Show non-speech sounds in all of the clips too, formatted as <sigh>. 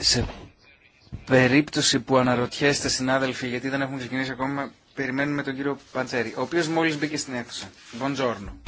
Σε περίπτωση που αναρωτιέστε, συνάδελφοι, γιατί δεν έχουμε ξεκινήσει ακόμα, περιμένουμε τον κύριο Παντσέρη, ο οποίος μόλις μπήκε στην αίθουσα. Buongiorno.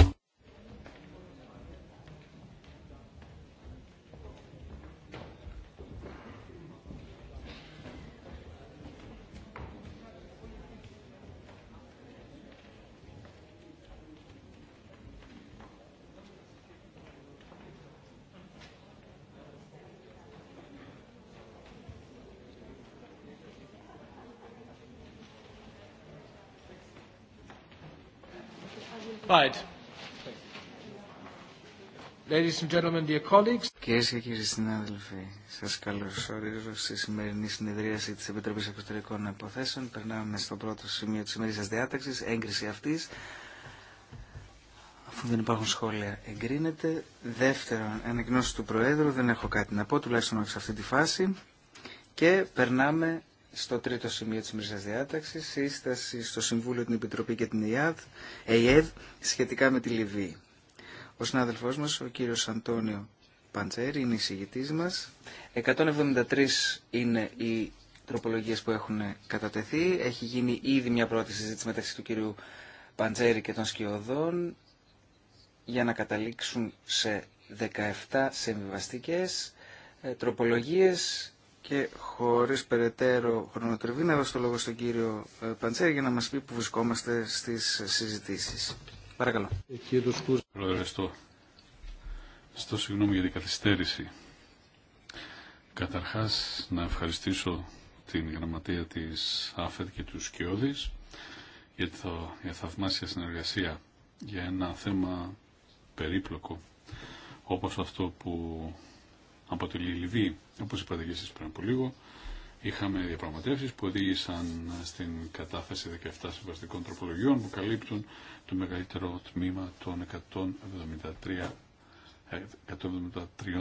Right. Ladies and gentlemen, dear colleagues. Κυρίες και κύριοι συνάδελφοι, σας καλωσορίζω στη σημερινή συνεδρίαση της Επιτροπής Εξωτερικών Υποθέσεων. Περνάμε στο πρώτο σημείο της σημερινής διάταξης, έγκριση αυτής. Αφού δεν υπάρχουν σχόλια, εγκρίνεται. Δεύτερον, ανακοινώσει του Προέδρου, δεν έχω κάτι να πω, τουλάχιστον όχι σε αυτή τη φάση. Και περνάμε στο τρίτο σημείο της μερικής διάταξης, σύσταση στο Συμβούλιο την Επιτροπή και την ΕΙΑΔ, ΕΙΕΔ σχετικά με τη Λιβύη. Ο συνάδελφός μας, ο κύριος Αντώνιο Παντσέρη, είναι η συγητής μας. 173 είναι οι τροπολογίες που έχουν κατατεθεί. Έχει γίνει ήδη μια πρώτη συζήτηση μεταξύ του κύριου Παντσέρη και των Σκιωδών για να καταλήξουν σε 17 συμβιβαστικές ε, τροπολογίες και χωρίς περαιτέρω χρονοτριβή να δώσω το λόγο στον κύριο ε, Παντσέρη για να μας πει που βρισκόμαστε στις συζητήσεις. Παρακαλώ. Ευχαριστώ. Στο συγγνώμη για την καθυστέρηση. Καταρχάς να ευχαριστήσω την γραμματεία της ΑΦΕΤ και του Σκιώδη για, το, θαυμάσια συνεργασία για ένα θέμα περίπλοκο όπως αυτό που από τη Λιβύη. Όπως είπατε και εσείς πριν από λίγο, είχαμε διαπραγματεύσεις που οδήγησαν στην κατάθεση 17 συμβαστικών τροπολογιών που καλύπτουν το μεγαλύτερο τμήμα των 173 173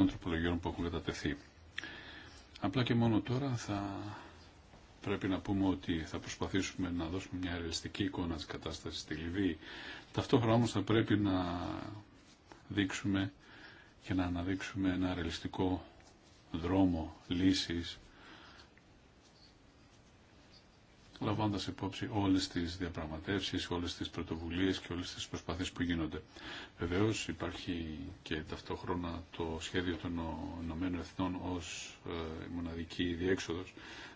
τροπολογιών που έχουν κατατεθεί. Απλά και μόνο τώρα θα πρέπει να πούμε ότι θα προσπαθήσουμε να δώσουμε μια ρεαλιστική εικόνα της κατάστασης στη Λιβύη. Ταυτόχρονα όμως θα πρέπει να δείξουμε και να αναδείξουμε ένα ρεαλιστικό δρόμο λύσης λαμβάνοντας υπόψη όλες τις διαπραγματεύσεις, όλες τις πρωτοβουλίες και όλες τις προσπάθειες που γίνονται. Βεβαίως υπάρχει και ταυτόχρονα το σχέδιο των Ηνωμένων Εθνών ως ε, μοναδική διέξοδος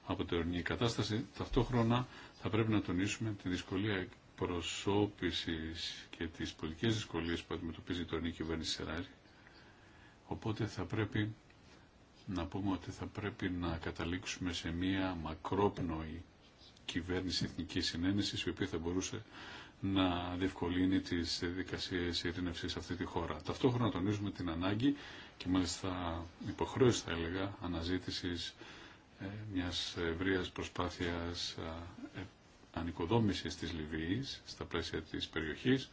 από την ορεινή κατάσταση. Ταυτόχρονα θα πρέπει να τονίσουμε τη δυσκολία προσώπησης και τις πολιτικές δυσκολίες που αντιμετωπίζει η τωρινή κυβέρνηση Σεράρη Οπότε θα πρέπει να πούμε ότι θα πρέπει να καταλήξουμε σε μία μακρόπνοη κυβέρνηση εθνική συνένεση, η οποία θα μπορούσε να διευκολύνει τι διαδικασίε ειρήνευση σε αυτή τη χώρα. Ταυτόχρονα τονίζουμε την ανάγκη και μάλιστα υποχρέωση, θα έλεγα, αναζήτηση ε, μια ευρεία προσπάθεια τι δικασιε ειρηνευση σε αυτη τη Λιβύη στα πλαίσια τη περιοχή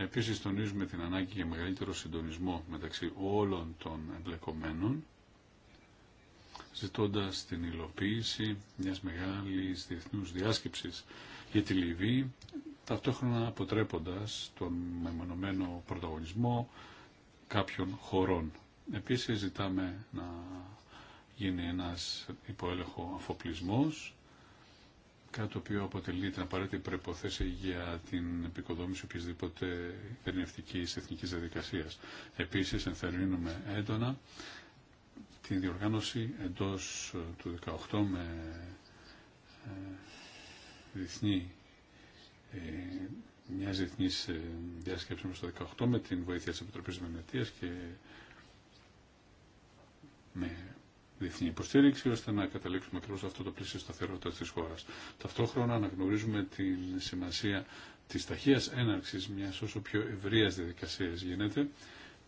Επίση τονίζουμε την ανάγκη για μεγαλύτερο συντονισμό μεταξύ όλων των εμπλεκομένων, ζητώντα την υλοποίηση μιας μεγάλης διεθνούς διάσκεψης για τη Λιβύη, ταυτόχρονα αποτρέποντας τον μεμονωμένο πρωταγωνισμό κάποιων χωρών. Επίσης ζητάμε να γίνει ένας υποέλεγχο αφοπλισμός κάτι το οποίο αποτελεί την απαραίτητη προπόθεση για την επικοδόμηση οποιασδήποτε ειρηνευτική εθνική διαδικασία. Επίση, ενθαρρύνουμε έντονα τη διοργάνωση εντό του 2018 με ε, διεθνή ε, μια διεθνή ε, διάσκεψη μέσα στο 2018 με την βοήθεια τη Επιτροπή Βενετία και με διεθνή υποστήριξη ώστε να καταλήξουμε ακριβώ αυτό το πλαίσιο σταθερότητα τη χώρα. Ταυτόχρονα αναγνωρίζουμε την σημασία τη ταχεία έναρξη μια όσο πιο ευρεία διαδικασία γίνεται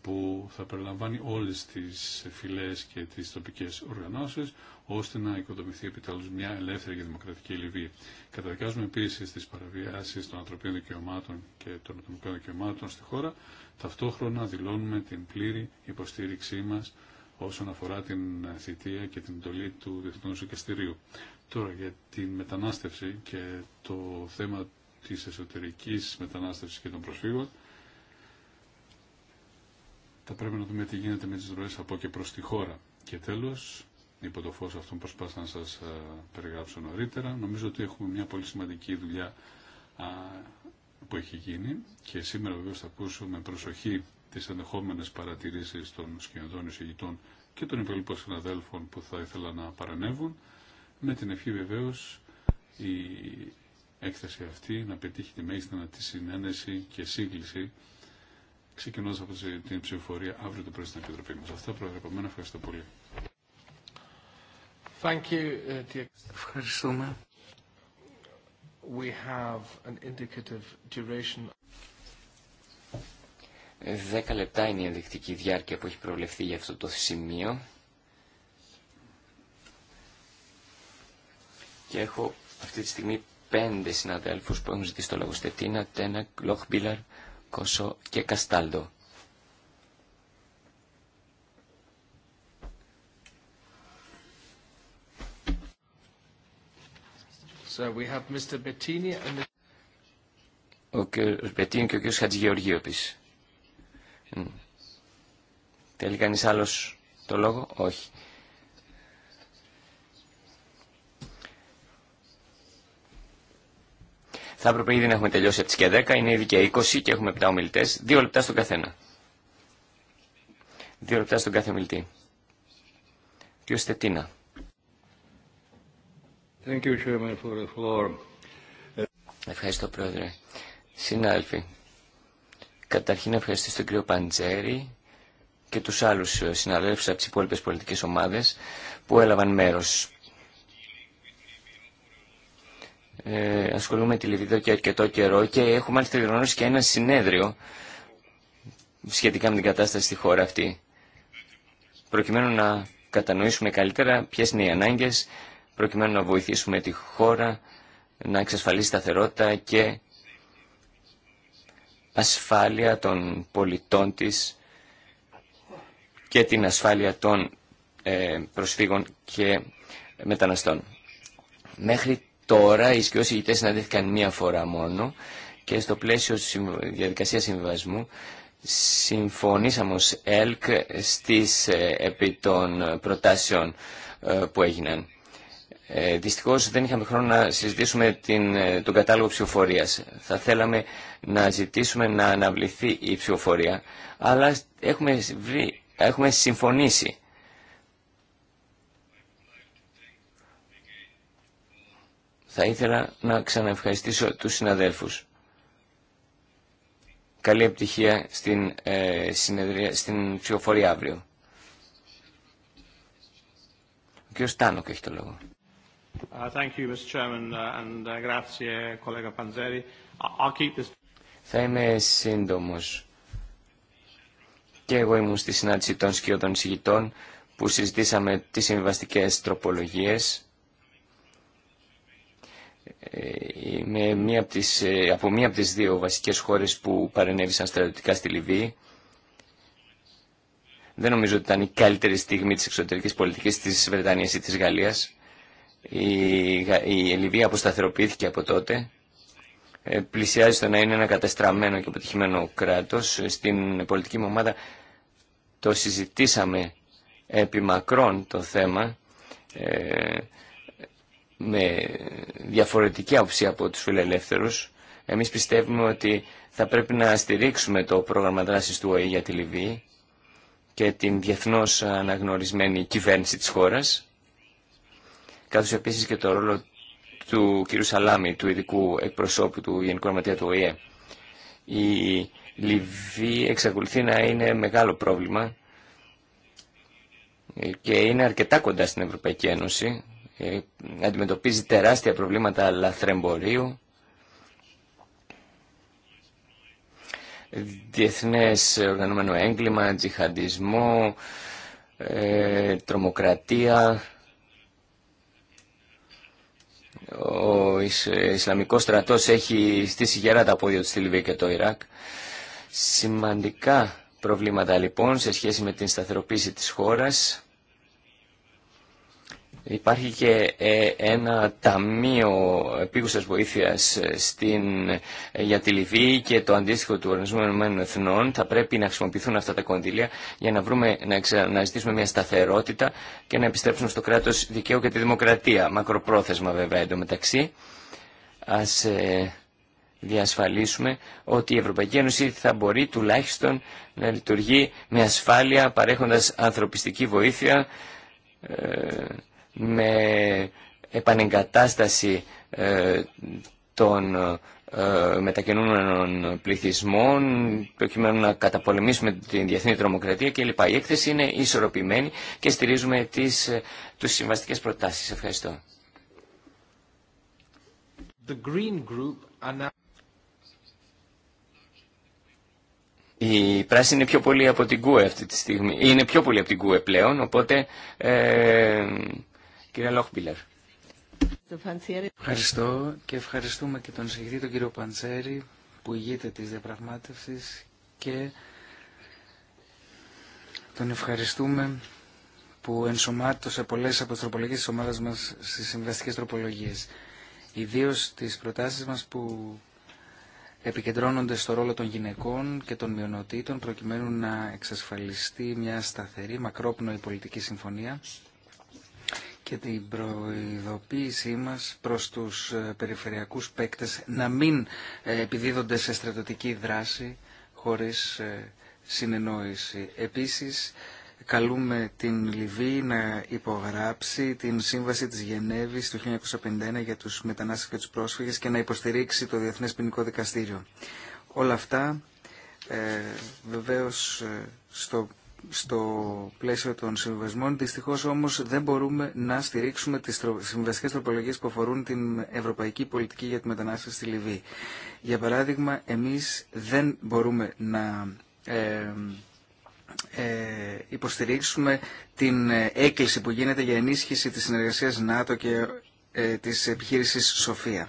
που θα περιλαμβάνει όλε τι φυλέ και τι τοπικέ οργανώσει, ώστε να οικοδομηθεί επιτέλου μια ελεύθερη και δημοκρατική Λιβύη. Καταδικάζουμε επίση τι παραβιάσει των ανθρωπίνων δικαιωμάτων και των ατομικών δικαιωμάτων στη χώρα. Ταυτόχρονα δηλώνουμε την πλήρη υποστήριξή μα όσον αφορά την θητεία και την εντολή του Διεθνούς Οικαστηρίου. Τώρα για την μετανάστευση και το θέμα της εσωτερικής μετανάστευσης και των προσφύγων θα πρέπει να δούμε τι γίνεται με τις ροές από και προς τη χώρα. Και τέλος, υπό το φως αυτών προσπάθησα να σας ε, περιγράψω νωρίτερα, νομίζω ότι έχουμε μια πολύ σημαντική δουλειά που έχει γίνει και σήμερα βεβαίως θα ακούσουμε προσοχή τις ενδεχόμενες παρατηρήσεις των σκηνοδών εισηγητών και των υπολείπων συναδέλφων που θα ήθελα να παρανεύουν, με την ευχή βεβαίω η έκθεση αυτή να πετύχει τη μέγιστη τη συνένεση και σύγκληση ξεκινώντας από την ψηφοφορία αύριο το πρωί στην Επιτροπή μα. Αυτά προεδρεπομένα. Ευχαριστώ πολύ. Thank you, uh, Ευχαριστούμε. We have an indicative duration. 10 λεπτά είναι η ενδεικτική διάρκεια που έχει προβλεφθεί για αυτό το σημείο. Και έχω αυτή τη στιγμή πέντε συναδέλφους που έχουν ζητήσει το λόγο Στετίνα, Τένακ, Λόχμπίλαρ, Κόσο και Καστάλτο. So we have Mr. Bettini Ο κ. και ο κ. Χατζηγεωργίου επίσης. Θέλει κανεί άλλο το λόγο. Όχι. Θα έπρεπε ήδη να έχουμε τελειώσει από και 10. Είναι ήδη και 20 και έχουμε 7 ομιλητές. Δύο λεπτά στον καθένα. Δύο λεπτά στον κάθε ομιλητή. Κύριο Στετίνα. Ευχαριστώ, Πρόεδρε. Συνάδελφοι, Καταρχήν ευχαριστήσω τον κύριο Παντζέρη και τους άλλους συναδέλφους από τις υπόλοιπε πολιτικές ομάδες που έλαβαν μέρος. Ε, ασχολούμαι τη Λιβύδο και αρκετό καιρό και έχουμε μάλιστα γνωρίσει και ένα συνέδριο σχετικά με την κατάσταση στη χώρα αυτή. Προκειμένου να κατανοήσουμε καλύτερα ποιε είναι οι ανάγκες, προκειμένου να βοηθήσουμε τη χώρα να εξασφαλίσει σταθερότητα και ασφάλεια των πολιτών της και την ασφάλεια των ε, προσφύγων και μεταναστών. Μέχρι τώρα οι σκιώσεις ηγητές συναντήθηκαν μία φορά μόνο και στο πλαίσιο της διαδικασίας συμβιβασμού συμφωνήσαμε ως ΕΛΚ στις ε, επί των προτάσεων ε, που έγιναν. Ε, Δυστυχώ δεν είχαμε χρόνο να συζητήσουμε την, ε, τον κατάλογο ψηφοφορία. Θα θέλαμε να ζητήσουμε να αναβληθεί η ψηφοφορία, αλλά έχουμε, βρει, έχουμε συμφωνήσει. Θα ήθελα να ξαναευχαριστήσω τους συναδέλφους. Καλή επιτυχία στην, ε, συνεδρία, στην ψηφοφορία αύριο. Ο κ. Στάνοκ έχει το λόγο. Θα είμαι σύντομο Και εγώ ήμουν στη συνάντηση των σκιωδών συγητών που συζητήσαμε τις συμβαστικέ τροπολογίες. Ε, είμαι μία από, τις, ε, από μία από τις δύο βασικές χώρες που παρενέβησαν στρατιωτικά στη Λιβύη. Δεν νομίζω ότι ήταν η καλύτερη στιγμή της εξωτερικής πολιτικής της Βρετανίας ή της Γαλλίας η Λιβύη αποσταθεροποιήθηκε από τότε ε, πλησιάζει στο να είναι ένα κατεστραμμένο και αποτυχημένο κράτος στην πολιτική μου ομάδα το συζητήσαμε μακρόν το θέμα ε, με διαφορετική άποψη από τους φιλελεύθερους εμείς πιστεύουμε ότι θα πρέπει να στηρίξουμε το πρόγραμμα δράσης του ΟΗ για τη Λιβύη και την διεθνώς αναγνωρισμένη κυβέρνηση της χώρας καθώς επίσης και το ρόλο του κ. Σαλάμι, του ειδικού εκπροσώπου του Γενικού Γραμματεία του ΟΗΕ. Η Λιβύη εξακολουθεί να είναι μεγάλο πρόβλημα και είναι αρκετά κοντά στην Ευρωπαϊκή Ένωση. Ε, αντιμετωπίζει τεράστια προβλήματα λαθρεμπορίου, διεθνές οργανωμένο έγκλημα, τζιχαντισμό, ε, τρομοκρατία, ο Ισλαμικός στρατός έχει στήσει γερά τα πόδια του στη και το Ιράκ. Σημαντικά προβλήματα λοιπόν σε σχέση με την σταθεροποίηση της χώρας Υπάρχει και ε, ένα ταμείο επίγουσα βοήθεια ε, ε, για τη Λιβύη και το αντίστοιχο του ΟΕΕ. Εθνών. Θα πρέπει να χρησιμοποιηθούν αυτά τα κονδύλια για να, βρούμε, να, ξα, ζητήσουμε μια σταθερότητα και να επιστρέψουμε στο κράτο δικαίου και τη δημοκρατία. Μακροπρόθεσμα βέβαια εντωμεταξύ. Α διασφαλίσουμε ότι η Ευρωπαϊκή Ένωση θα μπορεί τουλάχιστον να λειτουργεί με ασφάλεια παρέχοντα ανθρωπιστική βοήθεια ε, με επανεγκατάσταση ε, των ε, μετακινούμενων πληθυσμών προκειμένου να καταπολεμήσουμε την διεθνή τρομοκρατία κλπ. Η έκθεση είναι ισορροπημένη και στηρίζουμε τις, τους συμβαστικές προτάσεις. Ευχαριστώ. The Green Group... Η πράσινη είναι πιο πολύ από την ΚΟΕ αυτή τη στιγμή. Είναι πιο πολύ από την ΚΟΕ πλέον, οπότε ε, Κυρία Λόχμπιλερ. Ευχαριστώ και ευχαριστούμε και τον συγχωρητή τον κύριο Παντσέρη που ηγείται της διαπραγμάτευσης και τον ευχαριστούμε που ενσωμάτωσε πολλές από τις τροπολογίες της ομάδας μας στις συμβαστικές τροπολογίες. Ιδίως τις προτάσεις μας που επικεντρώνονται στο ρόλο των γυναικών και των μειονοτήτων προκειμένου να εξασφαλιστεί μια σταθερή μακρόπνοη πολιτική συμφωνία και την προειδοποίησή μας προς τους ε, περιφερειακούς παίκτες να μην ε, επιδίδονται σε στρατοτική δράση χωρίς ε, συνεννόηση. Επίσης, καλούμε την Λιβύη να υπογράψει την Σύμβαση της Γενέβης του 1951 για τους μετανάστες και τους πρόσφυγες και να υποστηρίξει το Διεθνές Ποινικό Δικαστήριο. Όλα αυτά ε, βεβαίως στο στο πλαίσιο των συμβασμών. δυστυχώ όμως δεν μπορούμε να στηρίξουμε τις συμβασικές τροπολογίε που αφορούν την ευρωπαϊκή πολιτική για τη μετανάστευση στη Λιβύη. Για παράδειγμα, εμείς δεν μπορούμε να ε, ε, υποστηρίξουμε την έκκληση που γίνεται για ενίσχυση της συνεργασίας ΝΑΤΟ και ε, της επιχείρησης Σοφία.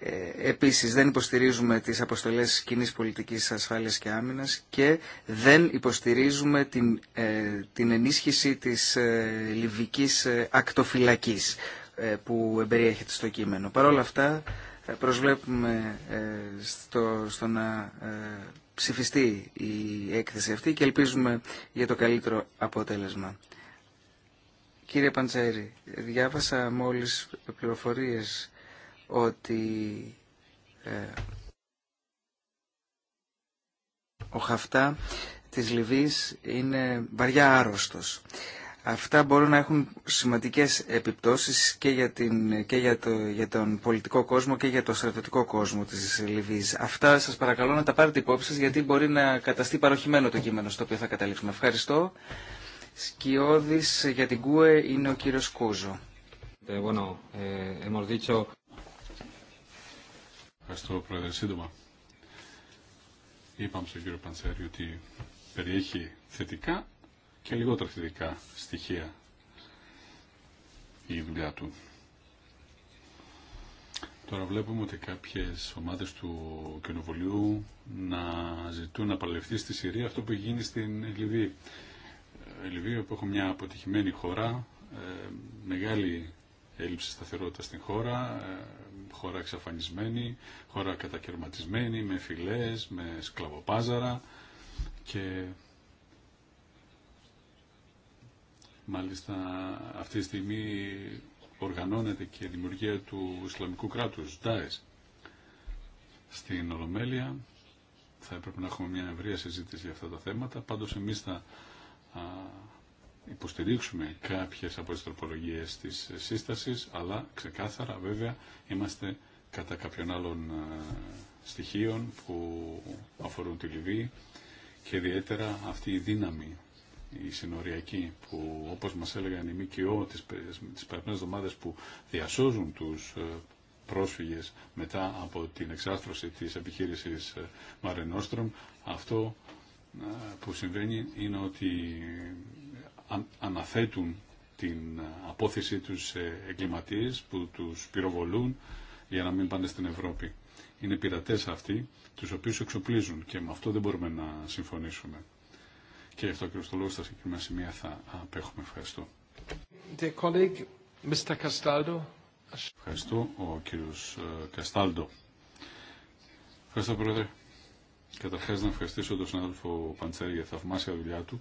Ε, επίσης δεν υποστηρίζουμε τις αποστολές κοινή πολιτικής ασφάλειας και άμυνας και δεν υποστηρίζουμε την, ε, την ενίσχυση της ε, λιβικής ε, ακτοφυλακής που εμπεριέχεται στο κείμενο. Παρ' όλα αυτά προσβλέπουμε στο, στο να ψηφιστεί η έκθεση αυτή και ελπίζουμε για το καλύτερο αποτέλεσμα. Κύριε Παντσέρη, διάβασα μόλις πληροφορίες ότι ε, ο Χαφτά της Λιβύης είναι βαριά άρρωστος. Αυτά μπορούν να έχουν σημαντικές επιπτώσεις και, για, τον πολιτικό κόσμο και για το στρατιωτικό κόσμο της Λιβύης. Αυτά σας παρακαλώ να τα πάρετε υπόψη σας γιατί μπορεί να καταστεί παροχημένο το κείμενο στο οποίο θα καταλήξουμε. Ευχαριστώ. Σκιώδης για την ΚΟΕ είναι ο κύριος Κούζο. Ε, ε, Ευχαριστώ, Πρόεδρε. Σύντομα. Είπαμε στον κύριο Παντσέρη ότι περιέχει θετικά και λιγότερα θετικά στοιχεία η δουλειά του. Τώρα βλέπουμε ότι κάποιες ομάδες του κοινοβουλίου να ζητούν να παλευθεί στη Συρία αυτό που γίνει στην Λιβύη. Η ε, Λιβύη που έχω μια αποτυχημένη χώρα, ε, μεγάλη έλλειψη σταθερότητα στην χώρα, ε, χώρα εξαφανισμένη, χώρα κατακαιρματισμένη, με φυλές, με σκλαβοπάζαρα και μάλιστα αυτή τη στιγμή οργανώνεται και η δημιουργία του Ισλαμικού κράτους, ΔΑΕΣ. Στην Ολομέλεια θα έπρεπε να έχουμε μια ευρεία συζήτηση για αυτά τα θέματα, πάντως εμείς θα υποστηρίξουμε κάποιες από τις τροπολογίες της σύστασης, αλλά ξεκάθαρα βέβαια είμαστε κατά κάποιων άλλων ε, στοιχείων που αφορούν τη Λιβύη και ιδιαίτερα αυτή η δύναμη η συνοριακή που όπως μας έλεγαν οι ΜΚΟ τις, τις περασμένες εβδομάδες που διασώζουν τους ε, πρόσφυγες μετά από την εξάστρωση της επιχείρησης Μαρενόστρομ αυτό ε, που συμβαίνει είναι ότι αναθέτουν την ε, απόθεσή τους σε εγκληματίες που τους πυροβολούν για να μην πάνε στην Ευρώπη. Είναι πειρατές αυτοί, τους οποίους εξοπλίζουν και με αυτό δεν μπορούμε να συμφωνήσουμε. Και γι' αυτό και στο λόγο στα συγκεκριμένα σημεία θα απέχουμε. Ευχαριστώ. Ευχαριστώ, ο κύριος Καστάλντο. Ε, Ευχαριστώ, Πρόεδρε. Καταρχάς να ευχαριστήσω τον συνάδελφο Παντσέρη για θαυμάσια δουλειά του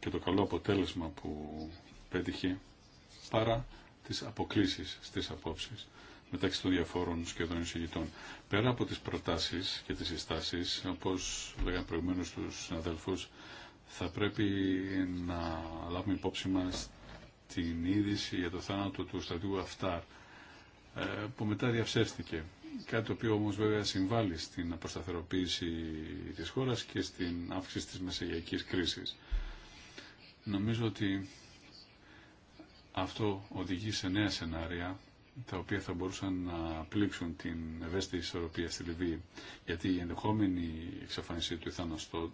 και το καλό αποτέλεσμα που πέτυχε παρά τις αποκλίσεις στις απόψεις μεταξύ των διαφόρων σχεδόν εισηγητών. Πέρα από τις προτάσεις και τις συστάσεις, όπως λέγαμε προηγουμένως τους συναδελφούς, θα πρέπει να λάβουμε υπόψη μας την είδηση για το θάνατο του στρατηγού Αφτάρ, ε, που μετά διαψεύστηκε. Κάτι το οποίο όμως βέβαια συμβάλλει στην αποσταθεροποίηση της χώρας και στην αύξηση της μεσαγειακής κρίσης. Νομίζω ότι αυτό οδηγεί σε νέα σενάρια τα οποία θα μπορούσαν να πλήξουν την ευαίσθητη ισορροπία στη Λιβύη. Γιατί η ενδεχόμενη εξαφάνιση του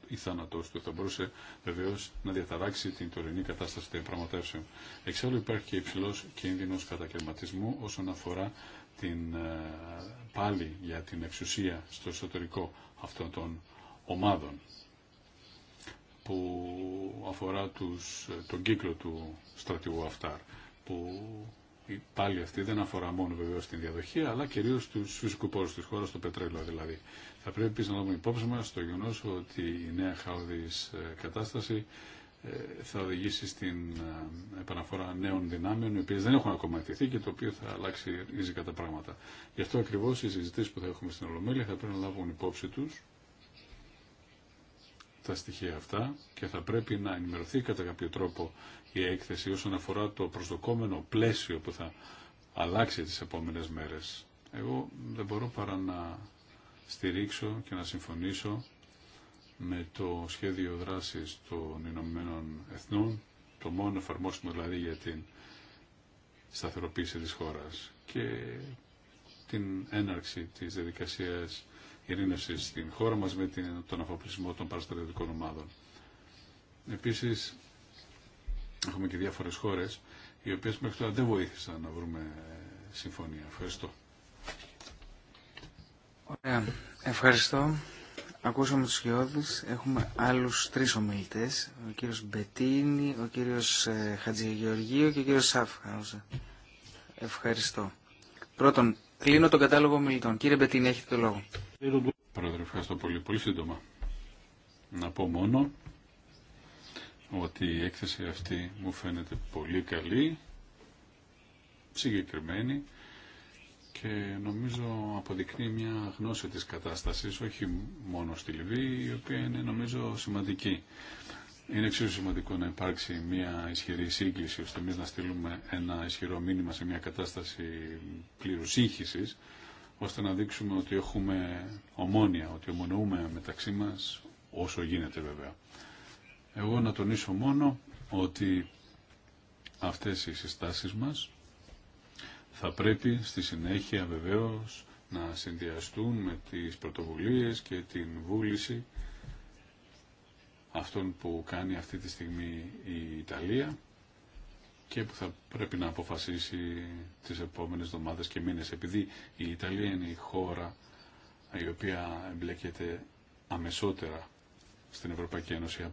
ή θάνατό του θα μπορούσε βεβαίω να διαταράξει την τωρινή κατάσταση των πραγματεύσεων. Εξάλλου υπάρχει και υψηλό κίνδυνο κατακαιρματισμού όσον αφορά την ε, πάλι για την εξουσία στο εσωτερικό αυτών των ομάδων που αφορά τους, τον κύκλο του στρατηγού Αφτάρ, που πάλι αυτή δεν αφορά μόνο βεβαίω την διαδοχή, αλλά κυρίω του φυσικού πόρου τη χώρα, το πετρέλαιο δηλαδή. Θα πρέπει επίση να λάβουμε υπόψη μα το γεγονό ότι η νέα χαόδη ε, κατάσταση ε, θα οδηγήσει στην ε, επαναφορά νέων δυνάμεων, οι οποίε δεν έχουν ακόμα αιτηθεί και το οποίο θα αλλάξει ριζικά τα πράγματα. Γι' αυτό ακριβώ οι συζητήσει που θα έχουμε στην Ολομέλεια θα πρέπει να λάβουν υπόψη του τα στοιχεία αυτά και θα πρέπει να ενημερωθεί κατά κάποιο τρόπο η έκθεση όσον αφορά το προσδοκόμενο πλαίσιο που θα αλλάξει τις επόμενες μέρες. Εγώ δεν μπορώ παρά να στηρίξω και να συμφωνήσω με το σχέδιο δράσης των Ηνωμένων Εθνών, το μόνο εφαρμόσιμο δηλαδή για την σταθεροποίηση της χώρας και την έναρξη της διαδικασίας ειρήνευση στην χώρα μας με τον αφοπλισμό των παραστατευτικών ομάδων. Επίσης, έχουμε και διάφορες χώρες οι οποίες μέχρι τώρα δεν βοήθησαν να βρούμε συμφωνία. Ευχαριστώ. Ωραία. Ευχαριστώ. Ακούσαμε τους Γιώδης. Έχουμε άλλους τρεις ομιλητές. Ο κύριος Μπετίνη, ο κύριος ε, Χατζηγεωργίου και ο κύριος Σάφχαουζα. Ευχαριστώ. Πρώτον, κλείνω τον κατάλογο ομιλητών. Κύριε Μπετίνη, έχετε το λόγο. Πρόεδρε, ευχαριστώ πολύ. Πολύ σύντομα. Να πω μόνο ότι η έκθεση αυτή μου φαίνεται πολύ καλή, συγκεκριμένη και νομίζω αποδεικνύει μια γνώση της κατάστασης, όχι μόνο στη Λιβύη, η οποία είναι νομίζω σημαντική. Είναι εξίσου σημαντικό να υπάρξει μια ισχυρή σύγκληση, ώστε εμείς να στείλουμε ένα ισχυρό μήνυμα σε μια κατάσταση πλήρου σύγχυσης, ώστε να δείξουμε ότι έχουμε ομόνια, ότι ομονοούμε μεταξύ μας όσο γίνεται βέβαια. Εγώ να τονίσω μόνο ότι αυτές οι συστάσεις μας θα πρέπει στη συνέχεια βεβαίως να συνδυαστούν με τις πρωτοβουλίες και την βούληση αυτών που κάνει αυτή τη στιγμή η Ιταλία και που θα πρέπει να αποφασίσει τις επόμενες εβδομάδες και μήνες επειδή η Ιταλία είναι η χώρα η οποία εμπλέκεται αμεσότερα στην Ευρωπαϊκή Ένωση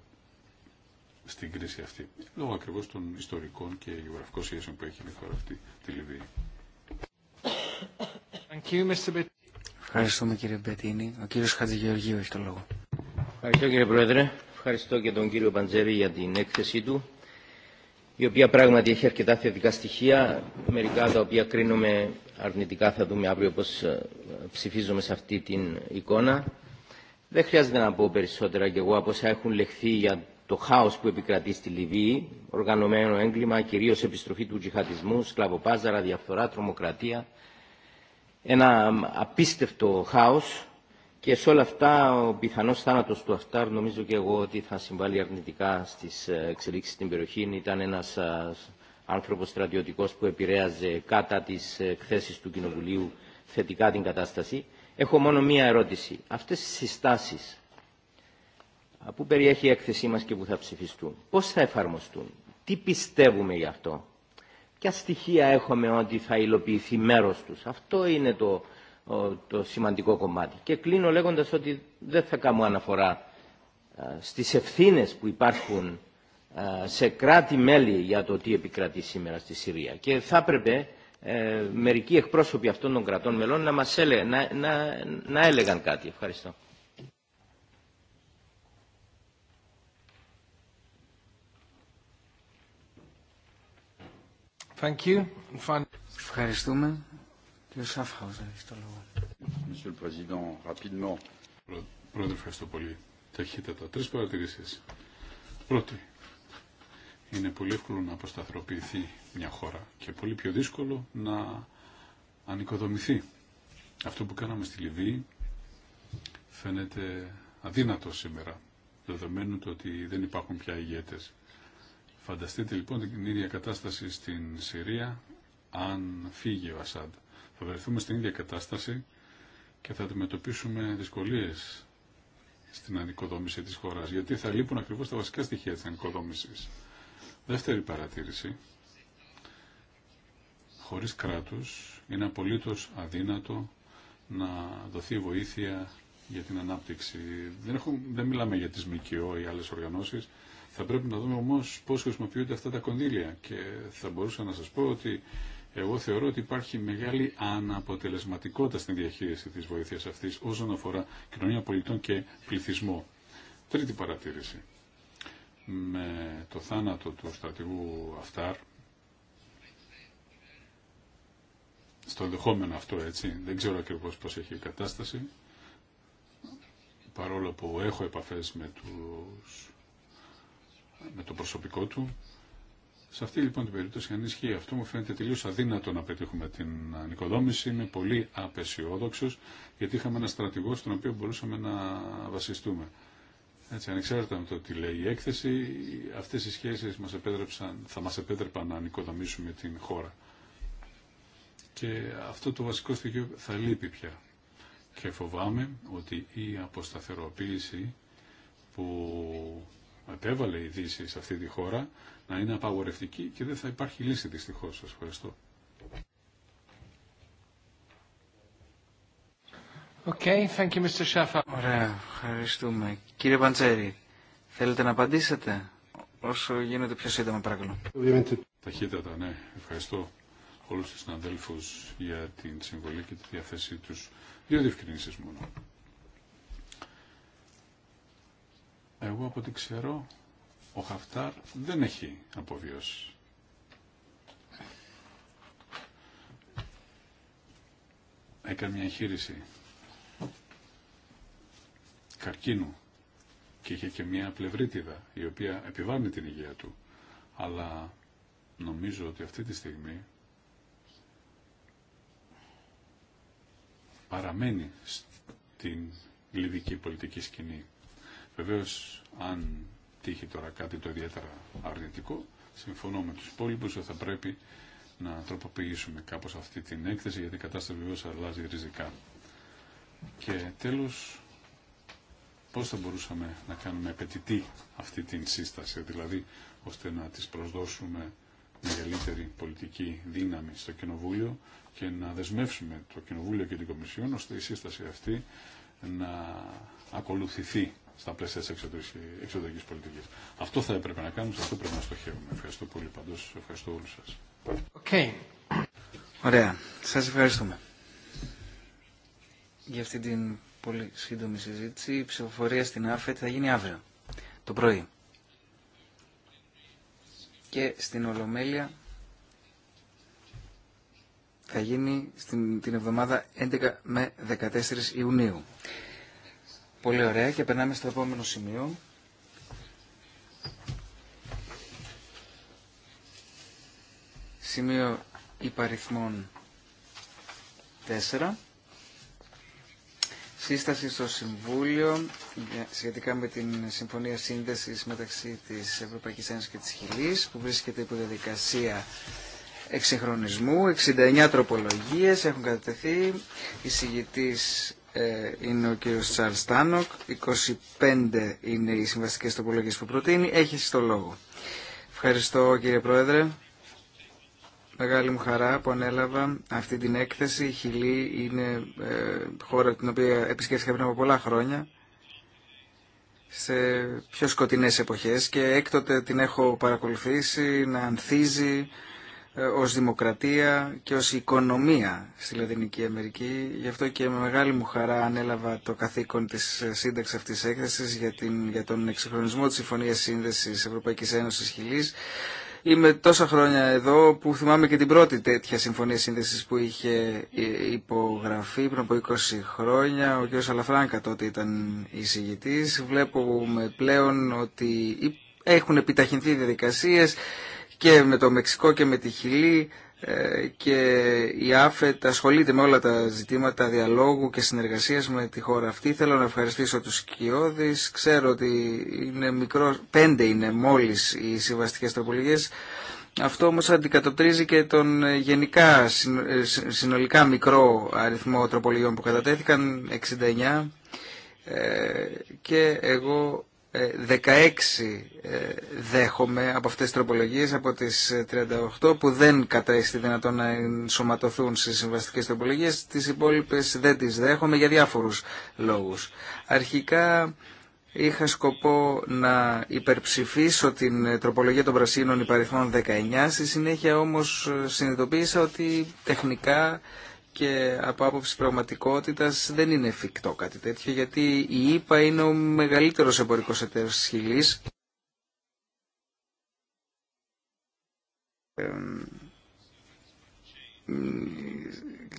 στην κρίση αυτή λόγω ακριβώς των ιστορικών και γεωγραφικών σχέσεων που έχει η χώρα αυτή τη Λιβύη. Ευχαριστούμε κύριε Μπετίνη. Ο κύριος Χατζηγεωργίου έχει το λόγο. Ευχαριστώ κύριε Πρόεδρε. Ευχαριστώ και τον κύριο Παντζέρη για την έκθεσή του η οποία πράγματι έχει αρκετά θετικά στοιχεία, μερικά τα οποία κρίνουμε αρνητικά θα δούμε αύριο πώς ε, ψηφίζουμε σε αυτή την εικόνα. Δεν χρειάζεται να πω περισσότερα κι εγώ από όσα έχουν λεχθεί για το χάος που επικρατεί στη Λιβύη, οργανωμένο έγκλημα, κυρίως επιστροφή του τζιχατισμού, σκλαβοπάζαρα, διαφθορά, τρομοκρατία. Ένα απίστευτο χάος και σε όλα αυτά ο πιθανός θάνατος του Αφτάρ νομίζω και εγώ ότι θα συμβάλλει αρνητικά στις ε, εξελίξεις στην περιοχή. Ήταν ένας άνθρωπος στρατιωτικός που επηρέαζε κατά τις ε, εκθέσεις του Κοινοβουλίου θετικά την κατάσταση. Έχω μόνο μία ερώτηση. Αυτές οι συστάσεις που περιέχει η έκθεσή μας και που θα ψηφιστούν, πώς θα εφαρμοστούν, τι πιστεύουμε γι' αυτό, ποια στοιχεία έχουμε ότι θα υλοποιηθεί μέρος τους. Αυτό είναι το το σημαντικό κομμάτι. Και κλείνω λέγοντας ότι δεν θα κάνω αναφορά στις ευθύνες που υπάρχουν σε κράτη-μέλη για το τι επικρατεί σήμερα στη Συρία. Και θα έπρεπε ε, μερικοί εκπρόσωποι αυτών των κρατών μελών να μας έλεγαν, να, να, να κάτι. Ευχαριστώ. Ευχαριστούμε. Κύριε έχει το λόγο. Πρόεδρε, ευχαριστώ πολύ. Ταχύτατα. Τρεις παρατηρήσεις. Πρώτη, είναι πολύ εύκολο να αποσταθροποιηθεί μια χώρα και πολύ πιο δύσκολο να ανοικοδομηθεί. Αυτό που κάναμε στη Λιβύη φαίνεται αδύνατο σήμερα, δεδομένου το ότι δεν υπάρχουν πια ηγέτες. Φανταστείτε λοιπόν την ίδια κατάσταση στην Συρία αν φύγει ο Ασάντ θα βρεθούμε στην ίδια κατάσταση και θα αντιμετωπίσουμε δυσκολίες στην ανοικοδόμηση της χώρας, γιατί θα λείπουν ακριβώς τα βασικά στοιχεία της ανοικοδόμησης. Δεύτερη παρατήρηση, χωρίς κράτους είναι απολύτως αδύνατο να δοθεί βοήθεια για την ανάπτυξη. Δεν, δεν μιλάμε για τις ΜΚΟ ή άλλες οργανώσεις. Θα πρέπει να δούμε όμως πώς χρησιμοποιούνται αυτά τα κονδύλια. Και θα μπορούσα να σας πω ότι εγώ θεωρώ ότι υπάρχει μεγάλη αναποτελεσματικότητα στην διαχείριση της βοήθειας αυτής όσον αφορά κοινωνία πολιτών και πληθυσμό. Τρίτη παρατήρηση. Με το θάνατο του στρατηγού Αφτάρ, στο ενδεχόμενο αυτό έτσι, δεν ξέρω ακριβώ πώς έχει η κατάσταση, παρόλο που έχω επαφές με, τους, με το προσωπικό του, σε αυτή λοιπόν την περίπτωση, αν ισχύει αυτό, μου φαίνεται τελείω αδύνατο να πετύχουμε την ανοικοδόμηση. Είμαι πολύ απεσιόδοξο, γιατί είχαμε ένα στρατηγό στον οποίο μπορούσαμε να βασιστούμε. Έτσι, ανεξάρτητα με το τι λέει η έκθεση, αυτέ οι σχέσει θα μα επέτρεπαν να ανοικοδομήσουμε την χώρα. Και αυτό το βασικό στοιχείο θα λείπει πια. Και φοβάμαι ότι η αποσταθεροποίηση που επέβαλε η Δύση σε αυτή τη χώρα να είναι απαγορευτική και δεν θα υπάρχει λύση δυστυχώς. Σας ευχαριστώ. Okay, thank you, Mr. Ωραία, ευχαριστούμε. Κύριε Παντσέρη, θέλετε να απαντήσετε όσο γίνεται πιο σύντομα, παρακαλώ. Ταχύτατα, ναι. Ευχαριστώ όλους τους συναδέλφους για την συμβολή και τη διαθέσή τους. Δύο διευκρινήσεις μόνο. Εγώ από ό,τι ξέρω, ο Χαφτάρ δεν έχει αποβιώσει. Έκανε μια εγχείρηση καρκίνου και είχε και μια πλευρίτιδα η οποία επιβάλλει την υγεία του. Αλλά νομίζω ότι αυτή τη στιγμή παραμένει στην λιβική πολιτική σκηνή. Βεβαίω, αν τύχει τώρα κάτι το ιδιαίτερα αρνητικό, συμφωνώ με του υπόλοιπου ότι θα πρέπει να τροποποιήσουμε κάπω αυτή την έκθεση, γιατί η κατάσταση βεβαίω αλλάζει ριζικά. Και τέλο, πώ θα μπορούσαμε να κάνουμε απαιτητή αυτή την σύσταση, δηλαδή ώστε να τη προσδώσουμε μεγαλύτερη πολιτική δύναμη στο Κοινοβούλιο και να δεσμεύσουμε το Κοινοβούλιο και την Κομισιόν ώστε η σύσταση αυτή να ακολουθηθεί στα πλαίσια τη εξωτερική πολιτική. Αυτό θα έπρεπε να κάνουμε, σε αυτό πρέπει να στοχεύουμε. Ευχαριστώ πολύ παντό, ευχαριστώ όλου σα. Okay. Ωραία. Σα ευχαριστούμε για αυτή την πολύ σύντομη συζήτηση. Η ψηφοφορία στην ΑΦΕΤ θα γίνει αύριο το πρωί. Και στην Ολομέλεια θα γίνει στην, την εβδομάδα 11 με 14 Ιουνίου. Πολύ ωραία και περνάμε στο επόμενο σημείο. Σημείο υπαριθμών 4. Σύσταση στο Συμβούλιο σχετικά με την Συμφωνία Σύνδεσης μεταξύ της Ευρωπαϊκής Ένωσης και της Χιλής που βρίσκεται υπό διαδικασία εξυγχρονισμού. 69 τροπολογίες έχουν κατατεθεί. Η ε, είναι ο κύριος Τσάρλ Τάνοκ, 25 είναι οι συμβαστικές τοπολογίες που προτείνει. Έχεις το λόγο. Ευχαριστώ κύριε Πρόεδρε. Μεγάλη μου χαρά που ανέλαβα αυτή την έκθεση. Η Χιλή είναι ε, χώρα την οποία επισκέφθηκα πριν από πολλά χρόνια σε πιο σκοτεινές εποχές και έκτοτε την έχω παρακολουθήσει να ανθίζει ε, ως δημοκρατία και ως οικονομία στη Λατινική Αμερική. Γι' αυτό και με μεγάλη μου χαρά ανέλαβα το καθήκον της ε, σύνταξης αυτής της έκθεσης για, για τον εξυγχρονισμό της Συμφωνίας Σύνδεσης Ευρωπαϊκής Ένωσης Χιλής. Είμαι τόσα χρόνια εδώ που θυμάμαι και την πρώτη τέτοια συμφωνία σύνδεσης που είχε ε, υπογραφεί πριν από 20 χρόνια. Ο κ. Αλαφράνκα τότε ήταν εισηγητής. Βλέπουμε πλέον ότι έχουν επιταχυνθεί οι διαδικασίες και με το Μεξικό και με τη Χιλή ε, και η ΑΦΕΤ ασχολείται με όλα τα ζητήματα διαλόγου και συνεργασίας με τη χώρα αυτή. Θέλω να ευχαριστήσω τους Σκιώδης. Ξέρω ότι είναι μικρό, πέντε είναι μόλις οι συμβαστικές τροπολογίες. Αυτό όμως αντικατοπτρίζει και τον γενικά ε, συνολικά μικρό αριθμό τροπολογιών που κατατέθηκαν, 69. Ε, και εγώ 16 ε, ε, δέχομαι από αυτές τις τροπολογίες από τις 38 ε, που δεν κατέστη δυνατόν να ενσωματωθούν στις συμβαστικές τροπολογίες τις υπόλοιπες δεν τις δέχομαι για διάφορους λόγους αρχικά είχα σκοπό να υπερψηφίσω την τροπολογία των πρασίνων υπαριθμών 19 στη συνέχεια όμως συνειδητοποίησα ότι τεχνικά και από άποψη πραγματικότητας δεν είναι εφικτό κάτι τέτοιο γιατί η ΕΠΑ είναι ο μεγαλύτερος εμπορικός εταίρος της Χιλη. Ε,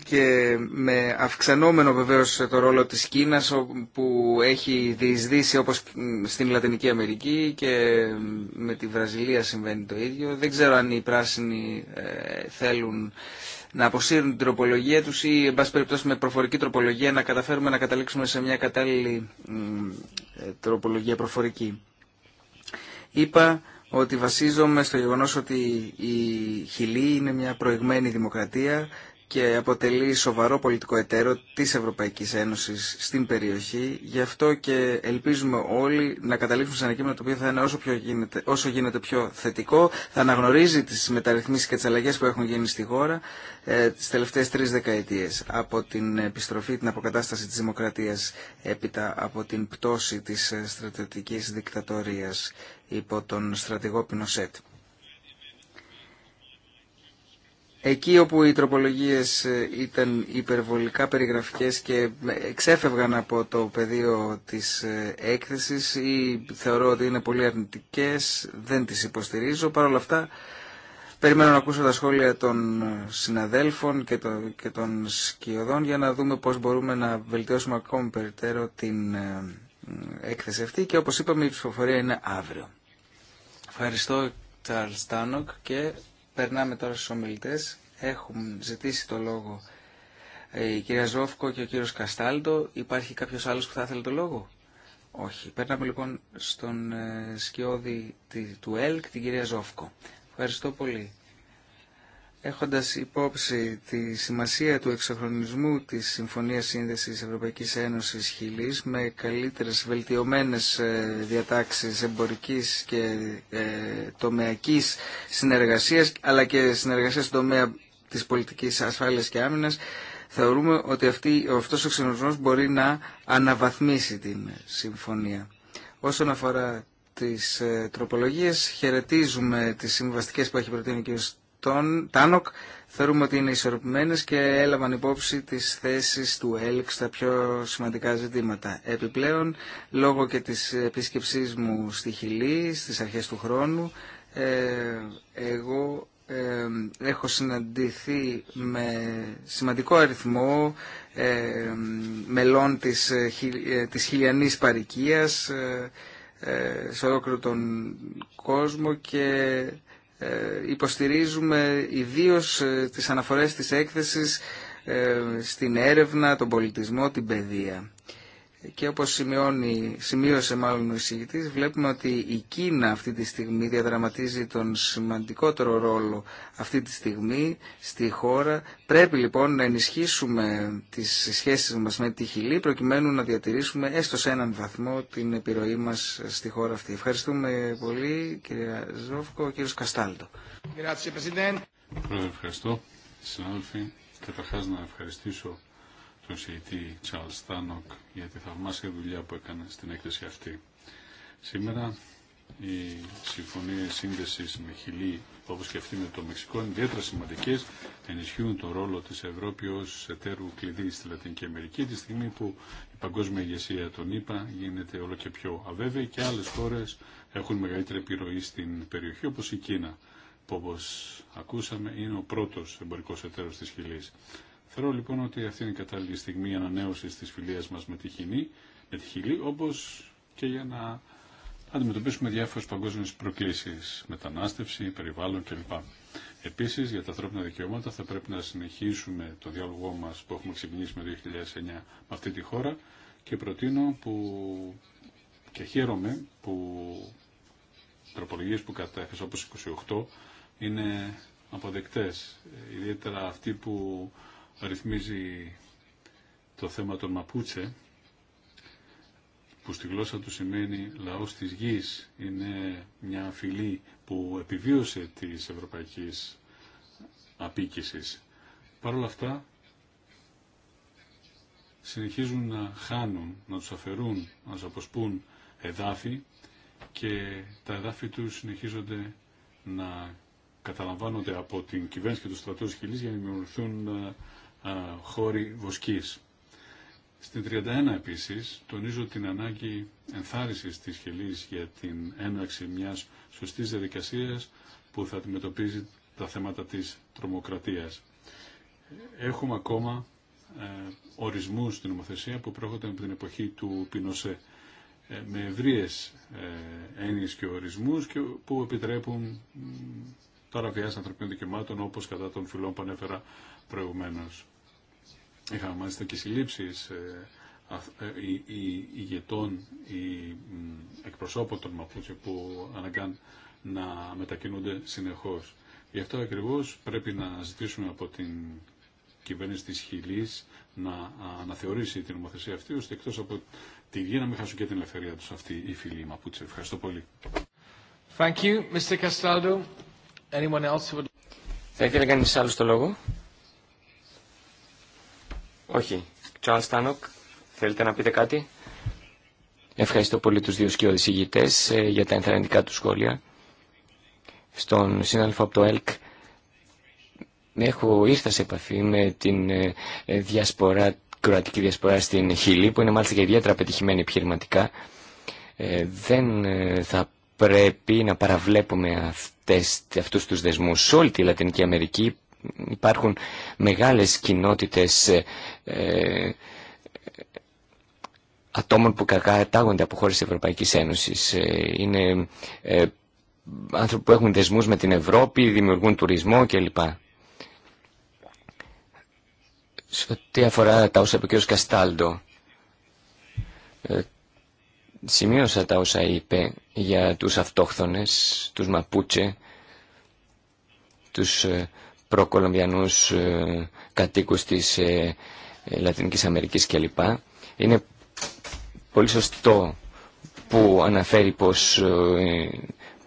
και με αυξανόμενο βεβαίως το ρόλο της Κίνας που έχει διεισδύσει όπως στην Λατινική Αμερική και με τη Βραζιλία συμβαίνει το ίδιο. Δεν ξέρω αν οι πράσινοι ε, θέλουν να αποσύρουν την τροπολογία τους ή εν πάση περιπτώσει με προφορική τροπολογία να καταφέρουμε να καταλήξουμε σε μια κατάλληλη ε, τροπολογία προφορική. Είπα ότι βασίζομαι στο γεγονός ότι η Χιλή είναι μια προηγμένη δημοκρατία και αποτελεί σοβαρό πολιτικό εταίρο της Ευρωπαϊκής Ένωσης στην περιοχή. Γι' αυτό και ελπίζουμε όλοι να καταλήξουμε σε ένα κείμενο το οποίο θα είναι όσο, πιο γίνεται, όσο γίνεται πιο θετικό, θα αναγνωρίζει τις μεταρρυθμίσεις και τις αλλαγές που έχουν γίνει στη χώρα ε, τις τελευταίες τρεις δεκαετίες. Από την επιστροφή, την αποκατάσταση της δημοκρατίας έπειτα από την πτώση της ε, στρατιωτικής δικτατορίας υπό τον στρατηγό Πινοσέτ. Εκεί όπου οι τροπολογίες ε, ήταν υπερβολικά περιγραφικές και εξέφευγαν από το πεδίο της ε, έκθεσης ή θεωρώ ότι είναι πολύ αρνητικές, δεν τις υποστηρίζω. Παρ' όλα αυτά περιμένω να ακούσω τα σχόλια των ε, συναδέλφων και, και των σκιωδών για να δούμε πώς μπορούμε να βελτιώσουμε ακόμη περιττέρω την έκθεση αυτή και όπως είπαμε η ψηφοφορία είναι αύριο. Ευχαριστώ Τσαρλ Στάνοκ Περνάμε τώρα στους ομιλητές. Έχουν ζητήσει το λόγο η κυρία Ζόφκο και ο κύριος Καστάλτο. Υπάρχει κάποιος άλλος που θα ήθελε το λόγο. Όχι. Περνάμε λοιπόν στον ε, σκιώδη του ΕΛΚ, την κυρία Ζόφκο. Ευχαριστώ πολύ έχοντας υπόψη τη σημασία του εξοχρονισμού της Συμφωνίας Σύνδεσης Ευρωπαϊκής Ένωσης Χιλής με καλύτερες βελτιωμένες ε, διατάξεις εμπορικής και ε, τομεακής συνεργασίας αλλά και συνεργασίας στον τομέα της πολιτικής ασφάλειας και άμυνας θεωρούμε ότι αυτή, αυτός ο εξοχρονισμός μπορεί να αναβαθμίσει την συμφωνία. Όσον αφορά τις ε, τροπολογίες χαιρετίζουμε τις συμβαστικές που έχει προτείνει ο κ τον Τάνοκ θεωρούμε ότι είναι ισορροπημένες και έλαβαν υπόψη τις θέσεις του ΕΛΚ στα πιο σημαντικά ζητήματα. Επιπλέον, λόγω και της επίσκεψής μου στη Χιλή, στις αρχές του χρόνου, ε, εγώ ε, έχω συναντηθεί με σημαντικό αριθμό ε, μελών της, της χιλιανής παρικίας σε όλο τον κόσμο και ε, υποστηρίζουμε ιδίως ε, τις αναφορές της έκθεσης ε, στην έρευνα, τον πολιτισμό, την παιδεία και όπως σημειώνει, σημείωσε μάλλον ο εισηγητής, βλέπουμε ότι η Κίνα αυτή τη στιγμή διαδραματίζει τον σημαντικότερο ρόλο αυτή τη στιγμή στη χώρα. Πρέπει λοιπόν να ενισχύσουμε τις σχέσεις μας με τη Χιλή προκειμένου να διατηρήσουμε έστω σε έναν βαθμό την επιρροή μας στη χώρα αυτή. Ευχαριστούμε πολύ κύριε Ζόφκο, κύριος Καστάλτο. Ευχαριστώ. Συνάδελφοι, καταρχάς να ευχαριστήσω τον συγητή Τσάλ Στάνοκ για τη θαυμάσια δουλειά που έκανε στην έκθεση αυτή. Σήμερα οι συμφωνίε σύνδεση με Χιλή, όπω και αυτή με το Μεξικό, είναι ιδιαίτερα σημαντικέ, ενισχύουν τον ρόλο τη Ευρώπη ω εταίρου κλειδί στη Λατινική Αμερική, τη στιγμή που η παγκόσμια ηγεσία των ΗΠΑ γίνεται όλο και πιο αβέβαιη και άλλε χώρε έχουν μεγαλύτερη επιρροή στην περιοχή, όπω η Κίνα, που όπω ακούσαμε είναι ο πρώτο εμπορικό εταίρο τη Χιλή. Θεωρώ λοιπόν ότι αυτή είναι η κατάλληλη στιγμή ανανέωση τη φιλία μα με τη Χιλή, με τη Χιλή όπω και για να αντιμετωπίσουμε διάφορε παγκόσμιε προκλήσει, μετανάστευση, περιβάλλον κλπ. Επίση, για τα ανθρώπινα δικαιώματα θα πρέπει να συνεχίσουμε το διάλογό μα που έχουμε ξεκινήσει με το 2009 με αυτή τη χώρα και προτείνω που και χαίρομαι που τροπολογίε που κατέθεσα όπω 28 είναι αποδεκτές, ιδιαίτερα αυτοί που ρυθμίζει το θέμα των Μαπούτσε, που στη γλώσσα του σημαίνει λαός της γης. Είναι μια φυλή που επιβίωσε της ευρωπαϊκής απίκησης. Παρ' όλα αυτά, συνεχίζουν να χάνουν, να τους αφαιρούν, να τους αποσπούν εδάφη και τα εδάφη τους συνεχίζονται να καταλαμβάνονται από την κυβέρνηση και τους στρατούς Χιλής για να δημιουργηθούν ε, χώροι βοσκής. Στην 31 επίσης τονίζω την ανάγκη ενθάρρυνσης της χελής για την έναρξη μιας σωστής διαδικασία που θα αντιμετωπίζει τα θέματα της τρομοκρατίας. Έχουμε ακόμα ε, ορισμούς στην νομοθεσία που προέρχονται από την εποχή του Πινοσέ ε, με ευρείες ε, έννοιες και ορισμούς και, που επιτρέπουν παραβιάσεις ανθρωπίνων δικαιωμάτων όπως κατά των φυλών που ανέφερα προηγουμένως. Είχαμε μάλιστα και συλλήψεις ε, ε, ηγετών ή εκπροσώπων των Μαπούτσι που αναγκάν να μετακινούνται συνεχώς. Γι' αυτό ακριβώ πρέπει να ζητήσουμε από την κυβέρνηση τη Χιλής να αναθεωρήσει την νομοθεσία αυτή, ώστε εκτός από τη γη να μην χάσουν και την ελευθερία τους αυτοί οι φίλοι Μαπούτσι. Ευχαριστώ πολύ. Thank you, Mr. Θα το λόγο. Όχι. Τζον Στάνοκ, θέλετε να πείτε κάτι. Ευχαριστώ πολύ τους δύο σκιώδης ηγητές ε, για τα ενθαρρυντικά του σχόλια. Στον συνάδελφο από το ΕΛΚ έχω, ήρθα σε επαφή με την ε, ε, διασπορά, κροατική διασπορά στην Χιλή που είναι μάλιστα και ιδιαίτερα πετυχημένη επιχειρηματικά. δεν θα πρέπει να παραβλέπουμε αυτές, αυτούς τους δεσμούς σε όλη τη Λατινική Αμερική υπάρχουν μεγάλες κοινότητες ε, ε, ατόμων που κατάγονται από χώρες της Ευρωπαϊκής Ένωσης. Ε, είναι άνθρωποι που έχουν δεσμούς με την Ευρώπη, δημιουργούν τουρισμό κλπ. Σε ό,τι αφορά τα όσα είπε ο κ. Καστάλντο, ε, σημείωσα τα όσα είπε για τους αυτόχθονες, τους Μαπούτσε, τους προκολομβιανούς ε, κατοίκους της ε, ε, Λατινικής Αμερικής κλπ. Είναι πολύ σωστό που αναφέρει πως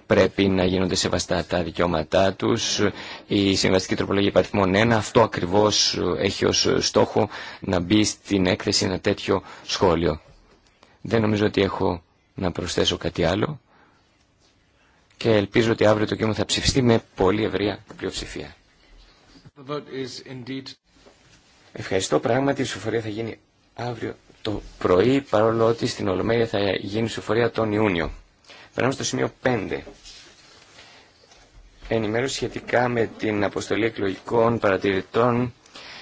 πρέπει να γίνονται σεβαστά τα δικαιώματά τους. Η Συμβαστική Τροπολογία Υπαριθμών 1 αυτό ακριβώς έχει ως στόχο να μπει στην έκθεση ένα τέτοιο σχόλιο. Δεν νομίζω ότι έχω να προσθέσω κάτι άλλο και ελπίζω ότι αύριο το κείμενο θα ψηφιστεί με πολύ ευρεία πλειοψηφία. Ευχαριστώ. Πράγματι η ψηφοφορία θα γίνει αύριο το πρωί, παρόλο ότι στην Ολομέλεια θα γίνει η ψηφοφορία τον Ιούνιο. Περνάμε στο σημείο 5. Ενημέρωση σχετικά με την αποστολή εκλογικών παρατηρητών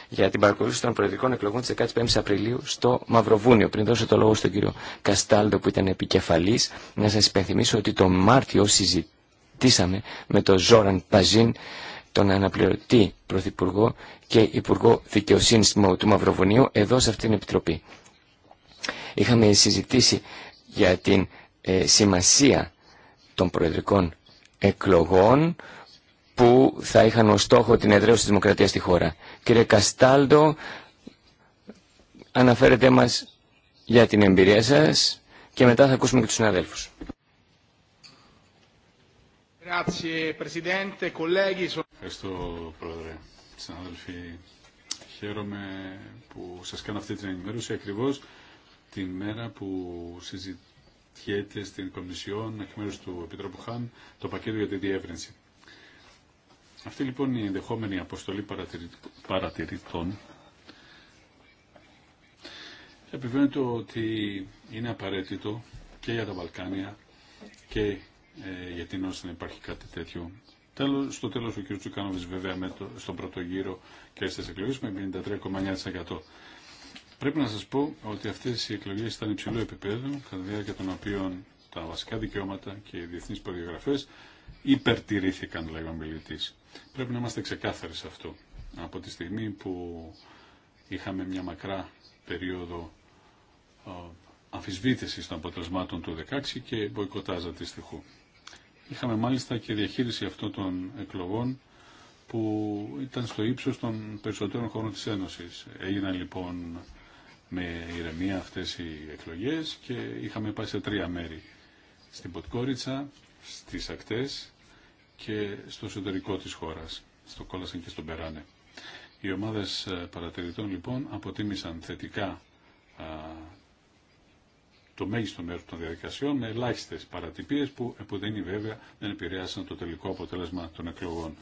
για την παρακολούθηση των προεδρικών εκλογών τη 15η Απριλίου στο Μαυροβούνιο. Πριν δώσω το λόγο στον κύριο Καστάλντο που ήταν επικεφαλή, να σα υπενθυμίσω ότι το Μάρτιο συζητήσαμε με τον Ζόραν Παζίν τον αναπληρωτή Πρωθυπουργό και Υπουργό Δικαιοσύνης του Μαυροβουνίου εδώ σε αυτήν την Επιτροπή. Είχαμε συζητήσει για την ε, σημασία των προεδρικών εκλογών που θα είχαν ως στόχο την εδραίωση της δημοκρατίας στη χώρα. Κύριε Καστάλτο, αναφέρετε μας για την εμπειρία σας και μετά θα ακούσουμε και τους συναδέλφους. Ευχαριστώ, Πρόεδρε. Συνάδελφοι, χαίρομαι που σας κάνω αυτή την ενημέρωση ακριβώς τη μέρα που συζητιέται στην Κομισιόν εκ μέρους του Επιτρόπου το πακέτο για τη διεύρυνση. Αυτή λοιπόν η ενδεχόμενη αποστολή παρατηρητών Επιβεβαιώνεται ότι είναι απαραίτητο και για τα Βαλκάνια και ε, για την Όση να υπάρχει κάτι τέτοιο Τέλος, στο τέλο ο κ. Τσουκάνοβη βέβαια με το, στον πρώτο γύρο και στι εκλογέ με 53,9%. Πρέπει να σα πω ότι αυτέ οι εκλογέ ήταν υψηλού επίπεδου, κατά τη διάρκεια των οποίων τα βασικά δικαιώματα και οι διεθνεί προδιαγραφέ υπερτηρήθηκαν, λέει ο Πρέπει να είμαστε ξεκάθαροι σε αυτό. Από τη στιγμή που είχαμε μια μακρά περίοδο ε, αμφισβήτηση των αποτελεσμάτων του 2016 και μποϊκοτάζα τη Είχαμε μάλιστα και διαχείριση αυτών των εκλογών που ήταν στο ύψος των περισσότερων χώρων της Ένωσης. Έγιναν λοιπόν με ηρεμία αυτές οι εκλογές και είχαμε πάει σε τρία μέρη. Στην Ποτκόριτσα, στις ακτές και στο εσωτερικό της χώρας, στο Κόλασαν και στον Περάνε. Οι ομάδες ε, παρατηρητών λοιπόν αποτίμησαν θετικά το μέγιστο μέρο των διαδικασιών με ελάχιστε παρατυπίε που, ε, που είναι βέβαια δεν επηρέασαν το τελικό αποτέλεσμα των εκλογών.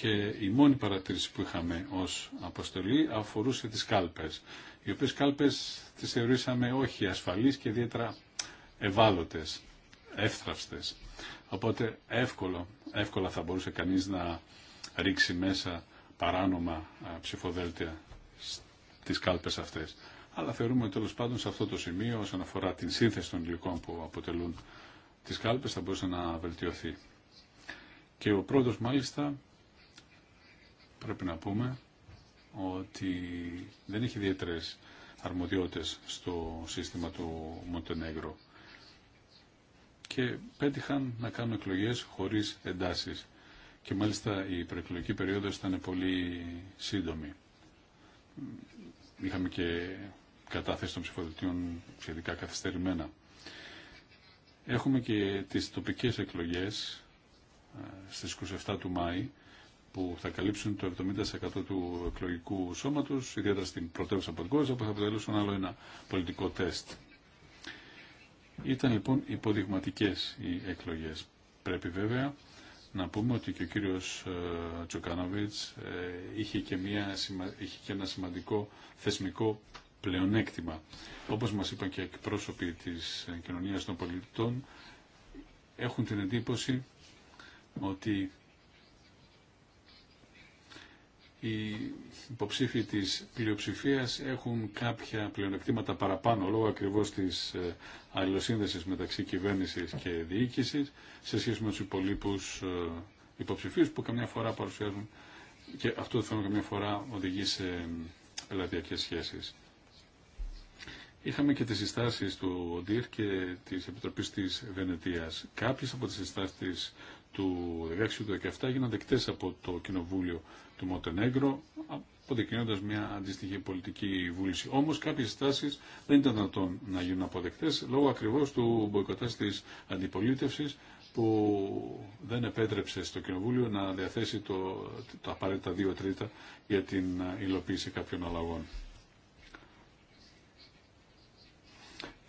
Και η μόνη παρατήρηση που είχαμε ω αποστολή αφορούσε τι κάλπε, οι οποίε κάλπε τι θεωρήσαμε όχι ασφαλεί και ιδιαίτερα ευάλωτε, εύθραυστε. Οπότε εύκολο, εύκολα θα μπορούσε κανεί να ρίξει μέσα παράνομα ε, ψηφοδέλτια στις κάλπες αυτές αλλά θεωρούμε τέλο πάντων σε αυτό το σημείο όσον αφορά την σύνθεση των υλικών που αποτελούν τις κάλπες θα μπορούσε να βελτιωθεί. Και ο πρώτο μάλιστα πρέπει να πούμε ότι δεν έχει ιδιαίτερε αρμοδιότητες στο σύστημα του Μοντενέγκρο και πέτυχαν να κάνουν εκλογές χωρίς εντάσεις και μάλιστα η προεκλογική περίοδο ήταν πολύ σύντομη. Είχαμε και κατάθεση των ψηφοδελτίων σχετικά καθυστερημένα. Έχουμε και τις τοπικές εκλογές ε, στις 27 του Μάη που θα καλύψουν το 70% του εκλογικού σώματος, ιδιαίτερα στην πρωτεύουσα Παγκόσμια, που θα αποτελούσαν άλλο ένα πολιτικό τεστ. Ήταν λοιπόν υποδειγματικές οι εκλογές. Πρέπει βέβαια να πούμε ότι και ο κύριος ε, Τσοκάνοβιτς ε, είχε και, μια, είχε και ένα σημαντικό θεσμικό πλεονέκτημα. Όπως μας είπαν και εκπρόσωποι της κοινωνίας των πολιτών, έχουν την εντύπωση ότι οι υποψήφοι της πλειοψηφίας έχουν κάποια πλεονεκτήματα παραπάνω λόγω ακριβώς της ε, αλληλοσύνδεσης μεταξύ κυβέρνησης και διοίκησης σε σχέση με τους υπολείπους ε, υποψηφίους που καμιά φορά παρουσιάζουν και αυτό το θέμα καμιά φορά οδηγεί σε ελαδιακές σχέσεις. Είχαμε και τι συστάσει του ΟΝΤΙΡ και τη Επιτροπή τη Βενετία. Κάποιε από τι συστάσει του 16 του 17 έγιναν δεκτέ από το Κοινοβούλιο του Μοντενέγκρο, αποδεικνύοντα μια αντίστοιχη πολιτική βούληση. Όμω κάποιε συστάσει δεν ήταν δυνατόν να γίνουν αποδεκτέ λόγω ακριβώ του μποϊκοτά τη αντιπολίτευση που δεν επέτρεψε στο Κοινοβούλιο να διαθέσει το, απαραίτητα δύο τρίτα για την υλοποίηση κάποιων αλλαγών.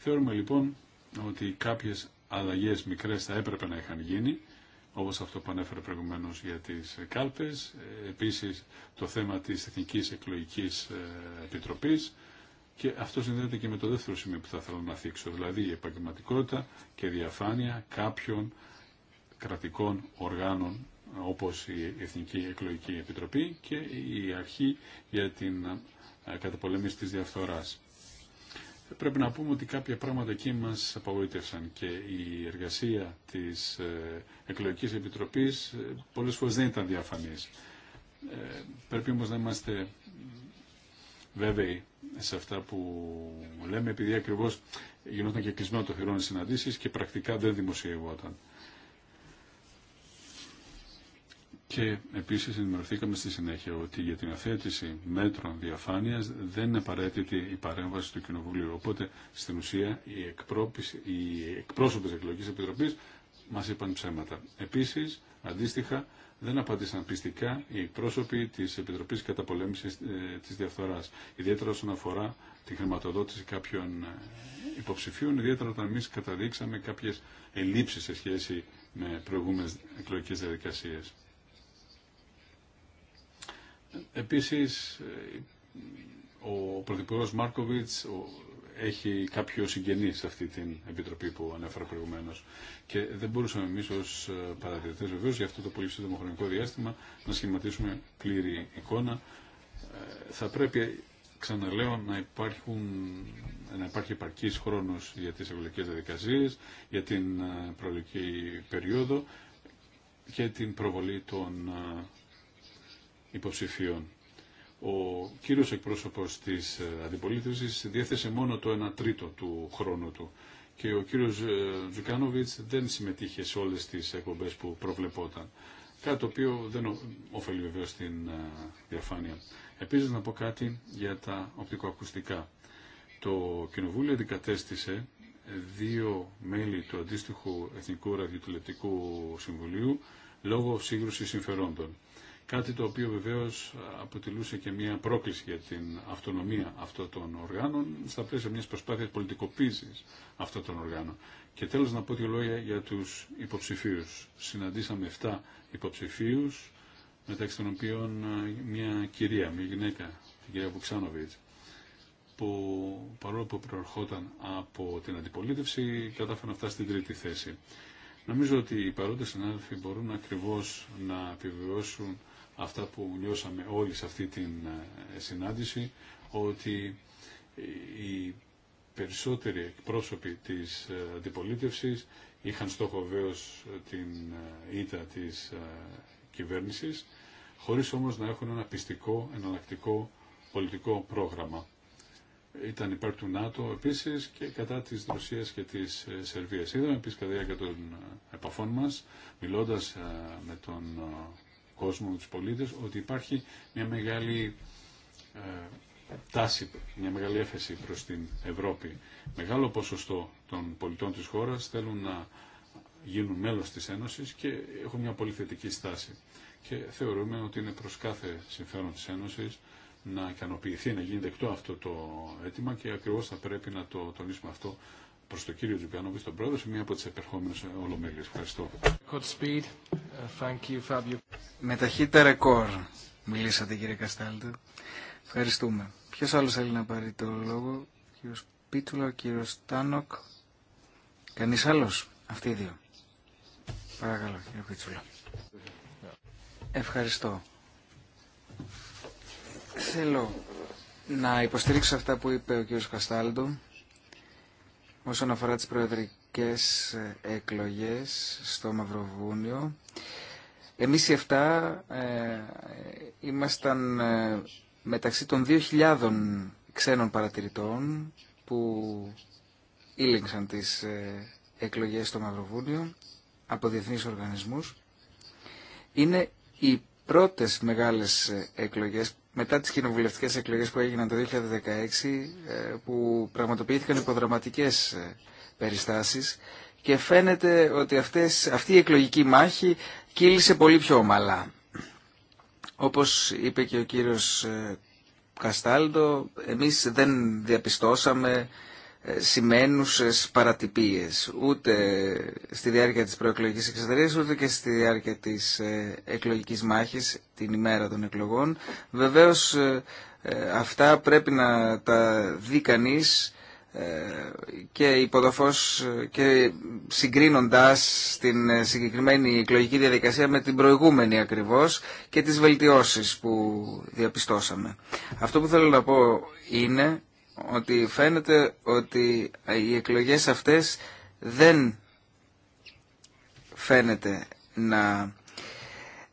Θεωρούμε λοιπόν ότι κάποιες αλλαγέ μικρέ θα έπρεπε να είχαν γίνει, όπως αυτό που ανέφερε προηγουμένως για τις κάλπες, επίσης το θέμα της εθνική Εκλογικής ε, Επιτροπής και αυτό συνδέεται και με το δεύτερο σημείο που θα θέλω να θίξω, δηλαδή η επαγγελματικότητα και διαφάνεια κάποιων κρατικών οργάνων όπως η Εθνική Εκλογική Επιτροπή και η Αρχή για την ε, καταπολέμηση της διαφθοράς πρέπει να πούμε ότι κάποια πράγματα εκεί μας απαγοήτευσαν και η εργασία της ε, Εκλογικής Επιτροπής ε, πολλές φορές δεν ήταν διαφανής. Ε, πρέπει όμως να είμαστε βέβαιοι σε αυτά που λέμε, επειδή ακριβώς γινόταν και κλεισμένο το θηρόν συναντήσεις και πρακτικά δεν δημοσιεύονταν. Και επίσης ενημερωθήκαμε στη συνέχεια ότι για την αθέτηση μέτρων διαφάνειας δεν είναι απαραίτητη η παρέμβαση του Κοινοβουλίου. Οπότε στην ουσία οι, οι της εκλογικής επιτροπής μας είπαν ψέματα. Επίσης, αντίστοιχα, δεν απάντησαν πιστικά οι εκπρόσωποι της Επιτροπής Καταπολέμησης ε, της Διαφθοράς. Ιδιαίτερα όσον αφορά τη χρηματοδότηση κάποιων ε, υποψηφίων, ιδιαίτερα όταν εμεί καταδείξαμε κάποιες ελλείψεις σε σχέση με προηγούμενες εκλογικές διαδικασίες. Επίσης, ο Πρωθυπουργό Μάρκοβιτς έχει κάποιο συγγενή σε αυτή την επιτροπή που ανέφερα προηγουμένω. Και δεν μπορούσαμε εμεί ω ε, παρατηρητέ βεβαίω για αυτό το πολύ σύντομο χρονικό διάστημα να σχηματίσουμε πλήρη εικόνα. Ε, θα πρέπει, ξαναλέω, να, υπάρχουν, να υπάρχει επαρκή χρόνο για τι εκλογικέ διαδικασίε, για την ε, προεκλογική περίοδο και την προβολή των υποψηφίων. Ο κύριος εκπρόσωπος της ε, αντιπολίτευσης διέθεσε μόνο το 1 τρίτο του χρόνου του και ο κύριος ε, Τζουκάνοβιτ δεν συμμετείχε σε όλες τις εκπομπές που προβλεπόταν. Κάτι το οποίο δεν ωφελεί βεβαίω την ε, διαφάνεια. Επίσης να πω κάτι για τα οπτικοακουστικά. Το Κοινοβούλιο αντικατέστησε δύο μέλη του αντίστοιχου Εθνικού Ραδιοτηλεπτικού Συμβουλίου λόγω σύγκρουση συμφερόντων. Κάτι το οποίο βεβαίως αποτελούσε και μια πρόκληση για την αυτονομία αυτών των οργάνων στα πλαίσια μιας προσπάθειας πολιτικοποίησης αυτών των οργάνων. Και τέλος να πω δύο λόγια για τους υποψηφίους. Συναντήσαμε 7 υποψηφίους, μεταξύ των οποίων ε, μια κυρία, μια γυναίκα, την κυρία Βουξάνοβιτς, που παρόλο που προερχόταν από την αντιπολίτευση, κατάφερε να φτάσει στην τρίτη θέση. Νομίζω ότι οι παρόντες συνάδελφοι μπορούν ακριβώς να επιβεβαιώσουν αυτά που νιώσαμε όλοι σε αυτή την ε, συνάντηση, ότι οι περισσότεροι εκπρόσωποι της ε, αντιπολίτευσης είχαν στόχο βεβαίω ε, την ήττα της κυβέρνησης, χωρίς όμως να έχουν ένα πιστικό, εναλλακτικό πολιτικό πρόγραμμα. Ήταν υπέρ του ΝΑΤΟ επίσης και κατά της Ρωσίας και της Σερβίας. Είδαμε επίσης κατά των επαφών μας, μιλώντας με τον κόσμο, τους πολίτες, ότι υπάρχει μια μεγάλη ε, τάση, μια μεγάλη έφεση προς την Ευρώπη. Μεγάλο ποσοστό των πολιτών της χώρας θέλουν να γίνουν μέλος της Ένωσης και έχουν μια πολύ θετική στάση. Και θεωρούμε ότι είναι προς κάθε συμφέρον της Ένωσης να ικανοποιηθεί, να γίνει δεκτό αυτό το αίτημα και ακριβώς θα πρέπει να το τονίσουμε αυτό προς τον κύριο Τζουκάνοβη, τον πρόεδρο, σε μία από τις επερχόμενες ολομέλειες. Ευχαριστώ. Uh, Με ταχύτητα ρεκόρ μιλήσατε κύριε Καστάλτο. Ευχαριστούμε. Ποιος άλλος θέλει να πάρει το λόγο, κύριο κύριος Πίτουλα, κύριος Τάνοκ. Κανείς άλλος, αυτοί οι δύο. Παρακαλώ κύριε Πίτσουλα. Ευχαριστώ. Θέλω να υποστηρίξω αυτά που είπε ο κύριος Καστάλντο όσον αφορά τις προεδρικές ε, εκλογές στο Μαυροβούνιο. Εμείς οι 7 ε, ήμασταν ε, μεταξύ των 2.000 ξένων παρατηρητών που ήλεγξαν τις ε, εκλογές στο Μαυροβούνιο από διεθνείς οργανισμούς. Είναι οι πρώτες μεγάλες εκλογές μετά τις κοινοβουλευτικές εκλογές που έγιναν το 2016 ε, που πραγματοποιήθηκαν υποδραματικές ε, περιστάσεις και φαίνεται ότι αυτές, αυτή η εκλογική μάχη κύλησε πολύ πιο ομαλά. Όπως είπε και ο κύριος ε, Καστάλτο, εμείς δεν διαπιστώσαμε σημαίνουσες παρατυπίες ούτε στη διάρκεια της προεκλογικής εξεταρίας ούτε και στη διάρκεια της ε, εκλογικής μάχης την ημέρα των εκλογών. Βεβαίως ε, ε, αυτά πρέπει να τα δει κανείς και υποδοφός και συγκρίνοντας την συγκεκριμένη εκλογική διαδικασία με την προηγούμενη ακριβώς και τις βελτιώσεις που διαπιστώσαμε. Αυτό που θέλω να πω είναι ότι φαίνεται ότι οι εκλογές αυτές δεν φαίνεται να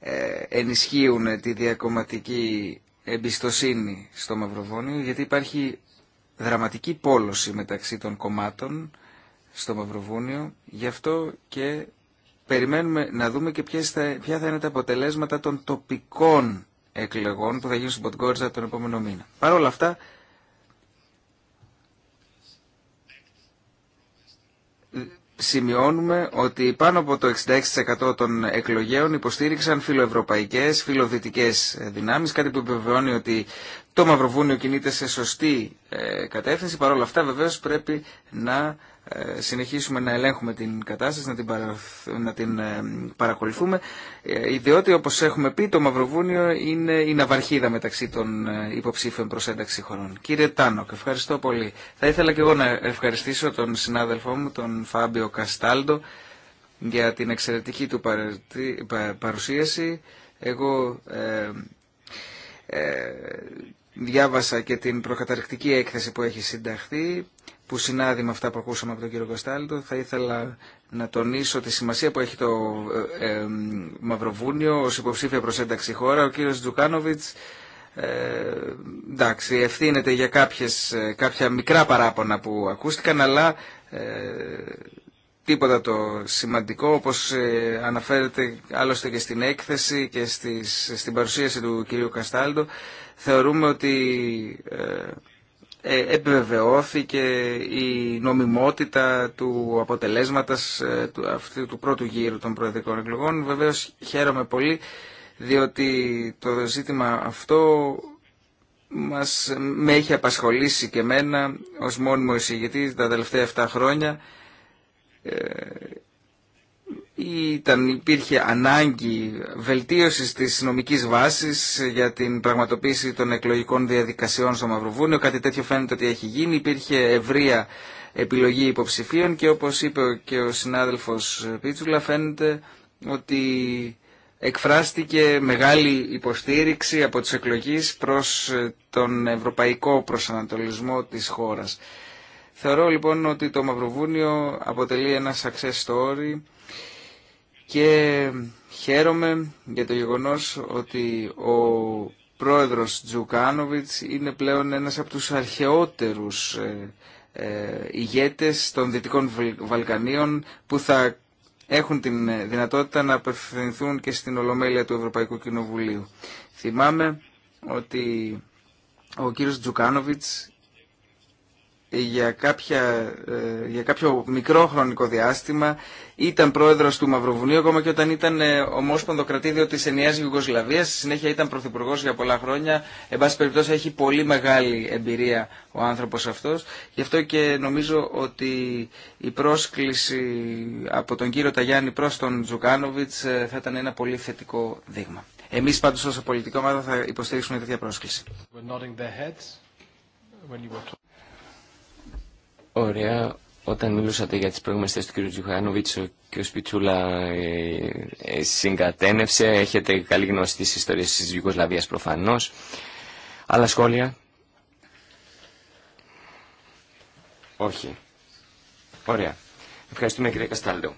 ε, ενισχύουν τη διακομματική εμπιστοσύνη στο Μαυροβόνιο γιατί υπάρχει δραματική πόλωση μεταξύ των κομμάτων στο Μαυροβούνιο γι' αυτό και περιμένουμε να δούμε και ποια θα είναι τα αποτελέσματα των τοπικών εκλογών που θα γίνουν στην Ποτγκόρτζα τον επόμενο μήνα. Παρ' όλα αυτά σημειώνουμε ότι πάνω από το 66% των εκλογέων υποστήριξαν φιλοευρωπαϊκές, φιλοδυτικές δυνάμεις, κάτι που επιβεβαιώνει ότι το Μαυροβούνιο κινείται σε σωστή ε, κατεύθυνση. Παρ' όλα αυτά βεβαίως πρέπει να ε, συνεχίσουμε να ελέγχουμε την κατάσταση, να την, να την ε, παρακολουθούμε, ε, διότι όπως έχουμε πει το Μαυροβούνιο είναι η ναυαρχίδα μεταξύ των υποψήφιων προς ένταξη χωρών. Κύριε Τάνοκ, ευχαριστώ πολύ. Θα ήθελα και εγώ να ευχαριστήσω τον συνάδελφό μου, τον Φάμπιο Καστάλντο, για την εξαιρετική του παρουσίαση. Εγώ ε, διάβασα και την προκαταρκτική έκθεση που έχει συνταχθεί που συνάδει με αυτά που ακούσαμε από τον κύριο Καστάλτο. Θα ήθελα να τονίσω τη σημασία που έχει το ε, ε, Μαυροβούνιο ως υποψήφια προς ένταξη χώρα. Ο κύριος Τζουκάνοβιτ ε, εντάξει, ευθύνεται για κάποιες, ε, κάποια μικρά παράπονα που ακούστηκαν, αλλά ε, τίποτα το σημαντικό όπως αναφέρεται άλλωστε και στην έκθεση και στις, στην παρουσίαση του κυρίου Καστάλτο. Θεωρούμε ότι ε, επιβεβαιώθηκε η νομιμότητα του αποτελέσματος ε, του, αυτού του πρώτου γύρου των προεδρικών εκλογών. Βεβαίως χαίρομαι πολύ διότι το ζήτημα αυτό μας, με έχει απασχολήσει και μένα ως μόνιμο εισηγητή τα τελευταία 7 χρόνια ε, ήταν, υπήρχε ανάγκη βελτίωσης της νομικής βάσης για την πραγματοποίηση των εκλογικών διαδικασιών στο Μαυροβούνιο. Κάτι τέτοιο φαίνεται ότι έχει γίνει. Υπήρχε ευρεία επιλογή υποψηφίων και όπως είπε και ο συνάδελφος Πίτσουλα φαίνεται ότι εκφράστηκε μεγάλη υποστήριξη από τις εκλογές προς ε, τον ευρωπαϊκό προσανατολισμό της χώρας. Θεωρώ λοιπόν ότι το Μαυροβούνιο αποτελεί ένα success story και χαίρομαι για το γεγονός ότι ο πρόεδρος Τζουκάνοβιτς είναι πλέον ένας από τους αρχαιότερους ε, ε ηγέτες των Δυτικών Βαλκανίων που θα έχουν την δυνατότητα να απευθυνθούν και στην Ολομέλεια του Ευρωπαϊκού Κοινοβουλίου. Θυμάμαι ότι ο κύριος Τζουκάνοβιτς για, κάποια, ε, για κάποιο μικρό χρονικό διάστημα ήταν πρόεδρος του Μαυροβουνίου ακόμα και όταν ήταν ε, ομόσπονδο κρατήδιο της ενιαίας Ιουγκοσλαβίας στη συνέχεια ήταν πρωθυπουργό για πολλά χρόνια εν πάση περιπτώσει έχει πολύ μεγάλη εμπειρία ο άνθρωπος αυτός γι' αυτό και νομίζω ότι η πρόσκληση από τον κύριο Ταγιάννη προς τον Τζουκάνοβιτς ε, θα ήταν ένα πολύ θετικό δείγμα εμείς πάντως ως πολιτικό ομάδα θα υποστηρίξουμε τέτοια πρόσκληση Ωραία. Όταν μιλούσατε για τις προηγούμενες θέσεις του κ. και ο Σπιτσούλα ε, ε, συγκατένευσε. Έχετε καλή γνώση της ιστορίας της Ιουγκοσλαβίας προφανώς. Άλλα σχόλια. Όχι. Ωραία. Ευχαριστούμε κύριε Καστάλτο.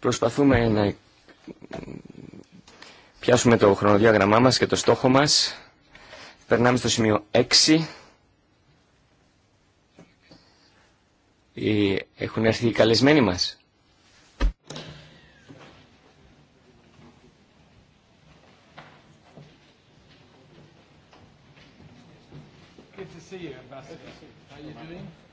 Προσπαθούμε να πιάσουμε το χρονοδιάγραμμά μας και το στόχο μας. Περνάμε στο σημείο 6. Ε, έχουν έρθει οι καλεσμένοι μας. Good to see you, Ambassador. How are you doing?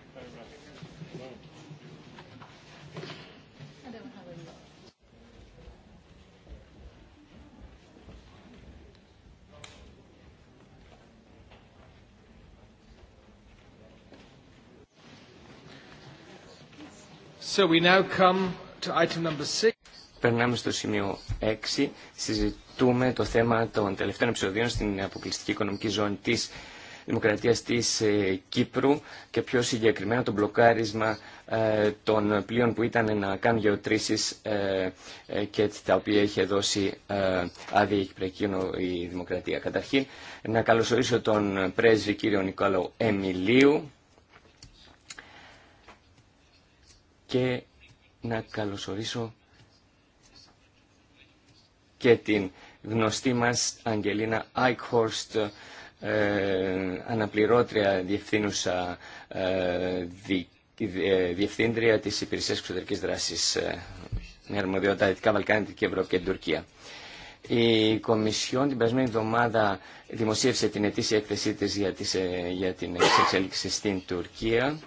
Περνάμε στο σημείο 6. Συζητούμε το θέμα των τελευταίων επεισοδίων στην αποκλειστική οικονομική ζώνη της Δημοκρατίας της ε, Κύπρου και πιο συγκεκριμένα το μπλοκάρισμα ε, των πλοίων που ήταν να κάνουν γεωτρήσεις ε, και τα οποία είχε δώσει άδεια η η Δημοκρατία. Καταρχήν, να καλωσορίσω τον πρέσβη κύριο Νικόλαο Εμιλίου και να καλωσορίσω και την γνωστή μας Αγγελίνα Άικχορστ, ε, αναπληρώτρια διευθύνουσα ε, ε, διευθύντρια της Υπηρεσίας Εξωτερικής Δράσης με αρμοδιότητα Δυτικά Βαλκάνια, Δυτική Ευρώπη και Τουρκία. Η Κομισιόν την περασμένη εβδομάδα δημοσίευσε την ετήσια έκθεσή της για, για την εξέλιξη στην Τουρκία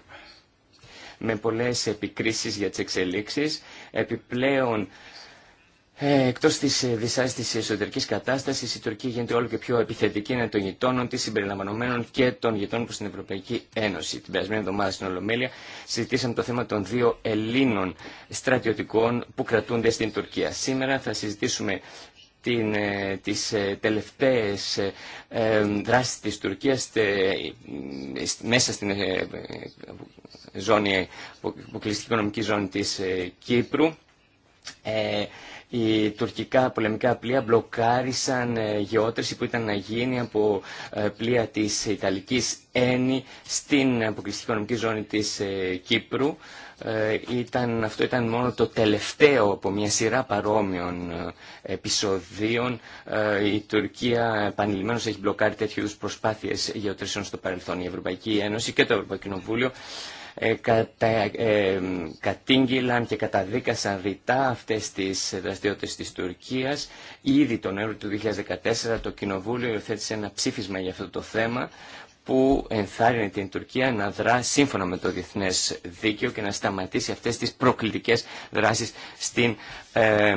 με πολλές επικρίσεις για τις εξελίξεις. Επιπλέον, ε, Εκτό τη της ε, εσωτερική κατάσταση, η Τουρκία γίνεται όλο και πιο επιθετική είναι των γειτόνων τη, συμπεριλαμβανομένων και των γειτόνων προ την Ευρωπαϊκή Ένωση. Την περασμένη εβδομάδα στην Ολομέλεια συζητήσαμε το θέμα των δύο Ελλήνων στρατιωτικών που κρατούνται στην Τουρκία. Σήμερα θα συζητήσουμε την, ε, τις ε, τελευταίες ε, δράσεις της Τουρκίας μέσα στην ζώνη, αποκλειστική οικονομική ζώνη της Κύπρου. Οι τουρκικά πολεμικά πλοία μπλοκάρισαν γεώτρηση που ήταν να γίνει από πλοία της Ιταλικής Ένη στην αποκλειστική οικονομική ζώνη της Κύπρου. Ε, ήταν, αυτό ήταν μόνο το τελευταίο από μια σειρά παρόμοιων ε, επεισοδίων. Ε, η Τουρκία επανειλημμένω έχει μπλοκάρει τέτοιου είδου προσπάθειε γεωτρήσεων στο παρελθόν. Η Ευρωπαϊκή Ένωση και το Ευρωπαϊκό Κοινοβούλιο κατα, κατήγγυλαν και καταδίκασαν ρητά αυτές τις δραστηριότητες της Τουρκίας. Ήδη τον Νοέμβριο του 2014 το Κοινοβούλιο υιοθέτησε ένα ψήφισμα για αυτό το θέμα που ενθάρρυνε την Τουρκία να δρά σύμφωνα με το διεθνές δίκαιο και να σταματήσει αυτές τις προκλητικές δράσεις στην ε,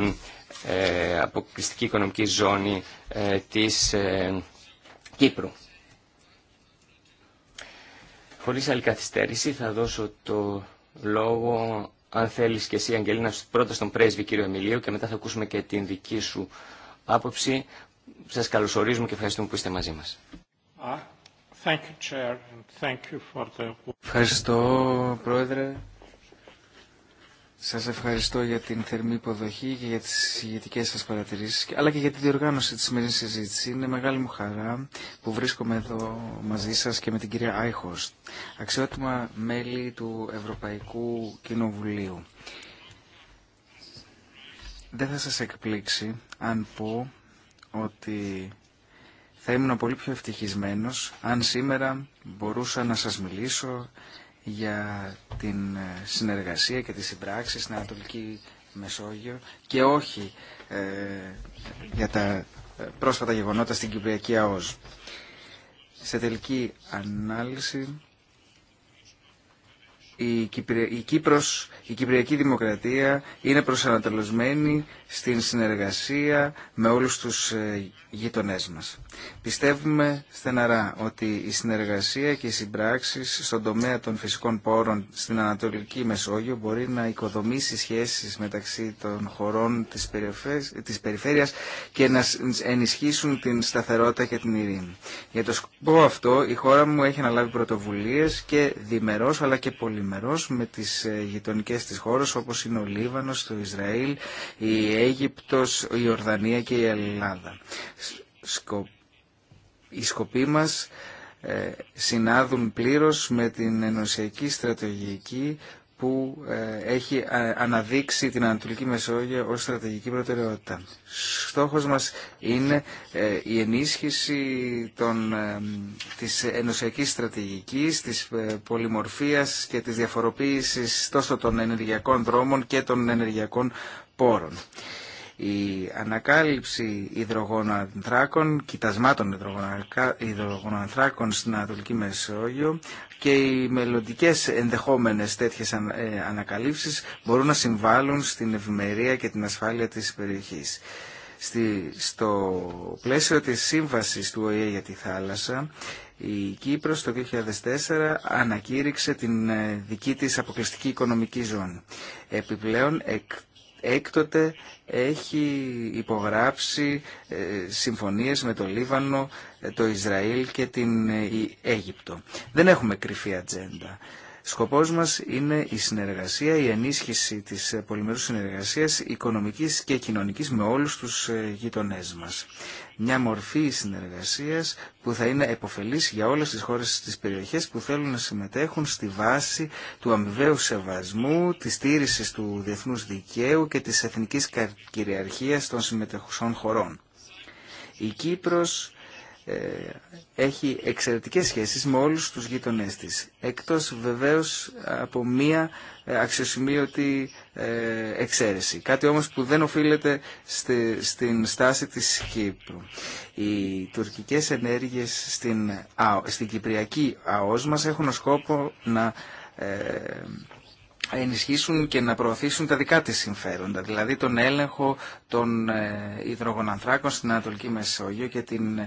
ε, αποκλειστική οικονομική ζώνη ε, της ε, Κύπρου. Χωρίς άλλη καθυστέρηση θα δώσω το λόγο, αν θέλεις και εσύ Αγγελίνα, πρώτα στον πρέσβη κύριο Εμιλίου και μετά θα ακούσουμε και την δική σου άποψη. Σας καλωσορίζουμε και ευχαριστούμε που είστε μαζί μας. Ευχαριστώ, Πρόεδρε. Σας ευχαριστώ για την θερμή υποδοχή και για τις ηγετικέ σας παρατηρήσεις, αλλά και για τη διοργάνωση της σημερινής συζήτηση. Είναι μεγάλη μου χαρά που βρίσκομαι εδώ μαζί σας και με την κυρία Άιχος, αξιότιμα μέλη του Ευρωπαϊκού Κοινοβουλίου. Δεν θα σας εκπλήξει αν πω ότι θα ήμουν πολύ πιο ευτυχισμένος αν σήμερα μπορούσα να σας μιλήσω για την ε, συνεργασία και τις συμπράξεις στην Ανατολική Μεσόγειο και όχι ε, για τα ε, πρόσφατα γεγονότα στην Κυπριακή ΑΟΣ. Σε τελική ανάλυση, η, Κύπρος, η Κυπριακή Δημοκρατία είναι προσανατολισμένη στην συνεργασία με όλους τους ε, γείτονές μας. Πιστεύουμε στεναρά ότι η συνεργασία και οι συμπράξεις στον τομέα των φυσικών πόρων στην Ανατολική Μεσόγειο μπορεί να οικοδομήσει σχέσεις μεταξύ των χωρών της, της περιφέρειας και να ενισχύσουν την σταθερότητα και την ειρήνη. Για το σκοπό αυτό η χώρα μου έχει αναλάβει πρωτοβουλίες και διμερός αλλά και πολυμερός με τις ε, γειτονικές της χώρες όπως είναι ο Λίβανος, το Ισραήλ, η Αίγυπτος, η Ορδανία και η Ελλάδα. Οι σκοποί μας ε, συνάδουν πλήρως με την ενωσιακή στρατηγική που ε, έχει ε, αναδείξει την Ανατολική Μεσόγειο ως στρατηγική προτεραιότητα. Στόχος μας είναι η ενίσχυση των, της ενωσιακής στρατηγικής, της πολυμορφίας και της διαφοροποίησης τόσο των ενεργειακών δρόμων και των ενεργειακών πόρων. Η ανακάλυψη υδρογόνων ανθράκων, κοιτασμάτων υδρογόνων ανθράκων στην Ανατολική Μεσόγειο και οι μελλοντικέ ενδεχόμενες τέτοιες ε, ανακαλύψεις μπορούν να συμβάλλουν στην ευημερία και την ασφάλεια της περιοχής. στο πλαίσιο της σύμβασης του ΟΗΕ για τη θάλασσα, η Κύπρος το 2004 ανακήρυξε την ε, δική της αποκλειστική οικονομική ζώνη. Επιπλέον, εκ έκτοτε έχει υπογράψει ε, συμφωνίες με το Λίβανο, ε, το Ισραήλ και την ε, Αίγυπτο. Δεν έχουμε κρυφή ατζέντα. Σκοπός μας είναι η συνεργασία, η ενίσχυση της πολυμερούς συνεργασίας οικονομικής και κοινωνικής με όλους τους γειτονές μας μια μορφή συνεργασίας που θα είναι επωφελής για όλες τις χώρες της περιοχές που θέλουν να συμμετέχουν στη βάση του αμοιβαίου σεβασμού, της στήριξης του διεθνούς δικαίου και της εθνικής κυριαρχίας των συμμετεχουσών χωρών. Η Κύπρος ε, έχει εξαιρετικές σχέσεις με όλους τους γείτονές της. Εκτός βεβαίως από μία ε, αξιοσημείωτη ε, εξαίρεση. Κάτι όμως που δεν οφείλεται στη, στην στάση της Κύπρου. Οι τουρκικές ενέργειες στην, στην Κυπριακή ΑΟΣ μας έχουν σκόπο να... Ε, ενισχύσουν και να προωθήσουν τα δικά της συμφέροντα, δηλαδή τον έλεγχο των υδρογονανθράκων στην Ανατολική Μεσόγειο και την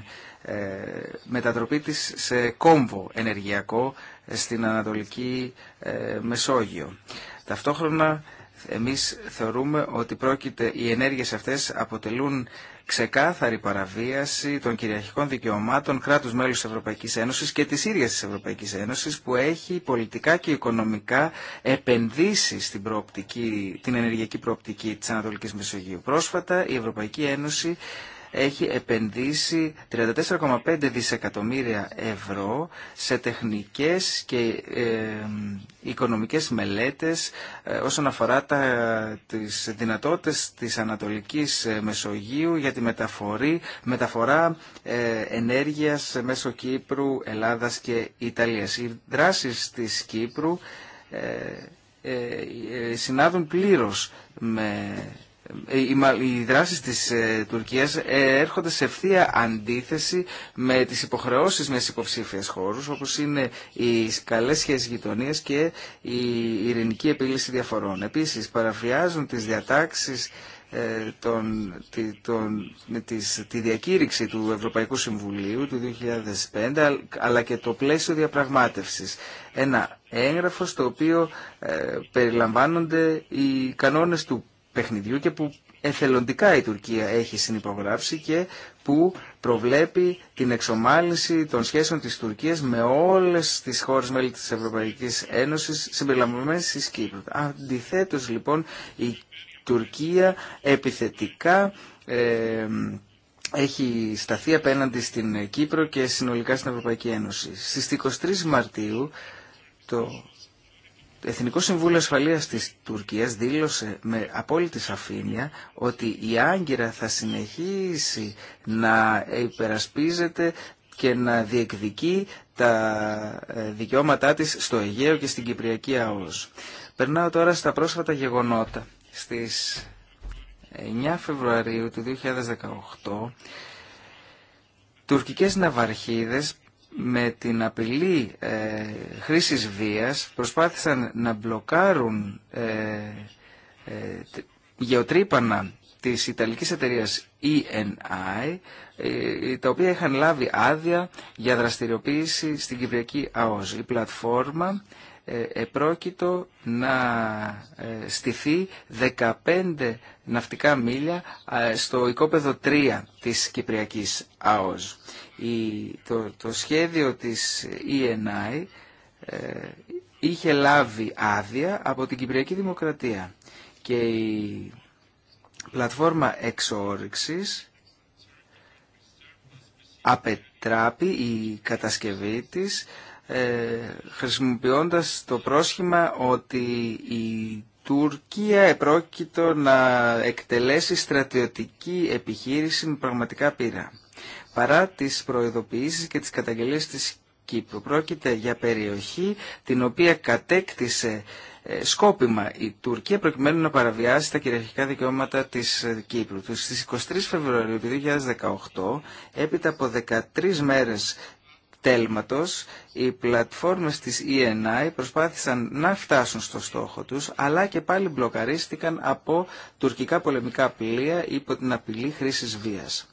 ε, μετατροπή της σε κόμβο ενεργειακό ε, στην Ανατολική ε, Μεσόγειο. Ταυτόχρονα εμείς θεωρούμε ότι πρόκειται οι ενέργειες αυτές αποτελούν ξεκάθαρη παραβίαση των κυριαρχικών δικαιωμάτων κράτους μέλους της Ευρωπαϊκής Ένωσης και της ίδιας της Ευρωπαϊκής Ένωσης που έχει πολιτικά και οικονομικά επενδύσει στην προοπτική, την ενεργειακή προοπτική της Ανατολικής Μεσογείου. Πρόσφατα η Ευρωπαϊκή Ένωση έχει επενδύσει 34,5 δισεκατομμύρια ευρώ σε τεχνικές και ε, οικονομικές μελέτες ε, όσον αφορά τα, τις δυνατότητες της Ανατολικής ε, Μεσογείου για τη μεταφορή, μεταφορά ε, ενέργειας μέσω Κύπρου, Ελλάδας και Ιταλίας. Οι δράσεις της Κύπρου ε, συνάδουν πλήρως με ε, οι δράσεις της ε, Τουρκίας ε, έρχονται σε ευθεία αντίθεση με τις υποχρεώσεις μιας υποψήφιας χώρους όπως είναι οι καλές σχέσεις γειτονίας και η ειρηνική επίλυση διαφορών. Επίσης παραφιάζουν τις διατάξεις τον, τη, τον, τη διακήρυξη του Ευρωπαϊκού Συμβουλίου του 2005 αλλά και το πλαίσιο διαπραγμάτευσης. Ένα έγγραφο στο οποίο περιλαμβάνονται οι κανόνες του παιχνιδιού και που εθελοντικά η Τουρκία έχει συνυπογράψει και που προβλέπει την εξομάλυνση των σχέσεων της Τουρκίας με όλες τις χώρες μέλη της Ευρωπαϊκής Ένωσης συμπεριλαμβανομένες της Κύπρου. Αντιθέτως λοιπόν η Τουρκία επιθετικά ε, έχει σταθεί απέναντι στην Κύπρο και συνολικά στην Ευρωπαϊκή Ένωση. Στις 23 Μαρτίου το Εθνικό Συμβούλιο Ασφαλείας της Τουρκίας δήλωσε με απόλυτη σαφήνεια ότι η Άγκυρα θα συνεχίσει να υπερασπίζεται και να διεκδικεί τα ε, δικαιώματά της στο Αιγαίο και στην Κυπριακή ΑΟΣ. Περνάω τώρα στα πρόσφατα γεγονότα. Στις 9 Φεβρουαρίου του 2018 τουρκικές ναυαρχίδες με την απειλή ε, χρήσης βίας προσπάθησαν να μπλοκάρουν ε, ε, γεωτρύπανα της Ιταλικής εταιρείας ENI, ε, τα οποία είχαν λάβει άδεια για δραστηριοποίηση στην Κυπριακή ΑΟΣ. Η πλατφόρμα ε, επρόκειτο να ε, στηθεί 15 ναυτικά μίλια στο οικόπεδο 3 της Κυπριακής ΑΟΣ το, το σχέδιο της ENI ε, είχε λάβει άδεια από την Κυπριακή Δημοκρατία και η πλατφόρμα εξόρυξης απετράπει η κατασκευή της ε, χρησιμοποιώντας το πρόσχημα ότι η Τουρκία επρόκειτο να εκτελέσει στρατιωτική επιχείρηση με πραγματικά πείρα παρά τις προειδοποιήσεις και τις καταγγελίες της Κύπρου. Πρόκειται για περιοχή την οποία κατέκτησε ε, σκόπιμα η Τουρκία προκειμένου να παραβιάσει τα κυριαρχικά δικαιώματα της ε, Κύπρου. Στις 23 Φεβρουαρίου 2018, έπειτα από 13 μέρες τέλματος, οι πλατφόρμες της ENI προσπάθησαν να φτάσουν στο στόχο τους, αλλά και πάλι μπλοκαρίστηκαν από τουρκικά πολεμικά πλοία υπό την απειλή χρήσης βίας.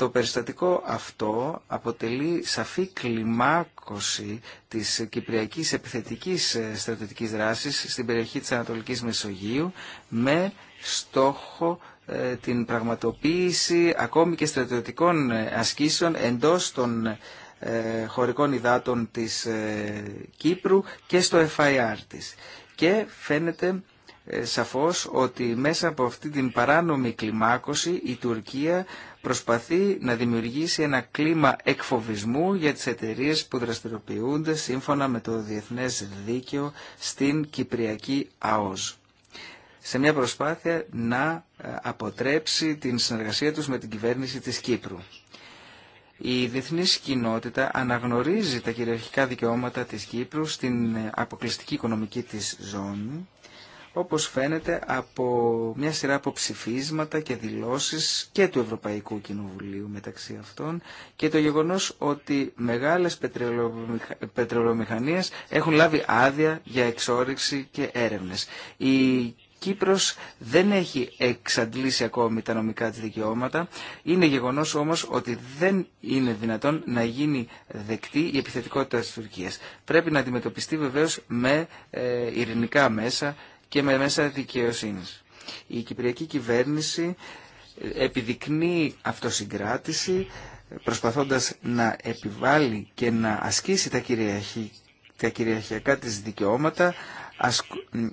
Το περιστατικό αυτό αποτελεί σαφή κλιμάκωση της κυπριακής επιθετικής στρατιωτικής δράσης στην περιοχή της Ανατολικής Μεσογείου με στόχο ε, την πραγματοποίηση ακόμη και στρατιωτικών ε, ασκήσεων εντός των ε, χωρικών υδάτων της Κύπρου και στο FIR της. Και φαίνεται σαφώς ότι μέσα από αυτή την παράνομη κλιμάκωση η Τουρκία προσπαθεί να δημιουργήσει ένα κλίμα εκφοβισμού για τις εταιρείε που δραστηριοποιούνται σύμφωνα με το Διεθνές Δίκαιο στην Κυπριακή ΑΟΣ σε μια προσπάθεια να ε, αποτρέψει την συνεργασία τους με την κυβέρνηση της Κύπρου. Η διεθνής κοινότητα αναγνωρίζει τα κυριαρχικά δικαιώματα της Κύπρου στην ε, αποκλειστική οικονομική της ζώνη όπως φαίνεται από μια σειρά από ψηφίσματα και δηλώσεις και του Ευρωπαϊκού Κοινοβουλίου μεταξύ αυτών και το γεγονός ότι μεγάλες πετρελομηχανίες έχουν λάβει άδεια για εξόριξη και έρευνες. Η Κύπρος δεν έχει εξαντλήσει ακόμη τα νομικά της δικαιώματα. Είναι γεγονός όμως ότι δεν είναι δυνατόν να γίνει δεκτή η επιθετικότητα της Τουρκίας. Πρέπει να αντιμετωπιστεί βεβαίως με ε, ειρηνικά μέσα και με μέσα δικαιοσύνη. Η Κυπριακή κυβέρνηση επιδεικνύει αυτοσυγκράτηση προσπαθώντας να επιβάλλει και να ασκήσει τα, κυριαρχη, τα κυριαρχιακά της δικαιώματα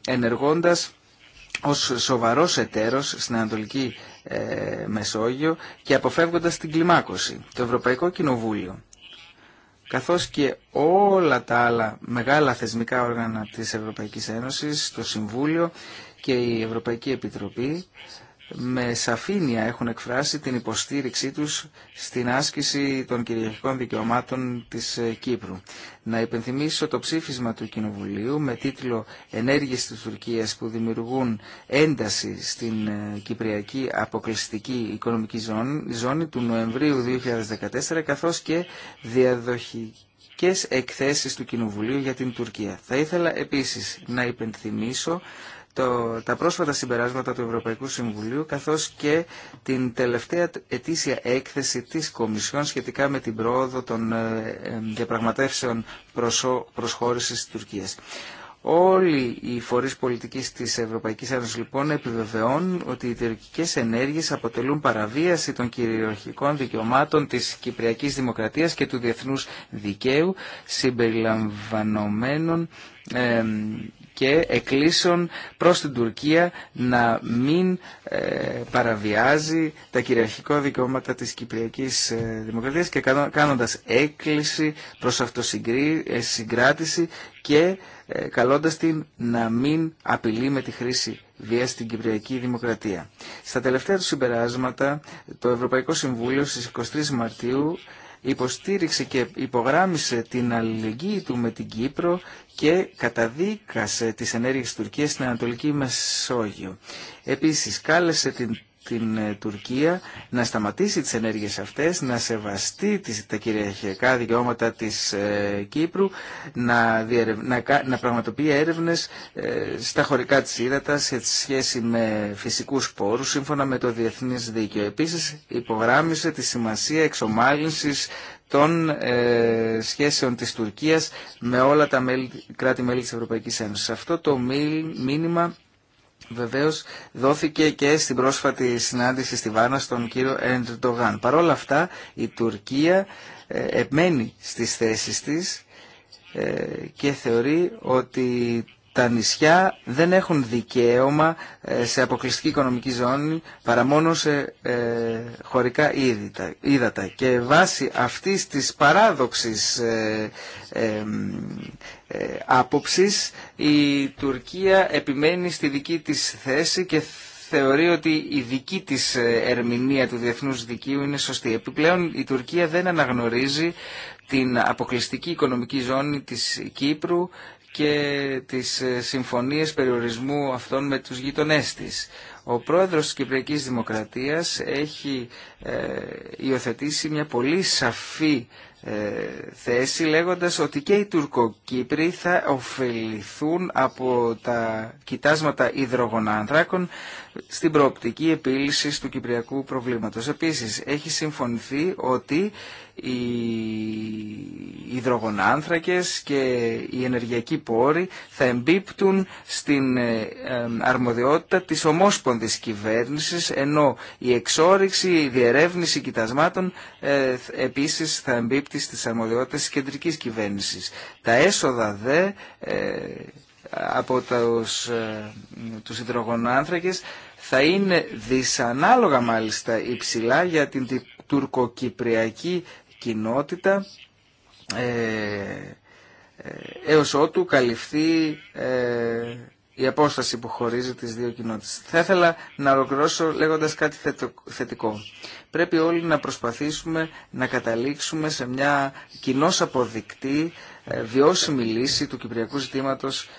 ενεργώντας ως σοβαρός εταίρος στην Ανατολική ε, Μεσόγειο και αποφεύγοντας την κλιμάκωση. Το Ευρωπαϊκό Κοινοβούλιο καθώς και όλα τα άλλα μεγάλα θεσμικά όργανα της Ευρωπαϊκής Ένωσης, το Συμβούλιο και η Ευρωπαϊκή Επιτροπή με σαφήνεια έχουν εκφράσει την υποστήριξή τους στην άσκηση των κυριαρχικών δικαιωμάτων της ε, Κύπρου. Να υπενθυμίσω το ψήφισμα του Κοινοβουλίου με τίτλο «Ενέργειες της Τουρκίας που δημιουργούν ένταση στην ε, Κυπριακή Αποκλειστική Οικονομική Ζώνη» του Νοεμβρίου 2014 καθώς και διαδοχικές εκθέσεις του Κοινοβουλίου για την Τουρκία. Θα ήθελα επίσης να υπενθυμίσω τα πρόσφατα συμπεράσματα του Ευρωπαϊκού Συμβουλίου καθώς και την τελευταία ετήσια έκθεση της Κομισιόν σχετικά με την πρόοδο των ε, ε, διαπραγματεύσεων προσω, προσχώρησης της Τουρκίας. Όλοι οι φορείς πολιτικής της Ευρωπαϊκής Ένωσης λοιπόν επιβεβαιώνουν ότι οι τουρκικές ενέργειες αποτελούν παραβίαση των κυριαρχικών δικαιωμάτων της Κυπριακής Δημοκρατίας και του διεθνούς δικαίου συμπεριλαμβανομένων ε, και εκκλήσεων προς την Τουρκία να μην ε, παραβιάζει τα κυριαρχικά δικαιώματα της Κυπριακής ε, Δημοκρατίας και κάνοντας έκκληση προς αυτοσυγκράτηση ε, και καλώντας την να μην απειλεί με τη χρήση βία στην Κυπριακή Δημοκρατία. Στα τελευταία του συμπεράσματα, το Ευρωπαϊκό Συμβούλιο στις 23 Μαρτίου υποστήριξε και υπογράμμισε την αλληλεγγύη του με την Κύπρο και καταδίκασε τις ενέργειες της Τουρκίας στην Ανατολική Μεσόγειο. Επίσης, κάλεσε την την ε, Τουρκία να σταματήσει τις ενέργειες αυτές, να σεβαστεί τα κυριαρχικά δικαιώματα της ε, Κύπρου, να, να... να πραγματοποιεί έρευνες ε, στα χωρικά της ύδατας σε σχέση με φυσικούς πόρους σύμφωνα με το Διεθνές Δίκαιο. Επίσης υπογράμμισε τη σημασία εξομάλυνσης των σχέσεων της Τουρκίας με όλα τα κράτη-μέλη της Ευρωπαϊκής Ένωσης. Αυτό το μήνυμα βεβαίως δόθηκε και στην πρόσφατη συνάντηση στη Βάνα στον κύριο Ερντογάν. Παρ' όλα αυτά η Τουρκία επμένει στις θέσεις της ε, και θεωρεί ότι τα νησιά δεν έχουν δικαίωμα ε, σε αποκλειστική οικονομική ζώνη παρά μόνο σε ε, χωρικά ύδατα. Και βάσει αυτής της παράδοξης άποψης η Τουρκία επιμένει στη δική της θέση και θεωρεί ότι η δική της ερμηνεία του διεθνούς δικαίου είναι σωστή. Επιπλέον η Τουρκία δεν αναγνωρίζει την αποκλειστική οικονομική ζώνη της Κύπρου και τις συμφωνίες περιορισμού αυτών με τους γειτονές της. Ο πρόεδρος της Κυπριακής Δημοκρατίας έχει ε, υιοθετήσει μια πολύ σαφή ε, θέση λέγοντας ότι και οι Τουρκοκύπροι θα ωφεληθούν από τα κοιτάσματα υδρογονάνθρακων στην προοπτική επίλυση του κυπριακού προβλήματος. Επίσης, έχει συμφωνηθεί ότι οι υδρογονάνθρακες και οι ενεργειακοί πόροι θα εμπίπτουν στην ε, αρμοδιότητα της ομόσπονδης κυβέρνησης ενώ η εξόριξη, η διερεύνηση κοιτασμάτων ε, επίσης θα εμπίπτει στις αρμοδιότητες της κεντρικής κυβέρνησης. Τα έσοδα δε ε, από τους, τους υδρογονάνθρακες θα είναι δυσανάλογα μάλιστα υψηλά για την τουρκοκυπριακή κοινότητα ε, ε, έως ότου καλυφθεί ε, η απόσταση που χωρίζει τις δύο κοινότητες. Θα ήθελα να ολοκληρώσω λέγοντας κάτι θετικό. Πρέπει όλοι να προσπαθήσουμε να καταλήξουμε σε μια κοινώς αποδεικτή βιώσιμη λύση του κυπριακού ζητήματος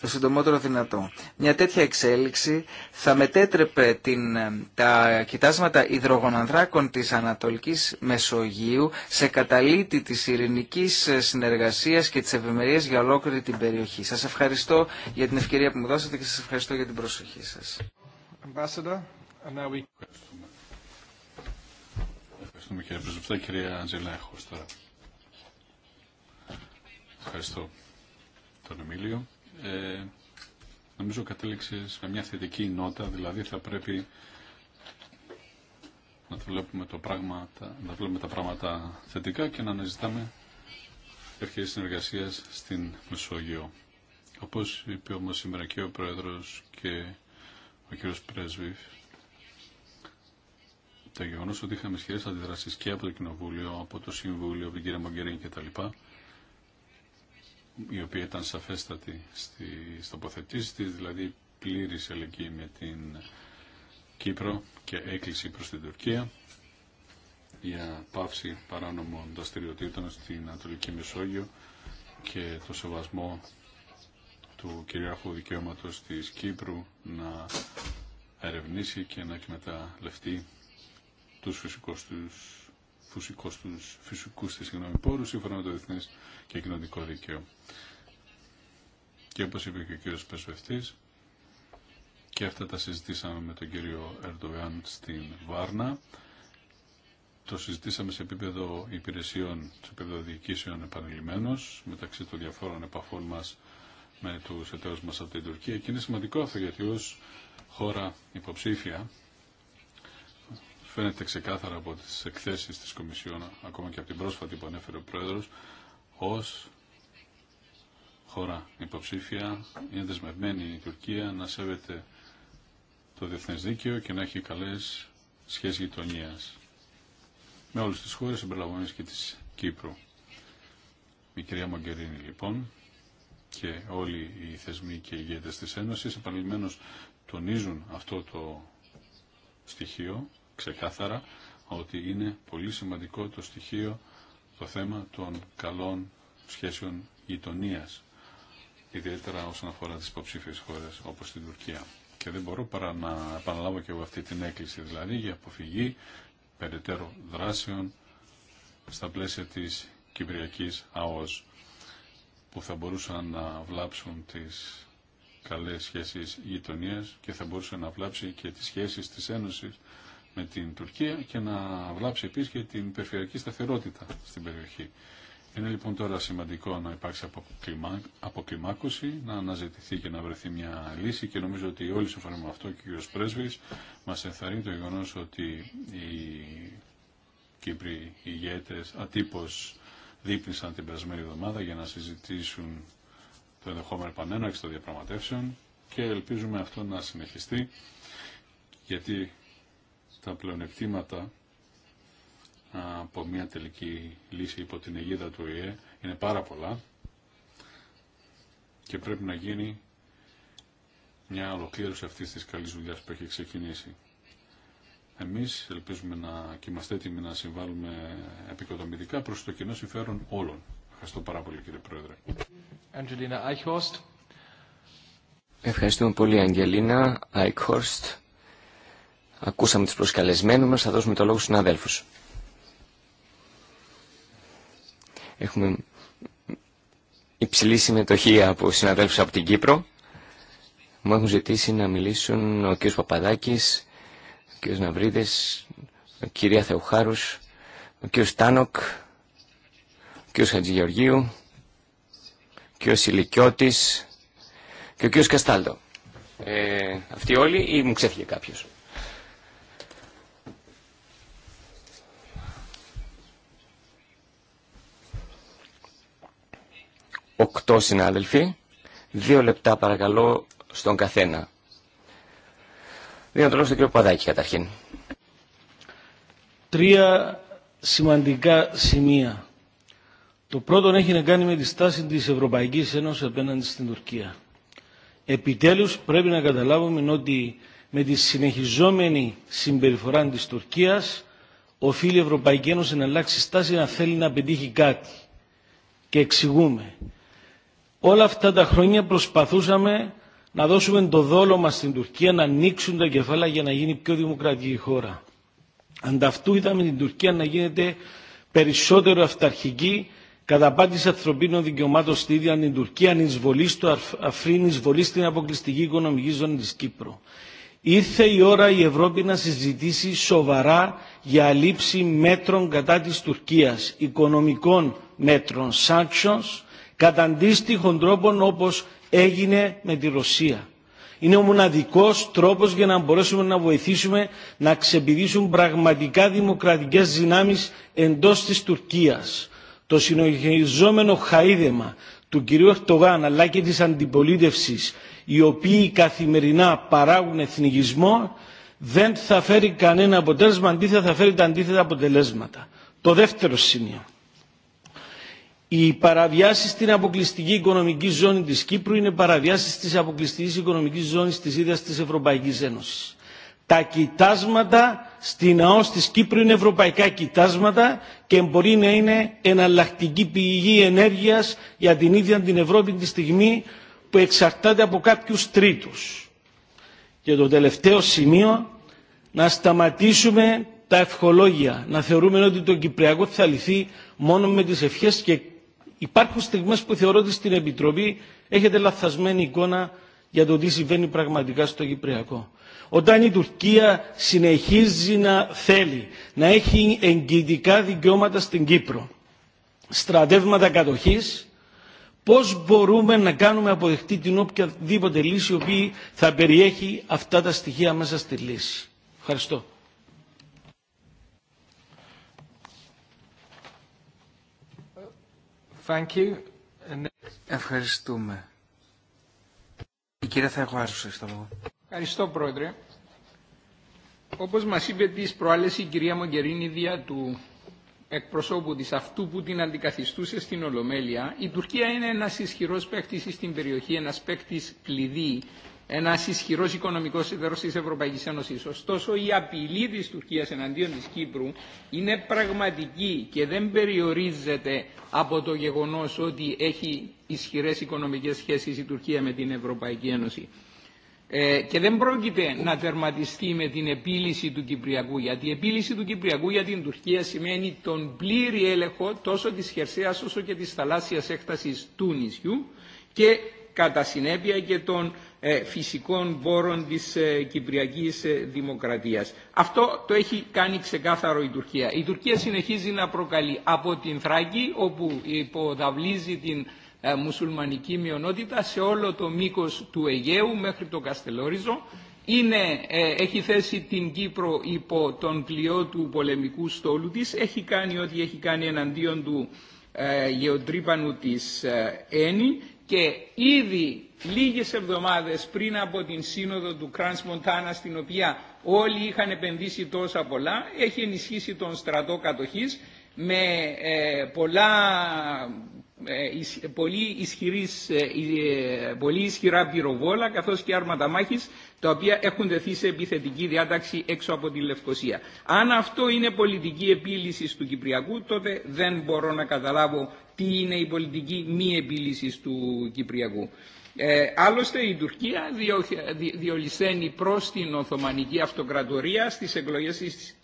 το συντομότερο δυνατό. Μια τέτοια εξέλιξη θα μετέτρεπε την, τα κοιτάσματα υδρογονανδράκων της Ανατολικής Μεσογείου σε καταλήτη της ειρηνικής συνεργασίας και της ευημερίας για ολόκληρη την περιοχή. Σας ευχαριστώ για την ευκαιρία που μου δώσατε και σας ευχαριστώ για την προσοχή σας. Ευχαριστώ τον Εμίλιο ε, νομίζω κατέληξε σε μια θετική νότα, δηλαδή θα πρέπει να βλέπουμε, το πράγμα, να βλέπουμε τα πράγματα θετικά και να αναζητάμε ευκαιρίες συνεργασίας στην Μεσόγειο. Όπως είπε όμως σήμερα και ο Πρόεδρος και ο κύριος Πρέσβη, το γεγονό ότι είχαμε σχέσεις αντιδράσεις και από το Κοινοβούλιο, από το Συμβούλιο, από την κυρία τα κτλ η οποία ήταν σαφέστατη στι τοποθετήσει της, δηλαδή πλήρης ελεγγύη με την Κύπρο και έκκληση προς την Τουρκία για πάυση παράνομων δραστηριοτήτων στην Ανατολική Μεσόγειο και το σεβασμό του κυριαρχού δικαιώματος της Κύπρου να ερευνήσει και να εκμεταλλευτεί τους φυσικούς τους φυσικούς, τους, φυσικούς της συγγνώμη, πόρους σύμφωνα με το διεθνές και κοινωνικό δίκαιο. Και όπως είπε και ο κύριος Πεσβευτής, και αυτά τα συζητήσαμε με τον κύριο Ερντογάν στην Βάρνα, το συζητήσαμε σε επίπεδο υπηρεσιών, σε επίπεδο διοικήσεων επανειλημμένως, μεταξύ των διαφόρων επαφών μας με τους εταίρους μα από την Τουρκία και είναι σημαντικό αυτό γιατί ω χώρα υποψήφια Φαίνεται ξεκάθαρα από τις εκθέσεις της Κομισιόν, ακόμα και από την πρόσφατη που ανέφερε ο Πρόεδρος, ως χώρα υποψήφια είναι δεσμευμένη η Τουρκία να σέβεται το διεθνές δίκαιο και να έχει καλές σχέσεις γειτονία με όλες τις χώρες συμπεριλαμβανομένες και τη Κύπρου. Η κυρία Μογκερίνη λοιπόν και όλοι οι θεσμοί και οι ηγέτες της Ένωσης επανειλημμένως τονίζουν αυτό το στοιχείο ξεκάθαρα ότι είναι πολύ σημαντικό το στοιχείο, το θέμα των καλών σχέσεων γειτονία, ιδιαίτερα όσον αφορά τις υποψήφιε χώρες όπως την Τουρκία. Και δεν μπορώ παρά να επαναλάβω και εγώ αυτή την έκκληση, δηλαδή για αποφυγή περαιτέρω δράσεων στα πλαίσια της Κυπριακής ΑΟΣ που θα μπορούσαν να βλάψουν τις καλές σχέσεις γειτονίας και θα μπορούσαν να βλάψει και τις σχέσεις της Ένωσης με την Τουρκία και να βλάψει επίσης και την περιφερειακή σταθερότητα στην περιοχή. Είναι λοιπόν τώρα σημαντικό να υπάρξει αποκλιμάκωση, να αναζητηθεί και να βρεθεί μια λύση και νομίζω ότι όλοι συμφωνούμε με αυτό και ο κ. Πρέσβης μας ενθαρρύνει το γεγονό ότι οι Κύπροι ηγέτες ατύπως δείπνησαν την περασμένη εβδομάδα για να συζητήσουν το ενδεχόμενο επανέναρξη των διαπραγματεύσεων και ελπίζουμε αυτό να συνεχιστεί γιατί τα πλεονεκτήματα από μια τελική λύση υπό την αιγίδα του ΙΕ είναι πάρα πολλά και πρέπει να γίνει μια ολοκλήρωση αυτή της καλής δουλειά που έχει ξεκινήσει. Εμείς ελπίζουμε να και είμαστε έτοιμοι να συμβάλλουμε επικοδομητικά προς το κοινό συμφέρον όλων. Ευχαριστώ πάρα πολύ κύριε Πρόεδρε. Ευχαριστούμε πολύ Αγγελίνα Αϊκχόρστ. Ακούσαμε τους προσκαλεσμένους μας, θα δώσουμε το λόγο στους συναδέλφους. Έχουμε υψηλή συμμετοχή από συναδέλφους από την Κύπρο. Μου έχουν ζητήσει να μιλήσουν ο κ. Παπαδάκης, ο κ. Ναυρίδης, ο κ. Θεοχάρους, ο κ. Τάνοκ, ο κ. Χατζηγεωργίου, ο κ. Ηλικιώτης και ο κ. Καστάλτο. Ε, αυτοί όλοι ή μου ξέφυγε κάποιος. οκτώ συνάδελφοι. Δύο λεπτά παρακαλώ στον καθένα. Δίνω το λόγο στον κύριο Παδάκη καταρχήν. Τρία σημαντικά σημεία. Το πρώτο έχει να κάνει με τη στάση της Ευρωπαϊκής Ένωσης απέναντι στην Τουρκία. Επιτέλους πρέπει να καταλάβουμε ότι με τη συνεχιζόμενη συμπεριφορά της Τουρκίας οφείλει η Ευρωπαϊκή Ένωση να αλλάξει στάση να θέλει να πετύχει κάτι. Και εξηγούμε. Όλα αυτά τα χρόνια προσπαθούσαμε να δώσουμε το δόλο μας στην Τουρκία να ανοίξουν τα κεφάλαια για να γίνει πιο δημοκρατική η χώρα. Ανταυτού είδαμε την Τουρκία να γίνεται περισσότερο αυταρχική καταπάτηση ανθρωπίνων δικαιωμάτων στη ίδια την Τουρκία εισβολή στο Αφρίν, εισβολή στην αποκλειστική οικονομική ζώνη της Κύπρου. Ήρθε η ώρα η Ευρώπη να συζητήσει σοβαρά για λήψη μέτρων κατά της Τουρκίας, οικονομικών μέτρων, sanctions, κατά αντίστοιχων τρόπων όπως έγινε με τη Ρωσία. Είναι ο μοναδικός τρόπος για να μπορέσουμε να βοηθήσουμε να ξεπηδήσουν πραγματικά δημοκρατικές δυνάμεις εντός της Τουρκίας. Το συνοχιζόμενο χαίδεμα του κυρίου Ερτογάν αλλά και της αντιπολίτευσης οι οποίοι καθημερινά παράγουν εθνικισμό δεν θα φέρει κανένα αποτέλεσμα, αντίθετα θα φέρει τα αντίθετα αποτελέσματα. Το δεύτερο σημείο. Οι παραβιάσεις στην αποκλειστική οικονομική ζώνη της Κύπρου είναι παραβιάσεις της αποκλειστικής οικονομικής ζώνης της ίδιας της Ευρωπαϊκής Ένωσης. Τα κοιτάσματα στην ΑΟΣ της Κύπρου είναι ευρωπαϊκά κοιτάσματα και μπορεί να είναι εναλλακτική πηγή ενέργειας για την ίδια την Ευρώπη τη στιγμή που εξαρτάται από κάποιους τρίτους. Και το τελευταίο σημείο, να σταματήσουμε τα ευχολόγια, να θεωρούμε ότι το Κυπριακό θα λυθεί μόνο με τις ευχές και Υπάρχουν στιγμές που θεωρώ ότι στην Επιτροπή έχετε λαθασμένη εικόνα για το τι συμβαίνει πραγματικά στο Κυπριακό. Όταν η Τουρκία συνεχίζει να θέλει να έχει εγγυητικά δικαιώματα στην Κύπρο, στρατεύματα κατοχής, πώς μπορούμε να κάνουμε αποδεκτή την οποιαδήποτε λύση η οποία θα περιέχει αυτά τα στοιχεία μέσα στη λύση. Ευχαριστώ. Ευχαριστούμε. Η κυρία Θαγουάρουσα, στο λόγο. Ευχαριστώ, Πρόεδρε. Όπως μας είπε τις προάλλες η κυρία Μογκερίνη δια του εκπροσώπου της αυτού που την αντικαθιστούσε στην Ολομέλεια, η Τουρκία είναι ένας ισχυρός παίκτης στην περιοχή, ένας παίκτης κλειδί ένα ισχυρό οικονομικό σίδερο τη Ευρωπαϊκή Ένωση. Ωστόσο, η απειλή τη Τουρκία εναντίον τη Κύπρου είναι πραγματική και δεν περιορίζεται από το γεγονό ότι έχει ισχυρέ οικονομικέ σχέσει η Τουρκία με την Ευρωπαϊκή Ένωση. Ε, και δεν πρόκειται να τερματιστεί με την επίλυση του Κυπριακού, γιατί η επίλυση του Κυπριακού για την Τουρκία σημαίνει τον πλήρη έλεγχο τόσο τη χερσαία όσο και τη θαλάσσια έκταση του νησιού και κατά συνέπεια και ε, φυσικών πόρων της ε, Κυπριακής ε, Δημοκρατίας. Αυτό το έχει κάνει ξεκάθαρο η Τουρκία. Η Τουρκία συνεχίζει να προκαλεί από την Θράκη όπου υποδαβλίζει την μουσουλμανική μειονότητα σε όλο το μήκος του Αιγαίου μέχρι το Καστελόριζο. Είναι, έχει θέσει την Κύπρο υπό τον κλειό του πολεμικού στόλου της. Έχει κάνει ό,τι έχει κάνει εναντίον του γεωτρύπανου της «Έννη» και ήδη λίγες εβδομάδες πριν από την σύνοδο του Κρανς Μοντάνα στην οποία όλοι είχαν επενδύσει τόσα πολλά έχει ενισχύσει τον στρατό κατοχής με ε, πολλά ε, πολύ, ισχυρής, ε, ε, πολύ ισχυρά πυροβόλα καθώς και άρματα μάχης τα οποία έχουν δεθεί σε επιθετική διάταξη έξω από τη Λευκοσία. Αν αυτό είναι πολιτική επίλυση του Κυπριακού τότε δεν μπορώ να καταλάβω τι είναι η πολιτική μη επίλυση του Κυπριακού. Ε, άλλωστε η Τουρκία διο, διολυσταίνει προς την Οθωμανική Αυτοκρατορία στις εκλογές της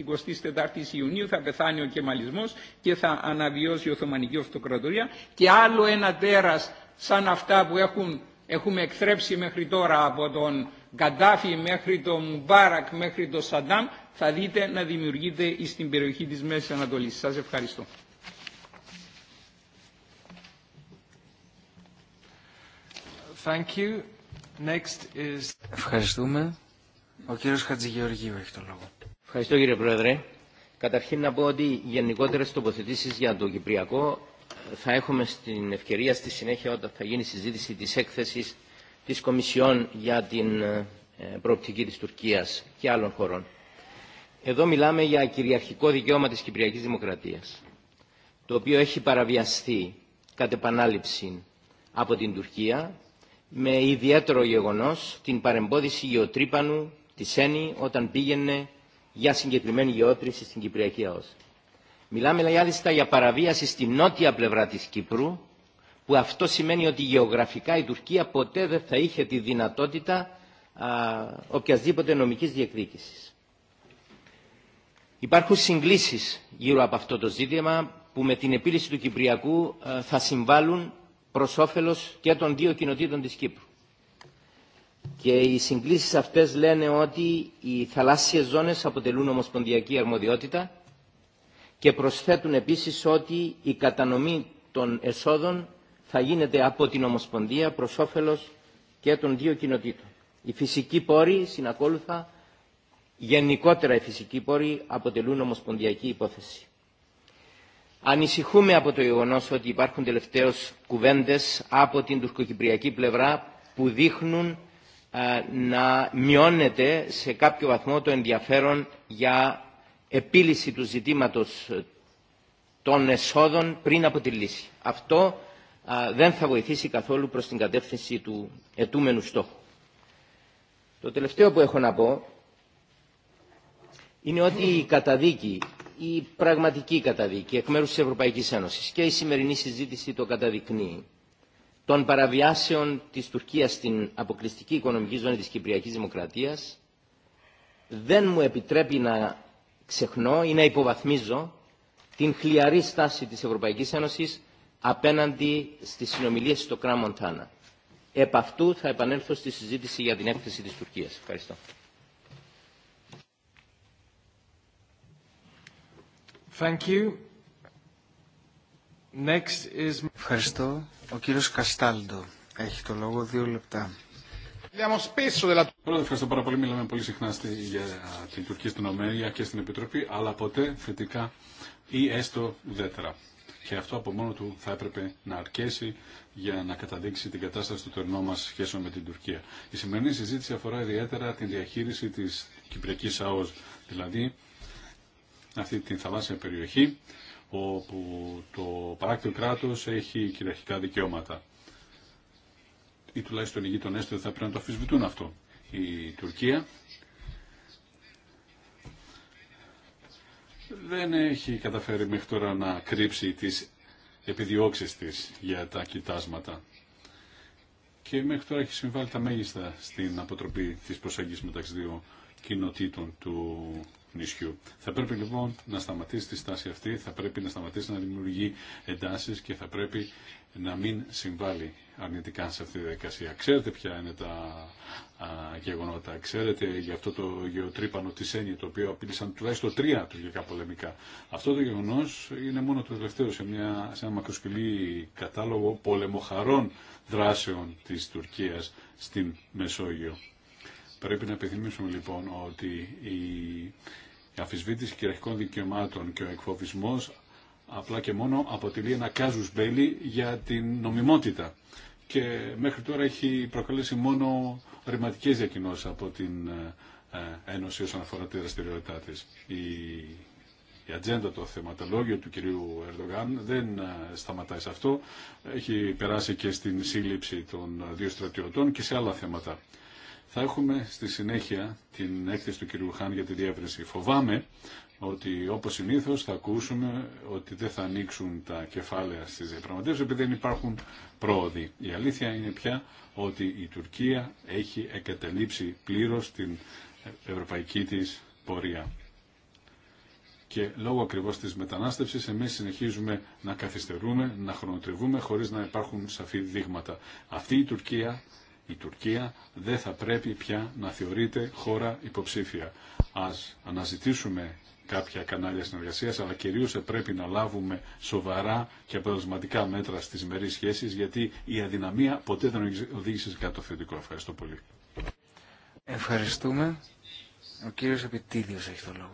24ης Ιουνίου θα πεθάνει ο Κεμαλισμός και θα αναβιώσει η Οθωμανική Αυτοκρατορία και άλλο ένα τέρας σαν αυτά που έχουν, έχουμε εκθρέψει μέχρι τώρα από τον Καντάφη μέχρι τον Μουμπάρακ μέχρι τον Σαντάμ θα δείτε να δημιουργείται στην περιοχή της Μέσης Ανατολής. Σας ευχαριστώ. Thank Ευχαριστούμε. Ο κύριος Χατζηγεωργίου έχει το λόγο. Ευχαριστώ κύριε Πρόεδρε. Καταρχήν να πω ότι γενικότερες τοποθετήσεις για το Κυπριακό θα έχουμε στην ευκαιρία στη συνέχεια όταν θα γίνει η συζήτηση της έκθεσης της Κομισιόν για την ε, προοπτική της Τουρκίας και άλλων χωρών. Εδώ μιλάμε για κυριαρχικό δικαίωμα της Κυπριακής Δημοκρατίας, το οποίο έχει παραβιαστεί κατ' επανάληψη από την Τουρκία με ιδιαίτερο γεγονός την παρεμπόδιση γεωτρύπανου της ΕΝΗ όταν πήγαινε για συγκεκριμένη γεώτρηση στην Κυπριακή ΑΟΣ. Μιλάμε λαγιάδιστα για παραβίαση στη νότια πλευρά της Κύπρου που αυτό σημαίνει ότι γεωγραφικά η Τουρκία ποτέ δεν θα είχε τη δυνατότητα α, οποιασδήποτε νομικής διεκδίκησης. Υπάρχουν συγκλήσεις γύρω από αυτό το ζήτημα που με την επίλυση του Κυπριακού θα συμβάλλουν προς όφελος και των δύο κοινοτήτων της Κύπρου. Και οι συγκλήσεις αυτές λένε ότι οι θαλάσσιες ζώνες αποτελούν ομοσπονδιακή αρμοδιότητα και προσθέτουν επίσης ότι η κατανομή των εσόδων θα γίνεται από την Ομοσπονδία προς όφελος και των δύο κοινοτήτων. Οι φυσικοί πόροι, συνακόλουθα, γενικότερα οι φυσικοί πόροι αποτελούν ομοσπονδιακή υπόθεση. Ανησυχούμε από το γεγονό ότι υπάρχουν τελευταίω κουβέντε από την τουρκοκυπριακή πλευρά που δείχνουν ε, να μειώνεται σε κάποιο βαθμό το ενδιαφέρον για επίλυση του ζητήματος ε, των εσόδων πριν από τη λύση. Αυτό ε, δεν θα βοηθήσει καθόλου προς την κατεύθυνση του ετούμενου στόχου. Το τελευταίο που έχω να πω είναι ότι η καταδίκη η πραγματική καταδίκη εκ μέρους της Ευρωπαϊκής Ένωσης και η σημερινή συζήτηση το καταδεικνύει των παραβιάσεων της Τουρκίας στην αποκλειστική οικονομική ζώνη της Κυπριακής Δημοκρατίας δεν μου επιτρέπει να ξεχνώ ή να υποβαθμίζω την χλιαρή στάση της Ευρωπαϊκής Ένωσης απέναντι στις συνομιλίες στο Κράμον Μοντάνα. Επ' αυτού θα επανέλθω στη συζήτηση για την έκθεση της Τουρκίας. Ευχαριστώ. Ευχαριστώ. Ο κύριος Καστάλντο έχει το λόγο δύο λεπτά. Πρώτα ευχαριστώ πάρα πολύ. Μιλάμε πολύ συχνά στη, για την Τουρκία στην Ομέρια και στην Επιτροπή, αλλά ποτέ θετικά ή έστω ουδέτερα. Και αυτό από μόνο του θα έπρεπε να αρκέσει για να καταδείξει την κατάσταση του τωρινό μα σχέσεων με την Τουρκία. Η σημερινή συζήτηση αφορά ιδιαίτερα την διαχείριση τη Κυπριακή ΑΟΣ, δηλαδή αυτή την θαλάσσια περιοχή όπου το παράκτιο κράτος έχει κυριαρχικά δικαιώματα. Ή τουλάχιστον οι γείτονές του θα πρέπει να το αφισβητούν αυτό. Η Τουρκία δεν έχει καταφέρει μέχρι τώρα να κρύψει τις επιδιώξεις της για τα κοιτάσματα. Και μέχρι τώρα έχει συμβάλει τα μέγιστα στην αποτροπή της προσέγγισης μεταξύ δύο κοινοτήτων του νησιού. Θα πρέπει λοιπόν να σταματήσει τη στάση αυτή, θα πρέπει να σταματήσει να δημιουργεί εντάσεις και θα πρέπει να μην συμβάλλει αρνητικά σε αυτή τη διαδικασία. Ξέρετε ποια είναι τα α, γεγονότα. Ξέρετε για αυτό το γεωτρύπανο τη Έννη, το οποίο απειλήσαν τουλάχιστον τρία τουρκικά πολεμικά. Αυτό το γεγονός είναι μόνο το τελευταίο σε, μια, σε ένα μακροσκυλή κατάλογο πολεμοχαρών δράσεων της Τουρκίας στην Μεσόγειο. Πρέπει να επιθυμήσουμε λοιπόν ότι η η αφισβήτηση κυριαρχικών δικαιωμάτων και ο εκφοβισμό, απλά και μόνο αποτελεί ένα κάζους μπέλι για την νομιμότητα. Και μέχρι τώρα έχει προκαλέσει μόνο ρηματικές διακοινώσει από την ε, Ένωση όσον αφορά τη δραστηριότητά της. Η, η ατζέντα, το θεματολόγιο του κυρίου Ερντογάν δεν ε, σταματάει σε αυτό. Έχει περάσει και στην σύλληψη των δύο στρατιωτών και σε άλλα θέματα. Θα έχουμε στη συνέχεια την έκθεση του κυρίου Χάν για τη διεύρυνση. Φοβάμαι ότι όπως συνήθως θα ακούσουμε ότι δεν θα ανοίξουν τα κεφάλαια στις διαπραγματεύσεις επειδή δεν υπάρχουν πρόοδοι. Η αλήθεια είναι πια ότι η Τουρκία έχει εγκαταλείψει πλήρως την ευρωπαϊκή της πορεία. Και λόγω ακριβώ τη μετανάστευση, εμεί συνεχίζουμε να καθυστερούμε, να χρονοτριβούμε χωρί να υπάρχουν σαφή δείγματα. Αυτή η Τουρκία η Τουρκία δεν θα πρέπει πια να θεωρείται χώρα υποψήφια. Ας αναζητήσουμε κάποια κανάλια συνεργασίας αλλά κυρίω πρέπει να λάβουμε σοβαρά και αποτελεσματικά μέτρα στις ημερεί σχέσεις γιατί η αδυναμία ποτέ δεν οδήγησε σε κάτι το θετικό. Ευχαριστώ πολύ. Ευχαριστούμε. Ο κύριος Επιτίδιος έχει το λόγο.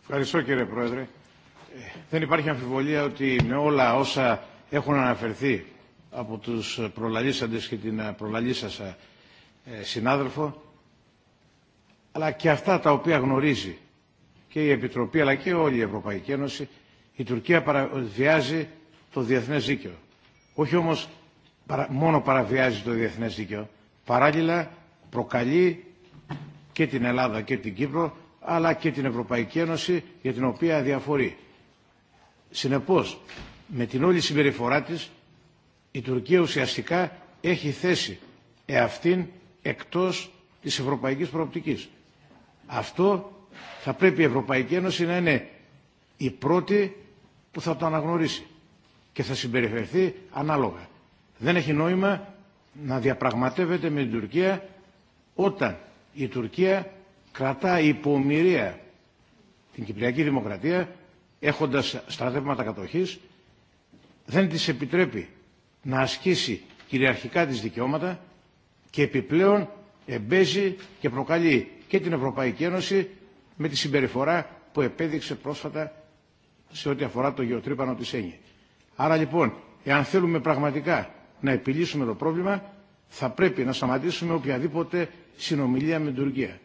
Ευχαριστώ κύριε Πρόεδρε. Ε, δεν υπάρχει αμφιβολία ότι με όλα όσα έχουν αναφερθεί από τους προλαλήσαντες και την ε, προλαλήσασα ε, συνάδελφο αλλά και αυτά τα οποία γνωρίζει και η Επιτροπή αλλά και όλη η Ευρωπαϊκή Ένωση η Τουρκία παραβιάζει το διεθνές δίκαιο. Όχι όμως μόνο παραβιάζει το διεθνές δίκαιο, παράλληλα προκαλεί και την Ελλάδα και την Κύπρο αλλά και την Ευρωπαϊκή Ένωση για την οποία διαφορεί. Συνεπώς, με την όλη συμπεριφορά της η Τουρκία ουσιαστικά έχει θέση εαυτήν εκτός της ευρωπαϊκής προοπτικής. Αυτό θα πρέπει η Ευρωπαϊκή Ένωση να είναι η πρώτη που θα το αναγνωρίσει και θα συμπεριφερθεί ανάλογα. Δεν έχει νόημα να διαπραγματεύεται με την Τουρκία όταν η Τουρκία κρατά υπομοιρία την Κυπριακή Δημοκρατία έχοντας στρατεύματα κατοχής δεν της επιτρέπει να ασκήσει κυριαρχικά τις δικαιώματα και επιπλέον εμπέζει και προκαλεί και την Ευρωπαϊκή Ένωση με τη συμπεριφορά που επέδειξε πρόσφατα σε ό,τι αφορά το γεωτρύπανο της Έννη. Άρα λοιπόν, εάν θέλουμε πραγματικά να επιλύσουμε το πρόβλημα, θα πρέπει να σταματήσουμε οποιαδήποτε συνομιλία με την Τουρκία.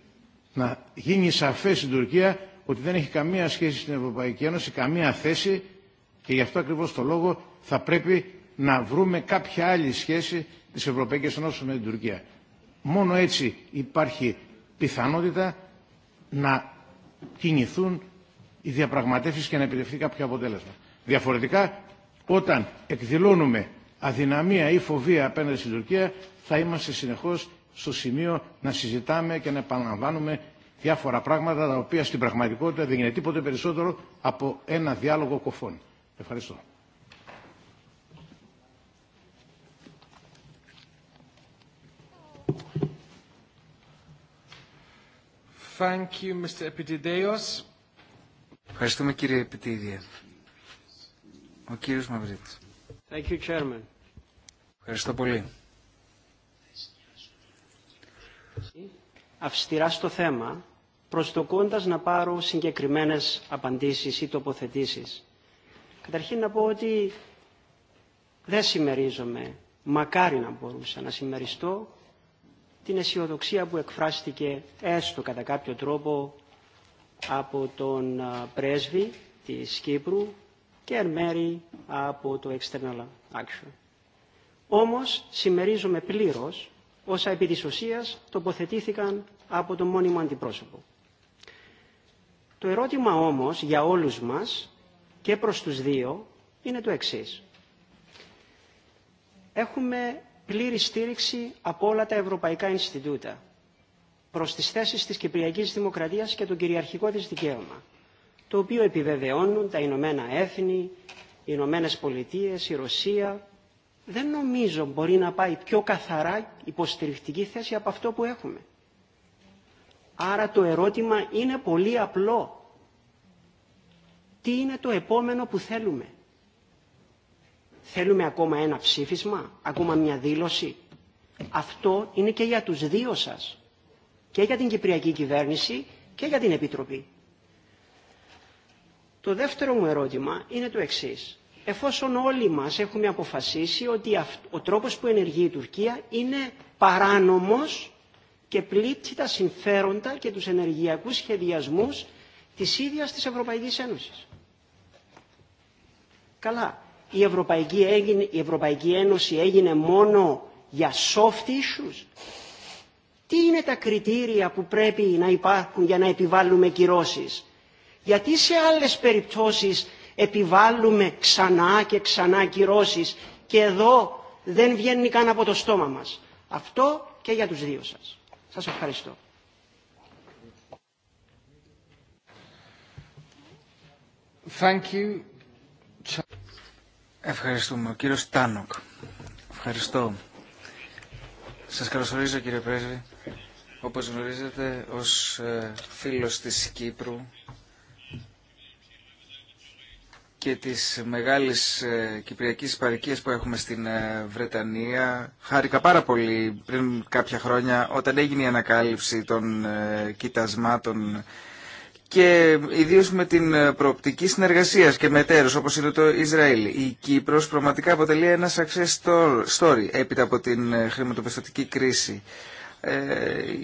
Να γίνει σαφές στην Τουρκία ότι δεν έχει καμία σχέση στην Ευρωπαϊκή Ένωση, καμία θέση και γι' αυτό ακριβώς το λόγο θα πρέπει να βρούμε κάποια άλλη σχέση της Ευρωπαϊκής Ένωσης με την Τουρκία. Μόνο έτσι υπάρχει πιθανότητα να κινηθούν οι διαπραγματεύσεις και να επιτευχθεί κάποιο αποτέλεσμα. Διαφορετικά, όταν εκδηλώνουμε αδυναμία ή φοβία απέναντι στην Τουρκία, θα είμαστε συνεχώς στο σημείο να συζητάμε και να επαναλαμβάνουμε διάφορα πράγματα τα οποία στην πραγματικότητα δεν είναι τίποτε περισσότερο από ένα διάλογο κοφών. Ευχαριστώ. Ευχαριστούμε κύριε Επιτήδια. Ο κύριος Μαυρίτης. Ευχαριστώ πολύ. Αυστηρά στο θέμα, προσδοκώντας να πάρω συγκεκριμένες απαντήσεις ή τοποθετήσεις. Καταρχήν να πω ότι δεν συμμερίζομαι, μακάρι να μπορούσα να συμμεριστώ, την αισιοδοξία που εκφράστηκε έστω κατά κάποιο τρόπο από τον πρέσβη της Κύπρου και εν μέρη από το External Action. Όμως, συμμερίζομαι πλήρως όσα επί της ουσίας τοποθετήθηκαν από τον μόνιμο αντιπρόσωπο. Το ερώτημα όμως για όλους μας και προς τους δύο είναι το εξής. Έχουμε πλήρη στήριξη από όλα τα ευρωπαϊκά Ινστιτούτα προς τις θέσεις της Κυπριακής Δημοκρατίας και τον κυριαρχικό της δικαίωμα, το οποίο επιβεβαιώνουν τα Ηνωμένα Έθνη, οι Ηνωμένε Πολιτείε, η Ρωσία. Δεν νομίζω μπορεί να πάει πιο καθαρά υποστηρικτική θέση από αυτό που έχουμε. Άρα το ερώτημα είναι πολύ απλό. Τι είναι το επόμενο που θέλουμε. Θέλουμε ακόμα ένα ψήφισμα, ακόμα μια δήλωση. Αυτό είναι και για τους δύο σας. Και για την Κυπριακή Κυβέρνηση και για την Επιτροπή. Το δεύτερο μου ερώτημα είναι το εξής. Εφόσον όλοι μας έχουμε αποφασίσει ότι ο τρόπος που ενεργεί η Τουρκία είναι παράνομος και πλήττει τα συμφέροντα και τους ενεργειακούς σχεδιασμούς της ίδιας της Ευρωπαϊκής Ένωσης. Καλά, η Ευρωπαϊκή, έγινε, η Ευρωπαϊκή Ένωση έγινε μόνο για soft issues. Τι είναι τα κριτήρια που πρέπει να υπάρχουν για να επιβάλλουμε κυρώσεις. Γιατί σε άλλες περιπτώσεις επιβάλλουμε ξανά και ξανά κυρώσεις και εδώ δεν βγαίνει καν από το στόμα μας. Αυτό και για τους δύο σας. Σας ευχαριστώ. Thank you. Ευχαριστούμε. Ο κύριος Τάνοκ. Ευχαριστώ. Σας καλωσορίζω κύριε Πρέσβη. Όπως γνωρίζετε, ως ε, φίλος της Κύπρου και της μεγάλης ε, κυπριακής παρικίας που έχουμε στην ε, Βρετανία, χάρηκα πάρα πολύ πριν κάποια χρόνια όταν έγινε η ανακάλυψη των κοιτασμάτων και ιδίως με την ε, προοπτική συνεργασίας και με εταίρους όπως είναι το Ισραήλ. Η Κύπρος πραγματικά αποτελεί ένα success story έπειτα από την ε, χρηματοπιστωτική κρίση. Ε,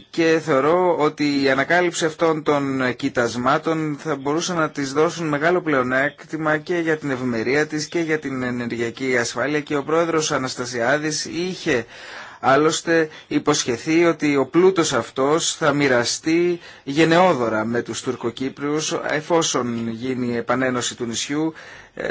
και θεωρώ ότι η ανακάλυψη αυτών των κοιτασμάτων θα μπορούσε να της δώσουν μεγάλο πλεονέκτημα και για την ευημερία της και για την ενεργειακή ασφάλεια και ο πρόεδρος Αναστασιάδης είχε Άλλωστε υποσχεθεί ότι ο πλούτος αυτός θα μοιραστεί γενναιόδωρα με τους Τουρκοκύπριους εφόσον γίνει η επανένωση του νησιού ε,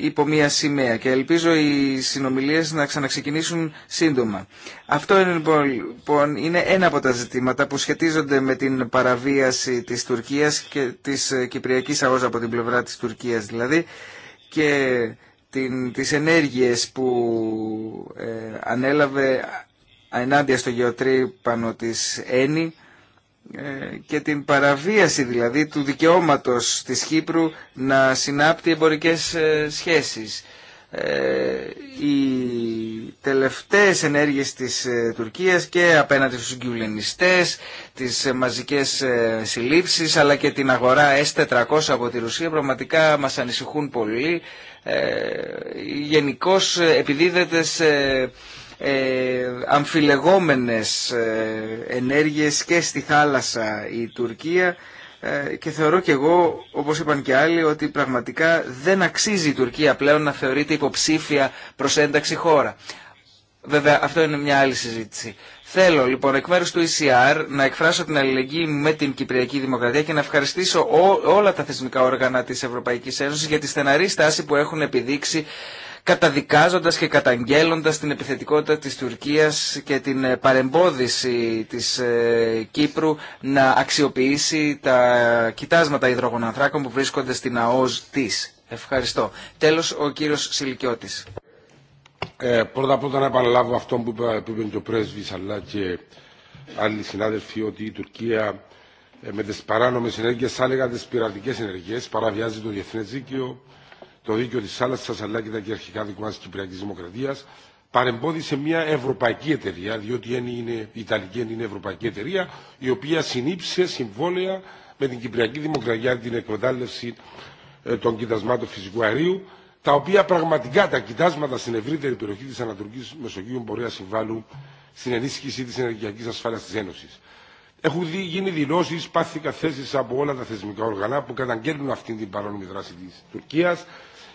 υπό μία σημαία και ελπίζω οι συνομιλίες να ξαναξεκινήσουν σύντομα. Αυτό είναι, λοιπόν, είναι ένα από τα ζητήματα που σχετίζονται με την παραβίαση της Τουρκίας και της ε, Κυπριακής αός από την πλευρά της Τουρκίας δηλαδή και την, τις ενέργειες που ε, ανέλαβε ενάντια στο γεωτρύπανο της Ένη ε, και την παραβίαση δηλαδή του δικαιώματος της Κύπρου να συνάπτει εμπορικές ε, σχέσεις. Οι τελευταίες ενέργειες της Τουρκίας και απέναντι στους γκιουλενιστές, τις μαζικές συλλήψεις αλλά και την αγορά S400 από τη Ρουσία πραγματικά μας ανησυχούν πολύ ε, γενικώ επιδίδεται σε ε, αμφιλεγόμενες ε, ενέργειες και στη θάλασσα η Τουρκία και θεωρώ και εγώ, όπως είπαν και άλλοι, ότι πραγματικά δεν αξίζει η Τουρκία πλέον να θεωρείται υποψήφια προς ένταξη χώρα. Βέβαια, αυτό είναι μια άλλη συζήτηση. Θέλω λοιπόν εκ μέρου του ECR να εκφράσω την αλληλεγγύη μου με την Κυπριακή Δημοκρατία και να ευχαριστήσω όλα τα θεσμικά όργανα τη Ευρωπαϊκή Ένωση για τη στεναρή στάση που έχουν επιδείξει καταδικάζοντα και καταγγέλλοντα την επιθετικότητα τη Τουρκία και την ε, παρεμπόδιση της ε, Κύπρου να αξιοποιήσει τα κοιτάσματα υδρογονανθράκων που βρίσκονται στην ΑΟΣ τη. Ευχαριστώ. Τέλο ο κύριο Σιλικιώτη. Ε, πρώτα απ' όλα να επαναλάβω αυτό που είπε, που είπε και ο πρέσβη, αλλά και άλλοι συνάδελφοι ότι η Τουρκία ε, με τι παράνομε ενέργειε θα έλεγα τι πειρατικέ ενέργειε, παραβιάζει το διεθνέ δίκαιο, το δίκαιο τη θάλασσα, αλλά και τα κυριαρχικά δικαιώματα της Κυπριακή Δημοκρατία, παρεμπόδισε μια ευρωπαϊκή εταιρεία, διότι η Ιταλική είναι ευρωπαϊκή εταιρεία, η οποία συνήψε συμβόλαια με την Κυπριακή Δημοκρατία την εκμετάλλευση ε, των κοιτασμάτων φυσικού αερίου τα οποία πραγματικά τα κοιτάσματα στην ευρύτερη περιοχή της Ανατολικής Μεσογείου μπορεί να συμβάλλουν στην ενίσχυση της ενεργειακής ασφάλειας της Ένωσης. Έχουν γίνει δηλώσει, πάθηκα θέσει από όλα τα θεσμικά όργανα που καταγγέλνουν αυτή την παρόνομη δράση τη Τουρκία.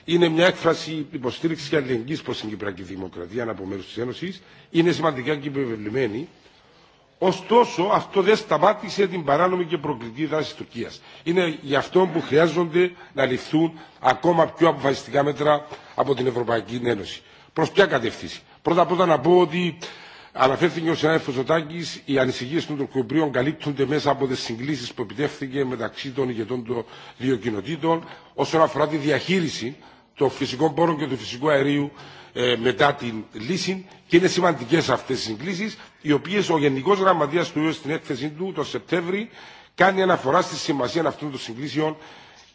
Είναι μια έκφραση υποστήριξη και αλληλεγγύη προ την Κυπριακή Δημοκρατία από μέρου τη Ένωση. Είναι σημαντικά και επιβεβλημένη. Ωστόσο, αυτό δεν σταμάτησε την παράνομη και προκλητή δράση τη Τουρκία. Είναι γι' αυτό που χρειάζονται να ληφθούν ακόμα πιο αποφασιστικά μέτρα από την Ευρωπαϊκή Ένωση. Προ ποια κατευθύνση. Πρώτα απ' όλα να πω ότι αναφέρθηκε ο συνάδελφο Ζωτάκη, οι ανησυχίε των Τουρκοπρίων καλύπτονται μέσα από τι συγκλήσει που επιτεύχθηκε μεταξύ των ηγετών των δύο κοινοτήτων όσον αφορά τη διαχείριση των φυσικών πόρων και του φυσικού αερίου ε, μετά την λύση και είναι σημαντικές αυτές οι συγκλήσεις οι οποίε ο Γενικό Γραμματεία του ΙΟΣ στην έκθεσή του το Σεπτέμβρη κάνει αναφορά στη σημασία αυτών των συγκλήσεων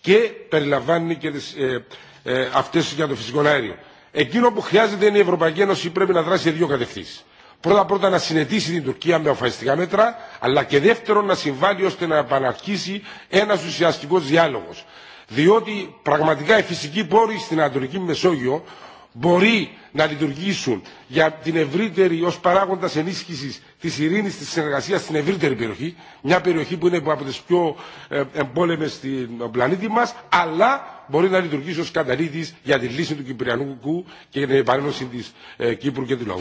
και περιλαμβάνει και τις, ε, ε, αυτές για το φυσικό αέριο. Εκείνο που χρειάζεται είναι η Ευρωπαϊκή Ένωση πρέπει να δράσει σε δύο κατευθύνσει. Πρώτα-πρώτα να συνετίσει την Τουρκία με αφασιστικά μέτρα, αλλά και δεύτερον να συμβάλλει ώστε να επαναρχίσει ένα ουσιαστικό διάλογο. Διότι πραγματικά οι φυσικοί πόροι στην Ανατολική Μεσόγειο μπορεί να λειτουργήσουν για την ευρύτερη ως παράγοντας ενίσχυσης της ειρήνης, της συνεργασίας στην ευρύτερη περιοχή, μια περιοχή που είναι από τις πιο ε, εμπόλεμες στην πλανήτη μας, αλλά μπορεί να λειτουργήσει ως καταλήτης για τη λύση του Κυπριανού και την επανένωση της ε, Κύπρου και του λαού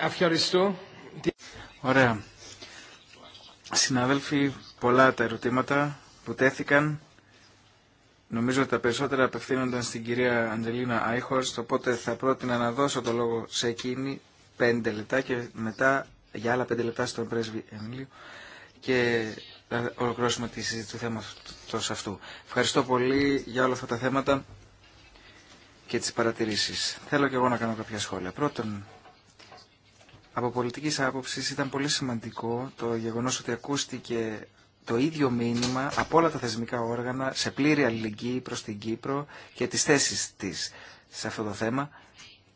Ευχαριστώ. Ωραία. Συναδέλφοι, πολλά τα ερωτήματα που τέθηκαν. Νομίζω ότι τα περισσότερα απευθύνονταν στην κυρία Αντελίνα Άιχορστ, οπότε θα πρότεινα να δώσω το λόγο σε εκείνη πέντε λεπτά και μετά για άλλα πέντε λεπτά στον πρέσβη Εμιλίου και θα ολοκληρώσουμε τη συζήτηση του θέματος αυτού. Ευχαριστώ πολύ για όλα αυτά τα θέματα και τις παρατηρήσεις. Θέλω και εγώ να κάνω κάποια σχόλια. Πρώτον, από πολιτική άποψη ήταν πολύ σημαντικό το γεγονό ότι ακούστηκε το ίδιο μήνυμα από όλα τα θεσμικά όργανα σε πλήρη αλληλεγγύη προς την Κύπρο και τις θέσεις της σε αυτό το θέμα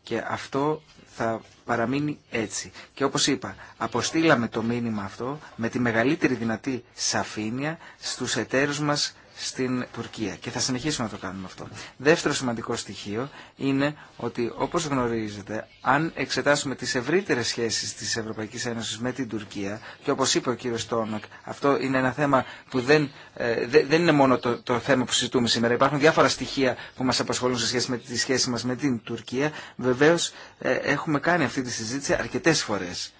και αυτό θα παραμείνει έτσι. Και όπως είπα, αποστήλαμε το μήνυμα αυτό με τη μεγαλύτερη δυνατή σαφήνεια στους εταίρους μας στην Τουρκία και θα συνεχίσουμε να το κάνουμε αυτό. Δεύτερο σημαντικό στοιχείο είναι ότι όπως γνωρίζετε αν εξετάσουμε τις ευρύτερες σχέσεις της Ευρωπαϊκής Ένωσης με την Τουρκία και όπως είπε ο κύριος Τόνακ αυτό είναι ένα θέμα που δεν, ε, δεν είναι μόνο το, το θέμα που συζητούμε σήμερα. Υπάρχουν διάφορα στοιχεία που μας απασχολούν σε σχέση με τη σχέση μας με την Τουρκία. Βεβαίως ε, έχουμε κάνει αυτή τη συζήτηση αρκετές φορές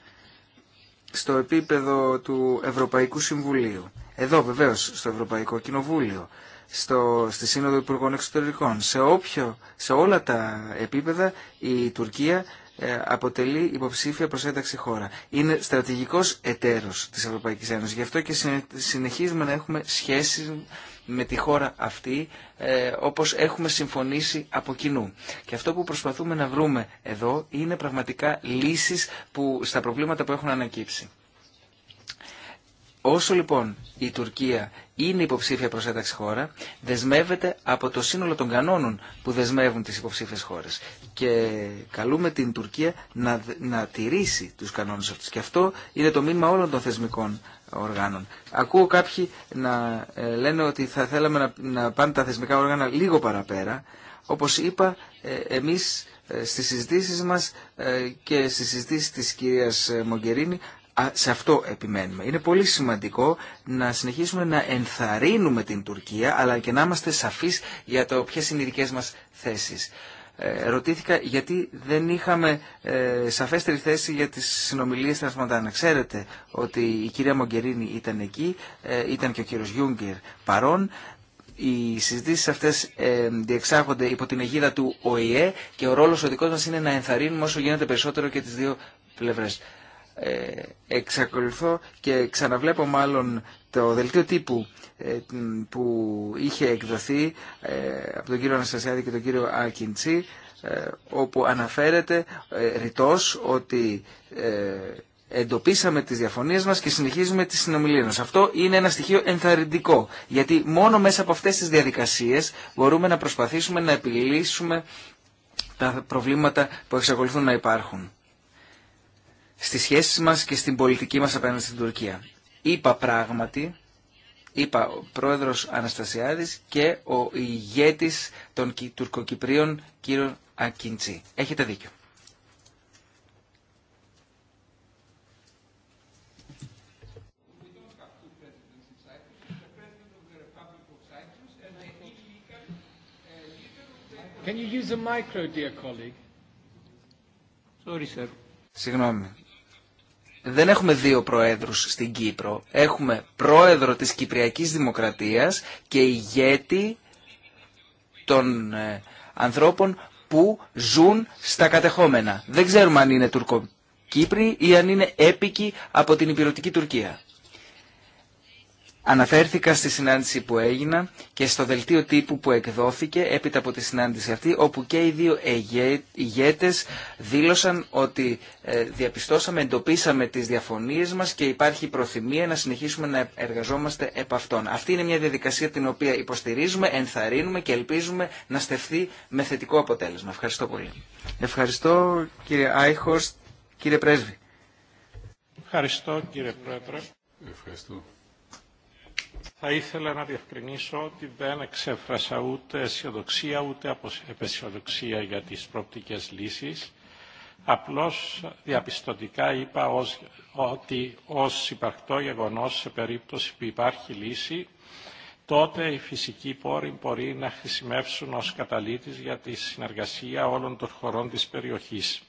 στο επίπεδο του Ευρωπαϊκού Συμβουλίου. Εδώ βεβαίως στο Ευρωπαϊκό Κοινοβούλιο, στο, στη Σύνοδο Υπουργών Εξωτερικών. Σε, όποιο, σε όλα τα επίπεδα η Τουρκία ε, αποτελεί υποψήφια προς ένταξη χώρα. Είναι στρατηγικός εταίρος της Ευρωπαϊκής Ένωσης. Γι' αυτό και συνεχίζουμε να έχουμε σχέσεις με τη χώρα αυτή ε, όπως έχουμε συμφωνήσει από κοινού. Και αυτό που προσπαθούμε να βρούμε εδώ είναι πραγματικά λύσεις που, στα προβλήματα που έχουν ανακύψει. Όσο λοιπόν η Τουρκία είναι υποψήφια προς ένταξη χώρα, δεσμεύεται από το σύνολο των κανόνων που δεσμεύουν τις υποψήφιες χώρες. Και καλούμε την Τουρκία να, να τηρήσει τους κανόνες αυτούς. Και αυτό είναι το μήνυμα όλων των θεσμικών οργάνων. Ακούω κάποιοι να ε, λένε ότι θα θέλαμε να πάνε τα θεσμικά όργανα λίγο παραπέρα. Όπως είπα, ε, εμείς ε, στις συζητήσεις μας και στις συζητήσεις της κυρίας Μογκερίνη σε αυτό επιμένουμε. Είναι πολύ σημαντικό να συνεχίσουμε να ενθαρρύνουμε την Τουρκία αλλά και να είμαστε σαφείς για το ποιες είναι οι δικές μας θέσεις. Ε, ρωτήθηκα γιατί δεν είχαμε ε, σαφέστερη θέση για τις συνομιλίες της Να Ξέρετε ότι η κυρία Μογκερίνη ήταν εκεί, ε, ήταν και ο κύριος Γιούγκερ παρόν. Οι συζητήσεις αυτές διεξάγονται υπό την αιγίδα του ΟΗΕ και ο ρόλος ο δικός μας είναι να ενθαρρύνουμε όσο γίνεται περισσότερο και τις δύο πλευρές εξακολουθώ και ξαναβλέπω μάλλον το δελτίο τύπου ε, που είχε εκδοθεί ε, από τον κύριο Αναστασιάδη και τον κύριο Ακιντσί ε, όπου αναφέρεται ρητός ότι εντοπίσαμε τις διαφωνίες μας και συνεχίζουμε τις συνομιλίες μας. Αυτό είναι ένα στοιχείο ενθαρρυντικό, γιατί μόνο μέσα από αυτές τις διαδικασίες μπορούμε να προσπαθήσουμε να επιλύσουμε τα προβλήματα που εξακολουθούν να υπάρχουν στις σχέσεις μας και στην πολιτική μας απέναντι στην Τουρκία είπα πράγματι, είπα ο πρόεδρος Αναστασιάδης και ο ηγέτης των τουρκοκυπρίων κύριο Ακιντσί. Έχετε δίκιο. Can you use Συγγνώμη, δεν έχουμε δύο προέδρους στην Κύπρο. Έχουμε πρόεδρο της Κυπριακής Δημοκρατίας και ηγέτη των ε, ανθρώπων που ζουν στα κατεχόμενα. Δεν ξέρουμε αν είναι Τουρκοκύπροι ή αν είναι έπικοι από την υπηρετική Τουρκία. Αναφέρθηκα στη συνάντηση που έγινα και στο δελτίο τύπου που εκδόθηκε έπειτα από τη συνάντηση αυτή, όπου και οι δύο ηγέτες δήλωσαν ότι ε, διαπιστώσαμε, εντοπίσαμε τις διαφωνίες μας και υπάρχει προθυμία να συνεχίσουμε να εργαζόμαστε επ' αυτών. Αυτή είναι μια διαδικασία την οποία υποστηρίζουμε, ενθαρρύνουμε και ελπίζουμε να στεφθεί με θετικό αποτέλεσμα. Ευχαριστώ πολύ. Ευχαριστώ κύριε Άιχος, κύριε Πρέσβη. Ευχαριστώ κύριε Πρόεδρε. Ευχαριστώ. Θα ήθελα να διευκρινίσω ότι δεν εξέφρασα ούτε αισιοδοξία ούτε απεσιοδοξία για τις προοπτικές λύσεις. Απλώς διαπιστωτικά είπα ότι ως υπαρκτό γεγονός σε περίπτωση που υπάρχει λύση, τότε οι φυσικοί πόροι μπορεί να χρησιμεύσουν ως καταλήτης για τη συνεργασία όλων των χωρών της περιοχής.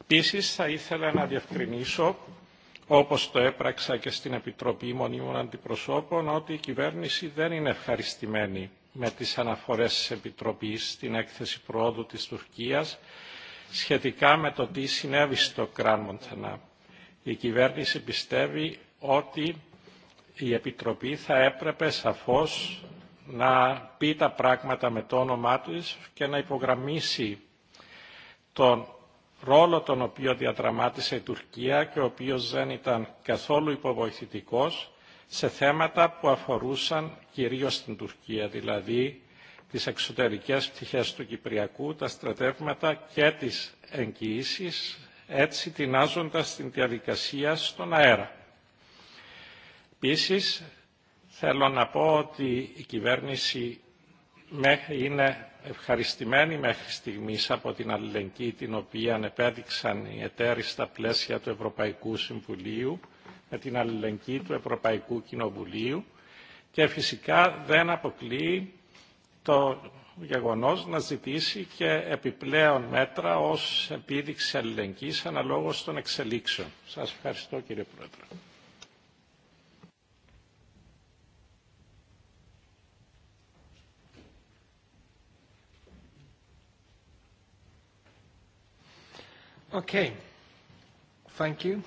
Επίσης, θα ήθελα να διευκρινίσω όπως το έπραξα και στην Επιτροπή Μονίμων Αντιπροσώπων, ότι η κυβέρνηση δεν είναι ευχαριστημένη με τις αναφορές της Επιτροπής στην έκθεση προόδου της Τουρκίας σχετικά με το τι συνέβη στο Κράν Μοντανά. Η κυβέρνηση πιστεύει ότι η Επιτροπή θα έπρεπε σαφώς να πει τα πράγματα με το όνομά της και να υπογραμμίσει τον ρόλο τον οποίο διαδραμάτισε η Τουρκία και ο οποίος δεν ήταν καθόλου υποβοηθητικός σε θέματα που αφορούσαν κυρίως την Τουρκία, δηλαδή τις εξωτερικές πτυχές του Κυπριακού, τα στρατεύματα και τις εγγυήσεις, έτσι τεινάζοντας την διαδικασία στον αέρα. Επίση, θέλω να πω ότι η κυβέρνηση είναι ευχαριστημένοι μέχρι στιγμής από την αλληλεγγύη την οποία επέδειξαν οι εταίροι στα πλαίσια του Ευρωπαϊκού Συμβουλίου με την αλληλεγγύη του Ευρωπαϊκού Κοινοβουλίου και φυσικά δεν αποκλείει το γεγονός να ζητήσει και επιπλέον μέτρα ως επίδειξη αλληλεγγύης αναλόγως των εξελίξεων. Σας ευχαριστώ κύριε Πρόεδρε. Okay. Thank you.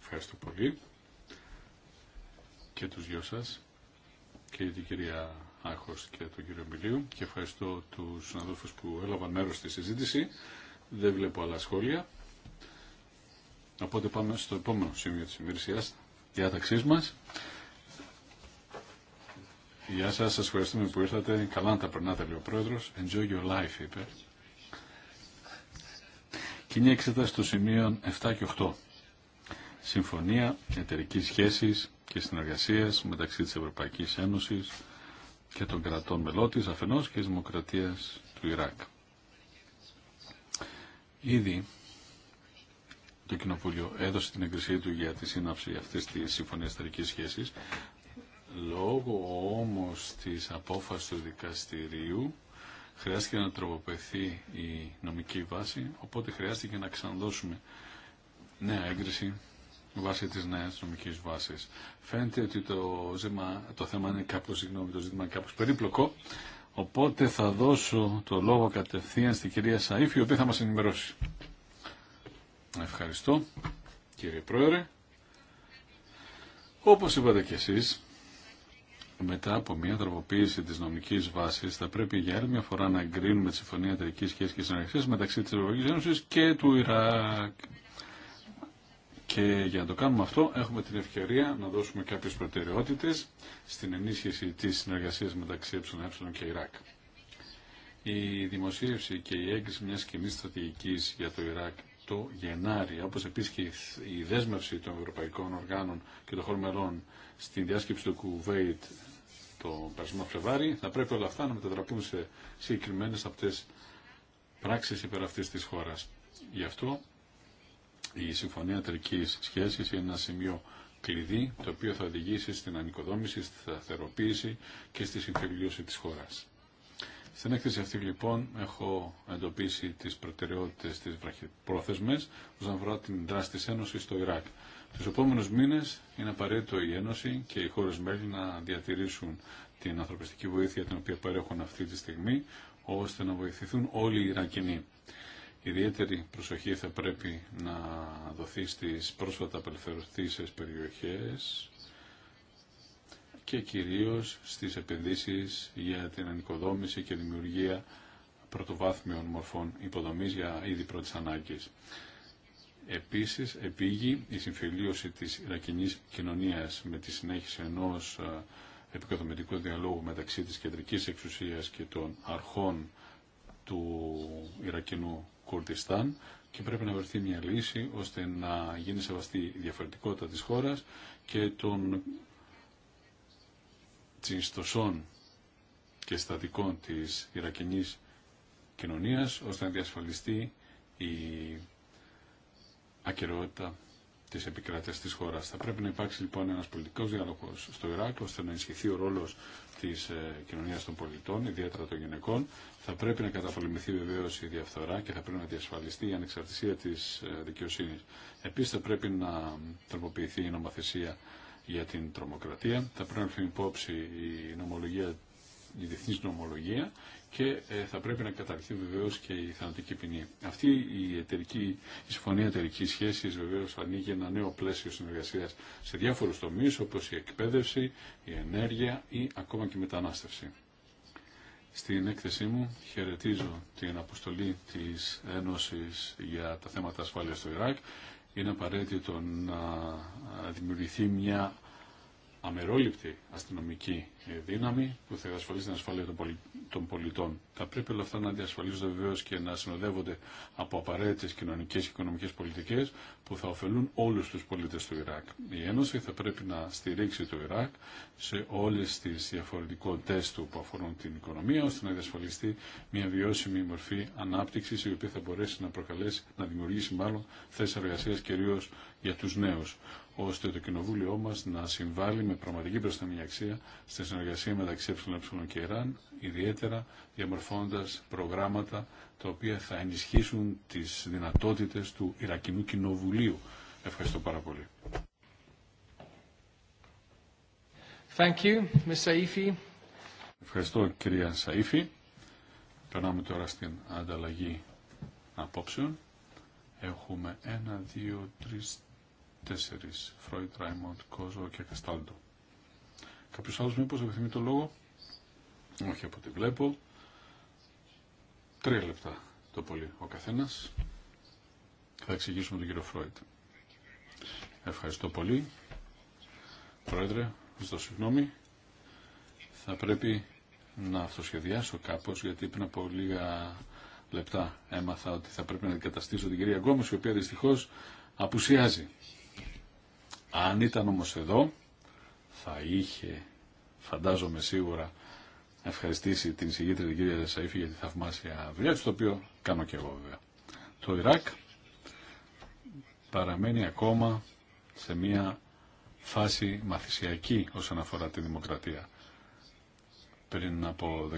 Ευχαριστώ πολύ και τους δυο σας και την κυρία Άχος και τον κύριο Μιλίου και ευχαριστώ τους συναδέλφους που έλαβαν μέρος στη συζήτηση. Δεν βλέπω άλλα σχόλια. Οπότε πάμε στο επόμενο σημείο της ημερησίας διάταξή μας. Γεια σας, σας ευχαριστούμε που ήρθατε. Καλά να τα περνάτε, λέει ο Πρόεδρος. Enjoy your life, είπε. Κοινή εξέταση των σημείων 7 και 8. Συμφωνία εταιρική σχέση και συνεργασία μεταξύ της Ευρωπαϊκής Ένωσης και των κρατών μελώτη αφενός και της Δημοκρατίας του Ιράκ. Ήδη το Κοινοβούλιο έδωσε την εγκρισή του για τη σύναψη αυτής της Συμφωνίας εταιρική σχέση λόγω όμως της απόφασης του δικαστηρίου χρειάστηκε να τροποποιηθεί η νομική βάση, οπότε χρειάστηκε να ξαναδώσουμε νέα έγκριση βάσει της νέας νομικής βάσης. Φαίνεται ότι το, ζήμα, το θέμα είναι κάπως, συγγνώμη, το ζήτημα είναι κάπως περίπλοκο, οπότε θα δώσω το λόγο κατευθείαν στην κυρία Σαΐφη, η οποία θα μας ενημερώσει. Ευχαριστώ, κύριε Πρόεδρε. Όπως είπατε κι εσείς, μετά από μια τροποποίηση τη νομική βάση θα πρέπει για άλλη μια φορά να εγκρίνουμε τη Συμφωνία εταιρική σχέση και συνεργασία μεταξύ τη Ευρωπαϊκή Ένωση και του Ιράκ. Και για να το κάνουμε αυτό έχουμε την ευκαιρία να δώσουμε κάποιε προτεραιότητε στην ενίσχυση τη συνεργασία μεταξύ ΕΕ και Ιράκ. Η δημοσίευση και η έγκριση μια κοινή στρατηγική για το Ιράκ το Γενάρη, όπως επίσης και η δέσμευση των ευρωπαϊκών οργάνων και των χωρών στην διάσκεψη του Κουβέιτ το περασμό Φλεβάρι, θα πρέπει όλα αυτά να μετατραπούν σε συγκεκριμένε αυτέ πράξει υπέρ αυτή της χώρας. Γι' αυτό η Συμφωνία Τρική Σχέση είναι ένα σημείο κλειδί το οποίο θα οδηγήσει στην ανοικοδόμηση, στη σταθεροποίηση και στη συμφιλίωση τη χώρα. Στην έκθεση αυτή λοιπόν έχω εντοπίσει τις προτεραιότητες της βραχυπρόθεσμες όσον αφορά την δράση της Ένωσης στο Ιράκ. Στου επόμενου μήνες είναι απαραίτητο η Ένωση και οι χώρες μέλη να διατηρήσουν την ανθρωπιστική βοήθεια την οποία παρέχουν αυτή τη στιγμή, ώστε να βοηθηθούν όλοι οι Ιρακινοί. Ιδιαίτερη προσοχή θα πρέπει να δοθεί στις πρόσφατα απελευθερωθήσεις περιοχές και κυρίως στις επενδύσεις για την ανοικοδόμηση και δημιουργία πρωτοβάθμιων μορφών υποδομής για είδη πρώτης ανάγκης. Επίσης, επήγει η συμφιλίωση της Ιρακινής κοινωνίας με τη συνέχιση ενός ε, επικοδομητικού διαλόγου μεταξύ της κεντρικής εξουσίας και των αρχών του Ιρακινού Κουρδιστάν και πρέπει να βρεθεί μια λύση ώστε να γίνει σεβαστή η διαφορετικότητα της χώρας και των τσινστοσών και στατικών της Ιρακινής κοινωνίας ώστε να διασφαλιστεί η ακυρεότητα τη επικράτειας τη χώρα. Θα πρέπει να υπάρξει λοιπόν ένα πολιτικό διάλογο στο Ιράκ ώστε να ενισχυθεί ο ρόλος της ε, κοινωνία των πολιτών, ιδιαίτερα των γυναικών. Θα πρέπει να καταπολεμηθεί βεβαίω η διαφθορά και θα πρέπει να διασφαλιστεί η ανεξαρτησία της ε, δικαιοσύνη. Επίση θα πρέπει να τροποποιηθεί η νομοθεσία για την τρομοκρατία. Θα πρέπει να έρθει υπόψη η νομολογία η διεθνή νομολογία και ε, θα πρέπει να καταρριφθεί βεβαίω και η θανατική ποινή. Αυτή η, εταιρική, η συμφωνία εταιρική σχέση βεβαίω ανοίγει ένα νέο πλαίσιο συνεργασία σε διάφορου τομεί όπω η εκπαίδευση, η ενέργεια ή ακόμα και η μετανάστευση. Στην έκθεσή μου χαιρετίζω την αποστολή της Ένωσης για τα θέματα ασφάλειας στο Ιράκ. Είναι απαραίτητο να δημιουργηθεί μια αμερόληπτη αστυνομική δύναμη που θα διασφαλίσει την ασφαλεία των πολιτών. Θα πρέπει όλα αυτά να διασφαλίζονται βεβαίω και να συνοδεύονται από απαραίτητε κοινωνικέ και οικονομικέ πολιτικέ που θα ωφελούν όλου του πολίτε του Ιράκ. Η Ένωση θα πρέπει να στηρίξει το Ιράκ σε όλε τι διαφορετικότητέ του που αφορούν την οικονομία, ώστε να διασφαλιστεί μια βιώσιμη μορφή ανάπτυξη η οποία θα μπορέσει να προκαλέσει, να δημιουργήσει μάλλον θέσει εργασία κυρίω για του νέου ώστε το κοινοβούλιο μα να συμβάλλει με πραγματική προσταμιαξία αξία στη συνεργασία μεταξύ ΕΕ και Ιράν, ιδιαίτερα διαμορφώνοντας προγράμματα τα οποία θα ενισχύσουν τι δυνατότητε του Ιρακινού Κοινοβουλίου. Ευχαριστώ πάρα πολύ. Thank you, Ms. Ευχαριστώ κυρία Σαΐφη. Περνάμε τώρα στην ανταλλαγή απόψεων. Έχουμε ένα, δύο, τρεις, τέσσερις. Φρόιτ, Ράιμοντ, Κόζο και Καστάλτο. Κάποιος άλλος μήπως επιθυμεί το λόγο. Όχι από ό,τι βλέπω. Τρία λεπτά το πολύ ο καθένας. Θα εξηγήσουμε τον κύριο Φρόιτ. Ευχαριστώ πολύ. Πρόεδρε, ζητώ συγγνώμη. Θα πρέπει να αυτοσχεδιάσω κάπως γιατί πριν από λίγα λεπτά έμαθα ότι θα πρέπει να αντικαταστήσω την κυρία Γκόμες η οποία δυστυχώς απουσιάζει. Αν ήταν όμως εδώ, θα είχε, φαντάζομαι σίγουρα, ευχαριστήσει την συγγήτρια την κυρία Σαΐφη για τη θαυμάσια δουλειά το οποίο κάνω και εγώ βέβαια. Το Ιράκ παραμένει ακόμα σε μια φάση μαθησιακή όσον αφορά τη δημοκρατία. Πριν από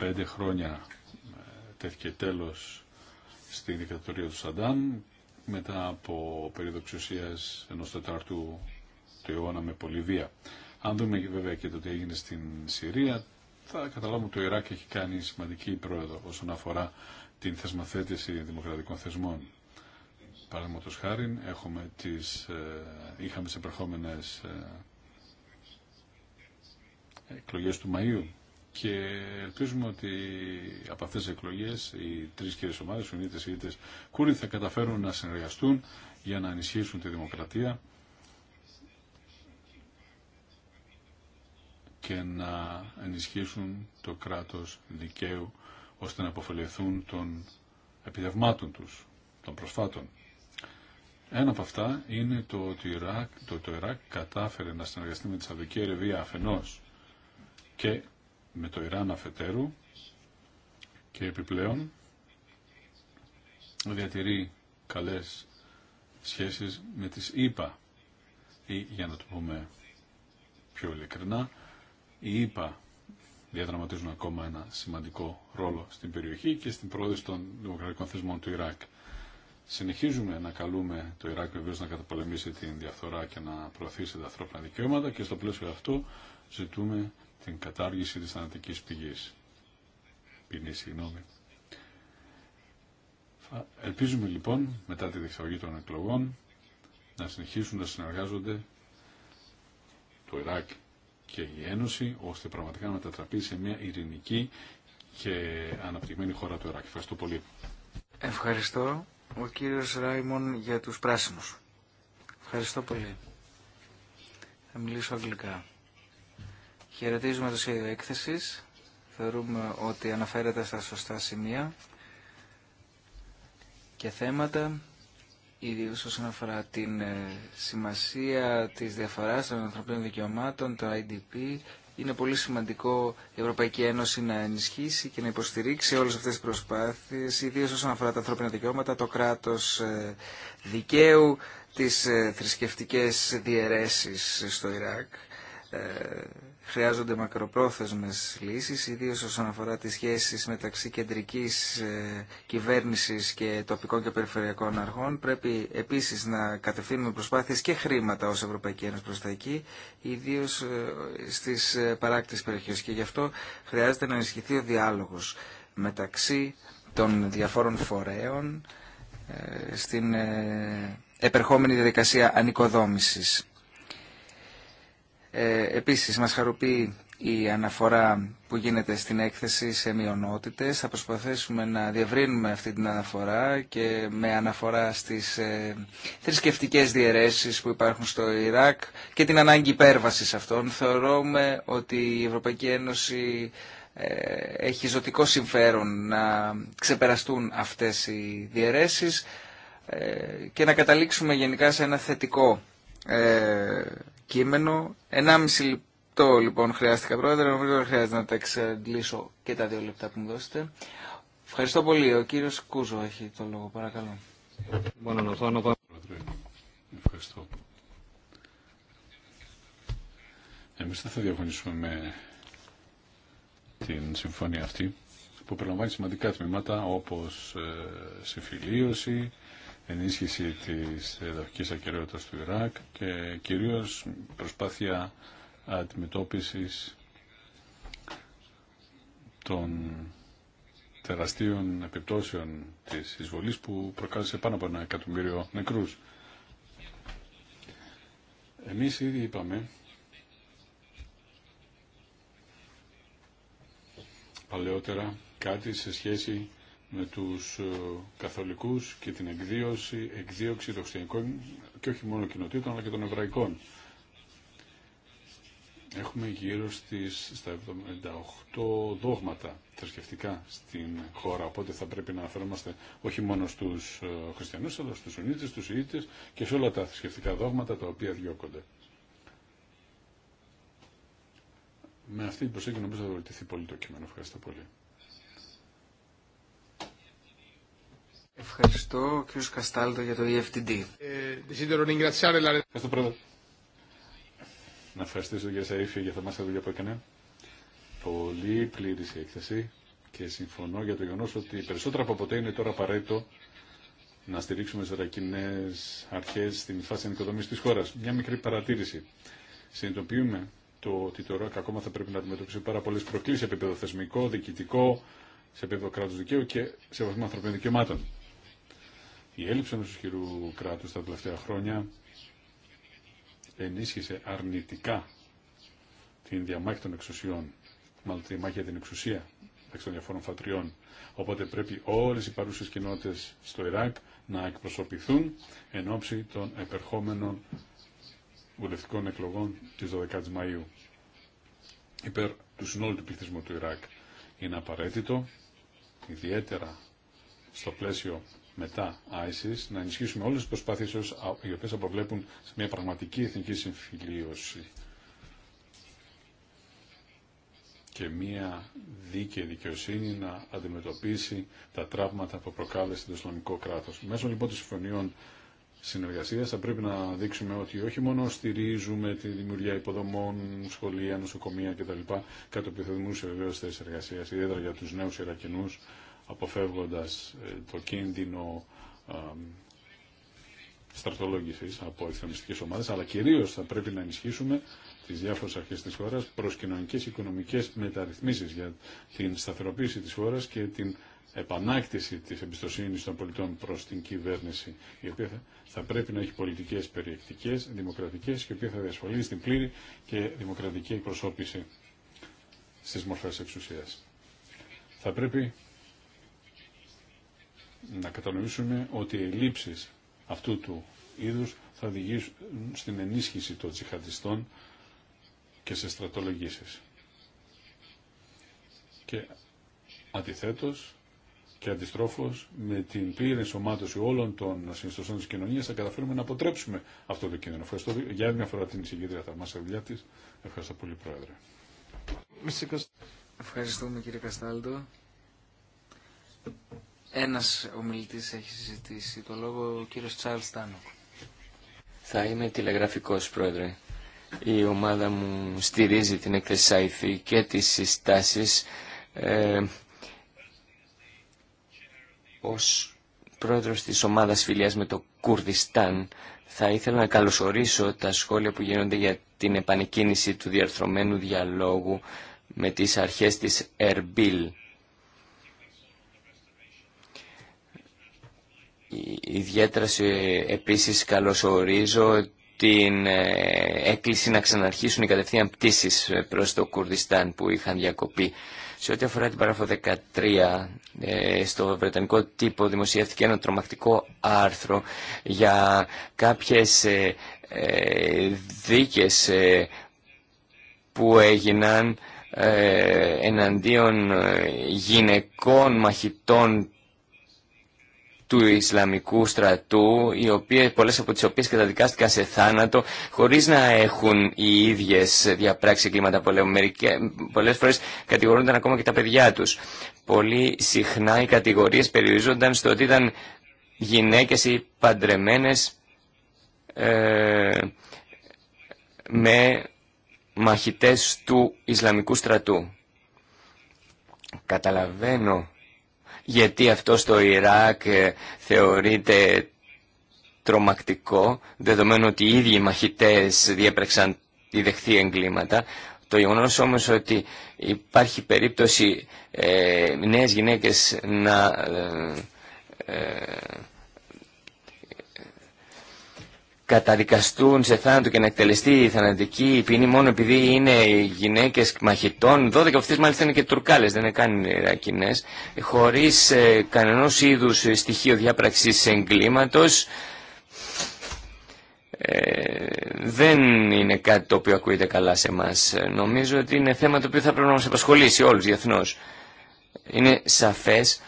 15 χρόνια ε, τέθηκε τέλος στη δικατορία του Σαντάμ μετά από περίοδο εξουσίας ενός τετάρτου του αιώνα με πολλή βία. Αν δούμε βέβαια και το τι έγινε στην Συρία, θα καταλάβουμε ότι το Ιράκ έχει κάνει σημαντική πρόοδο όσον αφορά την θεσμαθέτηση δημοκρατικών θεσμών. Παραδείγματο χάρη, έχουμε τις, ε, είχαμε τι επερχόμενε ε, εκλογέ του Μαΐου και ελπίζουμε ότι από αυτέ τι εκλογές οι τρεις κύριες ομάδες, Σουνίτες, οι κούρι θα καταφέρουν να συνεργαστούν για να ενισχύσουν τη δημοκρατία και να ενισχύσουν το κράτος δικαίου ώστε να αποφελεθούν των επιδευμάτων τους, των προσφάτων. Ένα από αυτά είναι το ότι το, το Ιράκ κατάφερε να συνεργαστεί με τη Σαουδική Αραβία αφενός και με το Ιράν αφετέρου και επιπλέον διατηρεί καλές σχέσεις με τις ΗΠΑ ή για να το πούμε πιο ειλικρινά οι ΗΠΑ διαδραματίζουν ακόμα ένα σημαντικό ρόλο στην περιοχή και στην πρόοδο των δημοκρατικών θεσμών του Ιράκ. Συνεχίζουμε να καλούμε το Ιράκ βεβαίως να καταπολεμήσει την διαφθορά και να προωθήσει τα ανθρώπινα δικαιώματα και στο πλαίσιο αυτού ζητούμε την κατάργηση της θανατικής πηγής. Ποινή, συγγνώμη. Ελπίζουμε λοιπόν μετά τη διεξαγωγή των εκλογών να συνεχίσουν να συνεργάζονται το Ιράκ και η Ένωση ώστε πραγματικά να μετατραπεί σε μια ειρηνική και αναπτυγμένη χώρα του Ιράκ. Ευχαριστώ πολύ. Ευχαριστώ ο κύριος Ράιμον για τους πράσινους. Ευχαριστώ πολύ. Θα μιλήσω αγγλικά. Χαιρετίζουμε το σχέδιο έκθεση. Θεωρούμε ότι αναφέρεται στα σωστά σημεία και θέματα, ιδίως όσον αφορά την ε, σημασία της διαφορά των ανθρωπίνων δικαιωμάτων, το IDP. Είναι πολύ σημαντικό η Ευρωπαϊκή Ένωση να ενισχύσει και να υποστηρίξει όλες αυτές τις προσπάθειες, ιδίως όσον αφορά τα ανθρώπινα δικαιώματα, το κράτος ε, δικαίου, τι ε, θρησκευτικέ διαιρέσει στο Ιράκ ε, χρειάζονται μακροπρόθεσμες λύσεις, ιδίως όσον αφορά τις σχέσεις μεταξύ κεντρικής ε, κυβέρνησης και τοπικών και περιφερειακών αρχών. Πρέπει επίσης να κατευθύνουμε προσπάθειες και χρήματα ως Ευρωπαϊκή Ένωση προς τα εκεί, ιδίως ε, στις παράκτης περιοχές. Και γι' αυτό χρειάζεται να ενισχυθεί ο διάλογος μεταξύ των διαφόρων φορέων στην επερχόμενη διαδικασία ανοικοδόμησης. Ε, επίσης, μας χαροποιεί η αναφορά που γίνεται στην έκθεση σε μειονότητες. Θα προσπαθήσουμε να διευρύνουμε αυτή την αναφορά και με αναφορά στις ε, θρησκευτικές διαιρέσεις που υπάρχουν στο Ιράκ και την ανάγκη υπέρβασης αυτών. Θεωρούμε ότι η Ευρωπαϊκή Ένωση ε, έχει ζωτικό συμφέρον να ξεπεραστούν αυτές οι διαιρέσεις ε, και να καταλήξουμε γενικά σε ένα θετικό κείμενο. 1,5 λεπτό λοιπόν χρειάστηκα πρόεδρε, νομίζω δεν χρειάζεται να τα εξαντλήσω και τα δύο λεπτά που μου δώσετε. Ευχαριστώ πολύ. Ο κύριος Κούζο έχει το λόγο, παρακαλώ. Ευχαριστώ. Εμείς δεν θα διαφωνήσουμε με την συμφωνία αυτή που περιλαμβάνει σημαντικά τμήματα όπως ε, συμφιλίωση, ενίσχυση της εδαφικής ακεραιότητας του Ιράκ και κυρίως προσπάθεια αντιμετώπισης των τεραστίων επιπτώσεων της εισβολής που προκάλεσε πάνω από ένα εκατομμύριο νεκρούς. Εμείς ήδη είπαμε παλαιότερα κάτι σε σχέση με τους ε, καθολικούς και την εκδίωση, εκδίωξη των χριστιανικών και όχι μόνο κοινοτήτων αλλά και των εβραϊκών. Έχουμε γύρω στις, στα 78 δόγματα θρησκευτικά στην χώρα, οπότε θα πρέπει να αναφερόμαστε όχι μόνο στους ε, χριστιανούς, αλλά στους Σουνίτες, στους Ιήτες και σε όλα τα θρησκευτικά δόγματα τα οποία διώκονται. Με αυτή την προσέγγιση νομίζω θα βοηθηθεί πολύ το κείμενο. Ευχαριστώ πολύ. Ευχαριστώ κ. Καστάλτο για το ε, EFTD. Ευχαριστώ πρόεδρε. Να ευχαριστήσω τον κ. Σαΐφη για τα μάσκα δουλειά που έκανε. Πολύ πλήρη η έκθεση και συμφωνώ για το γεγονό ότι περισσότερο από ποτέ είναι τώρα απαραίτητο να στηρίξουμε τι δρακινέ αρχέ στην φάση ανοικοδομή τη χώρα. Μια μικρή παρατήρηση. Συνειδητοποιούμε το ότι το ακόμα θα πρέπει να αντιμετωπίσει πάρα πολλέ προκλήσει σε επίπεδο θεσμικό, διοικητικό, σε επίπεδο κράτου δικαίου και σε βαθμό ανθρωπίνων δικαιωμάτων. Η έλλειψη ενός ισχυρού κράτους τα τελευταία χρόνια ενίσχυσε αρνητικά την διαμάχη των εξουσιών, μάλλον τη μάχη για την εξουσία μεταξύ των διαφόρων φατριών. Οπότε πρέπει όλες οι παρούσες κοινότητες στο Ιράκ να εκπροσωπηθούν εν ώψη των επερχόμενων βουλευτικών εκλογών της 12 η Μαΐου υπέρ του συνόλου του πληθυσμού του Ιράκ. Είναι απαραίτητο, ιδιαίτερα στο πλαίσιο μετά ISIS, να ενισχύσουμε όλες τις προσπάθειες οι οποίες αποβλέπουν σε μια πραγματική εθνική συμφιλίωση και μια δίκαιη δικαιοσύνη να αντιμετωπίσει τα τραύματα που προκάλεσε το Ισλαμικό κράτος. Μέσω λοιπόν των συμφωνιών συνεργασίας θα πρέπει να δείξουμε ότι όχι μόνο στηρίζουμε τη δημιουργία υποδομών, σχολεία, νοσοκομεία κτλ. Κάτι που θα βεβαίως θέσεις εργασίας, ιδιαίτερα για τους νέους Ιρακινούς, αποφεύγοντας ε, το κίνδυνο ε, στρατολόγησης από εξτρεμιστικές ομάδες, αλλά κυρίως θα πρέπει να ενισχύσουμε τις διάφορες αρχές της χώρας προς κοινωνικές οικονομικές μεταρρυθμίσεις για την σταθεροποίηση της χώρας και την επανάκτηση της εμπιστοσύνης των πολιτών προς την κυβέρνηση, η οποία θα, πρέπει να έχει πολιτικές περιεκτικές, δημοκρατικές και η οποία θα διασφαλίσει την πλήρη και δημοκρατική εκπροσώπηση στις μορφές εξουσίας. Θα πρέπει να κατανοήσουμε ότι οι ελλείψεις αυτού του είδους θα οδηγήσουν στην ενίσχυση των τσιχαντιστών και σε στρατολογήσεις. Και αντιθέτως και αντιστρόφως με την πλήρη ενσωμάτωση όλων των συνιστοσών της κοινωνίας θα καταφέρουμε να αποτρέψουμε αυτό το κίνδυνο. Ευχαριστώ για μια φορά την συγκέντρια θαυμάσια δουλειά της. Ευχαριστώ πολύ Πρόεδρε. Ευχαριστούμε κύριε Καστάλτο. Ένας ομιλητής έχει συζητήσει το λόγο, ο κύριος Τσάρλς Τάνοκ. Θα είμαι τηλεγραφικός, πρόεδρε. Η ομάδα μου στηρίζει την έκθεση και τις συστάσεις ε, ως πρόεδρος της ομάδας φιλίας με το Κουρδιστάν θα ήθελα να καλωσορίσω τα σχόλια που γίνονται για την επανεκκίνηση του διαρθρωμένου διαλόγου με τις αρχές της Ερμπίλ. Ιδιαίτερα σε, επίσης καλωσορίζω την ε, έκκληση να ξαναρχίσουν οι κατευθείαν πτήσεις ε, προς το Κουρδιστάν που είχαν διακοπεί. Σε ό,τι αφορά την παράγραφο 13, ε, στο Βρετανικό τύπο δημοσιεύτηκε ένα τρομακτικό άρθρο για κάποιες δίκες που έγιναν εναντίον γυναικών μαχητών του Ισλαμικού στρατού, οι οποίες, πολλές από τις οποίες καταδικάστηκαν σε θάνατο, χωρίς να έχουν οι ίδιες διαπράξει κλίματα πολέμου. Πολλές φορές κατηγορούνταν ακόμα και τα παιδιά τους. Πολύ συχνά οι κατηγορίες περιορίζονταν στο ότι ήταν γυναίκες ή παντρεμένες ε, με μαχητές του Ισλαμικού στρατού. Καταλαβαίνω γιατί αυτό στο Ιράκ ε, θεωρείται τρομακτικό, δεδομένου ότι οι ίδιοι μαχητές διέπρεξαν τη δεχτή εγκλήματα. Το γεγονό όμως ότι υπάρχει περίπτωση ε, νέες γυναίκες να... Ε, ε, καταδικαστούν σε θάνατο και να εκτελεστεί η θανατική ποινή μόνο επειδή είναι γυναίκες μαχητών. 12 από αυτές μάλιστα είναι και τουρκάλες, δεν είναι καν Ιρακινές, χωρίς ε, κανενός είδους στοιχείο διάπραξης εγκλήματος. Ε, δεν είναι κάτι το οποίο ακούγεται καλά σε εμά. Νομίζω ότι είναι θέμα το οποίο θα πρέπει να μας απασχολήσει όλους διεθνώς. Είναι σαφές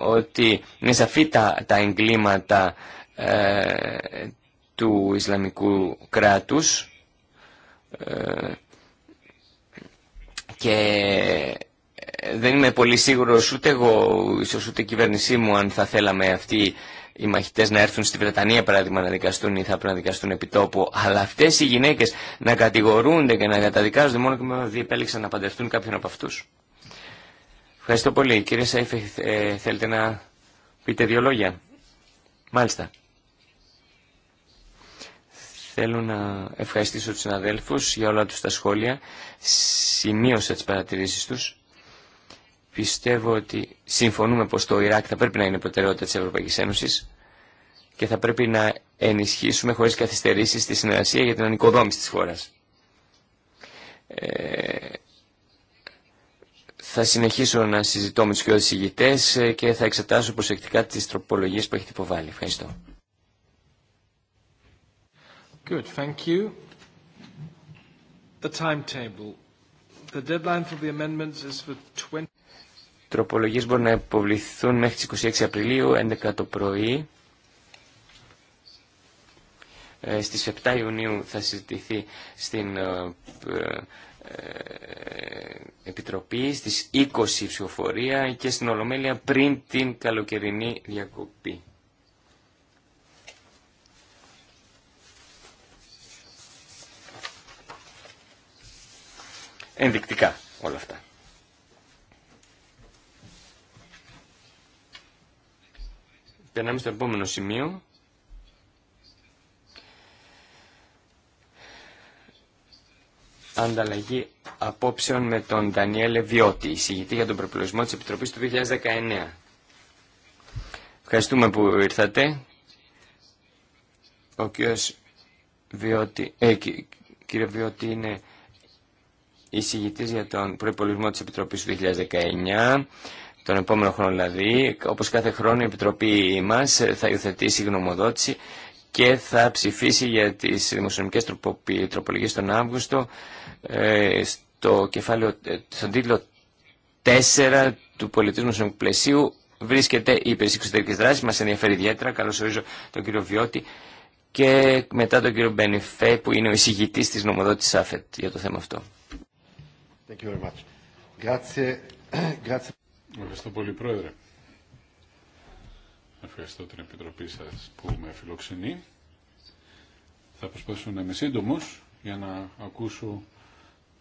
ότι είναι σαφή τα, τα εγκλήματα ε, του Ισλαμικού κράτους ε, και δεν είμαι πολύ σίγουρος ούτε εγώ, ίσως ούτε η κυβέρνησή μου αν θα θέλαμε αυτοί οι μαχητές να έρθουν στη Βρετανία παράδειγμα να δικαστούν ή θα πρέπει να δικαστούν επί τόπου αλλά αυτές οι γυναίκες να κατηγορούνται και να καταδικάζονται μόνο και μόνο επέλεξαν να παντρευτούν κάποιον από αυτούς. Ευχαριστώ πολύ. Κύριε ε, θέλετε να πείτε δύο λόγια. Μάλιστα. Θέλω να ευχαριστήσω τους συναδέλφους για όλα τους τα σχόλια. Σημείωσα τις παρατηρήσεις τους. Πιστεύω ότι συμφωνούμε πως το Ιράκ θα πρέπει να είναι προτεραιότητα της Ευρωπαϊκής Ένωσης και θα πρέπει να ενισχύσουμε χωρίς καθυστερήσεις τη συνεργασία για την ανοικοδόμηση της χώρας. Ε, θα συνεχίσω να συζητώ με τους ε, και θα εξετάσω προσεκτικά τις τροπολογίες που έχετε υποβάλει. Ευχαριστώ. Good, thank you. The timetable. The deadline for the amendments is for 20... Τροπολογίες μπορούν να υποβληθούν μέχρι τις 26 Απριλίου, 11 το πρωί. Ε, στις 7 Ιουνίου θα συζητηθεί στην ε, ε, Επιτροπή, στις 20 ψηφοφορία και στην Ολομέλεια πριν την καλοκαιρινή διακοπή. ενδεικτικά όλα αυτά. Περνάμε στο επόμενο σημείο. Ανταλλαγή απόψεων με τον Δανιέλε Βιώτη, εισηγητή για τον προπολογισμό της Επιτροπής του 2019. Ευχαριστούμε που ήρθατε. Ο κύριος Βιώτη, ε, κύριε Βιώτη είναι εισηγητής για τον προϋπολογισμό της Επιτροπής του 2019, τον επόμενο χρόνο δηλαδή. Όπως κάθε χρόνο η Επιτροπή μας θα υιοθετήσει γνωμοδότηση και θα ψηφίσει για τις δημοσιονομικές τροπολογίες τον Αύγουστο ε, στο κεφάλαιο, ε, στον τίτλο 4 του πολιτισμού νομικού πλαισίου βρίσκεται η υπηρεσία εξωτερικής δράση. Μα ενδιαφέρει ιδιαίτερα. ορίζω τον κύριο Βιώτη και μετά τον κύριο Μπενιφέ που είναι ο εισηγητή τη νομοδότης ΑΦΕΤ για το θέμα αυτό. <clears throat> Ευχαριστώ πολύ, Πρόεδρε. Ευχαριστώ την Επιτροπή σα που με φιλοξενεί. Θα προσπαθήσω να είμαι σύντομο για να ακούσω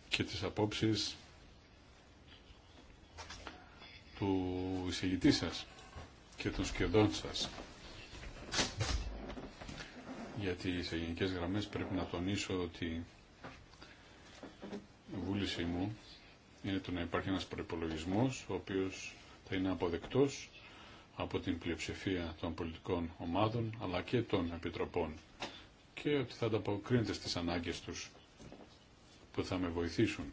και τις απόψεις του εισηγητή σα και των σχεδόν σα. Γιατί σε γενικές γραμμές πρέπει να τονίσω ότι βούλησή μου είναι το να υπάρχει ένας προϋπολογισμός ο οποίος θα είναι αποδεκτός από την πλειοψηφία των πολιτικών ομάδων αλλά και των επιτροπών και ότι θα ανταποκρίνεται στις ανάγκες τους που θα με βοηθήσουν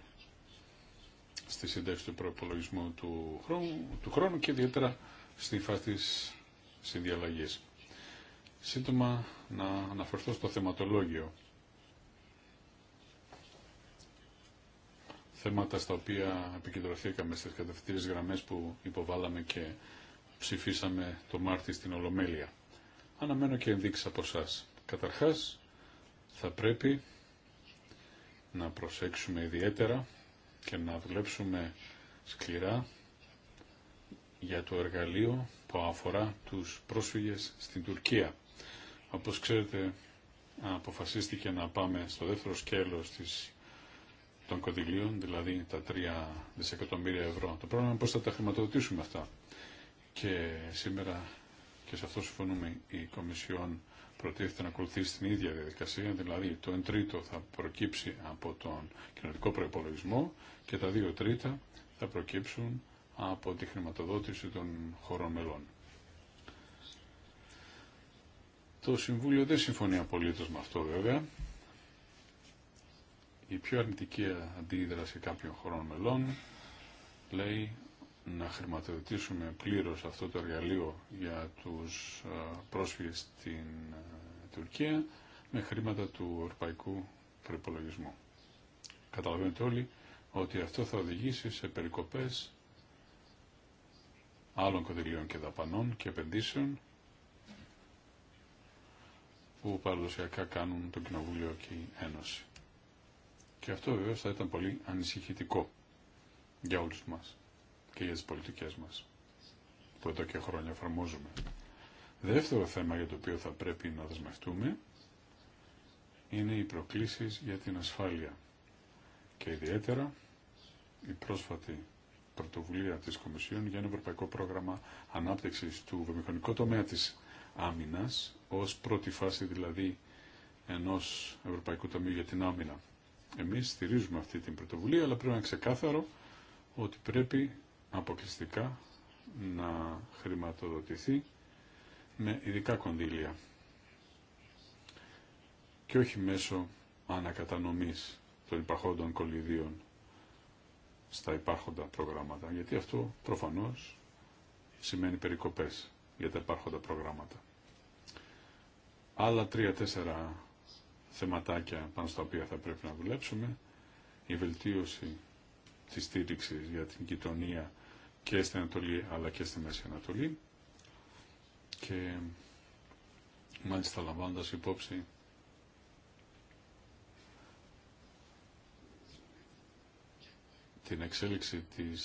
στη σύνταξη του προπολογισμού του χρόνου, και ιδιαίτερα στη φάση της συνδιαλλαγής. Σύντομα να αναφερθώ στο θεματολόγιο θέματα στα οποία επικεντρωθήκαμε στις κατευθυντήριες γραμμές που υποβάλαμε και ψηφίσαμε το Μάρτι στην Ολομέλεια. Αναμένω και ενδείξεις από εσά. Καταρχάς, θα πρέπει να προσέξουμε ιδιαίτερα και να δουλέψουμε σκληρά για το εργαλείο που αφορά τους πρόσφυγες στην Τουρκία. Όπως ξέρετε, αποφασίστηκε να πάμε στο δεύτερο σκέλος της των κονδυλίων, δηλαδή τα 3 δισεκατομμύρια ευρώ. Το πρόβλημα είναι πώς θα τα χρηματοδοτήσουμε αυτά. Και σήμερα και σε αυτό συμφωνούμε η Κομισιόν προτίθεται να ακολουθήσει την ίδια διαδικασία, δηλαδή το 1 τρίτο θα προκύψει από τον κοινωνικό προπολογισμό και τα 2 τρίτα θα προκύψουν από τη χρηματοδότηση των χωρών μελών. Το Συμβούλιο δεν συμφωνεί απολύτως με αυτό βέβαια η πιο αρνητική αντίδραση κάποιων χωρών μελών λέει να χρηματοδοτήσουμε πλήρως αυτό το εργαλείο για τους ε, πρόσφυγες στην ε, Τουρκία με χρήματα του ευρωπαϊκού προϋπολογισμού. Καταλαβαίνετε όλοι ότι αυτό θα οδηγήσει σε περικοπές άλλων κονδυλίων και δαπανών και επενδύσεων που παραδοσιακά κάνουν το Κοινοβούλιο και η Ένωση. Και αυτό βεβαίω θα ήταν πολύ ανησυχητικό για όλου μας και για τις πολιτικές μας που εδώ και χρόνια εφαρμόζουμε. Δεύτερο θέμα για το οποίο θα πρέπει να δεσμευτούμε είναι οι προκλήσεις για την ασφάλεια και ιδιαίτερα η πρόσφατη πρωτοβουλία της Κομισιόν για ένα ευρωπαϊκό πρόγραμμα ανάπτυξης του βιομηχανικού τομέα της άμυνας ως πρώτη φάση δηλαδή ενός Ευρωπαϊκού Ταμείου για την Άμυνα. Εμείς στηρίζουμε αυτή την πρωτοβουλία, αλλά πρέπει να είναι ξεκάθαρο ότι πρέπει αποκλειστικά να χρηματοδοτηθεί με ειδικά κονδύλια και όχι μέσω ανακατανομής των υπαρχόντων κολυδίων στα υπάρχοντα προγράμματα, γιατί αυτό προφανώς σημαίνει περικοπές για τα υπάρχοντα προγράμματα. Άλλα τρία-τέσσερα θεματάκια πάνω στα οποία θα πρέπει να δουλέψουμε. Η βελτίωση της στήριξη για την κοινωνία και στην Ανατολή αλλά και στη Μέση Ανατολή και μάλιστα λαμβάνοντας υπόψη την εξέλιξη της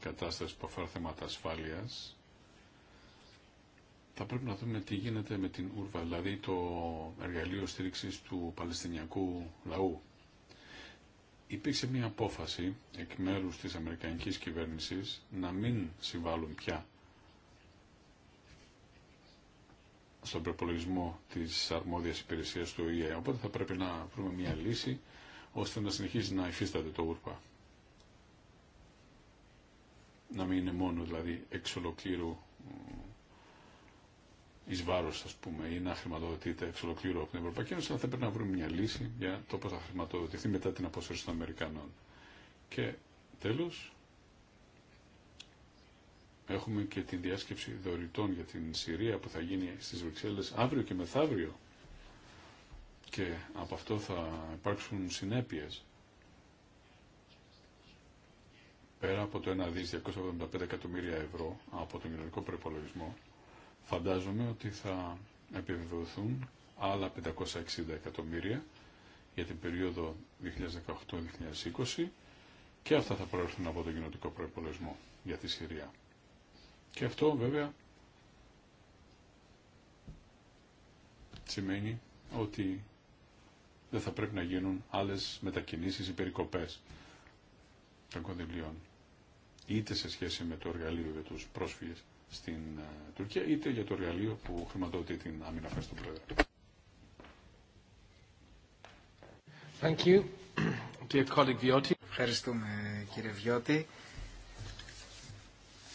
κατάστασης που αφορά θέματα ασφάλειας θα πρέπει να δούμε τι γίνεται με την Ούρβα, δηλαδή το εργαλείο στήριξης του Παλαιστινιακού λαού. Υπήρξε μια απόφαση εκ μέρους της Αμερικανικής κυβέρνησης να μην συμβάλλουν πια στον προπολογισμό της αρμόδιας υπηρεσίας του ΟΗΕ. Οπότε θα πρέπει να βρούμε μια λύση ώστε να συνεχίζει να υφίσταται το ούρπα. Να μην είναι μόνο δηλαδή εξ ολοκλήρου ει βάρο, α πούμε, ή να χρηματοδοτείται εξ ολοκλήρου από την Ευρωπαϊκή Ένωση, αλλά θα πρέπει να βρούμε μια λύση για το πώς θα χρηματοδοτηθεί μετά την απόσυρση των Αμερικανών. Και τέλο έχουμε και την διάσκεψη δωρητών για την Συρία που θα γίνει στι Βρυξέλλες αύριο και μεθαύριο. Και από αυτό θα υπάρξουν συνέπειες. Πέρα από το 1 δις 275 εκατομμύρια ευρώ από τον κοινωνικό προπολογισμό, Φαντάζομαι ότι θα επιβεβαιωθούν άλλα 560 εκατομμύρια για την περίοδο 2018-2020 και αυτά θα προέρχονται από τον κοινοτικό προϋπολογισμό για τη Συρία. Και αυτό βέβαια σημαίνει ότι δεν θα πρέπει να γίνουν άλλες μετακινήσεις ή περικοπές των κονδυλίων είτε σε σχέση με το εργαλείο για τους πρόσφυγες στην ε, Τουρκία, είτε για το εργαλείο που χρηματοδοτεί την άμυνα. Ευχαριστώ, Πρόεδρε. Thank you. Ευχαριστούμε, κύριε Βιώτη,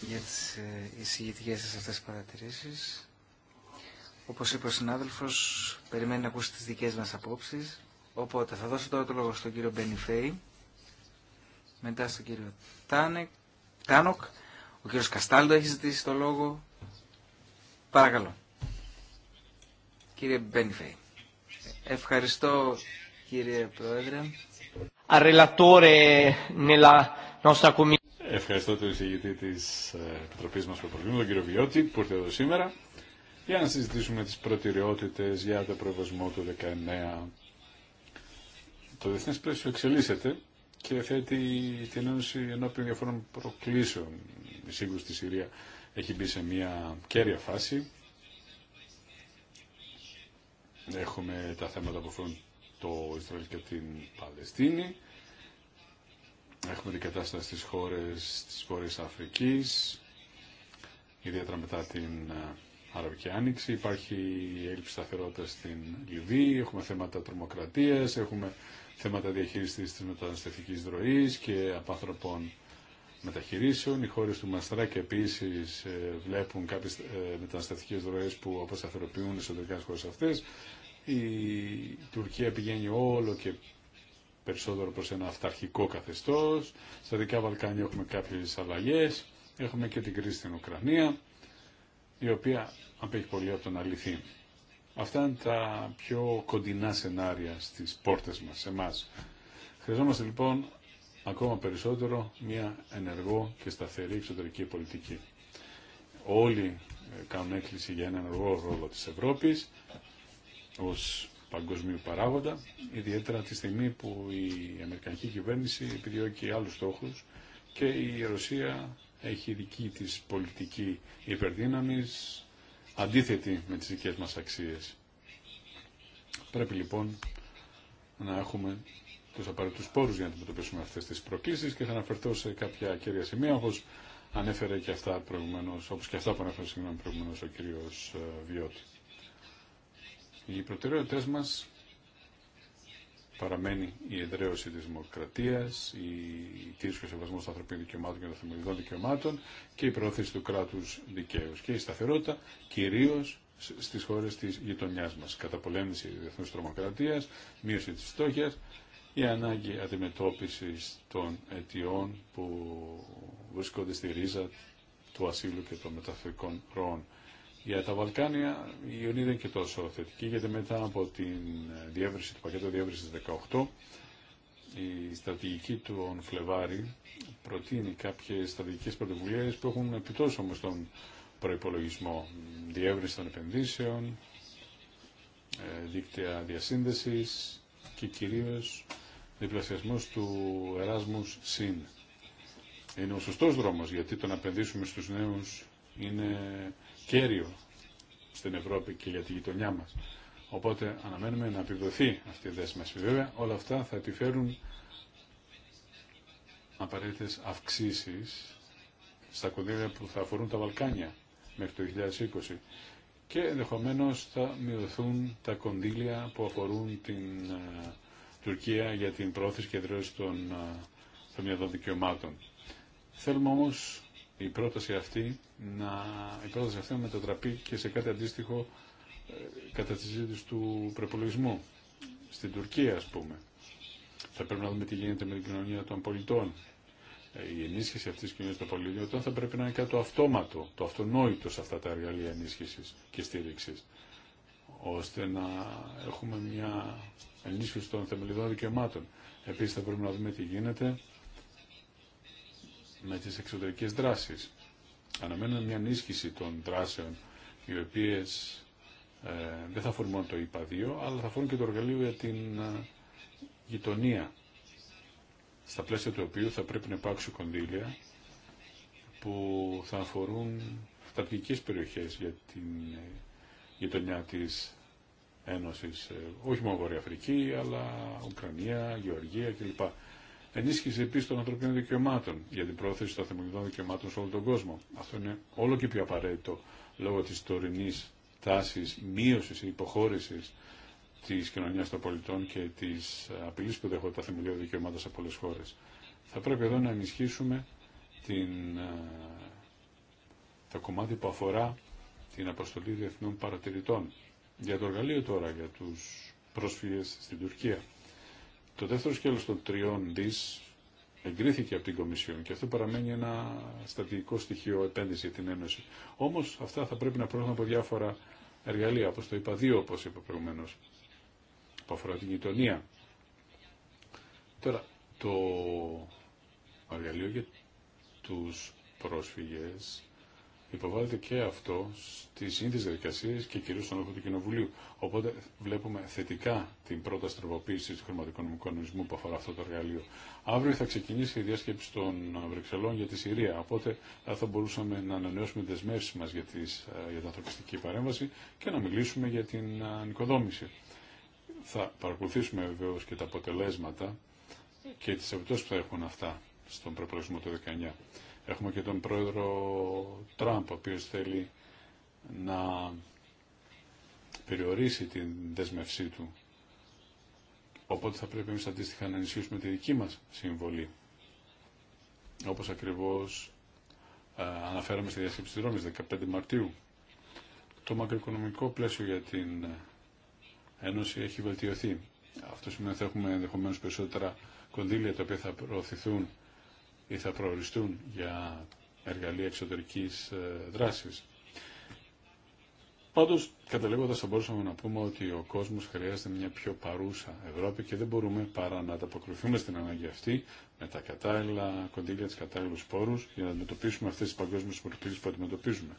για τις ε, εισηγητικές σας αυτές τις παρατηρήσεις. Όπως είπε ο συνάδελφος, περιμένει να ακούσει τις δικές μας απόψεις. Οπότε θα δώσω τώρα το λόγο στον κύριο Μπενιφέη, μετά στον κύριο Τάνοκ, ο κύριος Καστάλτο έχει ζητήσει το λόγο. Παρακαλώ. Κύριε Μπένιφεϊ. Ευχαριστώ κύριε Πρόεδρε. Ευχαριστώ τον εισηγητή τη ε, Επιτροπή μα Προπολίου, τον κύριο Βιώτη, που ήρθε εδώ σήμερα, για να συζητήσουμε τι προτεραιότητε για το προεβασμό του 19. Το διεθνέ πλαίσιο εξελίσσεται και θέτει την Ένωση ενώπιον διαφόρων προκλήσεων σύγκρουση στη Συρία έχει μπει σε μια κέρια φάση. Έχουμε τα θέματα που αφορούν το Ισραήλ και την Παλαιστίνη. Έχουμε την κατάσταση στις χώρες της Βόρειας Αφρικής, ιδιαίτερα μετά την ε, Αραβική Άνοιξη. Υπάρχει η έλλειψη σταθερότητα στην Λιβύη, έχουμε θέματα τρομοκρατίας, έχουμε θέματα διαχείρισης της μεταναστευτικής δροής και απάνθρωπων μεταχειρήσεων. Οι χώρες του Μαστράκη επίσης ε, βλέπουν κάποιες ε, μεταναστευτικές δροές που αποσταθεροποιούν εσωτερικά στις χώρε αυτές. Η Τουρκία πηγαίνει όλο και περισσότερο προς ένα αυταρχικό καθεστώς. Στα Δικά Βαλκάνια έχουμε κάποιες αλλαγές. Έχουμε και την κρίση στην Ουκρανία, η οποία απέχει πολύ από τον αληθή. Αυτά είναι τα πιο κοντινά σενάρια στις πόρτες μας, σε εμάς. Χρειαζόμαστε λοιπόν ακόμα περισσότερο μια ενεργό και σταθερή εξωτερική πολιτική. Όλοι ε, κάνουν έκκληση για έναν ενεργό ρόλο της Ευρώπης ως παγκοσμίου παράγοντα, ιδιαίτερα τη στιγμή που η Αμερικανική κυβέρνηση επιδιώκει άλλους στόχους και η Ρωσία έχει δική της πολιτική υπερδύναμης αντίθετη με τις δικές μας αξίες. Πρέπει λοιπόν να έχουμε τους απαραίτητους πόρους για να αντιμετωπίσουμε αυτές τις προκλήσεις και θα αναφερθώ σε κάποια κύρια σημεία όπως ανέφερε και αυτά προηγουμένως, όπως και αυτά που ανέφερε συγγνώμη προηγουμένως ο κύριος ε, Βιώτη. Οι προτεραιότητες μας παραμένει η εδραίωση της δημοκρατίας, η τήρηση και ο σεβασμός των ανθρωπίνων δικαιωμάτων και των θεμελιδών δικαιωμάτων και η προώθηση του κράτους δικαίου και η σταθερότητα κυρίως στις χώρες της γειτονιάς μας. Καταπολέμηση διεθνούς τρομοκρατίας, μείωση της φτώχειας η ανάγκη αντιμετώπισης των αιτιών που βρίσκονται στη ρίζα του ασύλου και των μεταφερικών ροών. Για τα Βαλκάνια η Ιωνία δεν είναι και τόσο θετική, γιατί μετά από την διεύρυνση, το πακέτο διεύρυνσης 18, η στρατηγική του Φλεβάρη προτείνει κάποιες στρατηγικές πρωτοβουλίες που έχουν επιτώσει όμως τον προϋπολογισμό διεύρυνση των επενδύσεων, ε, δίκτυα διασύνδεσης και κυρίως διπλασιασμός του Εράσμους ΣΥΝ. Είναι ο σωστός δρόμος γιατί το να επενδύσουμε στους νέους είναι κέριο στην Ευρώπη και για τη γειτονιά μας. Οπότε αναμένουμε να επιδοθεί αυτή η δέσμευση. Βέβαια όλα αυτά θα επιφέρουν απαραίτητε αυξήσει στα κονδύλια που θα αφορούν τα Βαλκάνια μέχρι το 2020 και ενδεχομένω θα μειωθούν τα κονδύλια που αφορούν την ε, Τουρκία για την πρόθεση και δρόση των θεμελιωδών δικαιωμάτων. Θέλουμε όμως η πρόταση αυτή να, η πρόταση αυτή να μετατραπεί και σε κάτι αντίστοιχο ε, κατά τη συζήτηση του προπολογισμού στην Τουρκία ας πούμε. Θα πρέπει να δούμε τι γίνεται με την κοινωνία των πολιτών. Ε, η ενίσχυση αυτή τη κοινωνία των πολιτών θα πρέπει να είναι κάτι το αυτόματο, το αυτονόητο σε αυτά τα εργαλεία ενίσχυση και στηρίξη ώστε να έχουμε μια ενίσχυση των θεμελιδών δικαιωμάτων. Επίση θα πρέπει να δούμε τι γίνεται με τις εξωτερικές δράσεις. Αναμένουμε μια ενίσχυση των δράσεων οι οποίε ε, δεν θα αφορούν μόνο το ιπα αλλά θα αφορούν και το εργαλείο για την ε, γειτονία στα πλαίσια του οποίου θα πρέπει να υπάρξουν κονδύλια που θα αφορούν περιοχές για την ε, γειτονιά της Ένωσης, ε, όχι μόνο Βορεια Αφρική, αλλά Ουκρανία, Γεωργία κλπ. Ενίσχυση επίση των ανθρωπίνων δικαιωμάτων για την πρόθεση των θεμελιωδών δικαιωμάτων σε όλο τον κόσμο. Αυτό είναι όλο και πιο απαραίτητο λόγω τη τωρινή τάση μείωση ή υποχώρηση τη κοινωνία των πολιτών και τη απειλή που δέχονται τα θεμελιώδη δικαιωμάτων σε πολλέ χώρε. Θα πρέπει εδώ να ενισχύσουμε την, ε, το κομμάτι που αφορά την αποστολή διεθνών παρατηρητών για το εργαλείο τώρα για τους πρόσφυγες στην Τουρκία. Το δεύτερο σκέλος των τριών δις εγκρίθηκε από την Κομισιόν και αυτό παραμένει ένα στατικό στοιχείο επένδυση για την Ένωση. Όμως αυτά θα πρέπει να προέρχονται από διάφορα εργαλεία, όπως το είπα δύο, όπως είπα προηγουμένως, που αφορά την γειτονία. Τώρα, το εργαλείο για τους πρόσφυγες υποβάλλεται και αυτό στι ίδιε διαδικασίε και κυρίω στον λόγο του Κοινοβουλίου. Οπότε βλέπουμε θετικά την πρώτα τροποποίηση του χρηματοοικονομικού κανονισμού που αφορά αυτό το εργαλείο. Αύριο θα ξεκινήσει η διάσκεψη των Βρυξελών για τη Συρία. Οπότε θα μπορούσαμε να ανανεώσουμε τι δεσμεύσει μα για, ε, για την ανθρωπιστική παρέμβαση και να μιλήσουμε για την ε, νοικοδόμηση. Θα παρακολουθήσουμε βεβαίω και τα αποτελέσματα και τι επιπτώσει που θα έχουν αυτά στον προπολογισμό του 19. Έχουμε και τον πρόεδρο Τραμπ, ο οποίος θέλει να περιορίσει την δέσμευσή του. Οπότε θα πρέπει εμείς αντίστοιχα να ενισχύσουμε τη δική μας συμβολή. Όπως ακριβώς ε, αναφέραμε στη διασκέψη της Ρώμης, 15 Μαρτίου. Το μακροοικονομικό πλαίσιο για την Ένωση έχει βελτιωθεί. Αυτό σημαίνει ότι θα έχουμε ενδεχομένως περισσότερα κονδύλια τα οποία θα προωθηθούν ή θα προοριστούν για εργαλεία εξωτερικής ε, δράσης. Πάντως, καταλήγοντας, θα μπορούσαμε να πούμε ότι ο κόσμος χρειάζεται μια πιο παρούσα Ευρώπη και δεν μπορούμε παρά να ανταποκριθούμε στην ανάγκη αυτή με τα κατάλληλα κοντήλια τις κατάλληλους πόρους για να αντιμετωπίσουμε αυτές τις παγκόσμιες προκλήσεις που αντιμετωπίζουμε.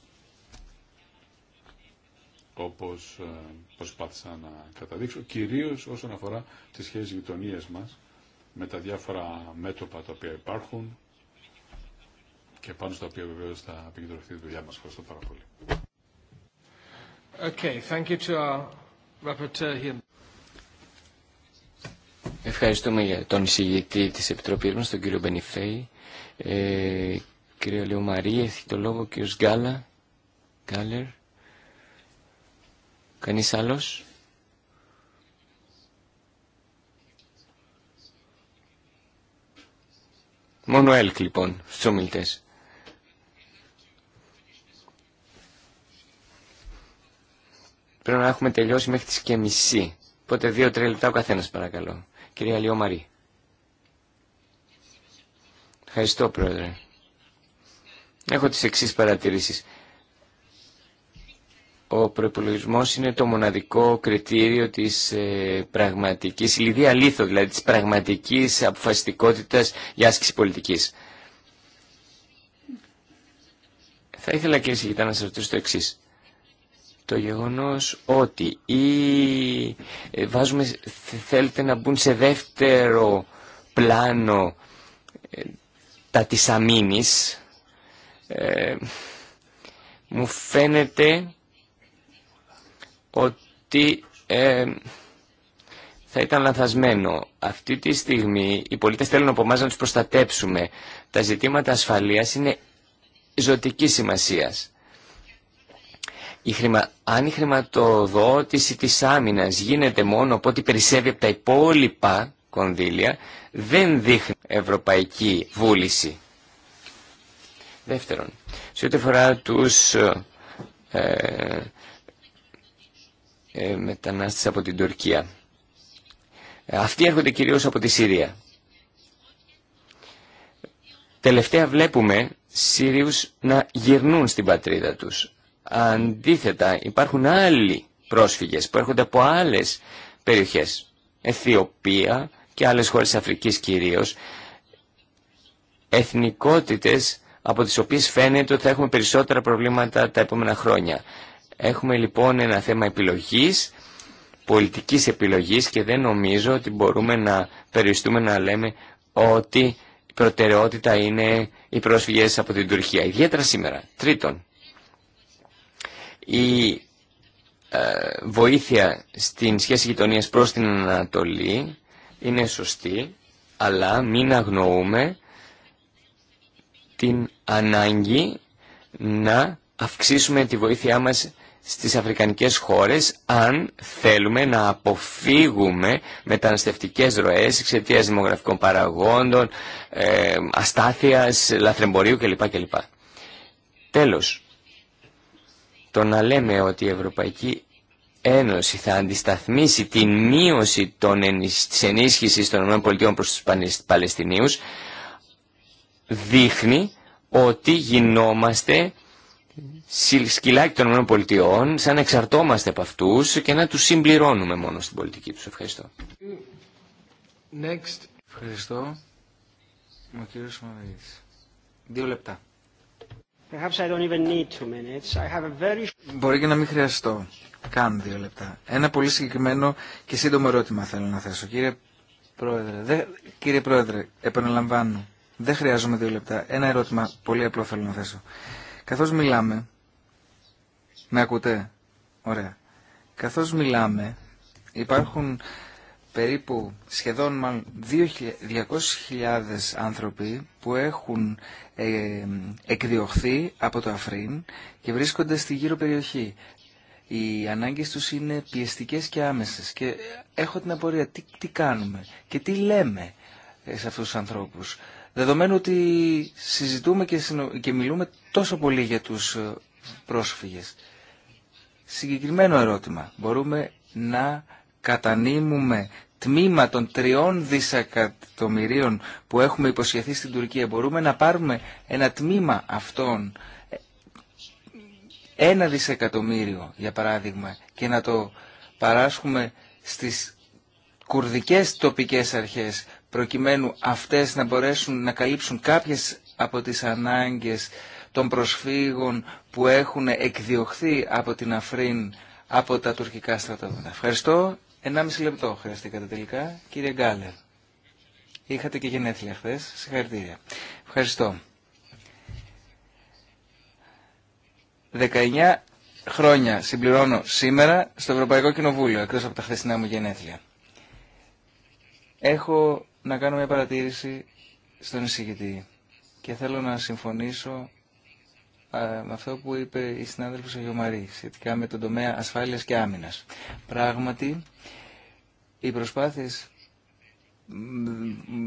Όπως ε, προσπάθησα να καταδείξω, κυρίως όσον αφορά τις σχέσεις γειτονία μας με τα διάφορα μέτωπα τα οποία υπάρχουν και πάνω στα οποία βεβαίω θα επικεντρωθεί η δουλειά μα, Ευχαριστώ πάρα πολύ. Okay, thank you to our rapporteur here. Ευχαριστούμε για τον εισηγητή τη Επιτροπή μα, τον κύριο Μπενιφέη. Ε, κύριο Λεωμαρή, έχει το λόγο ο κύριο Γκάλα. Γκάλερ. Κανεί άλλο. Μόνο ΕΛΚ λοιπόν στους ομιλητές. Πρέπει να έχουμε τελειώσει μέχρι τις και μισή. Οπότε δύο-τρία λεπτά ο καθένας παρακαλώ. Κυρία Λιωμαρή. Ευχαριστώ πρόεδρε. Έχω τις εξής παρατηρήσεις ο προπολογισμό είναι το μοναδικό κριτήριο της ε, πραγματικής, η λιδία λίθο δηλαδή της πραγματικής αποφασιστικότητα για άσκηση πολιτική. Θα ήθελα κύριε Σιγητά να σα ρωτήσω το εξή. Το γεγονός ότι ή ε, βάζουμε, θέλετε να μπουν σε δεύτερο πλάνο ε, τα της αμήνης, ε, μου φαίνεται ότι ε, θα ήταν λανθασμένο. Αυτή τη στιγμή οι πολίτες θέλουν από εμάς να τους προστατέψουμε. Τα ζητήματα ασφαλείας είναι ζωτικής σημασίας. Η χρημα... Αν η χρηματοδότηση της άμυνας γίνεται μόνο από ό,τι περισσεύει από τα υπόλοιπα κονδύλια, δεν δείχνει ευρωπαϊκή βούληση. Δεύτερον, σε ό,τι αφορά τους ε, ε, μετανάστες από την Τουρκία. Ε, αυτοί έρχονται κυρίως από τη Συρία. Τελευταία βλέπουμε Σύριους να γυρνούν στην πατρίδα τους. Αντίθετα υπάρχουν άλλοι πρόσφυγες που έρχονται από άλλες περιοχές. Αιθιοπία και άλλες χώρες Αφρικής κυρίως. Εθνικότητες από τις οποίες φαίνεται ότι θα έχουμε περισσότερα προβλήματα τα επόμενα χρόνια. Έχουμε λοιπόν ένα θέμα επιλογής, πολιτικής επιλογής και δεν νομίζω ότι μπορούμε να περιοριστούμε να λέμε ότι η προτεραιότητα είναι οι πρόσφυγες από την Τουρκία, ιδιαίτερα σήμερα. Τρίτον, η ε, βοήθεια στην σχέση γειτονία προς την Ανατολή είναι σωστή, αλλά μην αγνοούμε την ανάγκη να αυξήσουμε τη βοήθειά μας στις αφρικανικές χώρες αν θέλουμε να αποφύγουμε μεταναστευτικές ροές εξαιτία δημογραφικών παραγόντων, ε, αστάθειας, λαθρεμπορίου κλπ. κλπ. Τέλος, το να λέμε ότι η Ευρωπαϊκή Ένωση θα αντισταθμίσει την μείωση των, της ενίσχυσης των ΗΠΑ προς τους Παλαιστινίους δείχνει ότι γινόμαστε σκυλάκι των ΗΠΑ, σαν να εξαρτώμαστε από αυτού και να του συμπληρώνουμε μόνο στην πολιτική του Ευχαριστώ. Next. Ευχαριστώ. Ο κύριος Δύο λεπτά. Μπορεί και να μην χρειαστώ. Καν δύο λεπτά. Ένα πολύ συγκεκριμένο και σύντομο ερώτημα θέλω να θέσω. Κύριε Πρόεδρε, δε... κύριε Πρόεδρε επαναλαμβάνω, δεν χρειάζομαι δύο λεπτά. Ένα ερώτημα πολύ απλό θέλω να θέσω. Καθώς μιλάμε, με ακούτε. Ωραία. Καθώς μιλάμε, υπάρχουν περίπου σχεδόν 200.000 άνθρωποι που έχουν ε, εκδιωχθεί από το Αφρίν και βρίσκονται στη γύρω περιοχή. Οι ανάγκες τους είναι πιεστικές και άμεσες και έχω την απορία τι, τι κάνουμε και τι λέμε ε, σε αυτούς τους ανθρώπους. Δεδομένου ότι συζητούμε και, και μιλούμε τόσο πολύ για τους ε, πρόσφυγες συγκεκριμένο ερώτημα. Μπορούμε να κατανείμουμε τμήμα των τριών δισεκατομμυρίων που έχουμε υποσχεθεί στην Τουρκία. Μπορούμε να πάρουμε ένα τμήμα αυτών, ένα δισεκατομμύριο για παράδειγμα, και να το παράσχουμε στις κουρδικές τοπικές αρχές προκειμένου αυτές να μπορέσουν να καλύψουν κάποιες από τις ανάγκες των προσφύγων που έχουν εκδιωχθεί από την Αφρίν από τα τουρκικά στρατόπεδα. Ευχαριστώ. 1,5 λεπτό χρειαστήκατε τελικά. Κύριε Γκάλερ, είχατε και γενέθλια χθε. Συγχαρητήρια. Ευχαριστώ. 19 χρόνια συμπληρώνω σήμερα στο Ευρωπαϊκό Κοινοβούλιο, Εκτό από τα χθεσινά μου γενέθλια. Έχω να κάνω μια παρατήρηση στον εισηγητή και θέλω να συμφωνήσω με αυτό που είπε η συνάδελφος Αγιομαρή σχετικά με τον τομέα ασφάλειας και άμυνας. Πράγματι, οι προσπάθειες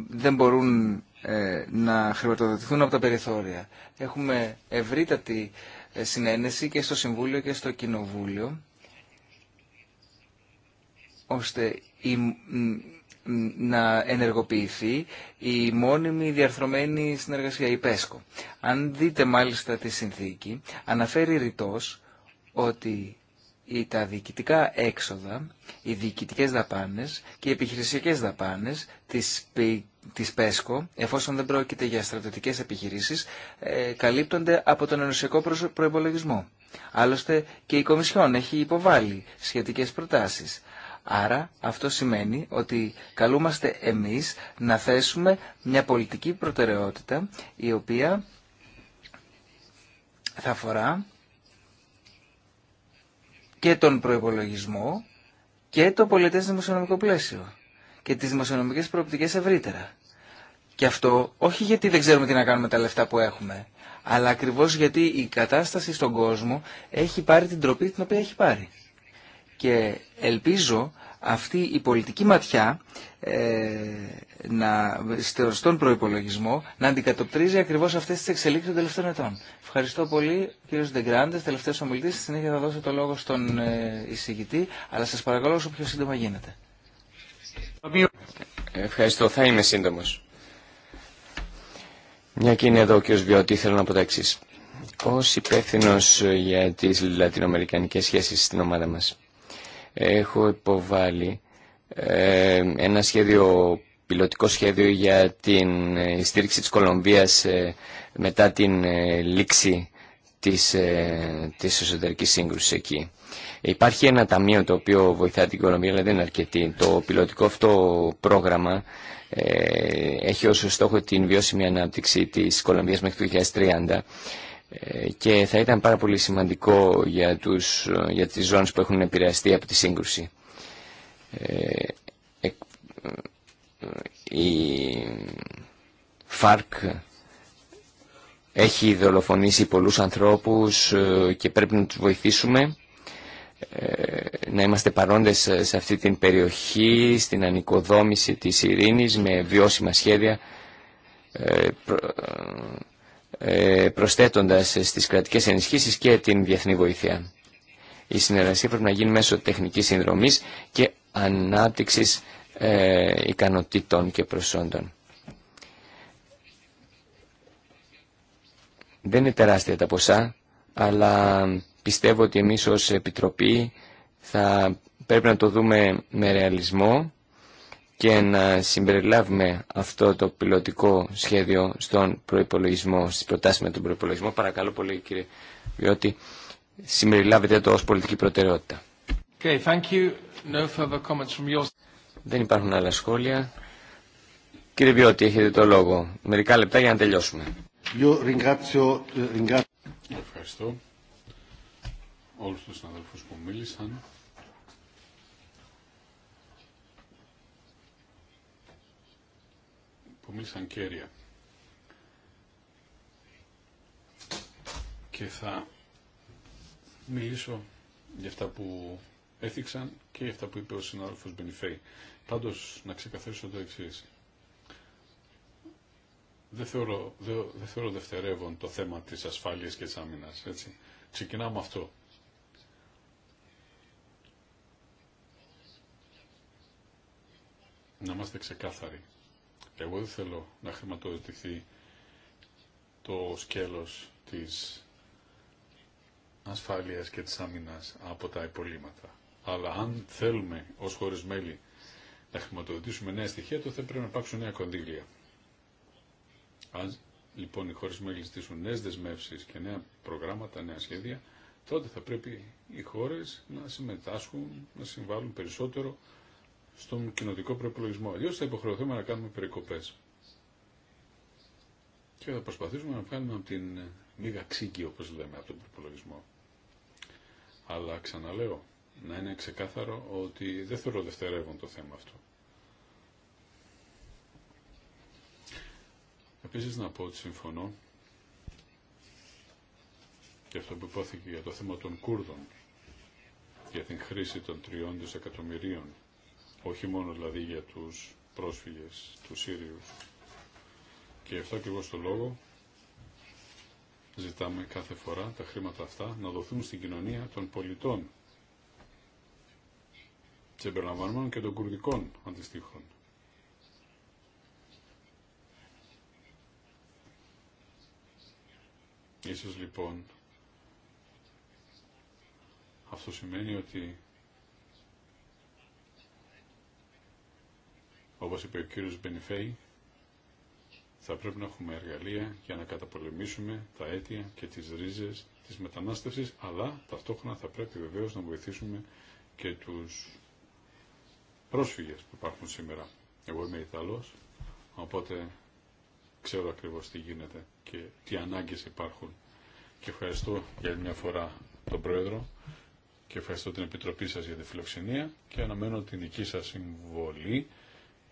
δεν μπορούν ε, να χρηματοδοτηθούν από τα περιθώρια. Έχουμε ευρύτατη ε, συνένεση και στο Συμβούλιο και στο Κοινοβούλιο, ώστε να ενεργοποιηθεί η μόνιμη διαρθρωμένη συνεργασία, η ΠΕΣΚΟ. Αν δείτε μάλιστα τη συνθήκη, αναφέρει ρητός ότι τα διοικητικά έξοδα, οι διοικητικέ δαπάνες και οι επιχειρησιακές δαπάνες της, της ΠΕΣΚΟ, εφόσον δεν πρόκειται για στρατιωτικές επιχειρήσεις, ε, καλύπτονται από τον ενωσιακό προπολογισμό. Άλλωστε και η Κομισιόν έχει υποβάλει σχετικές προτάσεις. Άρα αυτό σημαίνει ότι καλούμαστε εμείς να θέσουμε μια πολιτική προτεραιότητα η οποία θα αφορά και τον προϋπολογισμό και το πολιτές δημοσιονομικό πλαίσιο και τις δημοσιονομικές προοπτικές ευρύτερα. Και αυτό όχι γιατί δεν ξέρουμε τι να κάνουμε τα λεφτά που έχουμε, αλλά ακριβώς γιατί η κατάσταση στον κόσμο έχει πάρει την τροπή την οποία έχει πάρει και ελπίζω αυτή η πολιτική ματιά ε, να, στον προϋπολογισμό να αντικατοπτρίζει ακριβώς αυτές τις εξελίξεις των τελευταίων ετών. Ευχαριστώ πολύ κύριο Ντεγκράντες, τελευταίος ομιλητής. Στη συνέχεια θα δώσω το λόγο στον ε, εισηγητή, αλλά σας παρακαλώ όσο πιο σύντομα γίνεται. Ευχαριστώ, θα είμαι σύντομος. Μια και είναι εδώ ο κ. Βιώτη, θέλω να πω τα εξή. Ω υπεύθυνο για τι λατινοαμερικανικέ σχέσει στην ομάδα μα, έχω υποβάλει ε, ένα σχέδιο, πιλωτικό σχέδιο για την ε, στήριξη της Κολομβίας ε, μετά την λήξη της, της εσωτερικής σύγκρουσης εκεί. Υπάρχει ένα ταμείο το οποίο βοηθά την Κολομβία, αλλά δεν είναι αρκετή. Το πιλωτικό αυτό πρόγραμμα έχει ως στόχο την βιώσιμη ανάπτυξη της Κολομβίας μέχρι το 2030 ε, και θα ήταν πάρα πολύ σημαντικό για, τους, για τις ζώνες που έχουν επηρεαστεί από τη σύγκρουση. Ε, η ΦΑΡΚ έχει δολοφονήσει πολλούς ανθρώπους ε, και πρέπει να τους βοηθήσουμε να είμαστε παρόντες σε αυτή την περιοχή, στην ανοικοδόμηση της ειρήνης με βιώσιμα σχέδια ε, προσθέτοντας στις κρατικές ενισχύσεις και την διεθνή βοήθεια. Η συνεργασία πρέπει να γίνει μέσω τεχνικής συνδρομής και ανάπτυξης ε, ικανοτήτων και προσόντων. Δεν είναι τεράστια τα ποσά, αλλά πιστεύω ότι εμείς ως Επιτροπή θα πρέπει να το δούμε με ρεαλισμό και να συμπεριλάβουμε αυτό το πιλωτικό σχέδιο στον προϋπολογισμό, στις προτάσεις με τον προϋπολογισμό. Παρακαλώ πολύ κύριε Βιώτη, συμπεριλάβετε το ως πολιτική προτεραιότητα. Okay, thank you. No further comments from Δεν υπάρχουν άλλα σχόλια. Κύριε Βιώτη, έχετε το λόγο. Μερικά λεπτά για να τελειώσουμε. Ευχαριστώ όλους τους συναδελφούς που μίλησαν που μίλησαν κέρια. Και θα μιλήσω για αυτά που έθιξαν και για αυτά που είπε ο συνάδελφος Μπενιφέη. Πάντως, να ξεκαθαρίσω το εξή. Δεν θεωρώ, δευτερεύον το θέμα της ασφάλειας και της άμυνας, έτσι. Ξεκινάμε αυτό. Να είμαστε ξεκάθαροι. Εγώ δεν θέλω να χρηματοδοτηθεί το σκέλος της ασφάλειας και της άμυνας από τα υπολείμματα. Αλλά αν θέλουμε ως χώρες μέλη να χρηματοδοτήσουμε νέα στοιχεία, τότε θα πρέπει να υπάρξουν νέα κονδύλια. Αν λοιπόν οι χώρες μέλη ζητήσουν νέες δεσμεύσεις και νέα προγράμματα, νέα σχέδια, τότε θα πρέπει οι χώρες να συμμετάσχουν, να συμβάλλουν περισσότερο στον κοινοτικό προπολογισμό. Αλλιώ θα υποχρεωθούμε να κάνουμε περικοπέ. Και θα προσπαθήσουμε να βγάλουμε από την λίγα ε, ξύγκη, όπω λέμε, από τον προπολογισμό. Αλλά ξαναλέω, να είναι ξεκάθαρο ότι δεν θεωρώ δευτερεύον το θέμα αυτό. Επίσης να πω ότι συμφωνώ και αυτό που υπόθηκε για το θέμα των Κούρδων για την χρήση των τριών δισεκατομμυρίων όχι μόνο δηλαδή για τους πρόσφυγες, του Σύριου. Και αυτό ακριβώς το λόγο ζητάμε κάθε φορά τα χρήματα αυτά να δοθούν στην κοινωνία των πολιτών συμπεριλαμβανομένων και των κουρδικών αντιστοίχων. Ίσως λοιπόν αυτό σημαίνει ότι Όπως είπε ο κύριος Μπενιφέη, θα πρέπει να έχουμε εργαλεία για να καταπολεμήσουμε τα αίτια και τις ρίζες της μετανάστευσης, αλλά ταυτόχρονα θα πρέπει βεβαίως να βοηθήσουμε και τους πρόσφυγες που υπάρχουν σήμερα. Εγώ είμαι Ιταλός, οπότε ξέρω ακριβώς τι γίνεται και τι ανάγκες υπάρχουν. Και ευχαριστώ για μια φορά τον Πρόεδρο και ευχαριστώ την Επιτροπή σας για τη φιλοξενία και αναμένω την δική σας συμβολή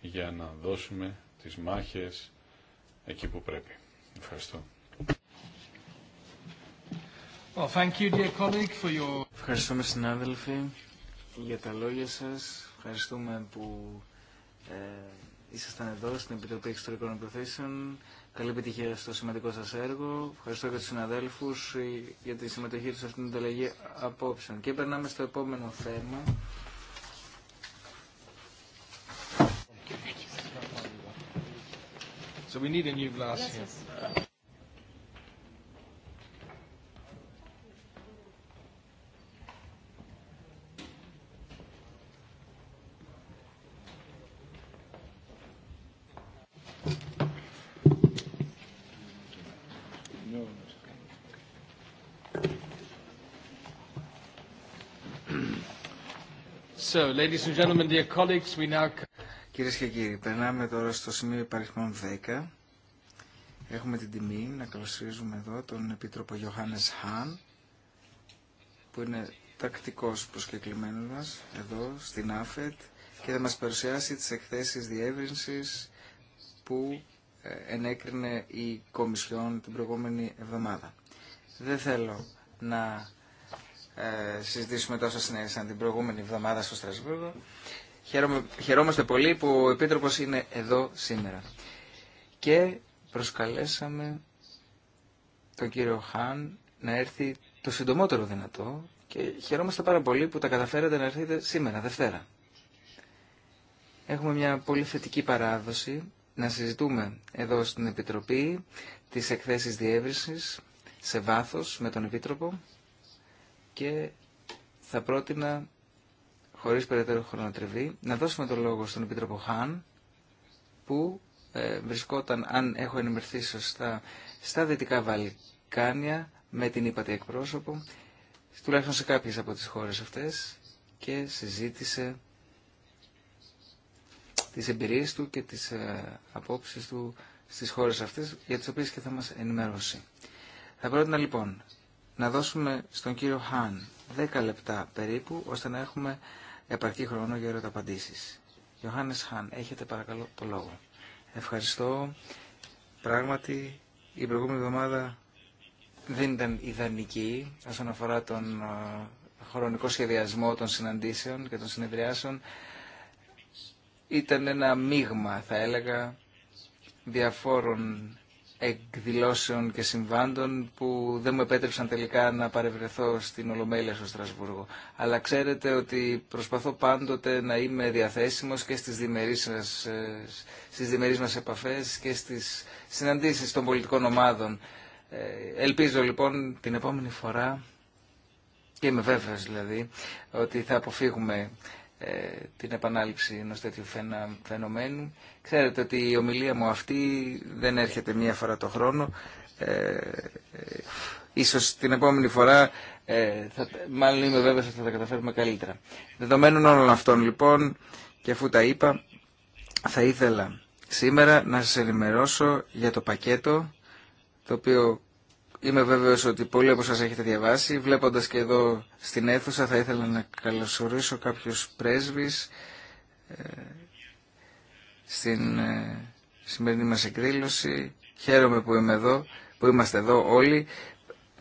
για να δώσουμε τις μάχες εκεί που πρέπει. Ευχαριστώ. Well, thank you, dear colleague, for your... Ευχαριστούμε συνάδελφοι για τα λόγια σας. Ευχαριστούμε που ε, ήσασταν εδώ στην Επιτροπή Εξωτερικών Προθέσεων. Καλή επιτυχία στο σημαντικό σας έργο. Ευχαριστώ και τους συναδέλφους ε, για τη συμμετοχή τους σε αυτήν την ανταλλαγή απόψεων. Και περνάμε στο επόμενο θέμα. So we need a new glass here. So, ladies and gentlemen, dear colleagues, we now... Κυρίε και κύριοι, περνάμε τώρα στο σημείο υπαριθμών 10. Έχουμε την τιμή να καλωσορίζουμε εδώ τον Επίτροπο Γιωχάνες Χάν, που είναι τακτικός προσκεκλημένος μας εδώ στην ΑΦΕΤ και θα μας παρουσιάσει τις εκθέσεις διεύρυνσης που ε, ενέκρινε η Κομισιόν την προηγούμενη εβδομάδα. Δεν θέλω να ε, συζητήσουμε τόσο συνέχισαν την προηγούμενη εβδομάδα στο Στρασβούργο χαιρόμαστε πολύ που ο Επίτροπος είναι εδώ σήμερα. Και προσκαλέσαμε τον κύριο Χάν να έρθει το συντομότερο δυνατό και χαιρόμαστε πάρα πολύ που τα καταφέρατε να έρθετε σήμερα, Δευτέρα. Έχουμε μια πολύ θετική παράδοση να συζητούμε εδώ στην Επιτροπή τις εκθέσεις διεύρυνσης σε βάθος με τον Επίτροπο και θα πρότεινα χωρίς περαιτέρω χρονοτριβή, να δώσουμε το λόγο στον Επίτροπο Χάν, που ε, βρισκόταν, αν έχω ενημερθεί σωστά, στα Δυτικά Βαλκάνια, με την ύπατη εκπρόσωπο, τουλάχιστον σε κάποιες από τις χώρες αυτές, και συζήτησε τις εμπειρίες του και τις ε, απόψεις του στις χώρες αυτές, για τις οποίες και θα μας ενημερώσει. Θα πρότεινα λοιπόν να δώσουμε στον κύριο Χάν 10 λεπτά περίπου, ώστε να έχουμε επαρκή χρόνο για απαντήσεις. Ιωάννης Χάν, έχετε παρακαλώ το λόγο. Ευχαριστώ. Πράγματι, η προηγούμενη εβδομάδα δεν ήταν ιδανική όσον αφορά τον χρονικό σχεδιασμό των συναντήσεων και των συνεδριάσεων. Ήταν ένα μείγμα, θα έλεγα, διαφόρων εκδηλώσεων και συμβάντων που δεν μου επέτρεψαν τελικά να παρευρεθώ στην Ολομέλεια στο Στρασβούργο. Αλλά ξέρετε ότι προσπαθώ πάντοτε να είμαι διαθέσιμος και στις διμερείς, σας, ε, στις διμερείς επαφές και στις συναντήσεις των πολιτικών ομάδων. Ε, ελπίζω λοιπόν την επόμενη φορά και είμαι βέβαιος δηλαδή ότι θα αποφύγουμε ε, την επανάληψη ενό τέτοιου φαινομένου. Ξέρετε ότι η ομιλία μου αυτή δεν έρχεται μία φορά το χρόνο. Ε, ε, ίσως την επόμενη φορά, ε, θα, μάλλον είμαι βέβαιος ότι θα τα καταφέρουμε καλύτερα. Δεδομένων όλων αυτών λοιπόν, και αφού τα είπα, θα ήθελα σήμερα να σας ενημερώσω για το πακέτο το οποίο Είμαι βέβαιος ότι πολλοί από σας έχετε διαβάσει. Βλέποντας και εδώ στην αίθουσα θα ήθελα να καλωσορίσω κάποιους πρέσβεις ε, στην ε, σημερινή μας εκδήλωση. Χαίρομαι που είμαι εδώ, που είμαστε εδώ όλοι.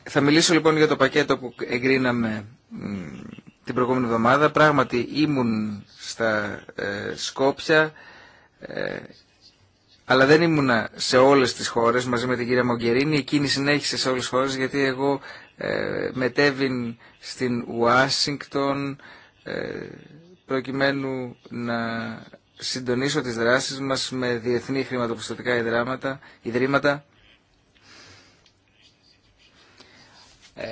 Θα μιλήσω λοιπόν για το πακέτο που εγκρίναμε την προηγούμενη εβδομάδα. Πράγματι ήμουν στα ε, Σκόπια αλλά δεν ήμουνα σε όλες τις χώρες μαζί με την κυρία Μογκερίνη. Εκείνη συνέχισε σε όλες τις χώρες γιατί εγώ ε, μετέβην στην Ουάσιγκτον ε, προκειμένου να συντονίσω τις δράσεις μας με διεθνή χρηματοπιστωτικά ιδρύματα ιδρύματα ε,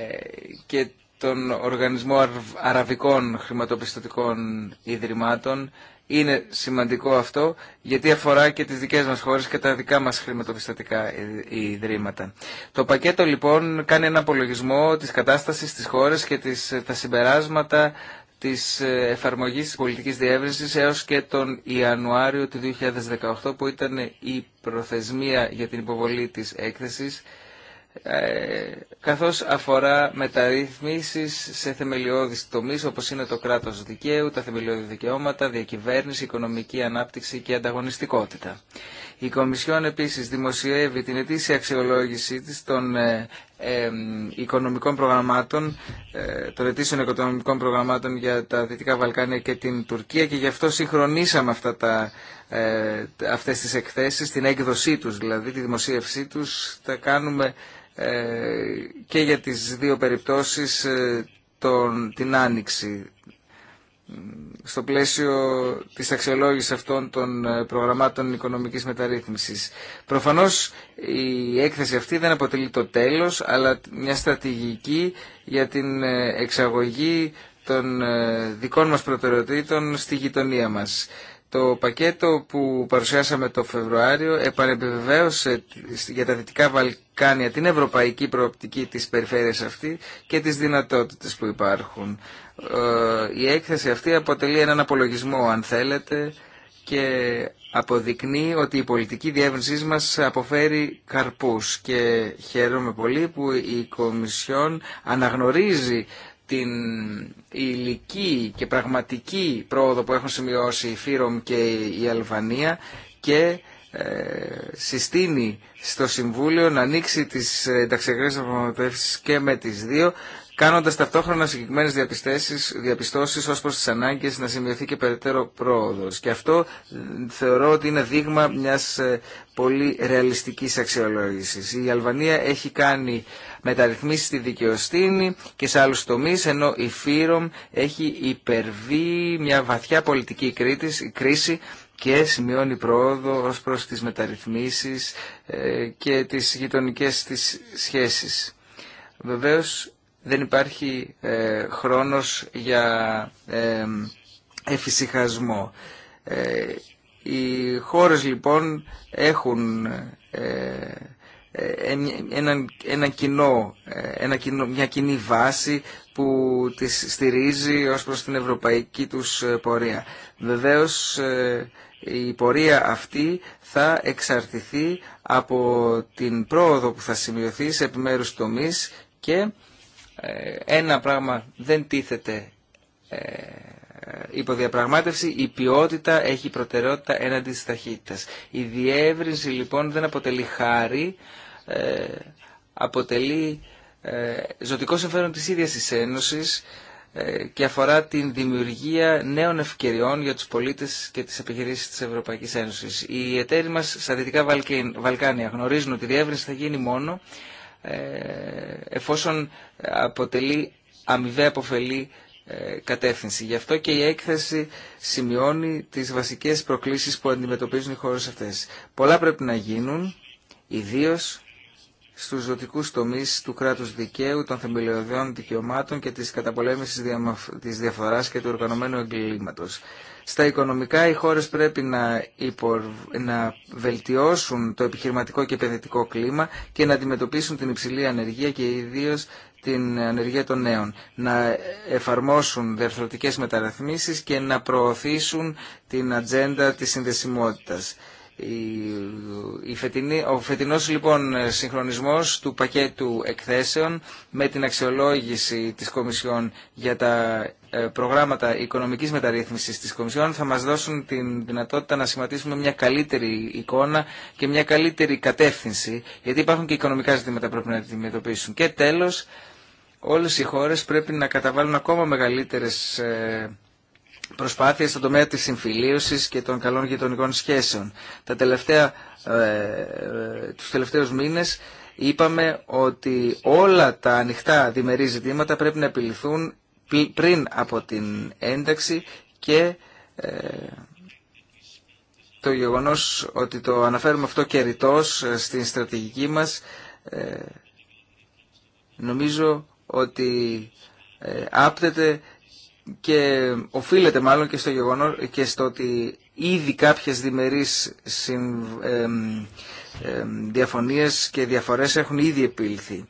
και τον Οργανισμό Αραβικών Χρηματοπιστωτικών Ιδρυμάτων είναι σημαντικό αυτό γιατί αφορά και τις δικές μας χώρες και τα δικά μας χρηματοπιστωτικά ιδρύματα. Το πακέτο λοιπόν κάνει ένα απολογισμό της κατάστασης της χώρες και τις, τα συμπεράσματα της ε, εφαρμογής της πολιτικής διεύρυνσης έως και τον Ιανουάριο του 2018 που ήταν η προθεσμία για την υποβολή της έκθεσης ε, καθώς αφορά μεταρρυθμίσεις σε θεμελιώδεις τομείς όπως είναι το κράτος δικαίου, τα θεμελιώδη δικαιώματα, διακυβέρνηση, οικονομική ανάπτυξη και ανταγωνιστικότητα. Η Κομισιόν επίσης δημοσιεύει την ετήσια αξιολόγησή της των ε, οικονομικών προγραμμάτων, ε, των ετήσιων οικονομικών προγραμμάτων για τα Δυτικά Βαλκάνια και την Τουρκία και γι' αυτό συγχρονίσαμε αυτά τα, ε, αυτές τις εκθέσεις, την έκδοσή τους δηλαδή, τη δημοσίευσή τους, τα κάνουμε ε, και για τις δύο περιπτώσεις ε, τον, την Άνοιξη στο πλαίσιο της αξιολόγηση αυτών των ε, προγραμμάτων οικονομικής μεταρρύθμισης. Προφανώς η έκθεση αυτή δεν αποτελεί το τέλος, αλλά μια στρατηγική για την εξαγωγή των δικών μας προτεραιοτήτων στη γειτονία μας. Το πακέτο που παρουσιάσαμε το Φεβρουάριο επανεπιβεβαίωσε για τα Δυτικά Βαλκάνια την ευρωπαϊκή προοπτική της περιφέρειας αυτή και τις δυνατότητες που υπάρχουν. Ε, η έκθεση αυτή αποτελεί έναν απολογισμό αν θέλετε και αποδεικνύει ότι η πολιτική διεύρυνσή μας αποφέρει καρπούς και χαίρομαι πολύ που η Κομισιόν αναγνωρίζει την ηλική και πραγματική πρόοδο που έχουν σημειώσει η Φύρομ και η Αλβανία και ε, συστήνει στο Συμβούλιο να ανοίξει τις ε, ενταξιακές διαπραγματεύσεις και με τις δύο κάνοντα ταυτόχρονα συγκεκριμένε διαπιστώσει ω προ τι ανάγκε να σημειωθεί και περαιτέρω πρόοδο. Και αυτό ε, θεωρώ ότι είναι δείγμα μια ε, πολύ ρεαλιστική αξιολόγηση. Η Αλβανία έχει κάνει μεταρρυθμίσει στη δικαιοσύνη και σε άλλου τομεί, ενώ η ΦΥΡΟΜ έχει υπερβεί μια βαθιά πολιτική κρίση και σημειώνει πρόοδο ως προς τις μεταρρυθμίσεις ε, και τις γειτονικές της σχέσεις. Βεβαίως δεν υπάρχει ε, χρόνος για ε, εφησυχασμό. Ε, οι χώρες λοιπόν έχουν ε, ε, ένα, ε, ένα κοινό, μια κοινή βάση που τις στηρίζει ως προς την ευρωπαϊκή τους πορεία. Βεβαίως η πορεία αυτή θα εξαρτηθεί από την πρόοδο που θα σημειωθεί σε επιμέρους τομείς και ε, ένα πράγμα δεν τίθεται ε, υποδιαπραγμάτευση, η ποιότητα έχει προτεραιότητα έναντι της ταχύτητας. Η διεύρυνση λοιπόν δεν αποτελεί χάρη, ε, αποτελεί ζωτικό συμφέρον της ίδιας της Ένωσης και αφορά την δημιουργία νέων ευκαιριών για τους πολίτες και τις επιχειρήσεις της Ευρωπαϊκής Ένωσης. Οι εταίροι μας στα Δυτικά Βαλκάνια γνωρίζουν ότι η διεύρυνση θα γίνει μόνο ε, εφόσον αποτελεί αμοιβαία αποφελή ε, κατεύθυνση. Γι' αυτό και η έκθεση σημειώνει τις βασικές προκλήσεις που αντιμετωπίζουν οι χώρες αυτές. Πολλά πρέπει να γίνουν, ιδίω στους ζωτικούς τομείς του κράτους δικαίου, των θεμελιωδών δικαιωμάτων και της καταπολέμησης της διαφοράς και του οργανωμένου εγκλήματος. Στα οικονομικά οι χώρες πρέπει να, υπο να βελτιώσουν το επιχειρηματικό και επενδυτικό κλίμα και να αντιμετωπίσουν την υψηλή ανεργία και ιδίως την ανεργία των νέων. Να εφαρμόσουν διαρθρωτικές μεταρρυθμίσεις και να προωθήσουν την ατζέντα της συνδεσιμότητας. Η φετινή, ο φετινός λοιπόν συγχρονισμός του πακέτου εκθέσεων με την αξιολόγηση της Κομισιόν για τα ε, προγράμματα οικονομικής μεταρρύθμισης της Κομισιόν θα μας δώσουν την δυνατότητα να σχηματίσουμε μια καλύτερη εικόνα και μια καλύτερη κατεύθυνση, γιατί υπάρχουν και οικονομικά ζητήματα που πρέπει να αντιμετωπίσουν. Και τέλος, όλες οι χώρες πρέπει να καταβάλουν ακόμα μεγαλύτερες ε, προσπάθειες στον τομέα της συμφιλίωσης και των καλών γειτονικών σχέσεων. Τα τελευταία, ε, ε τους τελευταίους μήνες είπαμε ότι όλα τα ανοιχτά διμερεί ζητήματα πρέπει να επιληθούν πριν από την ένταξη και ε, το γεγονός ότι το αναφέρουμε αυτό και ρητός ε, στην στρατηγική μας ε, νομίζω ότι άπτεται και οφείλεται μάλλον και στο και στο ότι ήδη κάποιες διμερείς συμ, και διαφορές έχουν ήδη επίλθει.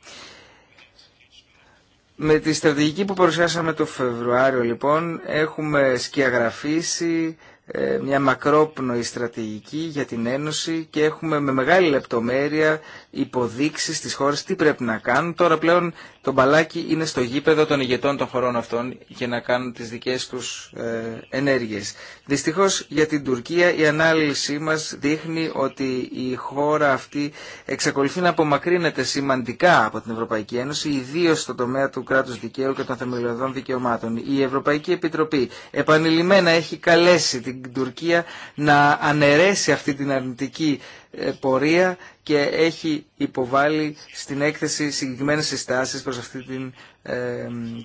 Με τη στρατηγική που παρουσιάσαμε το Φεβρουάριο λοιπόν έχουμε σκιαγραφίσει ε, μια μακρόπνοη στρατηγική για την Ένωση και έχουμε με μεγάλη λεπτομέρεια υποδείξει στις χώρες τι πρέπει να κάνουν. Τώρα πλέον το μπαλάκι είναι στο γήπεδο των ηγετών των χωρών αυτών για να κάνουν τις δικές τους ε, ενέργειες. Δυστυχώς για την Τουρκία η ανάλυση μας δείχνει ότι η χώρα αυτή εξακολουθεί να απομακρύνεται σημαντικά από την Ευρωπαϊκή Ένωση, ιδίως στο τομέα του κράτους δικαίου και των θεμελιωδών δικαιωμάτων. Η Ευρωπαϊκή Επιτροπή επανειλημμένα έχει καλέσει την Τουρκία να αναιρέσει αυτή την αρνητική ε, πορεία και έχει υποβάλει στην έκθεση συγκεκριμένε συστάσεις προς αυτή την ε,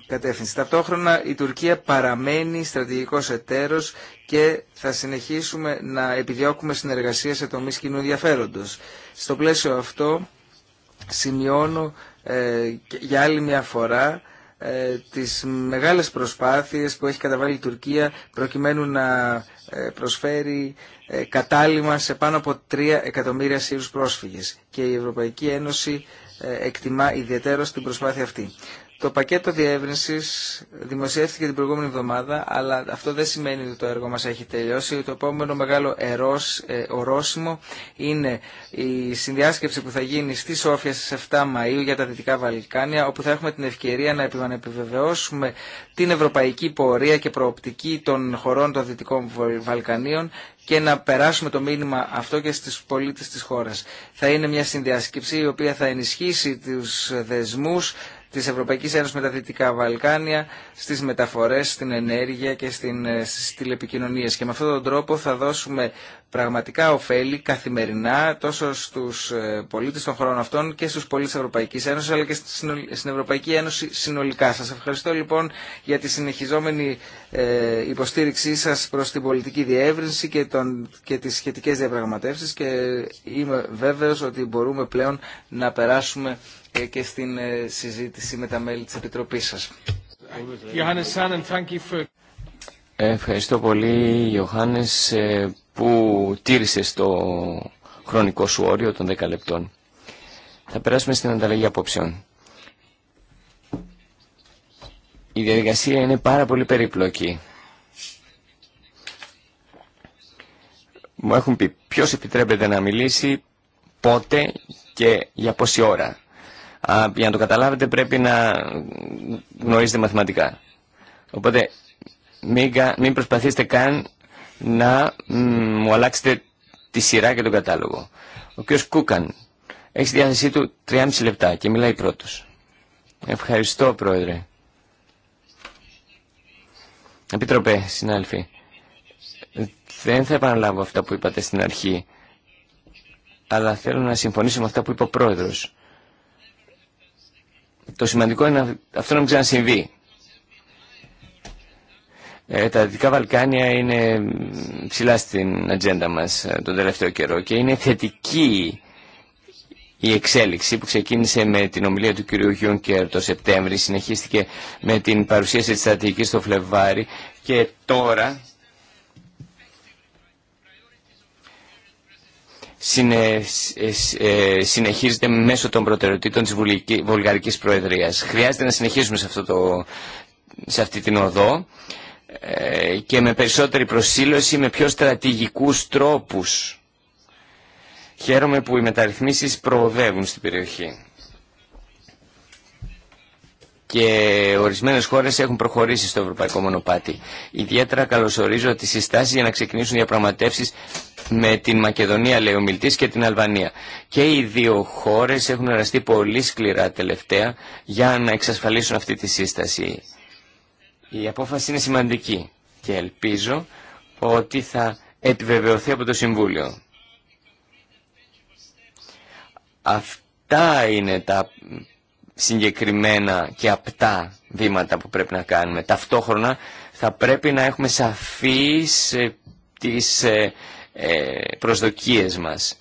κατεύθυνση. Ταυτόχρονα η Τουρκία παραμένει στρατηγικός εταίρος και θα συνεχίσουμε να επιδιώκουμε συνεργασία σε τομείς κοινού ενδιαφέροντος. Στο πλαίσιο αυτό σημειώνω ε, για άλλη μια φορά ε, τις μεγάλες προσπάθειες που έχει καταβάλει η Τουρκία προκειμένου να ε, προσφέρει ε, κατάλημα σε πάνω από 3 εκατομμύρια Σύρους πρόσφυγες και η Ευρωπαϊκή Ένωση ε, εκτιμά ιδιαίτερο την προσπάθεια αυτή. Το πακέτο διεύρυνση δημοσιεύτηκε την προηγούμενη εβδομάδα, αλλά αυτό δεν σημαίνει ότι το έργο μα έχει τελειώσει. Το επόμενο μεγάλο ερώς, ε, ορόσημο είναι η συνδιάσκεψη που θα γίνει στη Σόφια στι 7 Μαου για τα Δυτικά Βαλκάνια, όπου θα έχουμε την ευκαιρία να επιβεβαιώσουμε την ευρωπαϊκή πορεία και προοπτική των χωρών των Δυτικών Βαλκανίων και να περάσουμε το μήνυμα αυτό και στις πολίτες της χώρας. Θα είναι μια συνδιάσκεψη η οποία θα ενισχύσει τους δεσμούς Τη Ευρωπαϊκή Ένωση με τα Δυτικά Βαλκάνια, στι μεταφορέ στην ενέργεια και ε, στι τηλεπικοινωνίες. Και με αυτόν τον τρόπο θα δώσουμε πραγματικά ωφέλη καθημερινά τόσο στου ε, πολίτε των χωρών αυτών και στου πολίτε της Ευρωπαϊκής Ένωσης αλλά και στην Ευρωπαϊκή Ένωση συνολικά. Σα ευχαριστώ λοιπόν για τη συνεχιζόμενη ε, υποστήριξή σα προ την πολιτική διεύρυνση και, τον, και τις σχετικές διαπραγματεύσεις και είμαι βέβαιος ότι μπορούμε πλέον να περάσουμε ε, και στην ε, συζήτηση με τα μέλη της Επιτροπής σας. Ευχαριστώ πολύ, Ιωάννης, ε, που τήρησες το χρονικό σου όριο των 10 λεπτών. Θα περάσουμε στην ανταλλαγή απόψεων. Η διαδικασία είναι πάρα πολύ περίπλοκη. Μου έχουν πει ποιος επιτρέπεται να μιλήσει, πότε και για πόση ώρα για να το καταλάβετε πρέπει να γνωρίζετε μαθηματικά. Οπότε μην, μην προσπαθήσετε καν να μου αλλάξετε τη σειρά και τον κατάλογο. Ο κ. Κούκαν έχει στη διάθεσή του 3,5 λεπτά και μιλάει πρώτος. Ευχαριστώ, Πρόεδρε. Επιτροπέ, συνάλφη, Δεν θα επαναλάβω αυτά που είπατε στην αρχή, αλλά θέλω να συμφωνήσω με αυτά που είπε ο Πρόεδρος το σημαντικό είναι αυτό να μην ξανασυμβεί. Ε, τα Δυτικά Βαλκάνια είναι ψηλά στην ατζέντα μας ε, τον τελευταίο καιρό και είναι θετική η εξέλιξη που ξεκίνησε με την ομιλία του κ. Γιούνκερ το Σεπτέμβρη, συνεχίστηκε με την παρουσίαση της στρατηγικής στο Φλεβάρι και τώρα συνε, ε, ε, συνεχίζεται μέσω των προτεραιοτήτων της Βουλγαρικής Προεδρίας. Χρειάζεται να συνεχίσουμε σε, αυτό το, σε αυτή την οδό ε, και με περισσότερη προσήλωση, με πιο στρατηγικούς τρόπους. Χαίρομαι που οι μεταρρυθμίσεις προοδεύουν στην περιοχή. Και ορισμένες χώρες έχουν προχωρήσει στο ευρωπαϊκό μονοπάτι. Ιδιαίτερα καλωσορίζω τις συστάσεις για να ξεκινήσουν διαπραγματεύσεις με την Μακεδονία, λέει ο Μιλτής, και την Αλβανία. Και οι δύο χώρες έχουν εργαστεί πολύ σκληρά τελευταία για να εξασφαλίσουν αυτή τη σύσταση. Η απόφαση είναι σημαντική και ελπίζω ότι θα επιβεβαιωθεί από το Συμβούλιο. Αυτά είναι τα συγκεκριμένα και απτά βήματα που πρέπει να κάνουμε. Ταυτόχρονα θα πρέπει να έχουμε σαφείς ε, τις ε, ε, προσδοκίες μας.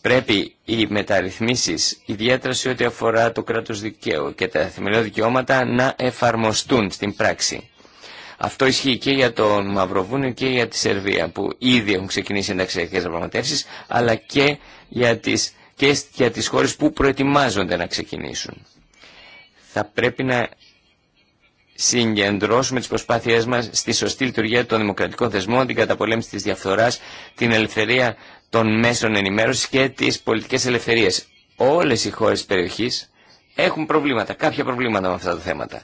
Πρέπει οι μεταρρυθμίσεις, ιδιαίτερα σε ό,τι αφορά το κράτος δικαίου και τα θεμελιώδη δικαιώματα, να εφαρμοστούν στην πράξη. Αυτό ισχύει και για τον Μαυροβούνιο και για τη Σερβία που ήδη έχουν ξεκινήσει ενταξιακές διαπραγματεύσεις αλλά και για, τις, και για τις χώρες που προετοιμάζονται να ξεκινήσουν. Θα πρέπει να συγκεντρώσουμε τις προσπάθειές μας στη σωστή λειτουργία των δημοκρατικών θεσμών, την καταπολέμηση της διαφθοράς, την ελευθερία των μέσων ενημέρωσης και τις πολιτικές ελευθερίες. Όλες οι χώρες της περιοχής έχουν προβλήματα, κάποια προβλήματα με αυτά τα θέματα.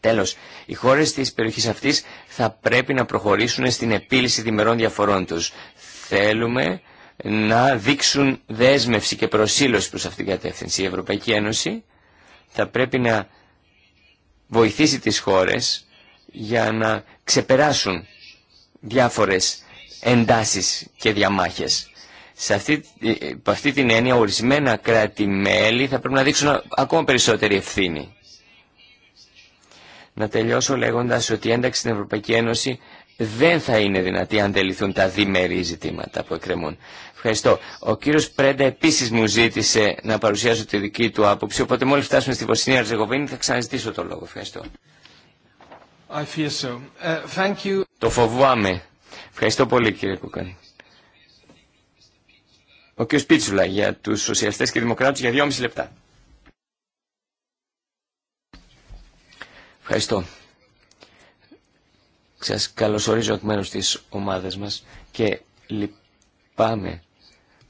Τέλος, οι χώρες της περιοχής αυτής θα πρέπει να προχωρήσουν στην επίλυση διμερών διαφορών τους. Θέλουμε να δείξουν δέσμευση και προσήλωση προς αυτήν την κατεύθυνση. Η Ευρωπαϊκή Ένωση θα πρέπει να βοηθήσει τις χώρες για να ξεπεράσουν διάφορες εντάσεις και διαμάχες. Σε ε, αυτή, την έννοια ορισμένα κράτη-μέλη θα πρέπει να δείξουν ακόμα περισσότερη ευθύνη. Να τελειώσω λέγοντας ότι η ένταξη στην Ευρωπαϊκή Ένωση δεν θα είναι δυνατή αν δεν τα διμερεί ζητήματα που εκκρεμούν. Ευχαριστώ. Ο κύριο Πρέντα επίση μου ζήτησε να παρουσιάσω τη δική του άποψη, οπότε μόλι φτάσουμε στη Βοσνία Ριζεγοβίνη θα ξαναζητήσω το λόγο. Ευχαριστώ. I fear so. Uh, thank you. Το φοβάμαι. Ευχαριστώ πολύ κύριε Κούκαν. Ο κύριος Πίτσουλα για τους σοσιαλιστές και δημοκράτες για δυόμιση λεπτά. Ευχαριστώ. Σας καλωσορίζω εκ μέρους της ομάδας μας και λυπάμαι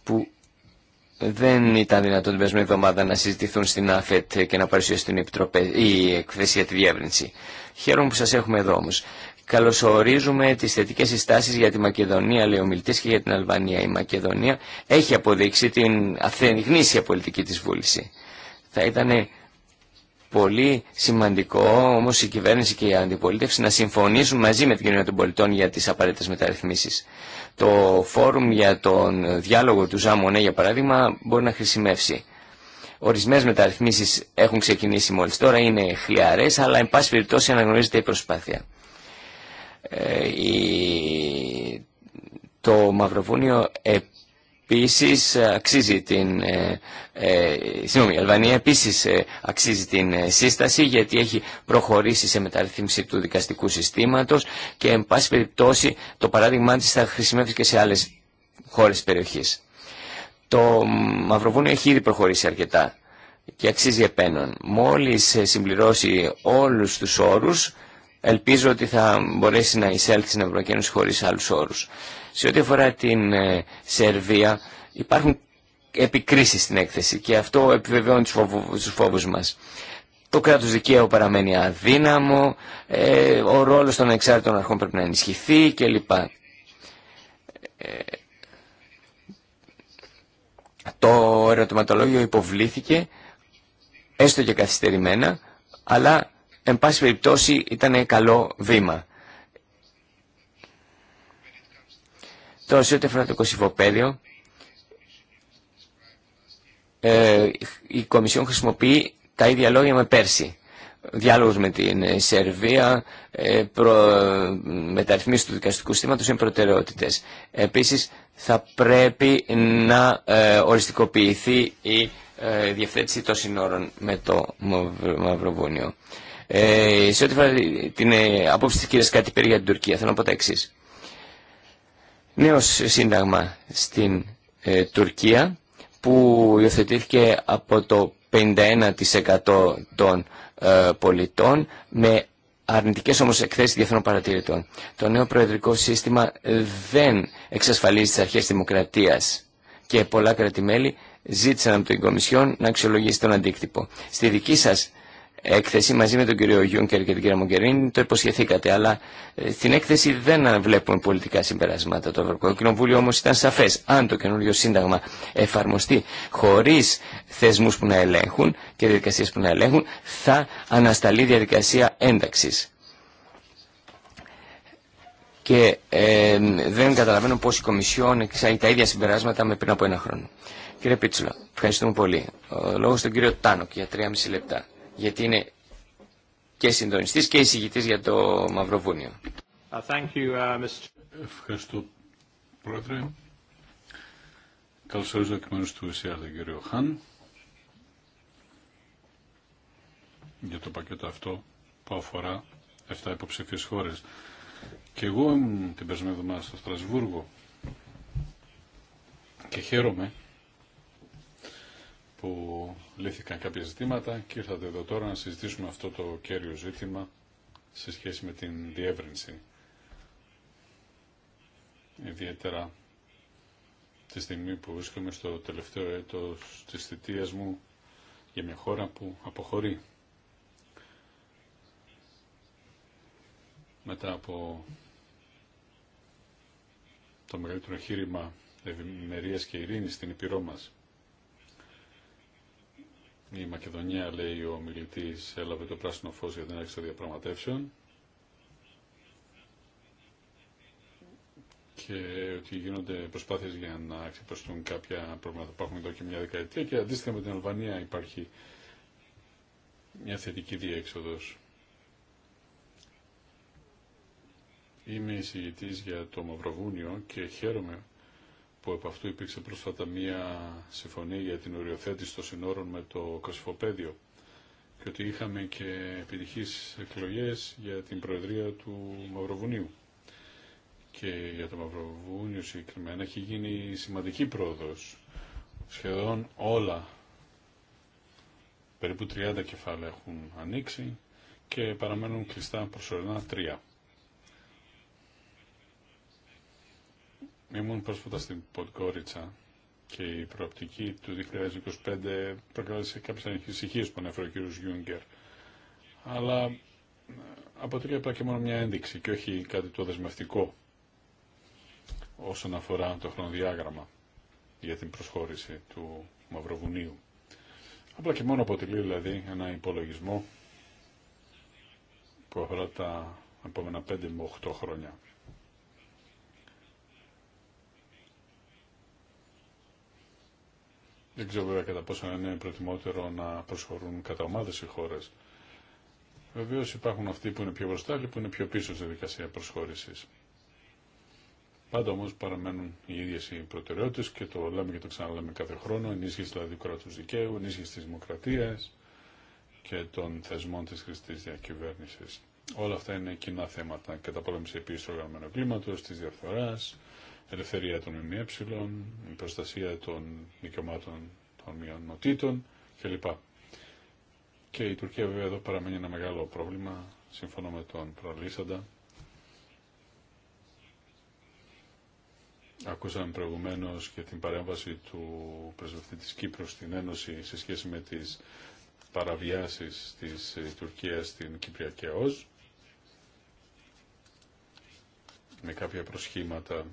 που δεν ήταν δυνατόν την περασμένη εβδομάδα να συζητηθούν στην ΑΦΕΤ και να παρουσιαστούν η εκθέση για τη διεύρυνση. Χαίρομαι που σας έχουμε εδώ όμως. Καλωσορίζουμε τις θετικές συστάσεις για τη Μακεδονία, λέει ο Μιλτής, και για την Αλβανία. Η Μακεδονία έχει αποδείξει την γνήσια πολιτική της βούληση. Θα ήταν πολύ σημαντικό όμως η κυβέρνηση και η αντιπολίτευση να συμφωνήσουν μαζί με την κοινωνία των πολιτών για τις απαραίτητες μεταρρυθμίσεις. Το φόρουμ για τον διάλογο του Ζαμονέ, για παράδειγμα, μπορεί να χρησιμεύσει. Ορισμένε μεταρρυθμίσει έχουν ξεκινήσει μόλι τώρα, είναι χλιαρέ, αλλά εν πάση περιπτώσει αναγνωρίζεται η προσπάθεια. Ε, η... Το Μαυροβούνιο Επίση ε, αξίζει την... Ε, ε Αλβανία επίση ε, αξίζει την σύσταση γιατί έχει προχωρήσει σε μεταρρύθμιση του δικαστικού συστήματος και εν πάση περιπτώσει το παράδειγμα της θα χρησιμεύσει και σε άλλε χώρε περιοχής. Το Μαυροβούνιο έχει ήδη προχωρήσει αρκετά και αξίζει επένων. Μόλις συμπληρώσει όλους τους όρους ελπίζω ότι θα μπορέσει να εισέλθει στην Ευρωπαϊκή Ένωση χωρίς άλλους όρους. Σε ό,τι αφορά την ε, Σερβία υπάρχουν επικρίσεις στην έκθεση και αυτό επιβεβαιώνει τους φόβους μας. Το κράτος δικαίου παραμένει αδύναμο, ε, ο ρόλος των εξάρτητων αρχών πρέπει να ενισχυθεί κλπ. Ε, το ερωτηματολόγιο υποβλήθηκε, έστω και καθυστερημένα, αλλά εν πάση περιπτώσει ήταν καλό βήμα. Τώρα, σε ό,τι αφορά το κοσυφοπαίδιο, ε, η Κομισιόν χρησιμοποιεί τα ίδια λόγια με πέρσι. Διάλογος με την ε, Σερβία, ε, προ, μεταρρυθμίσεις του δικαστικού συστήματος είναι προτεραιότητες. Επίσης, θα πρέπει να ε, οριστικοποιηθεί η ε, διευθέτηση των συνόρων με το Μαυροβούνιο. Ε, σε ό,τι φορά την απόψη της κυρίας Κάτι για την Τουρκία, θέλω να πω τα εξής νέο σύνταγμα στην ε, Τουρκία που υιοθετήθηκε από το 51% των ε, πολιτών με αρνητικές όμως εκθέσεις διεθνών παρατηρητών. Το νέο προεδρικό σύστημα δεν εξασφαλίζει τις αρχές δημοκρατίας και πολλά κρατημέλη ζήτησαν από την Κομισιόν να αξιολογήσει τον αντίκτυπο. Στη δική σας έκθεση μαζί με τον κύριο Γιούνκερ και την κυρία Μογκερίνη το υποσχεθήκατε, αλλά ε, στην έκθεση δεν βλέπουμε πολιτικά συμπεράσματα. Το Ευρωπαϊκό Κοινοβούλιο όμω ήταν σαφές, Αν το καινούριο Σύνταγμα εφαρμοστεί χωρίς θεσμούς που να ελέγχουν και διαδικασίε που να ελέγχουν, θα ανασταλεί διαδικασία ένταξη. Και ε, δεν καταλαβαίνω πως η Κομισιόν εξάγει τα ίδια συμπεράσματα με πριν από ένα χρόνο. Κύριε Πίτσουλα, ευχαριστούμε πολύ. Ο λόγος στον κύριο Τάνοκ για 3,5 λεπτά γιατί είναι και συντονιστής και εισηγητής για το Μαυροβούνιο. Uh, uh, Ευχαριστώ, Πρόεδρε. Καλώς ορίζω εκ του ΕΣΥΑ, κύριο Χάν, για το πακέτο αυτό που αφορά 7 υποψηφίες χώρες. Και εγώ ήμουν την περσμένη εβδομάδα στο Στρασβούργο και χαίρομαι που λύθηκαν κάποια ζητήματα και ήρθατε εδώ τώρα να συζητήσουμε αυτό το κέριο ζήτημα σε σχέση με την διεύρυνση. Ιδιαίτερα τη στιγμή που βρίσκομαι στο τελευταίο έτος της θητείας μου για μια χώρα που αποχωρεί. Μετά από το μεγαλύτερο χείρημα ευημερίας και ειρήνης στην Υπηρώ η Μακεδονία, λέει ο μιλητή, έλαβε το πράσινο φω για την έξοδο των διαπραγματεύσεων και ότι γίνονται προσπάθειες για να ξεπεραστούν κάποια προβλήματα που υπάρχουν εδώ και μια δεκαετία και αντίστοιχα με την Αλβανία υπάρχει μια θετική διέξοδος. Είμαι εισηγητή για το Μαυροβούνιο και χαίρομαι που από αυτού υπήρξε πρόσφατα μία συμφωνία για την οριοθέτηση των συνόρων με το Κασιφοπέδιο και ότι είχαμε και επιτυχείς εκλογές για την Προεδρία του Μαυροβουνίου. Και για το Μαυροβούνιο συγκεκριμένα έχει γίνει σημαντική πρόοδος. Σχεδόν όλα, περίπου 30 κεφάλαια έχουν ανοίξει και παραμένουν κλειστά προσωρινά τρία. Ήμουν πρόσφατα στην Ποντκόριτσα και η προοπτική του 2025 προκάλεσε κάποιες ανησυχίες που ανέφερε ο κ. Γιούγκερ. Αλλά ε, αποτελεί απλά και μόνο μια ένδειξη και όχι κάτι το δεσμευτικό όσον αφορά το χρονοδιάγραμμα για την προσχώρηση του Μαυροβουνίου. Απλά και μόνο αποτελεί δηλαδή ένα υπολογισμό που αφορά τα επόμενα 5 με 8 χρόνια. Δεν ξέρω βέβαια κατά πόσο είναι προτιμότερο να προσχωρούν κατά ομάδε οι χώρε. Βεβαίω υπάρχουν αυτοί που είναι πιο μπροστά, και που είναι πιο πίσω στη δικασία προσχώρηση. Πάντα όμω παραμένουν οι ίδιε οι προτεραιότητε και το λέμε και το ξαναλέμε κάθε χρόνο. Ενίσχυση δηλαδή του κράτου δικαίου, ενίσχυση τη δημοκρατία και των θεσμών τη χρηστή διακυβέρνηση. Όλα αυτά είναι κοινά θέματα. Καταπολέμηση επίση του οργανωμένου κλίματο, τη διαφθορά, ελευθερία των ΜΜΕ, η προστασία των δικαιωμάτων των μειονοτήτων κλπ. Και η Τουρκία βέβαια εδώ παραμένει ένα μεγάλο πρόβλημα, σύμφωνα με τον προαλήσαντα. Ακούσαμε προηγουμένως και την παρέμβαση του πρεσβευτή της Κύπρου στην Ένωση σε σχέση με τις παραβιάσεις της ε, Τουρκίας στην Κυπριακή ΟΣ με κάποια προσχήματα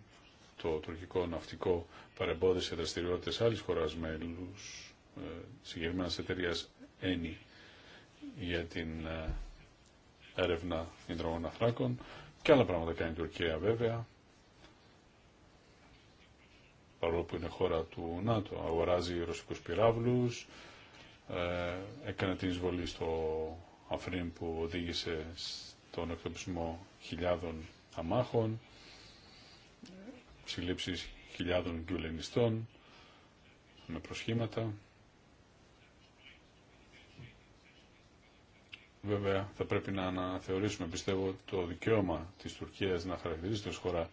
το τουρκικό ναυτικό παρεμπόδισε δραστηριότητε άλλη χώρα μέλου, ε, συγκεκριμένα εταιρεία ΕΝΗ, για την ε, έρευνα υδρογόνων αθράκων και άλλα πράγματα κάνει η Τουρκία βέβαια παρόλο που είναι χώρα του ΝΑΤΟ αγοράζει ρωσικούς πυράβλους ε, έκανε την εισβολή στο Αφρίν που οδήγησε στον εκτοπισμό χιλιάδων αμάχων συλλήψεις χιλιάδων γκουλενιστών με προσχήματα. Βέβαια, θα πρέπει να αναθεωρήσουμε, πιστεύω, το δικαίωμα της Τουρκίας να χαρακτηρίζεται ως χώρα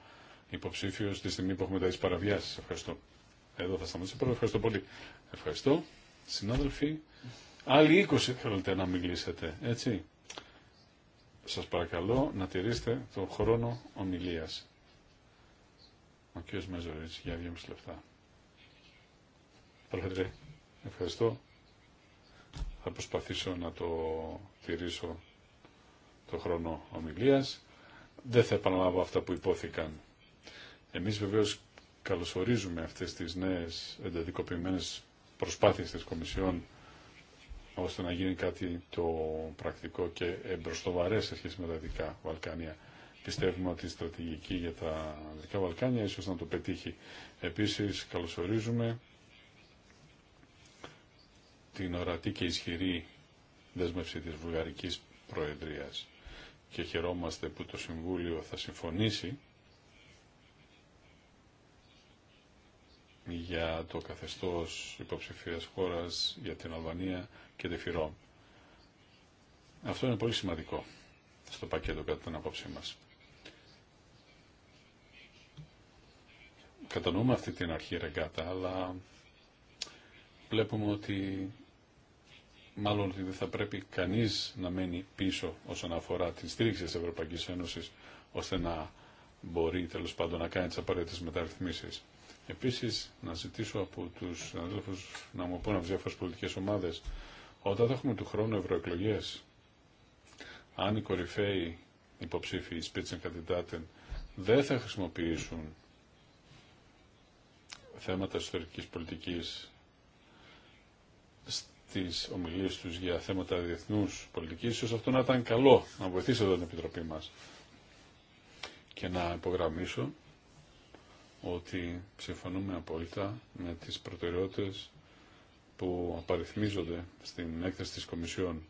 υποψήφιος τη στιγμή που έχουμε τα παραβιάσεις. Ευχαριστώ. Εδώ θα σταματήσω πρώτα. Ευχαριστώ πολύ. Ευχαριστώ. Συνάδελφοι, άλλοι 20 θέλετε να μιλήσετε, έτσι. Σας παρακαλώ να τηρήσετε τον χρόνο ομιλίας. Ο κ. Μεζωρής για 2,5 λεπτά. Πρόεδρε, ευχαριστώ. Θα προσπαθήσω να το τηρήσω το χρόνο ομιλίας. Δεν θα επαναλάβω αυτά που υπόθηκαν. Εμείς βεβαίως καλωσορίζουμε αυτές τις νέες εντατικοποιημένες προσπάθειες της Κομισιόν ώστε να γίνει κάτι το πρακτικό και εμπροστοβαρές σε σχέση με τα δικά Βαλκάνια πιστεύουμε ότι η στρατηγική για τα Δυτικά Βαλκάνια ίσως να το πετύχει. Επίσης καλωσορίζουμε την ορατή και ισχυρή δέσμευση της Βουλγαρικής Προεδρίας και χαιρόμαστε που το Συμβούλιο θα συμφωνήσει για το καθεστώς υποψηφίας χώρας για την Αλβανία και τη Φυρό. Αυτό είναι πολύ σημαντικό στο πακέτο κατά την απόψη μας. κατανοούμε αυτή την αρχή ρεγκάτα, αλλά βλέπουμε ότι μάλλον ότι δεν θα πρέπει κανείς να μένει πίσω όσον αφορά την στήριξη της Ευρωπαϊκής Ένωσης, ώστε να μπορεί τέλος πάντων να κάνει τις απαραίτητες μεταρρυθμίσεις. Επίσης, να ζητήσω από τους αδέλφους να μου πούνε από διάφορες πολιτικές ομάδες, όταν θα έχουμε του χρόνου ευρωεκλογές αν οι κορυφαίοι υποψήφοι, οι Spitzenkandidaten, δεν θα χρησιμοποιήσουν θέματα ιστορικής πολιτικής στις ομιλίες τους για θέματα διεθνούς πολιτικής, ίσως αυτό να ήταν καλό να βοηθήσει εδώ την Επιτροπή μας. Και να υπογραμμίσω ότι συμφωνούμε απόλυτα με τις προτεραιότητες που απαριθμίζονται στην έκθεση της Κομισιόν.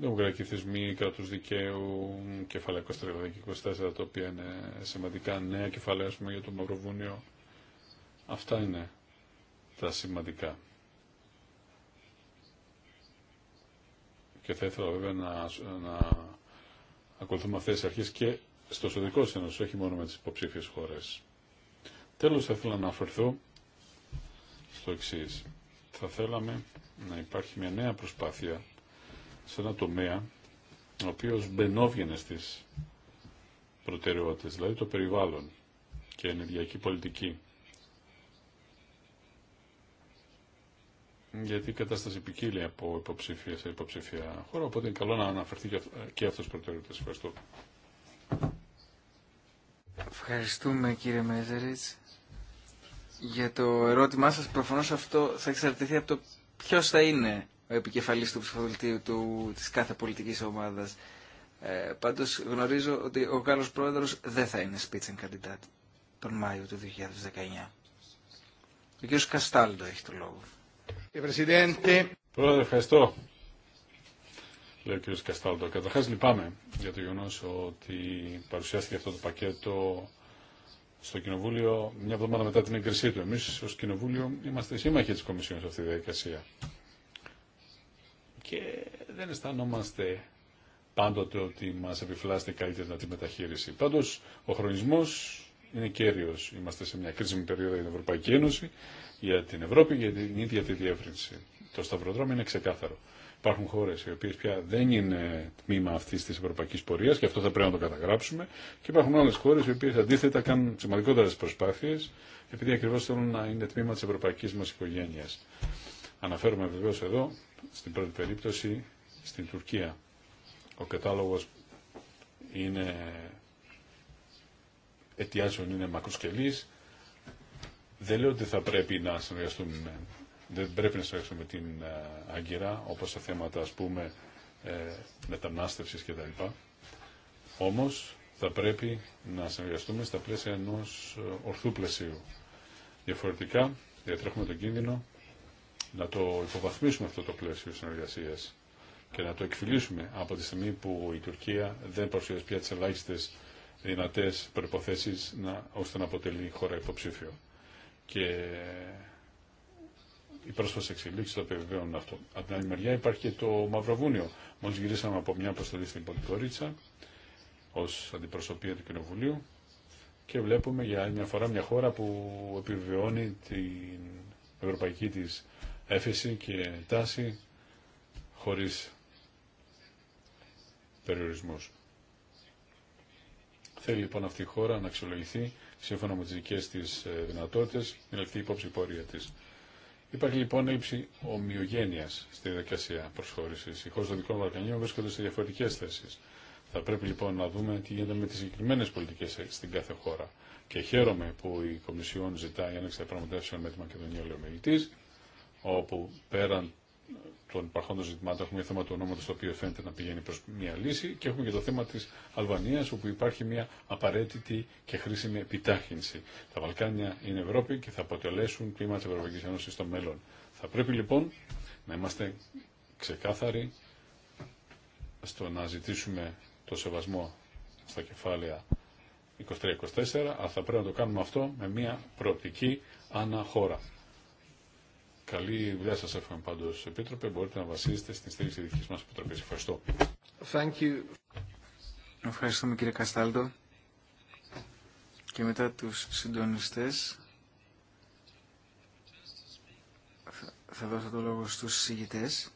Δημοκρατική θεσμοί, κράτου δικαίου, κεφάλαια 23 τα οποία είναι σημαντικά νέα κεφάλαια για το Μαυροβούνιο, Αυτά είναι τα σημαντικά. Και θα ήθελα βέβαια να, να ακολουθούμε αυτές τις αρχές και στο εσωτερικό σύνολο, όχι μόνο με τις υποψήφιες χώρες. Τέλος θα ήθελα να αφορθώ στο εξή. Θα θέλαμε να υπάρχει μια νέα προσπάθεια σε ένα τομέα ο οποίος μπενόβγαινε στις προτεραιότητες, δηλαδή το περιβάλλον και ενεργειακή πολιτική. γιατί η κατάσταση ποικίλει από υποψήφια σε υποψήφια χώρα, οπότε είναι καλό να αναφερθεί και αυτός προτεραιότητας. Ευχαριστώ. Ευχαριστούμε κύριε Μέζεριτς. Για το ερώτημά σας προφανώς αυτό θα εξαρτηθεί από το ποιος θα είναι ο επικεφαλής του ψηφοδελτίου του, της κάθε πολιτικής ομάδας. Ε, πάντως γνωρίζω ότι ο Γάλλος Πρόεδρος δεν θα είναι candidate τον Μάιο του 2019. Ο κ. Καστάλντο έχει το λόγο. Πρόεδρε, ευχαριστώ. Λέω ο κύριο Καστάλτο. Καταρχά λυπάμαι για το γεγονό ότι παρουσιάστηκε αυτό το πακέτο στο Κοινοβούλιο μια εβδομάδα μετά την έγκρισή του. Εμεί ω Κοινοβούλιο είμαστε σύμμαχοι τη Κομισιόν σε αυτή τη διαδικασία. Και δεν αισθανόμαστε πάντοτε ότι μα επιφυλάσσεται η καλύτερη δυνατή μεταχείριση. Πάντω, ο χρονισμό είναι κέριο. Είμαστε σε μια κρίσιμη περίοδο για την Ευρωπαϊκή Ένωση για την Ευρώπη, για την ίδια τη διεύρυνση. Το σταυροδρόμι είναι ξεκάθαρο. Υπάρχουν χώρε οι οποίε πια δεν είναι τμήμα αυτή τη ευρωπαϊκή πορεία και αυτό θα πρέπει να το καταγράψουμε. Και υπάρχουν άλλε χώρε οι οποίε αντίθετα κάνουν σημαντικότερε προσπάθειε επειδή ακριβώ θέλουν να είναι τμήμα τη ευρωπαϊκή μα οικογένεια. Αναφέρομαι βεβαίω εδώ, στην πρώτη περίπτωση, στην Τουρκία. Ο κατάλογο είναι αιτιάζων είναι μακροσκελής δεν λέω ότι θα πρέπει να συνεργαστούν, δεν πρέπει να συνεργαστούμε την ε, Άγκυρα, όπως τα θέματα ας πούμε ε, μετανάστευσης λοιπά Όμως θα πρέπει να συνεργαστούμε στα πλαίσια ενός ε, ορθού πλαισίου. Διαφορετικά διατρέχουμε τον κίνδυνο να το υποβαθμίσουμε αυτό το πλαίσιο συνεργασίας και να το εκφυλίσουμε από τη στιγμή που η Τουρκία δεν παρουσιάζει πια τις ελάχιστες δυνατές προϋποθέσεις να, ώστε να αποτελεί χώρα υποψήφιο. Και οι πρόσφατε εξελίξει το επιβεβαιώνουν αυτό. Από την άλλη μεριά υπάρχει και το Μαυροβούνιο. Μόλι γυρίσαμε από μια αποστολή στην Πολυκόριτσα ω αντιπροσωπεία του Κοινοβουλίου και βλέπουμε για άλλη μια φορά μια χώρα που επιβεβαιώνει την ευρωπαϊκή της έφεση και τάση χωρί περιορισμού. Θέλει λοιπόν αυτή η χώρα να αξιολογηθεί σύμφωνα με τι δικέ τη ε, δυνατότητε είναι αυτή η υπόψη πορεία τη. Υπάρχει λοιπόν έλλειψη ομοιογένεια στη διαδικασία προσχώρηση. Οι χώρε των δικών Βαλκανίων βρίσκονται σε διαφορετικέ θέσει. Θα πρέπει λοιπόν να δούμε τι γίνεται με τι συγκεκριμένε πολιτικέ στην κάθε χώρα. Και χαίρομαι που η Κομισιόν ζητάει ένα διαπραγματεύσεων με τη Μακεδονία Ολομιλητή, όπου πέραν των υπαρχόντων ζητημάτων. Έχουμε θέμα του ονόματο το οποίο φαίνεται να πηγαίνει προ μια λύση και έχουμε και το θέμα τη Αλβανία όπου υπάρχει μια απαραίτητη και χρήσιμη επιτάχυνση. Τα Βαλκάνια είναι Ευρώπη και θα αποτελέσουν κλίμα τη Ευρωπαϊκή Ένωση στο μέλλον. Θα πρέπει λοιπόν να είμαστε ξεκάθαροι στο να ζητήσουμε το σεβασμό στα κεφάλαια 23-24, αλλά θα πρέπει να το κάνουμε αυτό με μια προοπτική αναχώρα. Καλή δουλειά σα εύχομαι πάντως, Επίτροπε. Μπορείτε να βασίζετε στην στήριξη δική μας Επιτροπής. Ευχαριστώ. Thank you. Ευχαριστούμε κύριε Καστάλτο. Και μετά τους συντονιστές θα δώσω το λόγο στους συζητητές.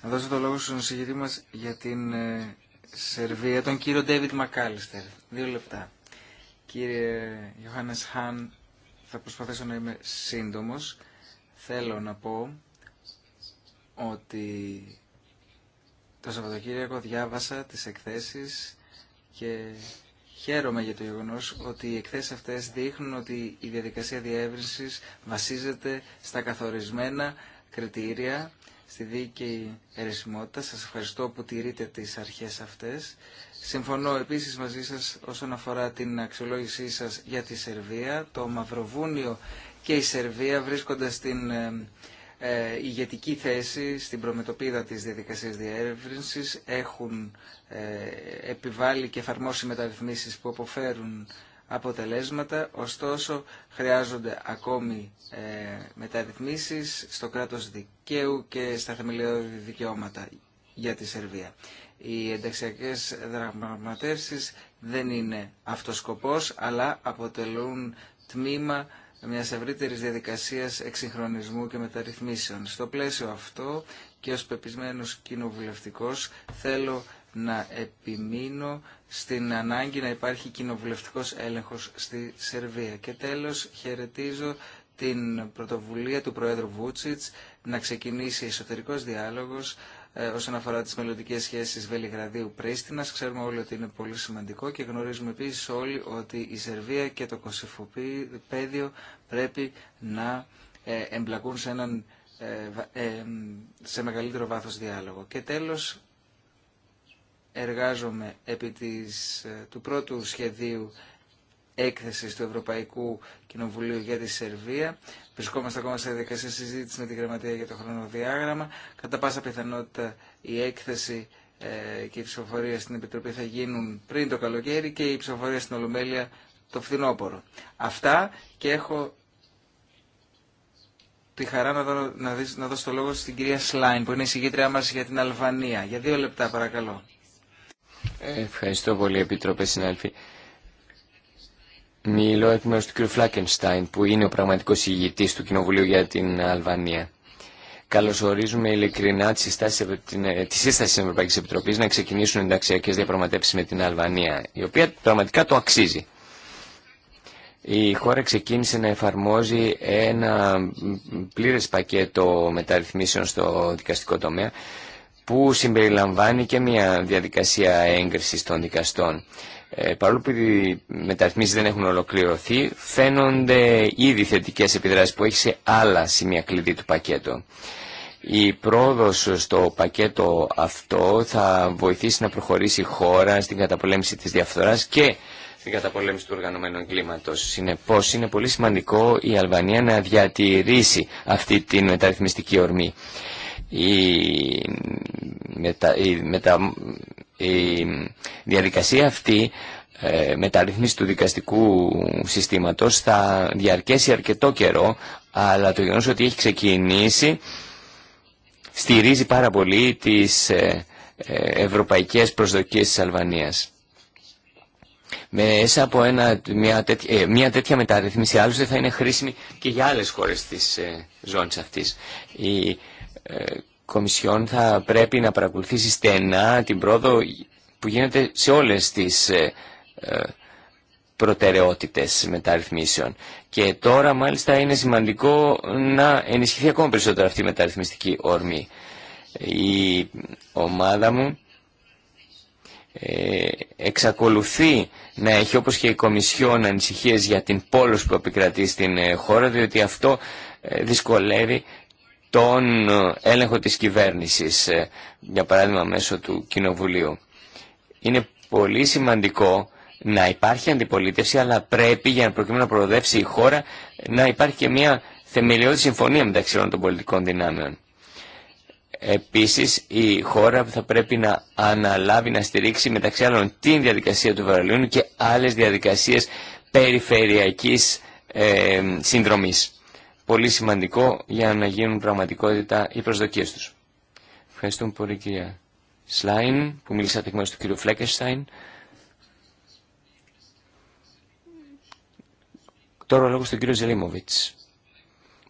Θα δώσω το λόγο στον συζητητή μας για την ε, Σερβία, τον κύριο Ντέιβιτ Μακάλιστερ. Δύο λεπτά. Κύριε Ιωάννες Χάν, θα προσπαθήσω να είμαι σύντομος θέλω να πω ότι το Σαββατοκύριακο διάβασα τις εκθέσεις και χαίρομαι για το γεγονός ότι οι εκθέσεις αυτές δείχνουν ότι η διαδικασία διεύρυνσης βασίζεται στα καθορισμένα κριτήρια στη δίκαιη αιρεσιμότητα. Σας ευχαριστώ που τηρείτε τις αρχές αυτές. Συμφωνώ επίσης μαζί σας όσον αφορά την αξιολόγησή σας για τη Σερβία. Το Μαυροβούνιο και η Σερβία βρίσκονται στην ε, ε, ηγετική θέση στην προμετωπίδα της διαδικασίας διεύρυνσης, έχουν ε, επιβάλει και εφαρμόσει μεταρρυθμίσεις που αποφέρουν αποτελέσματα, ωστόσο χρειάζονται ακόμη ε, στο κράτος δικαίου και στα θεμελιώδη δικαιώματα για τη Σερβία. Οι ενταξιακές δραματεύσεις δεν είναι αυτός αλλά αποτελούν τμήμα μιας ευρύτερης διαδικασίας εξυγχρονισμού και μεταρρυθμίσεων. Στο πλαίσιο αυτό και ως πεπισμένος κοινοβουλευτικός θέλω να επιμείνω στην ανάγκη να υπάρχει κοινοβουλευτικός έλεγχος στη Σερβία. Και τέλος χαιρετίζω την πρωτοβουλία του Προέδρου Βούτσιτς να ξεκινήσει εσωτερικός διάλογος ε, όσον αφορά τις μελλοντικες σχεσεις σχέσεις Βελιγραδίου-Πρίστινας. Ξέρουμε όλοι ότι είναι πολύ σημαντικό και γνωρίζουμε επίσης όλοι ότι η Σερβία και το Κωσυφοπέδιο πρέπει να ε, εμπλακούν σε, έναν, ε, σε μεγαλύτερο βάθος διάλογο. Και τέλος, εργάζομαι επί της, του πρώτου σχεδίου έκθεσης του Ευρωπαϊκού Κοινοβουλίου για τη Σερβία. Βρισκόμαστε ακόμα σε διαδικασία συζήτηση με την Γραμματεία για το χρονοδιάγραμμα. Κατά πάσα πιθανότητα η έκθεση ε, και η ψηφοφορία στην Επιτροπή θα γίνουν πριν το καλοκαίρι και η ψηφοφορία στην Ολομέλεια το φθινόπωρο. Αυτά και έχω τη χαρά να, δω, δώσω το λόγο στην κυρία Σλάιν που είναι η συγκίτρια μας για την Αλβανία. Για δύο λεπτά παρακαλώ. Ευχαριστώ πολύ Επιτροπέ Συνάλφη. Μιλώ εκ μέρους του κ. Φλάκενστάιν που είναι ο πραγματικός ηγητής του Κοινοβουλίου για την Αλβανία. Καλωσορίζουμε ειλικρινά τη ε, σύσταση τη Ευρωπαϊκή Επιτροπής να ξεκινήσουν ενταξιακές διαπραγματεύσει με την Αλβανία, η οποία πραγματικά το αξίζει. Η χώρα ξεκίνησε να εφαρμόζει ένα πλήρες πακέτο μεταρρυθμίσεων στο δικαστικό τομέα που συμπεριλαμβάνει και μια διαδικασία έγκρισης των δικαστών. Ε, παρόλο που οι μεταρρυθμίσει δεν έχουν ολοκληρωθεί, φαίνονται ήδη θετικέ επιδράσεις που έχει σε άλλα σημεία κλειδί του πακέτου. Η πρόοδος στο πακέτο αυτό θα βοηθήσει να προχωρήσει η χώρα στην καταπολέμηση της διαφθοράς και στην καταπολέμηση του οργανωμένου εγκλήματος. Συνεπώς είναι πολύ σημαντικό η Αλβανία να διατηρήσει αυτή την μεταρρυθμιστική ορμή. Η, μετα, διαδικασία αυτή ε, μεταρρύθμιση του δικαστικού συστήματος θα διαρκέσει αρκετό καιρό αλλά το γεγονός ότι έχει ξεκινήσει στηρίζει πάρα πολύ τις ε, ε, ευρωπαϊκές προσδοκίες της Αλβανίας. Μέσα από ένα, μια, τέτοια, μια τέτοια μεταρρύθμιση άλλωστε θα είναι χρήσιμη και για άλλες χώρες της ζώνης αυτής. Η ε, Κομισιόν θα πρέπει να παρακολουθήσει στενά την πρόοδο που γίνεται σε όλες τις ε, ε, προτεραιότητες μεταρρυθμίσεων. Και τώρα μάλιστα είναι σημαντικό να ενισχυθεί ακόμα περισσότερο αυτή η μεταρρυθμιστική όρμη. Η ομάδα μου εξακολουθεί να έχει όπως και η Κομισιόν ανησυχίες για την πόλωση που επικρατεί στην χώρα διότι αυτό δυσκολεύει τον ε, έλεγχο της κυβέρνησης, ε, για παράδειγμα μέσω του Κοινοβουλίου. Είναι πολύ σημαντικό να υπάρχει αντιπολίτευση, αλλά πρέπει για να προκειμένου να προοδεύσει η χώρα να υπάρχει και μια θεμελιώδη συμφωνία μεταξύ των πολιτικών δυνάμεων. Επίσης, η χώρα θα πρέπει να αναλάβει να στηρίξει μεταξύ άλλων την διαδικασία του Βαραλίου και άλλες διαδικασίες περιφερειακής ε, συνδρομής πολύ σημαντικό για να γίνουν πραγματικότητα οι προσδοκίες τους. Ευχαριστούμε πολύ κυρία Σλάιν που μίλησατε εκ μέρους του κύριου Φλέκεστάιν. Τώρα ο λόγος του κύριο Ζελίμοβιτς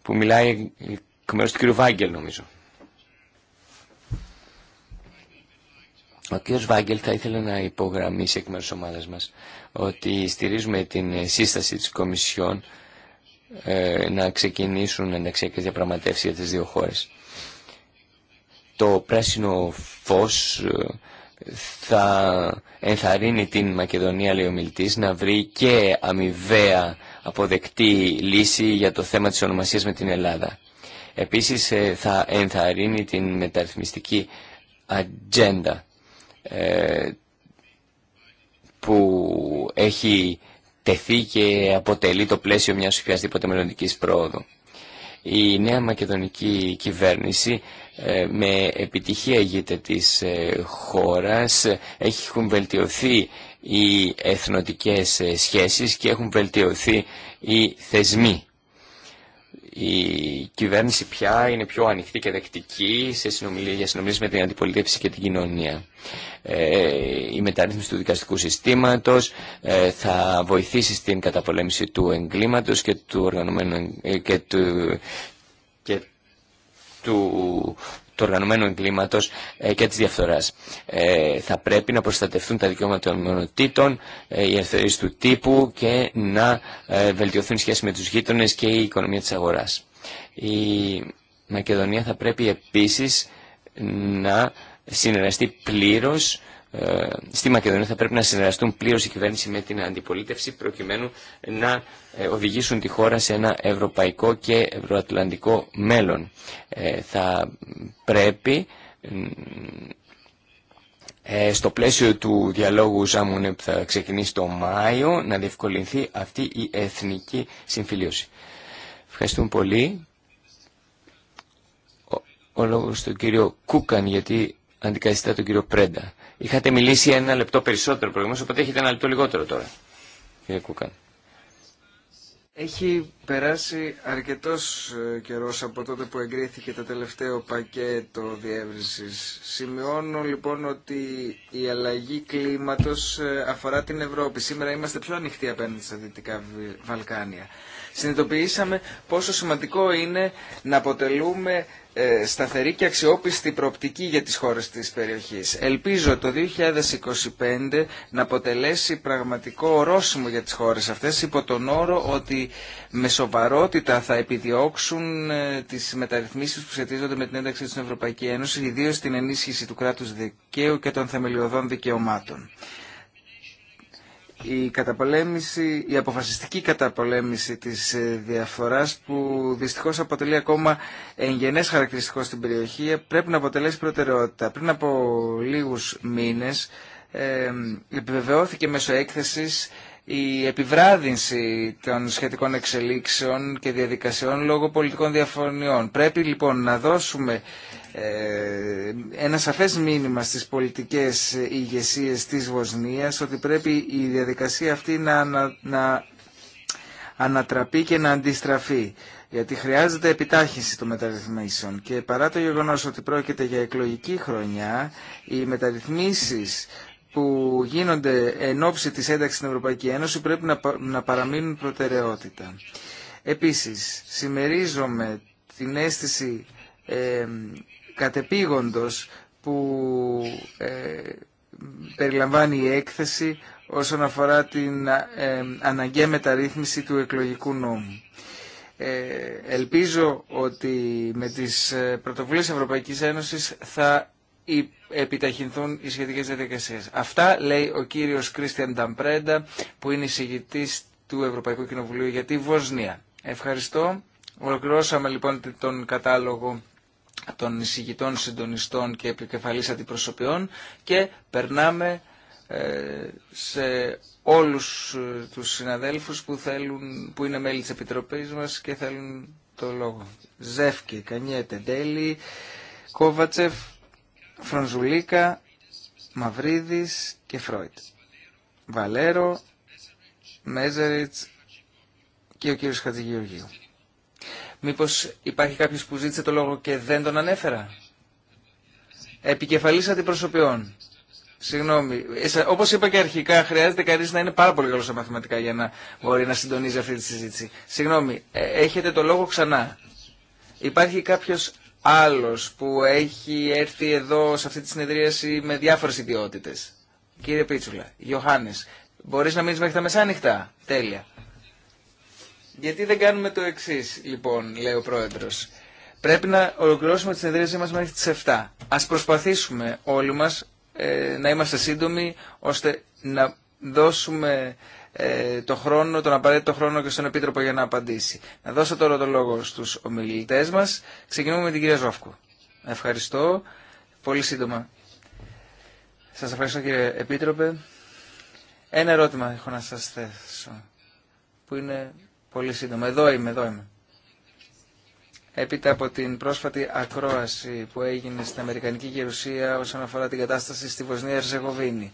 που μιλάει εκ μέρους του κύριου Βάγκελ νομίζω. Ο κ. Βάγκελ θα ήθελε να υπογραμμίσει εκ μέρους ομάδας μας ότι στηρίζουμε την σύσταση της Κομισιόν ε, να ξεκινήσουν ενταξιακές διαπραγματεύσεις για τις δύο χώρες. Το πράσινο φως ε, θα ενθαρρύνει την Μακεδονία, λέει ο να βρει και αμοιβαία αποδεκτή λύση για το θέμα της ονομασίας με την Ελλάδα. Επίσης ε, θα ενθαρρύνει την μεταρρυθμιστική ατζέντα που έχει τεθεί και αποτελεί το πλαίσιο μιας οποιασδήποτε μελλοντική πρόοδου. Η νέα μακεδονική κυβέρνηση ε, με επιτυχία ηγείται της ε, χώρας, έχουν βελτιωθεί οι εθνοτικές ε, σχέσεις και έχουν βελτιωθεί οι θεσμοί η κυβέρνηση πια είναι πιο ανοιχτή και δεκτική σε συνομιλίες, για συνομιλίες με την αντιπολίτευση και την κοινωνία. Ε, η μεταρρύθμιση του δικαστικού συστήματος ε, θα βοηθήσει στην καταπολέμηση του εγκλήματος και του οργανωμένου ε, και του, και του του οργανωμένου εγκλήματος ε, και της διαφθοράς. Ε, θα πρέπει να προστατευτούν τα δικαιώματα των μειονοτήτων, ε, οι ελευθερίες του τύπου και να βελτιωθούν σχέσεις με τους γείτονες και η οικονομία της αγοράς. Η Μακεδονία θα πρέπει επίσης να συνεργαστεί πλήρως ε, στη Μακεδονία θα πρέπει να συνεργαστούν πλήρω η κυβέρνηση με την αντιπολίτευση προκειμένου να ε, οδηγήσουν τη χώρα σε ένα ευρωπαϊκό και ευρωατλαντικό μέλλον. Ε, θα πρέπει στο πλαίσιο του διαλόγου Ζάμουνε που θα ξεκινήσει το Μάιο να διευκολυνθεί αυτή η εθνική συμφιλίωση. Ευχαριστούμε πολύ. Ο, ο λόγος του κύριο Κούκαν γιατί αντικαθιστά τον κύριο Πρέντα. Είχατε μιλήσει ένα λεπτό περισσότερο προηγουμένως, οπότε έχετε ένα λεπτό λιγότερο τώρα. Κύριε Έχει περάσει αρκετός ε, καιρός από τότε που εγκρίθηκε το τελευταίο πακέτο διεύρυνσης. Σημειώνω λοιπόν ότι η αλλαγή κλίματος ε, αφορά την Ευρώπη. Σήμερα είμαστε πιο ανοιχτοί απέναντι στα Δυτικά Βαλκάνια συνειδητοποιήσαμε πόσο σημαντικό είναι να αποτελούμε ε, σταθερή και αξιόπιστη προοπτική για τις χώρες της περιοχής. Ελπίζω το 2025 να αποτελέσει πραγματικό ορόσημο για τις χώρες αυτές υπό τον όρο ότι με σοβαρότητα θα επιδιώξουν ε, τις μεταρρυθμίσεις που σχετίζονται με την ένταξη της Ευρωπαϊκή Ένωση, ιδίως στην ενίσχυση του κράτους δικαίου και των θεμελιωδών δικαιωμάτων η καταπολέμηση, η αποφασιστική καταπολέμηση της ε, διαφοράς που δυστυχώς αποτελεί ακόμα εγγενές χαρακτηριστικό στην περιοχή πρέπει να αποτελέσει προτεραιότητα. Πριν από λίγους μήνες ε, επιβεβαιώθηκε μέσω έκθεσης η επιβράδυνση των σχετικών εξελίξεων και διαδικασιών λόγω πολιτικών διαφωνιών. Πρέπει λοιπόν να δώσουμε ε, ένα σαφές μήνυμα στις πολιτικές ηγεσίες της Βοσνίας ότι πρέπει η διαδικασία αυτή να, ανατραπεί και να αντιστραφεί. Γιατί χρειάζεται επιτάχυνση των μεταρρυθμίσεων και παρά το γεγονός ότι πρόκειται για εκλογική χρονιά, οι μεταρρυθμίσεις που γίνονται εν ώψη της ένταξης στην Ευρωπαϊκή Ένωση πρέπει να, παραμείνουν προτεραιότητα. Επίσης, συμμερίζομαι την αίσθηση ε, κατεπήγοντος που ε, περιλαμβάνει η έκθεση όσον αφορά την ε, αναγκαία μεταρρύθμιση του εκλογικού νόμου. Ε, ελπίζω ότι με τις πρωτοβουλίες Ευρωπαϊκής Ένωσης θα επιταχυνθούν οι σχετικές διαδικασίες. Αυτά λέει ο κύριος Κρίστιαν Ταμπρέντα που είναι εισηγητής του Ευρωπαϊκού Κοινοβουλίου για τη Βοσνία. Ευχαριστώ. Ολοκληρώσαμε λοιπόν τον κατάλογο των εισηγητών συντονιστών και επικεφαλής αντιπροσωπιών και περνάμε ε, σε όλους ε, τους συναδέλφους που, θέλουν, που είναι μέλη της Επιτροπής μας και θέλουν το λόγο. Ζεύκη, Κανιέτε, Ντέλη, Κόβατσεφ, Φρονζουλίκα, Μαυρίδης και Φρόιτ. Βαλέρο, Μέζεριτς και ο κύριος Χατζηγεωργίου. Μήπως υπάρχει κάποιος που ζήτησε το λόγο και δεν τον ανέφερα. Επικεφαλής αντιπροσωπιών. Συγγνώμη. Όπω είπα και αρχικά, χρειάζεται κανεί να είναι πάρα πολύ καλό στα μαθηματικά για να μπορεί να συντονίζει αυτή τη συζήτηση. Συγγνώμη, ε, έχετε το λόγο ξανά. Υπάρχει κάποιο άλλο που έχει έρθει εδώ σε αυτή τη συνεδρίαση με διάφορε ιδιότητε. Κύριε Πίτσουλα, Γιωχάννη, μπορεί να μείνει μέχρι τα μεσάνυχτα. Τέλεια. Γιατί δεν κάνουμε το εξή, λοιπόν, λέει ο πρόεδρο. Πρέπει να ολοκληρώσουμε τη συνεδρίασή μα μέχρι τι 7. Α προσπαθήσουμε όλοι μα ε, να είμαστε σύντομοι, ώστε να δώσουμε ε, το χρόνο, τον απαραίτητο χρόνο και στον Επίτροπο για να απαντήσει. Να δώσω τώρα το λόγο στου ομιλητέ μα. Ξεκινούμε με την κυρία Ζόφκου. Ευχαριστώ. Πολύ σύντομα. Σα ευχαριστώ κύριε Επίτροπε. Ένα ερώτημα έχω να σα θέσω που είναι Πολύ σύντομα. Εδώ είμαι, εδώ είμαι. Έπειτα από την πρόσφατη ακρόαση που έγινε στην Αμερικανική Γερουσία όσον αφορά την κατάσταση στη Βοσνία Ερζεγοβίνη.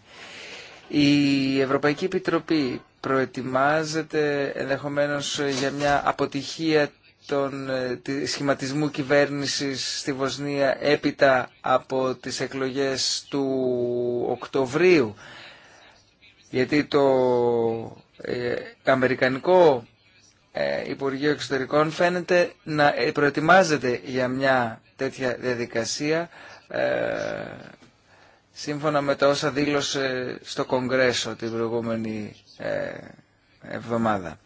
Η Ευρωπαϊκή Επιτροπή προετοιμάζεται ενδεχομένως για μια αποτυχία τον ε, σχηματισμού κυβέρνησης στη Βοσνία έπειτα από τις εκλογές του Οκτωβρίου. Γιατί το ε, αμερικανικό ε, Υπουργείο Εξωτερικών φαίνεται να ε, προετοιμάζεται για μια τέτοια διαδικασία ε, σύμφωνα με τα όσα δήλωσε στο Κογκρέσο την προηγούμενη εβδομάδα.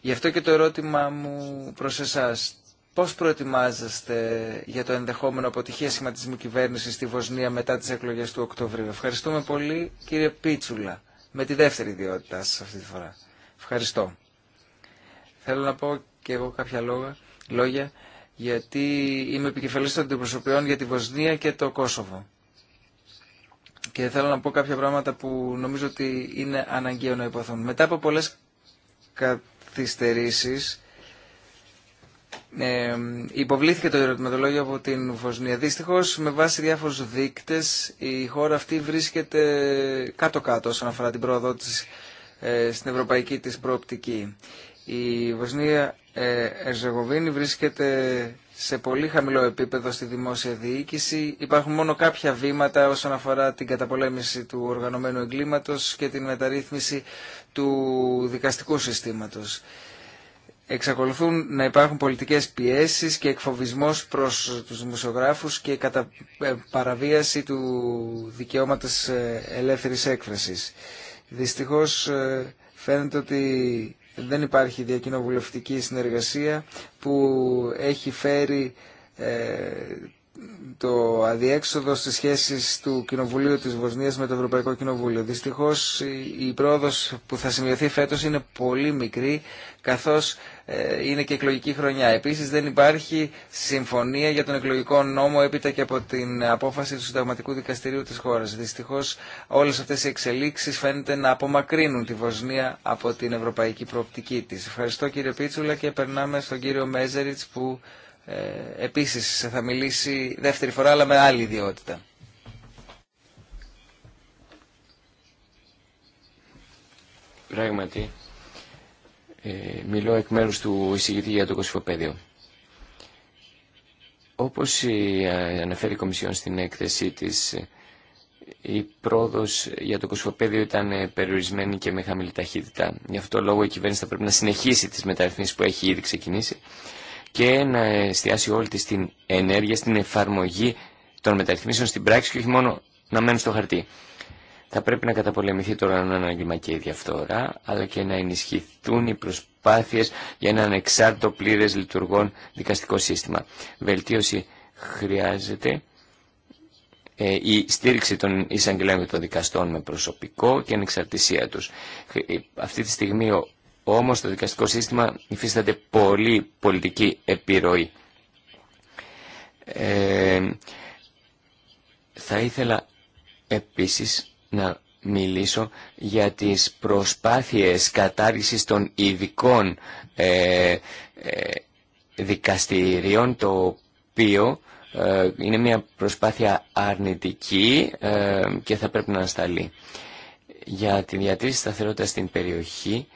Γι' αυτό και το ερώτημα μου προς εσάς. Πώς προετοιμάζεστε για το ενδεχόμενο αποτυχία σχηματισμού κυβέρνησης στη Βοσνία μετά τις εκλογές του Οκτωβρίου. Ευχαριστούμε πολύ κύριε Πίτσουλα με τη δεύτερη ιδιότητά σας αυτή τη φορά. Ευχαριστώ. Θέλω να πω και εγώ κάποια λόγια, γιατί είμαι επικεφαλής των αντιπροσωπιών για τη Βοσνία και το Κόσοβο. Και θέλω να πω κάποια πράγματα που νομίζω ότι είναι αναγκαίο να υποθούν. Μετά από πολλές καθυστερήσεις, υποβλήθηκε το ερωτηματολόγιο από την Βοσνία. Δυστυχώ, με βάση διάφορου δείκτε, η χώρα αυτή βρίσκεται κάτω-κάτω όσον αφορά την πρόοδο ε, στην ευρωπαϊκή τη προοπτική. Η Βοσνία ε, Ερζεγοβίνη βρίσκεται σε πολύ χαμηλό επίπεδο στη δημόσια διοίκηση. Υπάρχουν μόνο κάποια βήματα όσον αφορά την καταπολέμηση του οργανωμένου εγκλήματος και την μεταρρύθμιση του δικαστικού συστήματος. Εξακολουθούν να υπάρχουν πολιτικές πιέσεις και εκφοβισμός προς τους δημοσιογράφους και κατά ε, παραβίαση του δικαιώματος ε, ελεύθερης έκφρασης. Δυστυχώς φαίνεται ότι δεν υπάρχει διακοινοβουλευτική συνεργασία που έχει φέρει ε, το αδιέξοδο στις σχέσεις του Κοινοβουλίου της Βοσνίας με το Ευρωπαϊκό Κοινοβούλιο. Δυστυχώς η πρόοδος που θα σημειωθεί φέτος είναι πολύ μικρή καθώς ε, είναι και εκλογική χρονιά. Επίσης δεν υπάρχει συμφωνία για τον εκλογικό νόμο έπειτα και από την απόφαση του Συνταγματικού Δικαστηρίου της χώρα. Δυστυχώς όλες αυτές οι εξελίξεις φαίνεται να απομακρύνουν τη Βοσνία από την ευρωπαϊκή προοπτική της. Ευχαριστώ κύριε Πίτσουλα και περνάμε στον κύριο Μέζεριτ που ε, επίσης θα μιλήσει δεύτερη φορά αλλά με άλλη ιδιότητα. Πράγματι, ε, μιλώ εκ μέρους του εισηγητή για το κοσυφοπαίδιο. Όπως ε, αναφέρει η Κομισιόν στην έκθεσή της, η πρόοδος για το κοσμοπέδιο ήταν ε, περιορισμένη και με χαμηλή ταχύτητα. Γι' αυτό λόγο η κυβέρνηση θα πρέπει να συνεχίσει τις μεταρρυθμίσεις που έχει ήδη ξεκινήσει και να εστιάσει όλη τη την ενέργεια στην εφαρμογή των μεταρρυθμίσεων στην πράξη και όχι μόνο να μένουν στο χαρτί. Θα πρέπει να καταπολεμηθεί τώρα ανάγκημα και η διαφθορά, αλλά και να ενισχυθούν οι προσπάθειες για ένα ανεξάρτητο πλήρες λειτουργών δικαστικό σύστημα. Βελτίωση χρειάζεται ε, η στήριξη των εισαγγελέων και των δικαστών με προσωπικό και ανεξαρτησία τους. Ε, ε, αυτή τη στιγμή όμως το δικαστικό σύστημα υφίσταται πολύ πολιτική επιρροή. Ε, θα ήθελα επίσης να μιλήσω για τις προσπάθειες κατάργησης των ειδικών ε, ε, δικαστηρίων, το οποίο ε, είναι μια προσπάθεια αρνητική και θα πρέπει να ανασταλεί. Για τη διατήρηση σταθερότητα στην περιοχή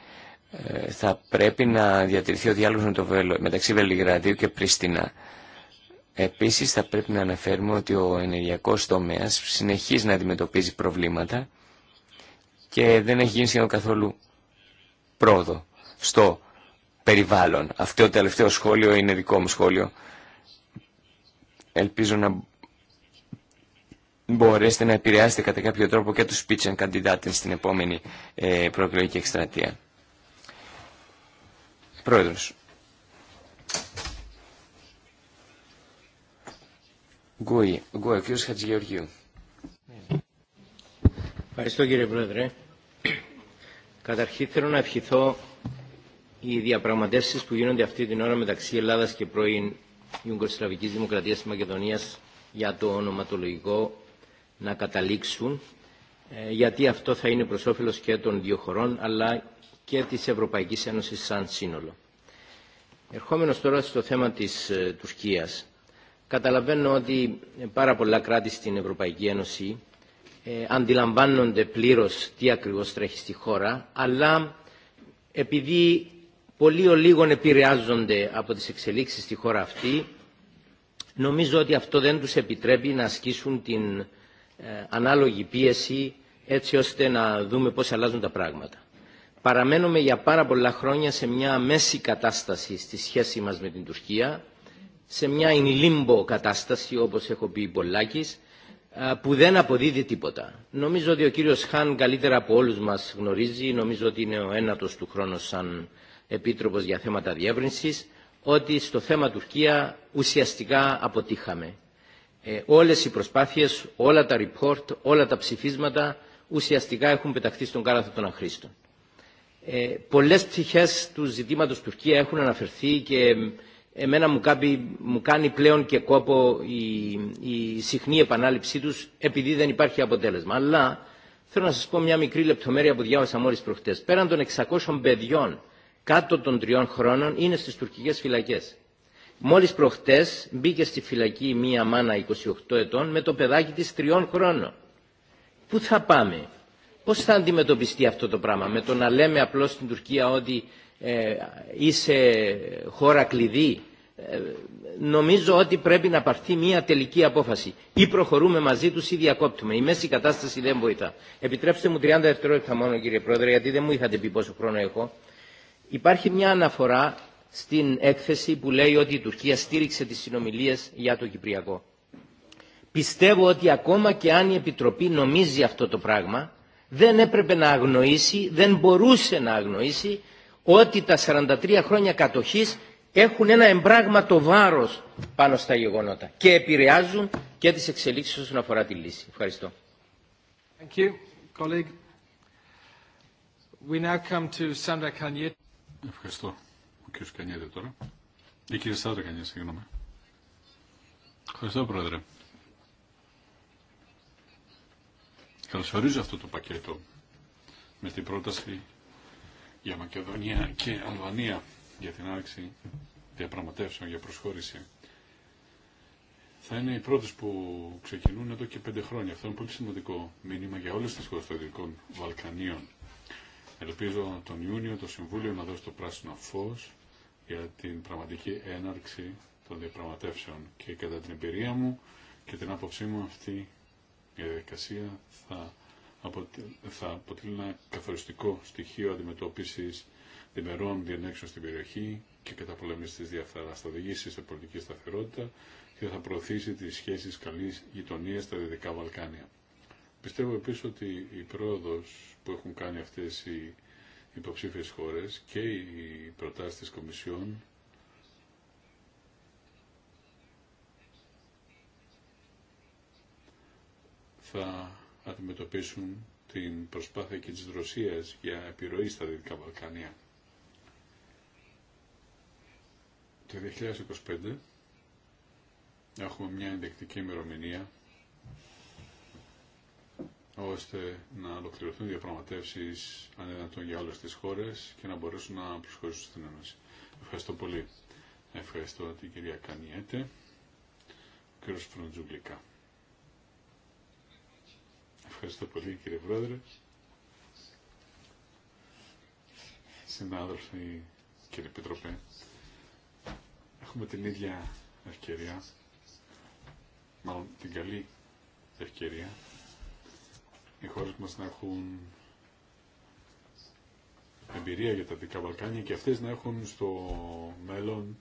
θα πρέπει να διατηρηθεί ο διάλογος το, μεταξύ Βελιγραδίου και Πρίστινα. Επίσης θα πρέπει να αναφέρουμε ότι ο ενεργειακός τομέας συνεχίζει να αντιμετωπίζει προβλήματα και δεν έχει γίνει σχεδόν καθόλου πρόοδο στο περιβάλλον. Αυτό το τελευταίο σχόλιο είναι δικό μου σχόλιο. Ελπίζω να μπορέσετε να επηρεάσετε κατά κάποιο τρόπο και τους pitch and στην επόμενη ε, προεκλογική εκστρατεία. Πρόεδρος. Γκούι, ο κύριος Χατζηγεωργίου. Ευχαριστώ κύριε Πρόεδρε. Καταρχήν θέλω να ευχηθώ οι διαπραγματεύσεις που γίνονται αυτή την ώρα μεταξύ Ελλάδας και πρώην Ιουγκοσλαβικής Δημοκρατίας της Μακεδονίας για το ονοματολογικό να καταλήξουν ε, γιατί αυτό θα είναι προς όφελος και των δύο χωρών αλλά και της Ευρωπαϊκής Ένωσης σαν σύνολο. Ερχόμενος τώρα στο θέμα της ε, Τουρκίας Καταλαβαίνω ότι πάρα πολλά κράτη στην Ευρωπαϊκή Ένωση ε, αντιλαμβάνονται πλήρως τι ακριβώς τρέχει στη χώρα, αλλά επειδή πολύ ο επηρεάζονται από τις εξελίξεις στη χώρα αυτή, νομίζω ότι αυτό δεν τους επιτρέπει να ασκήσουν την ε, ανάλογη πίεση έτσι ώστε να δούμε πώς αλλάζουν τα πράγματα. Παραμένουμε για πάρα πολλά χρόνια σε μια μέση κατάσταση στη σχέση μας με την Τουρκία, σε μια in κατάσταση, όπως έχω πει πολλάκις, που δεν αποδίδει τίποτα. Νομίζω ότι ο κύριος Χάν καλύτερα από όλους μας γνωρίζει, νομίζω ότι είναι ο ένατος του χρόνου σαν Επίτροπος για θέματα διεύρυνσης, ότι στο θέμα Τουρκία ουσιαστικά αποτύχαμε. Ε, όλες οι προσπάθειες, όλα τα report, όλα τα ψηφίσματα ουσιαστικά έχουν πεταχθεί στον κάλαθο των αχρήστων. Ε, πολλές του ζητήματος Τουρκία έχουν αναφερθεί και εμένα μου, κάνει, μου κάνει πλέον και κόπο η, η συχνή επανάληψή τους επειδή δεν υπάρχει αποτέλεσμα. Αλλά θέλω να σας πω μια μικρή λεπτομέρεια που διάβασα μόλις προχτές. Πέραν των 600 παιδιών κάτω των τριών χρόνων είναι στις τουρκικές φυλακές. Μόλις προχτές μπήκε στη φυλακή μία μάνα 28 ετών με το παιδάκι της τριών χρόνων. Πού θα πάμε, πώς θα αντιμετωπιστεί αυτό το πράγμα με το να λέμε απλώς στην Τουρκία ότι ε, είσαι χώρα κλειδί ε, νομίζω ότι πρέπει να πάρθει μια τελική απόφαση. Ή προχωρούμε μαζί τους ή διακόπτουμε. Η μέση κατάσταση δεν βοηθά. Επιτρέψτε μου 30 δευτερόλεπτα μόνο κύριε Πρόεδρε, γιατί δεν μου είχατε πει πόσο χρόνο έχω. Υπάρχει μια αναφορά στην έκθεση που λέει ότι η Τουρκία στήριξε τις συνομιλίες για το Κυπριακό. Πιστεύω ότι ακόμα και αν η Επιτροπή νομίζει αυτό το πράγμα, δεν έπρεπε να αγνοήσει, δεν μπορούσε να αγνοήσει ότι τα 43 χρόνια κατοχής έχουν ένα εμπράγματο βάρος πάνω στα γεγονότα και επηρεάζουν και τις εξελίξεις όσον αφορά τη λύση. Ευχαριστώ. Thank you, colleague. We now come to Sandra Ευχαριστώ. Ο κ. Κανιέτε τώρα. Η κ. Σάντρα Κανιέτε, συγγνώμη. Ευχαριστώ, Πρόεδρε. Καλωσορίζω αυτό το πακέτο με την πρόταση για Μακεδονία και Αλβανία για την άρξη διαπραγματεύσεων για προσχώρηση. Θα είναι οι πρώτε που ξεκινούν εδώ και πέντε χρόνια. Αυτό είναι πολύ σημαντικό μήνυμα για όλε τι χώρε των Βαλκανίων. Ελπίζω τον Ιούνιο το Συμβούλιο να δώσει το πράσινο φω για την πραγματική έναρξη των διαπραγματεύσεων. Και κατά την εμπειρία μου και την άποψή μου αυτή η διαδικασία θα θα αποτελεί ένα καθοριστικό στοιχείο αντιμετώπισης διμερών διενέξεων στην περιοχή και καταπολέμηση τη διαφθαράς. Θα οδηγήσει σε πολιτική σταθερότητα και θα προωθήσει τις σχέσεις καλής γειτονίας στα Δυτικά Βαλκάνια. Πιστεύω επίσης ότι η πρόοδο που έχουν κάνει αυτές οι υποψήφιες χώρες και οι προτάσει τη Κομισιόν θα αντιμετωπίσουν την προσπάθεια και της Ρωσίας για επιρροή στα Δυτικά Βαλκάνια. Το 2025 έχουμε μια ενδεικτική ημερομηνία ώστε να ολοκληρωθούν διαπραγματεύσει ανεναντών για όλε τι χώρε και να μπορέσουν να προσχωρήσουν στην Ένωση. Ευχαριστώ πολύ. Ευχαριστώ την κυρία Κανιέτε. Ο κύριο Ευχαριστώ πολύ κύριε Πρόεδρε. Συνάδελφοι, κύριε Πιτροπέ. έχουμε την ίδια ευκαιρία, μάλλον την καλή ευκαιρία, οι χώρες μας να έχουν εμπειρία για τα Δυτικά Βαλκάνια και αυτές να έχουν στο μέλλον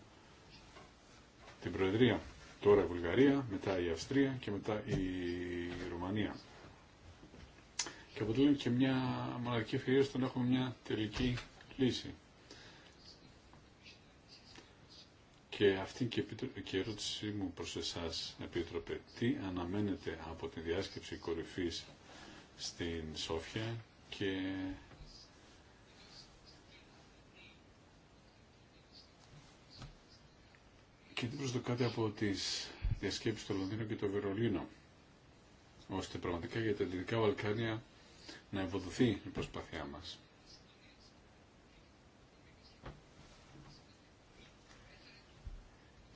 την Προεδρία. Τώρα η Βουλγαρία, μετά η Αυστρία και μετά η Ρουμανία και αποτελούν και μια μοναδική ευκαιρία στο να έχουμε μια τελική λύση. Και αυτή και η ερώτησή μου προς εσάς, Επίτροπε, τι αναμένετε από τη διάσκεψη κορυφής στην Σόφια και και τι προσδοκάτε από τις διασκέψεις στο Λονδίνο και το Βερολίνο, ώστε πραγματικά για τα ελληνικά Βαλκάνια να ευοδοθεί η προσπάθειά μας.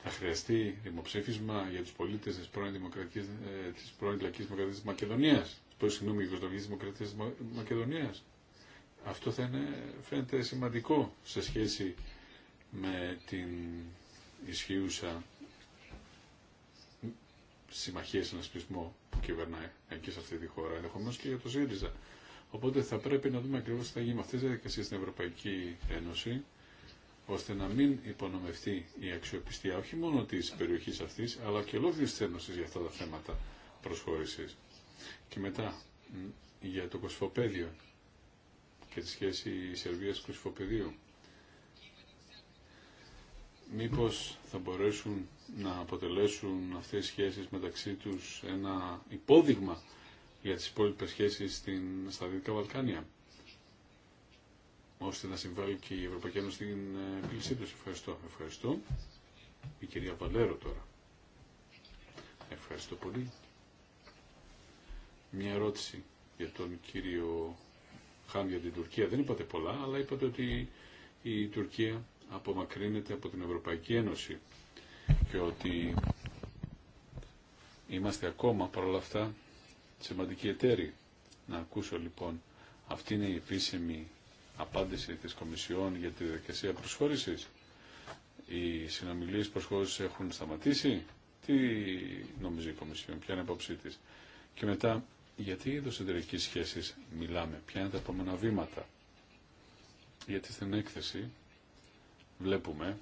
Θα χρειαστεί δημοψήφισμα για τους πολίτες της πρώην, δημοκρατίας ε, της πρώην Λαϊκής Δημοκρατίας της Μακεδονίας, της πρώην της Μακεδονίας. Αυτό θα είναι, φαίνεται σημαντικό σε σχέση με την ισχύουσα συμμαχία συνασπισμό που κυβερνάει εκεί σε αυτή τη χώρα, ενδεχομένω και για το ΣΥΡΙΖΑ. Οπότε θα πρέπει να δούμε ακριβώ τι θα γίνει με αυτέ τι διαδικασίε στην Ευρωπαϊκή Ένωση, ώστε να μην υπονομευτεί η αξιοπιστία όχι μόνο τη περιοχή αυτή, αλλά και ολόκληρη τη Ένωση για αυτά τα θέματα προσχώρηση. Και μετά για το κοσφοπέδιο και τη σχέση Σερβίας-Κοσφοπεδίου. Μήπως θα μπορέσουν να αποτελέσουν αυτές οι σχέσεις μεταξύ τους ένα υπόδειγμα για τις υπόλοιπες σχέσεις στην, στα Δυτικά Βαλκάνια, ώστε να συμβάλλει και η Ευρωπαϊκή Ένωση στην ε, επίλυσή του. Ευχαριστώ. Ευχαριστώ. Η κυρία Βαλέρο τώρα. Ευχαριστώ πολύ. Μια ερώτηση για τον κύριο Χάν για την Τουρκία. Δεν είπατε πολλά, αλλά είπατε ότι η Τουρκία απομακρύνεται από την Ευρωπαϊκή Ένωση και ότι είμαστε ακόμα παρόλα αυτά σημαντική εταίρη. Να ακούσω λοιπόν, αυτή είναι η επίσημη απάντηση της Κομισιόν για τη διαδικασία προσχώρησης. Οι συνομιλίε προσχώρησης έχουν σταματήσει. Τι νομίζει η Κομισιόν, ποια είναι η απόψη της. Και μετά, γιατί είδος εταιρικής σχέσης μιλάμε, ποια είναι τα επόμενα βήματα. Γιατί στην έκθεση βλέπουμε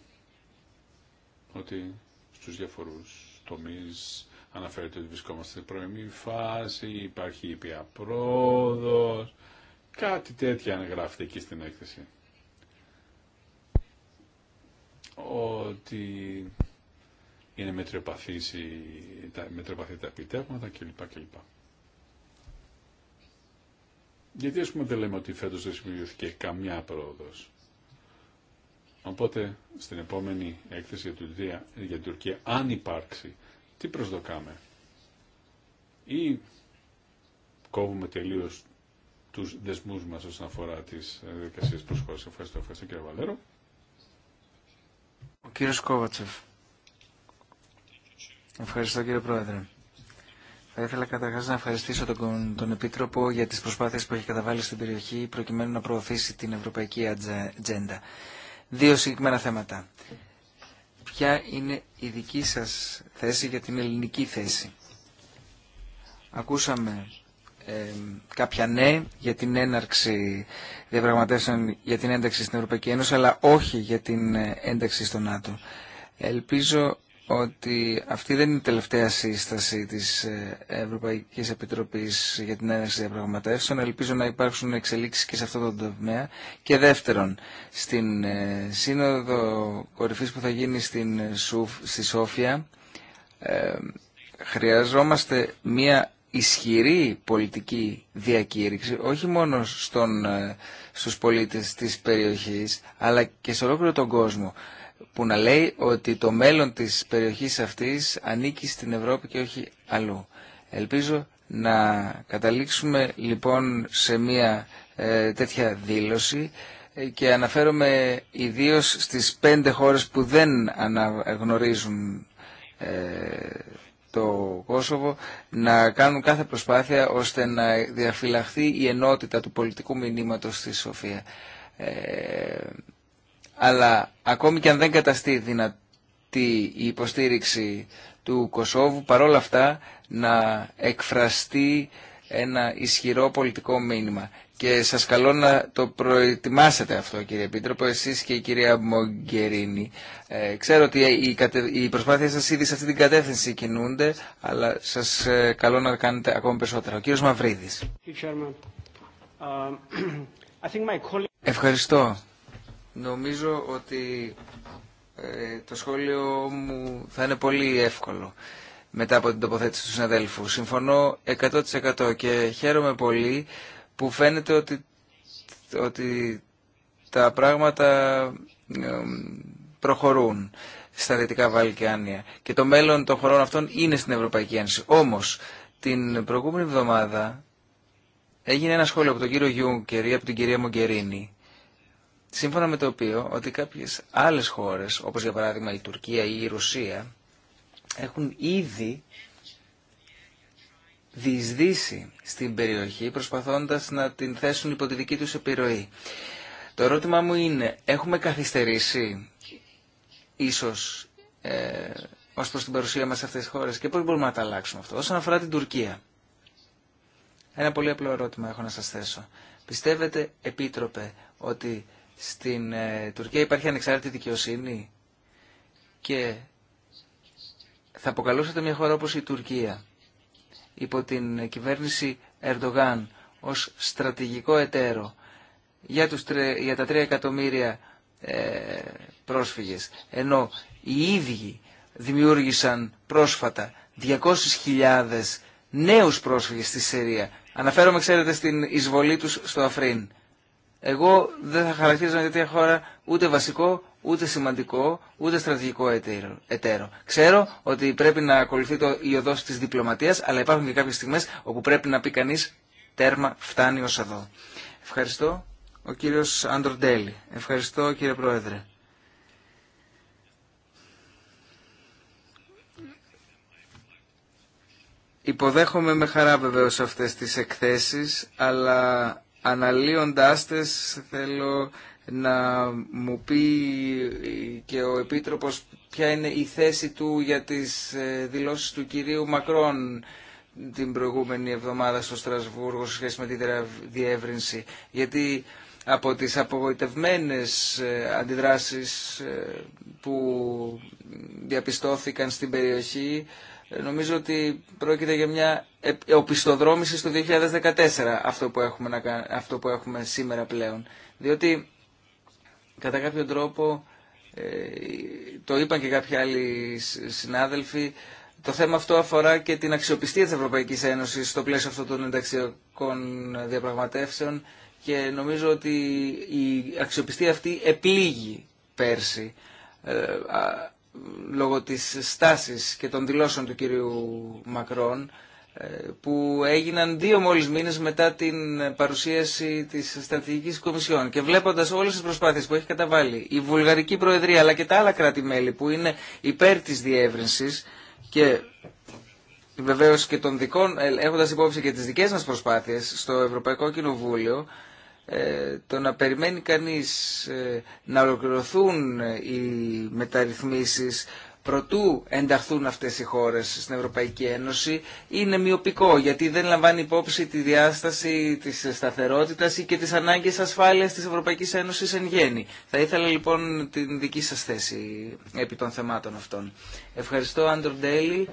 ότι στους διαφορούς τομείς Αναφέρεται ότι βρισκόμαστε σε πρώιμη φάση, υπάρχει ήπια κάτι τέτοια ανεγράφεται εκεί στην έκθεση. Ότι είναι μετριοπαθή τα, τα επιτεύγματα κλπ. κλπ. Γιατί ας πούμε δεν λέμε ότι φέτος δεν σημειώθηκε καμιά πρόοδος. Οπότε στην επόμενη έκθεση για για την Τουρκία αν υπάρξει τι προσδοκάμε. Ή κόβουμε τελείως τους δεσμούς μας όσον αφορά τις ε, διαδικασίε προσχώρησης. Ευχαριστώ, ευχαριστώ κύριε Βαλέρο. Ο κύριος Κόβατσεφ. Ευχαριστώ κύριε Πρόεδρε. Θα ήθελα καταρχά να ευχαριστήσω τον, τον Επίτροπο για τι προσπάθειε που έχει καταβάλει στην περιοχή προκειμένου να προωθήσει την ευρωπαϊκή ατζέντα. Δύο συγκεκριμένα θέματα ποια είναι η δική σας θέση για την ελληνική θέση. Ακούσαμε κάποια ναι για την έναρξη διαπραγματεύσεων για την ένταξη στην Ευρωπαϊκή Ένωση, αλλά όχι για την ε, ένταξη στο ΝΑΤΟ. Ελπίζω ότι αυτή δεν είναι η τελευταία σύσταση της ε, Ευρωπαϊκής Επιτροπής για την Έναρξη Διαπραγματεύσεων. Ελπίζω να υπάρξουν εξελίξεις και σε αυτό το τομέα. Και δεύτερον, στην ε, σύνοδο κορυφής που θα γίνει ε, Σουφ, στη Σόφια, χρειαζόμαστε μία ισχυρή πολιτική διακήρυξη, όχι μόνο στον, στους πολίτες της περιοχής, αλλά και σε ολόκληρο τον κόσμο που να λέει ότι το μέλλον της περιοχής αυτής ανήκει στην Ευρώπη και όχι αλλού. Ελπίζω να καταλήξουμε λοιπόν σε μια ε, τέτοια δήλωση ε, και αναφέρομαι ιδίως στις πέντε χώρες που δεν αναγνωρίζουν ε, το Κόσοβο να κάνουν κάθε προσπάθεια ώστε να διαφυλαχθεί η ενότητα του πολιτικού μηνύματος στη Σοφία. Αλλά ακόμη και αν δεν καταστεί δυνατή η υποστήριξη του Κωσόβου, παρόλα αυτά να εκφραστεί ένα ισχυρό πολιτικό μήνυμα. Και σας καλώ να το προετοιμάσετε αυτό κύριε Επίτροπο, εσείς και η κυρία Μογκερίνη. Ε, ξέρω ότι οι, κατε... προσπάθειες σας ήδη σε αυτή την κατεύθυνση κινούνται, αλλά σας ε, καλώ να κάνετε ακόμη περισσότερο. Ο κύριος Μαυρίδης. Um, <clears throat> Ευχαριστώ. Νομίζω ότι ε, το σχόλιο μου θα είναι πολύ εύκολο μετά από την τοποθέτηση του συναδέλφου. Συμφωνώ 100% και χαίρομαι πολύ που φαίνεται ότι, ότι τα πράγματα ε, προχωρούν στα Δυτικά Βαλκάνια και το μέλλον των χωρών αυτών είναι στην Ευρωπαϊκή Ένωση. Όμως, την προηγούμενη εβδομάδα έγινε ένα σχόλιο από τον κύριο Γιούγκερ ή από την κυρία Μογκερίνη σύμφωνα με το οποίο ότι κάποιες άλλες χώρες, όπως για παράδειγμα η Τουρκία ή η Ρωσία, έχουν ήδη διεισδύσει στην περιοχή προσπαθώντας να την θέσουν υπό τη δική τους επιρροή. Το ερώτημά μου είναι, έχουμε καθυστερήσει ίσως ε, ως προς την παρουσία μας σε αυτές τις χώρες και πώς μπορούμε να τα αλλάξουμε αυτό. Όσον αφορά την Τουρκία, ένα πολύ απλό ερώτημα έχω να σας θέσω. Πιστεύετε, Επίτροπε, ότι στην ε, Τουρκία υπάρχει ανεξάρτητη δικαιοσύνη και θα αποκαλούσατε μια χώρα όπως η Τουρκία υπό την κυβέρνηση Ερντογάν ως στρατηγικό εταίρο για, τους, για τα 3 εκατομμύρια ε, πρόσφυγες ενώ οι ίδιοι δημιούργησαν πρόσφατα 200.000 νέους πρόσφυγες στη Συρία. Αναφέρομαι, ξέρετε, στην εισβολή τους στο Αφρίν. Εγώ δεν θα χαρακτήριζα μια τέτοια χώρα ούτε βασικό, ούτε σημαντικό, ούτε στρατηγικό εταίρο. Ξέρω ότι πρέπει να ακολουθεί το, η της διπλωματίας, αλλά υπάρχουν και κάποιες στιγμές όπου πρέπει να πει κανείς τέρμα φτάνει ως εδώ. Ευχαριστώ ο κύριος Άντρο Ντέλη. Ευχαριστώ κύριε Πρόεδρε. Υποδέχομαι με χαρά βεβαίω αυτές τις εκθέσεις, αλλά αναλύοντάς τες θέλω να μου πει και ο Επίτροπος ποια είναι η θέση του για τις ε, δηλώσεις του κυρίου Μακρόν την προηγούμενη εβδομάδα στο Στρασβούργο σε σχέση με τη διεύρυνση. Γιατί από τις απογοητευμένες ε, αντιδράσεις ε, που διαπιστώθηκαν στην περιοχή ε, νομίζω ότι πρόκειται για μια οπισθοδρόμηση στο 2014 αυτό που, έχουμε να, αυτό που έχουμε σήμερα πλέον. Διότι κατά κάποιο τρόπο, ε, το είπαν και κάποιοι άλλοι συνάδελφοι, το θέμα αυτό αφορά και την αξιοπιστία της Ευρωπαϊκής Ένωσης στο πλαίσιο αυτών των ενταξιακών διαπραγματεύσεων και νομίζω ότι η αξιοπιστία αυτή επλήγει πέρσι. Ε, λόγω της στάσης και των δηλώσεων του κυρίου Μακρόν ε, που έγιναν δύο μόλις μήνες μετά την παρουσίαση της στρατηγικής κομισιόν και βλέποντας όλες τις προσπάθειες που έχει καταβάλει η Βουλγαρική Προεδρία αλλά και τα άλλα κράτη-μέλη που είναι υπέρ της διεύρυνσης και βεβαίως και των δικών, ε, έχοντας υπόψη και τις δικές μας προσπάθειες στο Ευρωπαϊκό Κοινοβούλιο ε, το να περιμένει κανείς ε, να ολοκληρωθούν ε, οι μεταρρυθμίσεις προτού ενταχθούν αυτές οι χώρες στην Ευρωπαϊκή Ένωση είναι μειοπικό γιατί δεν λαμβάνει υπόψη τη διάσταση της σταθερότητας και τις ανάγκες ασφάλειας της Ευρωπαϊκής Ένωσης εν γέννη. Θα ήθελα λοιπόν την δική σας θέση επί των θεμάτων αυτών. Ευχαριστώ Άντρο Ντέλη.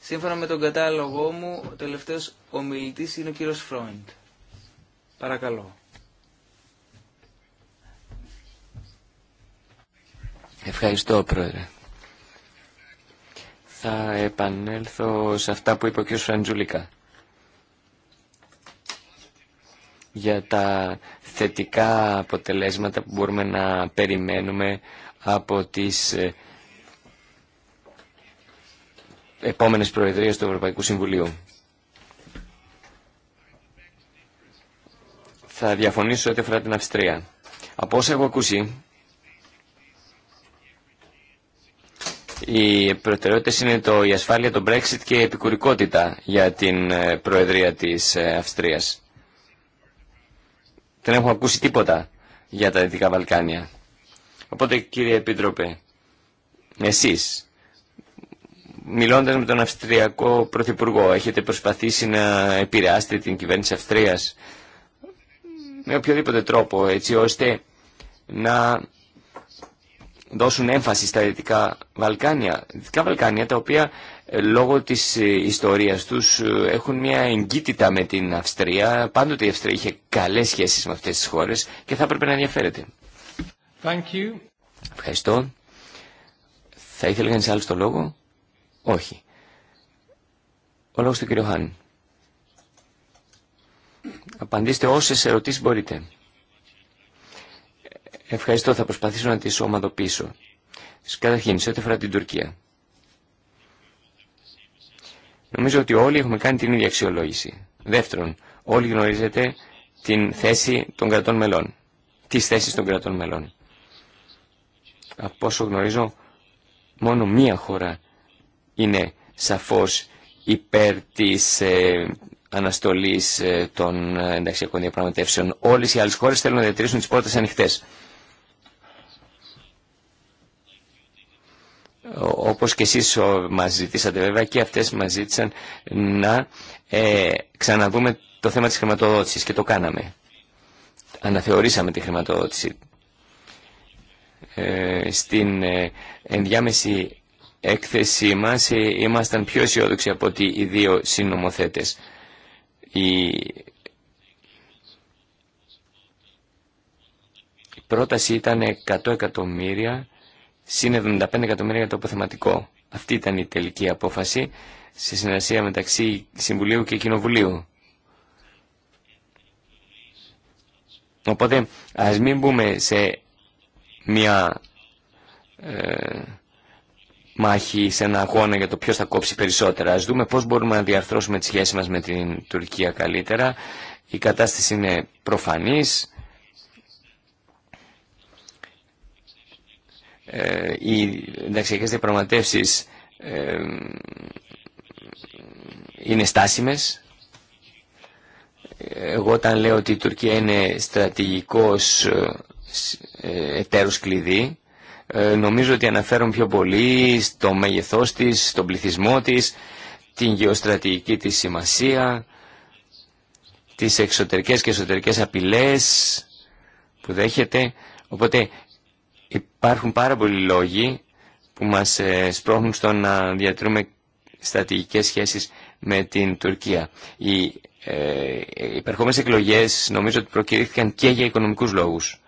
Σύμφωνα με τον κατάλογό μου, ο τελευταίος ομιλητής είναι ο κύριος Φρόιντ. Παρακαλώ. Ευχαριστώ, Πρόεδρε. Θα επανέλθω σε αυτά που είπε ο κ. Φραντζουλικά για τα θετικά αποτελέσματα που μπορούμε να περιμένουμε από τις ε, επόμενες προεδρίες του Ευρωπαϊκού Συμβουλίου. Θα διαφωνήσω ότι αφορά την Αυστρία. Από όσα έχω ακούσει, Οι προτεραιότητες είναι το, η ασφάλεια, το Brexit και η επικουρικότητα για την ε, Προεδρία της ε, Αυστρίας. Δεν έχουμε ακούσει τίποτα για τα Δυτικά Βαλκάνια. Οπότε κύριε Επίτροπε, εσείς, μιλώντας με τον Αυστριακό Πρωθυπουργό, έχετε προσπαθήσει να επηρεάσετε την κυβέρνηση Αυστρίας με οποιοδήποτε τρόπο, έτσι ώστε να δώσουν έμφαση στα Δυτικά Βαλκάνια. Δυτικά Βαλκάνια τα οποία ε, λόγω της ε, ιστορίας τους ε, έχουν μια εγκύτητα με την Αυστρία. Πάντοτε η Αυστρία είχε καλές σχέσεις με αυτές τις χώρες και θα έπρεπε να ενδιαφέρεται. Thank you. Ευχαριστώ. Θα ήθελε κανείς άλλο το λόγο. Όχι. Ο λόγος του κύριο Χάν Απαντήστε όσες ερωτήσεις μπορείτε. Ευχαριστώ, θα προσπαθήσω να τη ομαδοποιήσω. Καταρχήν, σε ό,τι αφορά την Τουρκία. Νομίζω ότι όλοι έχουμε κάνει την ίδια αξιολόγηση. Δεύτερον, όλοι γνωρίζετε την θέση των κρατών μελών. Τις θέσεις των κρατών μελών. Από όσο γνωρίζω, μόνο μία χώρα είναι σαφώς υπέρ της ε, αναστολής ε, των ε, ενταξιακών διαπραγματεύσεων. Όλες οι άλλες χώρες θέλουν να διατηρήσουν τις πόρτες ανοιχτές. όπως και εσείς μας ζητήσατε βέβαια και αυτές μας ζήτησαν να ε, ξαναδούμε το θέμα της χρηματοδότησης και το κάναμε. Αναθεωρήσαμε τη χρηματοδότηση. Ε, στην ε, ενδιάμεση έκθεσή μας ήμασταν πιο αισιόδοξοι από ότι οι δύο συνομοθέτες. Η πρόταση ήταν 100 εκατομμύρια συν 75 εκατομμύρια για το αποθεματικό. Αυτή ήταν η τελική απόφαση σε συνεργασία μεταξύ Συμβουλίου και Κοινοβουλίου. Οπότε ας μην μπούμε σε μια ε, μάχη, σε ένα αγώνα για το ποιος θα κόψει περισσότερα. Ας δούμε πώς μπορούμε να διαρθρώσουμε τη σχέση μας με την Τουρκία καλύτερα. Η κατάσταση είναι προφανής. ε, οι ενταξιακές διαπραγματεύσει ε, είναι στάσιμες. Εγώ όταν λέω ότι η Τουρκία είναι στρατηγικός ε, εταίρος κλειδί, ε, νομίζω ότι αναφέρουν πιο πολύ στο μέγεθός της, στον πληθυσμό της, την γεωστρατηγική της σημασία, τις εξωτερικές και εσωτερικές απειλές που δέχεται. Οπότε Υπάρχουν πάρα πολλοί λόγοι που μας ε, σπρώχνουν στο να διατρούμε στρατηγικές σχέσεις με την Τουρκία. Οι ε, υπερχόμενες εκλογές νομίζω ότι προκυρήθηκαν και για οικονομικούς λόγους.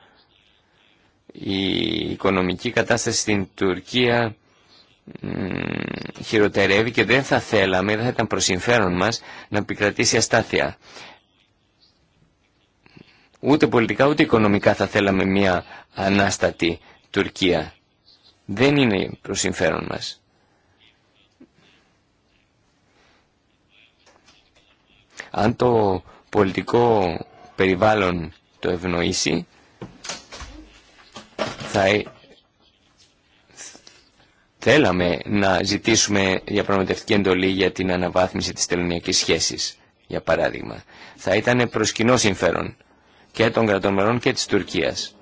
Η οικονομική κατάσταση στην Τουρκία χειροτερεύει και δεν θα θέλαμε, δεν θα ήταν προς μας να επικρατήσει αστάθεια. Ούτε πολιτικά ούτε οικονομικά θα θέλαμε μια ανάστατη Τουρκία. Δεν είναι προ συμφέρον μας. Αν το πολιτικό περιβάλλον το ευνοήσει, θα ε- θέλαμε να ζητήσουμε διαπραγματευτική εντολή για την αναβάθμιση της τελωνιακής σχέσης, για παράδειγμα. Θα ήταν προς κοινό συμφέρον και των κρατών και της Τουρκίας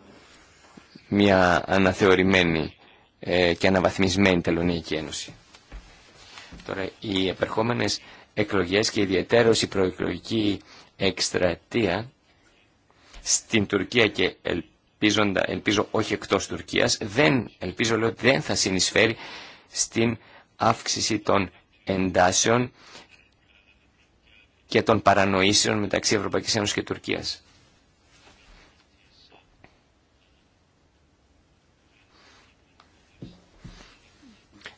μια αναθεωρημένη ε, και αναβαθμισμένη τελωνιακή ένωση. Τώρα, οι επερχόμενες εκλογές και ιδιαίτερως η προεκλογική εκστρατεία στην Τουρκία και ελπίζοντα, ελπίζω όχι εκτός Τουρκίας, δεν, ελπίζω λέω δεν θα συνεισφέρει στην αύξηση των εντάσεων και των παρανοήσεων μεταξύ Ευρωπαϊκής Ένωσης και Τουρκίας.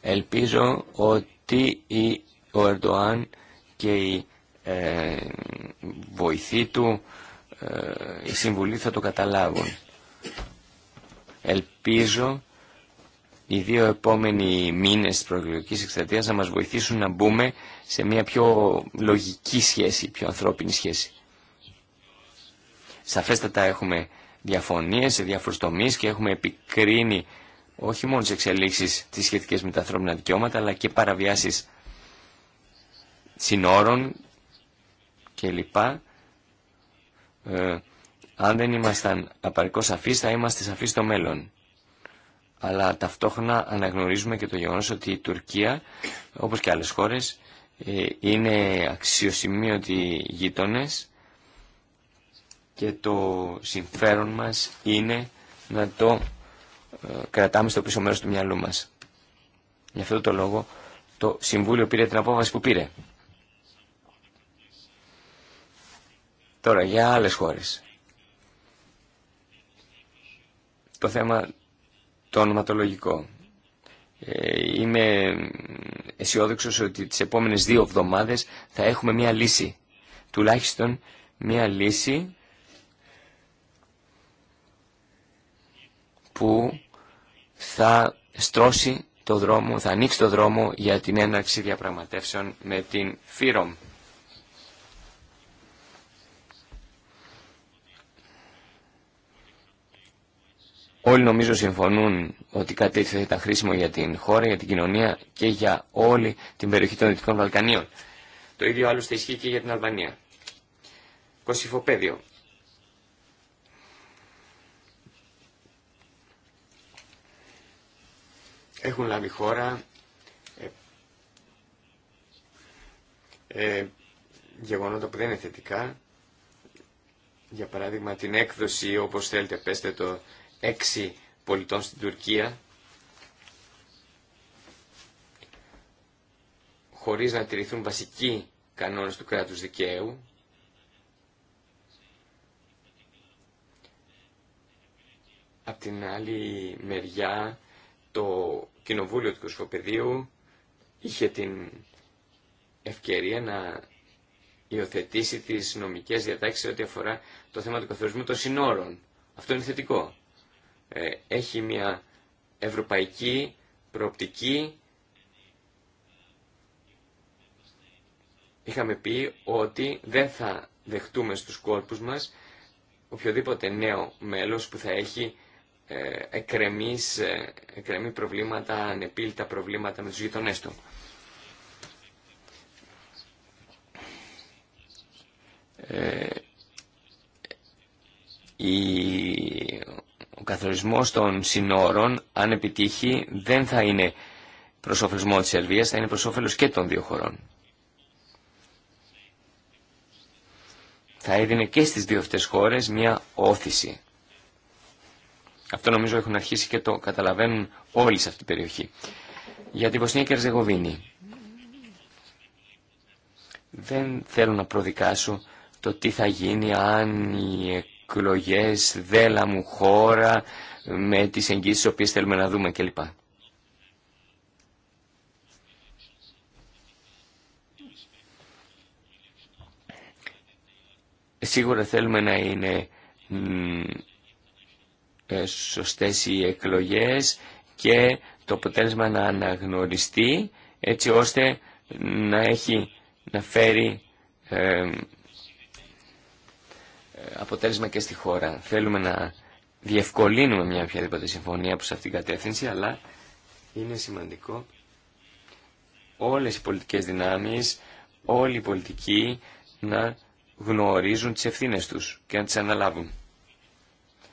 Ελπίζω ότι η, ο Ερντοάν και η ε, βοηθή του, ε, η συμβουλή θα το καταλάβουν. Ελπίζω οι δύο επόμενοι μήνες της προεκλογικής εκστρατείας να μας βοηθήσουν να μπούμε σε μια πιο λογική σχέση, πιο ανθρώπινη σχέση. Σαφέστατα έχουμε διαφωνίες σε διάφορους τομείς και έχουμε επικρίνει όχι μόνο σε εξελίξεις τις σχετικές με τα ανθρώπινα δικαιώματα, αλλά και παραβιάσεις συνόρων κλπ. Ε, αν δεν ήμασταν απαρκώς σαφείς, θα είμαστε σαφείς στο μέλλον. Αλλά ταυτόχρονα αναγνωρίζουμε και το γεγονός ότι η Τουρκία, όπως και άλλες χώρες, ε, είναι αξιοσημείωτοι γείτονες και το συμφέρον μας είναι να το ε, κρατάμε στο πίσω μέρος του μυαλού μας. Γι' αυτό το λόγο το Συμβούλιο πήρε την απόφαση που πήρε. Τώρα για άλλες χώρες. Το θέμα το ονοματολογικό. Ε, είμαι αισιόδοξο ότι τις επόμενες δύο εβδομάδες θα έχουμε μία λύση. Τουλάχιστον μία λύση που θα στρώσει το δρόμο, θα ανοίξει το δρόμο για την έναρξη διαπραγματεύσεων με την ΦΥΡΟΜ. Όλοι νομίζω συμφωνούν ότι κάτι θα ήταν χρήσιμο για την χώρα, για την κοινωνία και για όλη την περιοχή των Δυτικών Βαλκανίων. Το ίδιο άλλωστε ισχύει και για την Αλβανία. Κωσυφοπαίδιο. έχουν λάβει χώρα ε, ε, γεγονότα που δεν είναι θετικά. Για παράδειγμα την έκδοση, όπως θέλετε πέστε το, έξι πολιτών στην Τουρκία, χωρίς να τηρηθούν βασικοί κανόνες του κράτους δικαίου. Απ' την άλλη μεριά το Κοινοβούλιο του Κοσμοπεδίου είχε την ευκαιρία να υιοθετήσει τις νομικές διατάξεις ό,τι αφορά το θέμα του καθορισμού των συνόρων. Αυτό είναι θετικό. Ε, έχει μια ευρωπαϊκή προοπτική. Είχαμε πει ότι δεν θα δεχτούμε στους κόρπους μας οποιοδήποτε νέο μέλος που θα έχει εκρεμής, εκρεμή προβλήματα, ανεπίλητα προβλήματα με τους γειτονές του. Ε, η, ο καθορισμός των συνόρων, αν επιτύχει, δεν θα είναι προς όφελος της Ελβίας, θα είναι προς όφελος και των δύο χωρών. Θα έδινε και στις δύο αυτές χώρες μια όθηση. Αυτό νομίζω έχουν αρχίσει και το καταλαβαίνουν όλοι σε αυτή την περιοχή. Για την Βοσνία και Ερζεγοβίνη. Δεν θέλω να προδικάσω το τι θα γίνει αν οι εκλογές δέλα μου χώρα με τις εγγύσεις τις οποίες θέλουμε να δούμε κλπ. Σίγουρα θέλουμε να είναι ε, σωστές οι εκλογές και το αποτέλεσμα να αναγνωριστεί έτσι ώστε να έχει να φέρει ε, ε, αποτέλεσμα και στη χώρα. Θέλουμε να διευκολύνουμε μια οποιαδήποτε συμφωνία προς αυτήν την κατεύθυνση, αλλά είναι σημαντικό όλες οι πολιτικές δυνάμεις, όλοι οι πολιτικοί να γνωρίζουν τις ευθύνες τους και να τις αναλάβουν.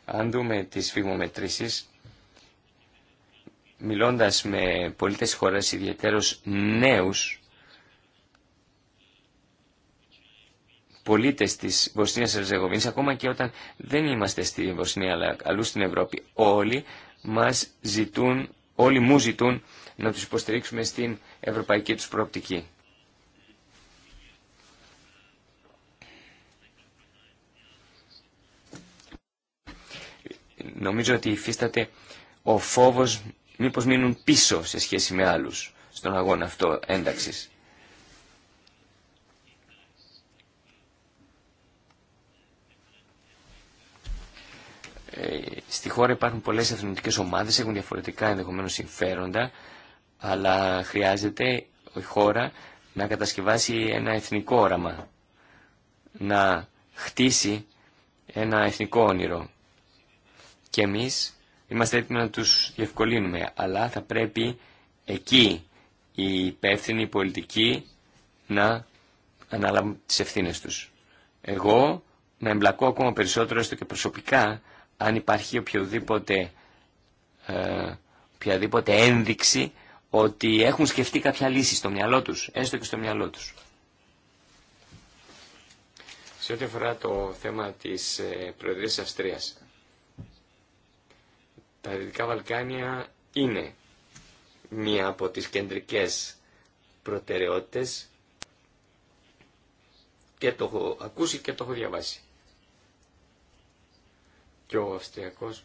Αν δούμε τις φημομετρήσεις, μιλώντας με πολίτες της χώρας, ιδιαίτερως νέους, πολίτες της Βοσνίας Ερζεγοβίνης, ακόμα και όταν δεν είμαστε στη Βοσνία αλλά αλλού στην Ευρώπη, όλοι μας ζητούν, όλοι μου ζητούν να τους υποστηρίξουμε στην ευρωπαϊκή τους προοπτική. Νομίζω ότι υφίσταται ο φόβος μήπως μείνουν πίσω σε σχέση με άλλους στον αγώνα αυτό ένταξης. Ε, στη χώρα υπάρχουν πολλές εθνικές ομάδες, έχουν διαφορετικά ενδεχομένω συμφέροντα, αλλά χρειάζεται η χώρα να κατασκευάσει ένα εθνικό όραμα, να χτίσει ένα εθνικό όνειρο και εμείς είμαστε έτοιμοι να τους διευκολύνουμε, αλλά θα πρέπει εκεί η υπεύθυνοι πολιτικοί να αναλάβουν τις ευθύνες τους. Εγώ να εμπλακώ ακόμα περισσότερο έστω και προσωπικά αν υπάρχει οποιοδήποτε, ε, οποιαδήποτε ένδειξη ότι έχουν σκεφτεί κάποια λύση στο μυαλό τους, έστω και στο μυαλό τους. Σε ό,τι αφορά το θέμα της ε, Προεδρίας Αυστρίας, τα Δυτικά Βαλκάνια είναι μία από τις κεντρικές προτεραιότητες και το έχω ακούσει και το έχω διαβάσει. Και ο Αυστριακός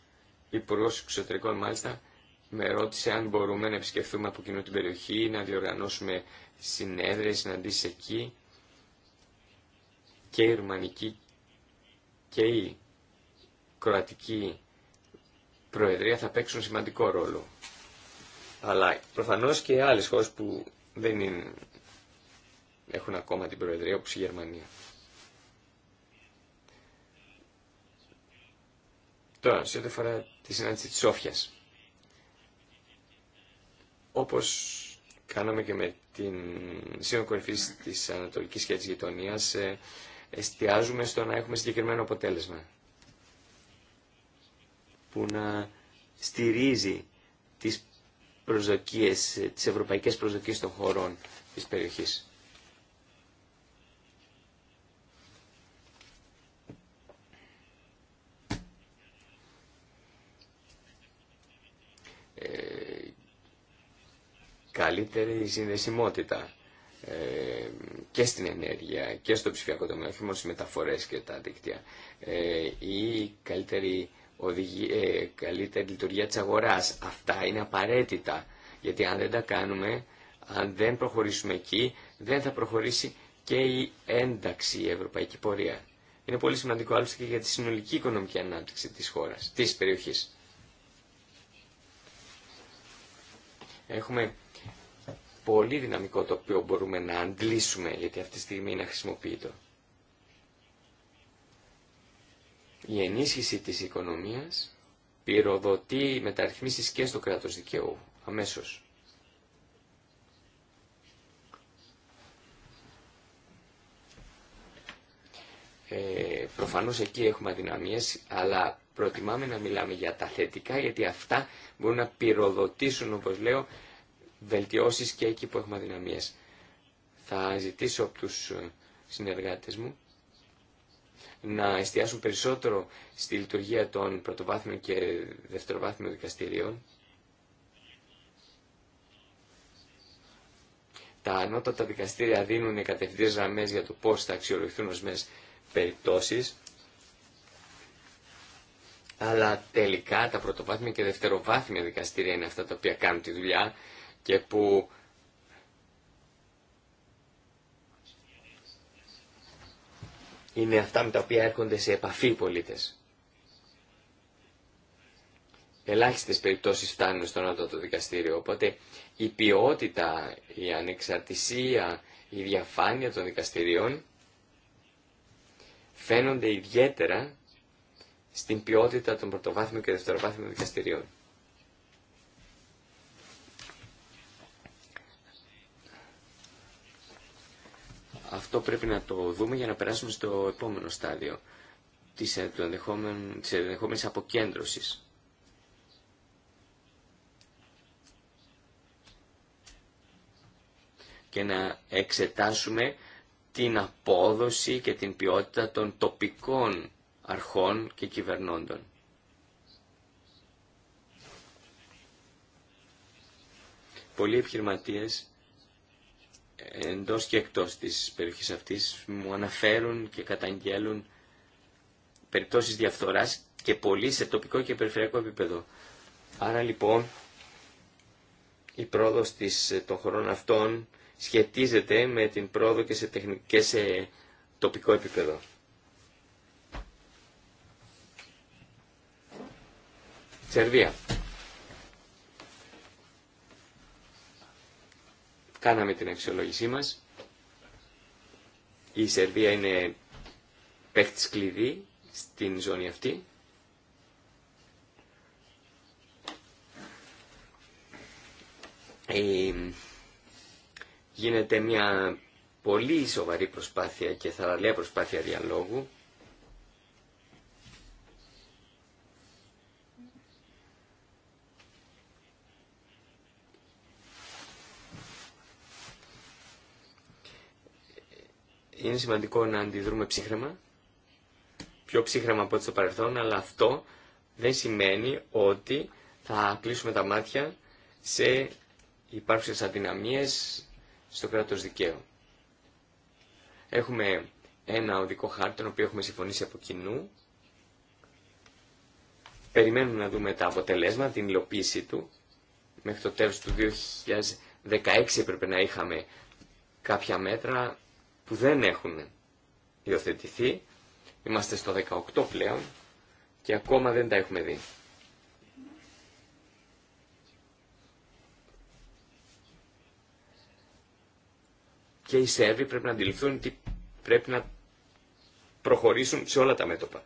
Υπουργός Εξωτερικών μάλιστα με ρώτησε αν μπορούμε να επισκεφθούμε από κοινού την περιοχή, να διοργανώσουμε συνέδρες, συναντήσεις εκεί και η Ρουμανική και η Κροατική Προεδρία θα παίξουν σημαντικό ρόλο. Αλλά προφανώς και άλλες χώρες που δεν είναι, έχουν ακόμα την Προεδρία, όπως η Γερμανία. Τώρα, σε ό,τι αφορά τη συνάντηση της Σόφιας. Όπως κάναμε και με την Σύνοδο Κορυφής της Ανατολικής και της Γειτονίας, ε, εστιάζουμε στο να έχουμε συγκεκριμένο αποτέλεσμα που να στηρίζει τις προσδοκίες, τις ευρωπαϊκές προσδοκίες των χωρών της περιοχής. Ε, καλύτερη συνδεσιμότητα ε, και στην ενέργεια και στο ψηφιακό τομέα, όχι μόνο στις μεταφορές και τα δίκτυα. Ε, η καλύτερη ε, καλύτερη λειτουργία της αγοράς. Αυτά είναι απαραίτητα, γιατί αν δεν τα κάνουμε, αν δεν προχωρήσουμε εκεί, δεν θα προχωρήσει και η ένταξη, η ευρωπαϊκή πορεία. Είναι πολύ σημαντικό άλλωστε και για τη συνολική οικονομική ανάπτυξη της χώρας, της περιοχής. Έχουμε πολύ δυναμικό το οποίο μπορούμε να αντλήσουμε, γιατί αυτή τη στιγμή είναι αχρησιμοποιητό. η ενίσχυση της οικονομίας πυροδοτεί μεταρρυθμίσεις και στο κράτος δικαίου αμέσως. Ε, προφανώς εκεί έχουμε αδυναμίες, αλλά προτιμάμε να μιλάμε για τα θετικά, γιατί αυτά μπορούν να πυροδοτήσουν, όπως λέω, βελτιώσεις και εκεί που έχουμε αδυναμίες. Θα ζητήσω από τους ε, συνεργάτες μου να εστιάσουν περισσότερο στη λειτουργία των πρωτοβάθμιων και δευτεροβάθμιων δικαστηρίων. Τα ανώτατα δικαστήρια δίνουν κατευθυντές γραμμέ για το πώς θα αξιολογηθούν ορισμένε περιπτώσεις. Αλλά τελικά τα πρωτοβάθμια και δευτεροβάθμια δικαστήρια είναι αυτά τα οποία κάνουν τη δουλειά και που είναι αυτά με τα οποία έρχονται σε επαφή οι πολίτες. Ελάχιστες περιπτώσεις φτάνουν στον το δικαστήριο, οπότε η ποιότητα, η ανεξαρτησία, η διαφάνεια των δικαστηριών φαίνονται ιδιαίτερα στην ποιότητα των πρωτοβάθμιων και δευτεροβάθμιων δικαστηρίων. Αυτό πρέπει να το δούμε για να περάσουμε στο επόμενο στάδιο της, ε, της ενδεχόμενης αποκέντρωσης. Και να εξετάσουμε την απόδοση και την ποιότητα των τοπικών αρχών και κυβερνώντων. Πολλοί επιχειρηματίες εντός και εκτός της περιοχής αυτής μου αναφέρουν και καταγγέλουν περιπτώσεις διαφθοράς και πολύ σε τοπικό και περιφερειακό επίπεδο. Άρα λοιπόν η πρόοδος ε, των χωρών αυτών σχετίζεται με την πρόοδο και σε, σε τοπικό επίπεδο. Σερβία. Κάναμε την αξιολόγησή μας. Η Σερβία είναι παίχτης κλειδί στην ζώνη αυτή. Ε, γίνεται μια πολύ σοβαρή προσπάθεια και θαραλέα προσπάθεια διαλόγου είναι σημαντικό να αντιδρούμε ψύχρεμα, πιο ψύχρεμα από ό,τι στο παρελθόν, αλλά αυτό δεν σημαίνει ότι θα κλείσουμε τα μάτια σε υπάρχουσες αδυναμίες στο κράτος δικαίου. Έχουμε ένα οδικό χάρτη, τον οποίο έχουμε συμφωνήσει από κοινού. Περιμένουμε να δούμε τα αποτελέσματα, την υλοποίησή του. Μέχρι το τέλος του 2016 έπρεπε να είχαμε κάποια μέτρα, που δεν έχουν υιοθετηθεί. Είμαστε στο 18 πλέον και ακόμα δεν τα έχουμε δει. Και οι Σέρβοι πρέπει να αντιληφθούν ότι πρέπει να προχωρήσουν σε όλα τα μέτωπα.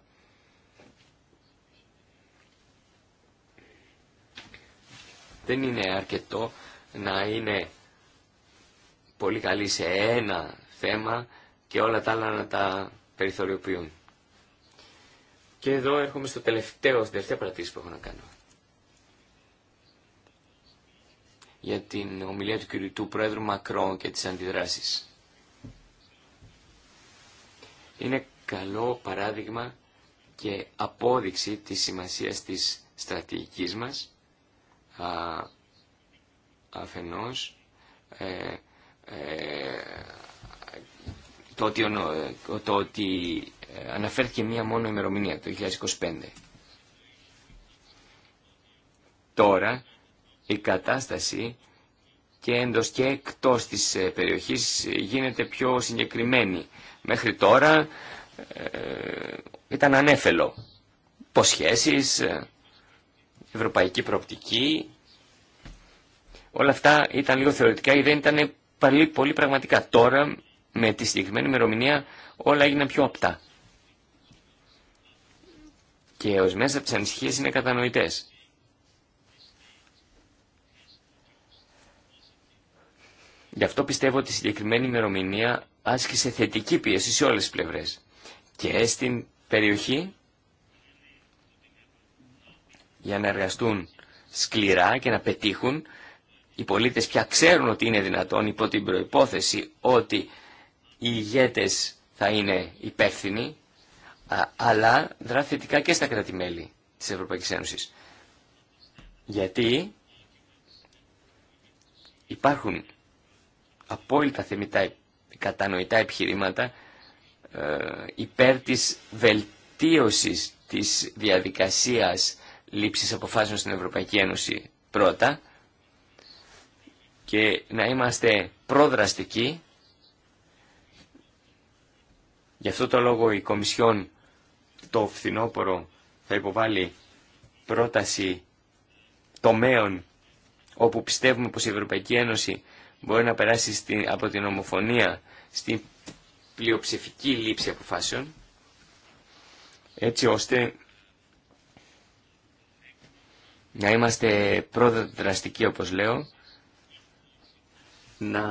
Δεν είναι αρκετό να είναι πολύ καλή σε ένα θέμα και όλα τα άλλα να τα περιθωριοποιούν. Και εδώ έρχομαι στο τελευταίο, στην τελευταία παρατήρηση που έχω να κάνω. Για την ομιλία του κυριτού Πρόεδρου Μακρόν και τις αντιδράσεις. Είναι καλό παράδειγμα και απόδειξη της σημασίας της στρατηγικής μας α, αφενός ε, ε, το ότι, ε, το ότι ε, αναφέρθηκε μία μόνο ημερομηνία, το 2025. Τώρα η κατάσταση και εντός και εκτός της ε, περιοχής γίνεται πιο συγκεκριμένη. Μέχρι τώρα ήταν ανέφελο. Ποσχέσεις, ευρωπαϊκή προοπτική, όλα αυτά ήταν λίγο θεωρητικά ή δεν ήταν πολύ, πολύ πραγματικά. Τώρα με τη συγκεκριμένη ημερομηνία όλα έγιναν πιο απτά. Και μέσα από τι ανησυχίε είναι κατανοητές. Γι' αυτό πιστεύω ότι η συγκεκριμένη ημερομηνία άσκησε θετική πίεση σε όλες τις πλευρές. Και στην περιοχή για να εργαστούν σκληρά και να πετύχουν. Οι πολίτες πια ξέρουν ότι είναι δυνατόν υπό την προϋπόθεση ότι οι ηγέτες θα είναι υπεύθυνοι, αλλά δραθετικά και στα κράτη-μέλη της Ευρωπαϊκής Ένωσης. Γιατί υπάρχουν απόλυτα θεμητά κατανοητά επιχειρήματα ε, υπέρ της βελτίωσης της διαδικασίας λήψης αποφάσεων στην Ευρωπαϊκή Ένωση πρώτα και να είμαστε προδραστικοί Γι' αυτό το λόγο η Κομισιόν το φθινόπωρο θα υποβάλει πρόταση τομέων όπου πιστεύουμε πως η Ευρωπαϊκή Ένωση μπορεί να περάσει από την ομοφωνία στην πλειοψηφική λήψη αποφάσεων έτσι ώστε να είμαστε πρώτα δραστικοί όπως λέω να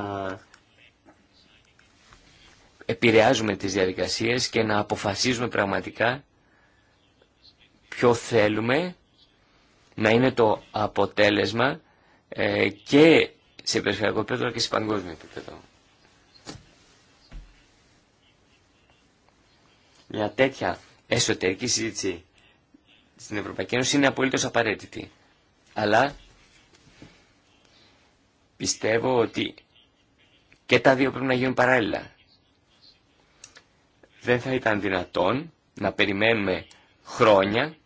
επηρεάζουμε τις διαδικασίες και να αποφασίζουμε πραγματικά ποιο θέλουμε να είναι το αποτέλεσμα ε, και σε περιφερειακό επίπεδο και σε παγκόσμιο επίπεδο. Μια τέτοια εσωτερική συζήτηση στην Ευρωπαϊκή Ένωση είναι απολύτως απαραίτητη. Αλλά πιστεύω ότι και τα δύο πρέπει να γίνουν παράλληλα δεν θα ήταν δυνατόν να περιμένουμε χρόνια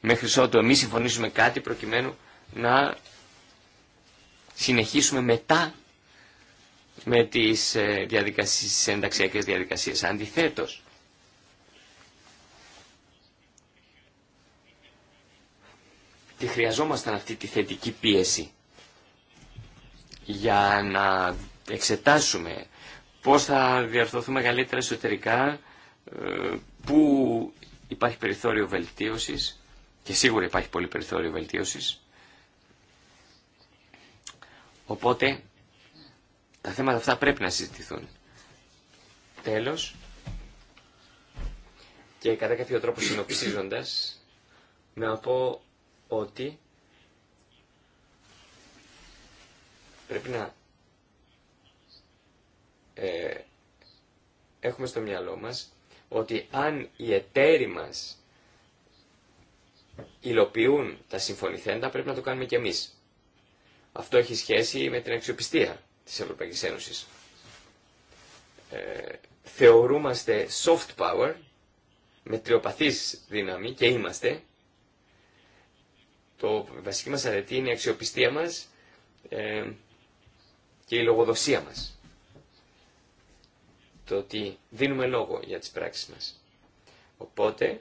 μέχρι ότου εμείς συμφωνήσουμε κάτι προκειμένου να συνεχίσουμε μετά με τις ε, διαδικασίες, τις ενταξιακές διαδικασίες. Αντιθέτως, τη χρειαζόμασταν αυτή τη θετική πίεση για να εξετάσουμε πώς θα διορθωθούμε καλύτερα εσωτερικά, ε, πού υπάρχει περιθώριο βελτίωσης και σίγουρα υπάρχει πολύ περιθώριο βελτίωσης. Οπότε τα θέματα αυτά πρέπει να συζητηθούν. Τέλος, και κατά κάποιο τρόπο συνοψίζοντας, να πω ότι πρέπει να ε, έχουμε στο μυαλό μας ότι αν οι εταίροι μας υλοποιούν τα συμφωνηθέντα, πρέπει να το κάνουμε και εμείς. Αυτό έχει σχέση με την αξιοπιστία της Ευρωπαϊκής Ένωσης. Ε, θεωρούμαστε soft power, με τριοπαθής δύναμη και είμαστε. Το βασική μας αρετή είναι η αξιοπιστία μας ε, και η λογοδοσία μας το ότι δίνουμε λόγο για τις πράξεις μας. Οπότε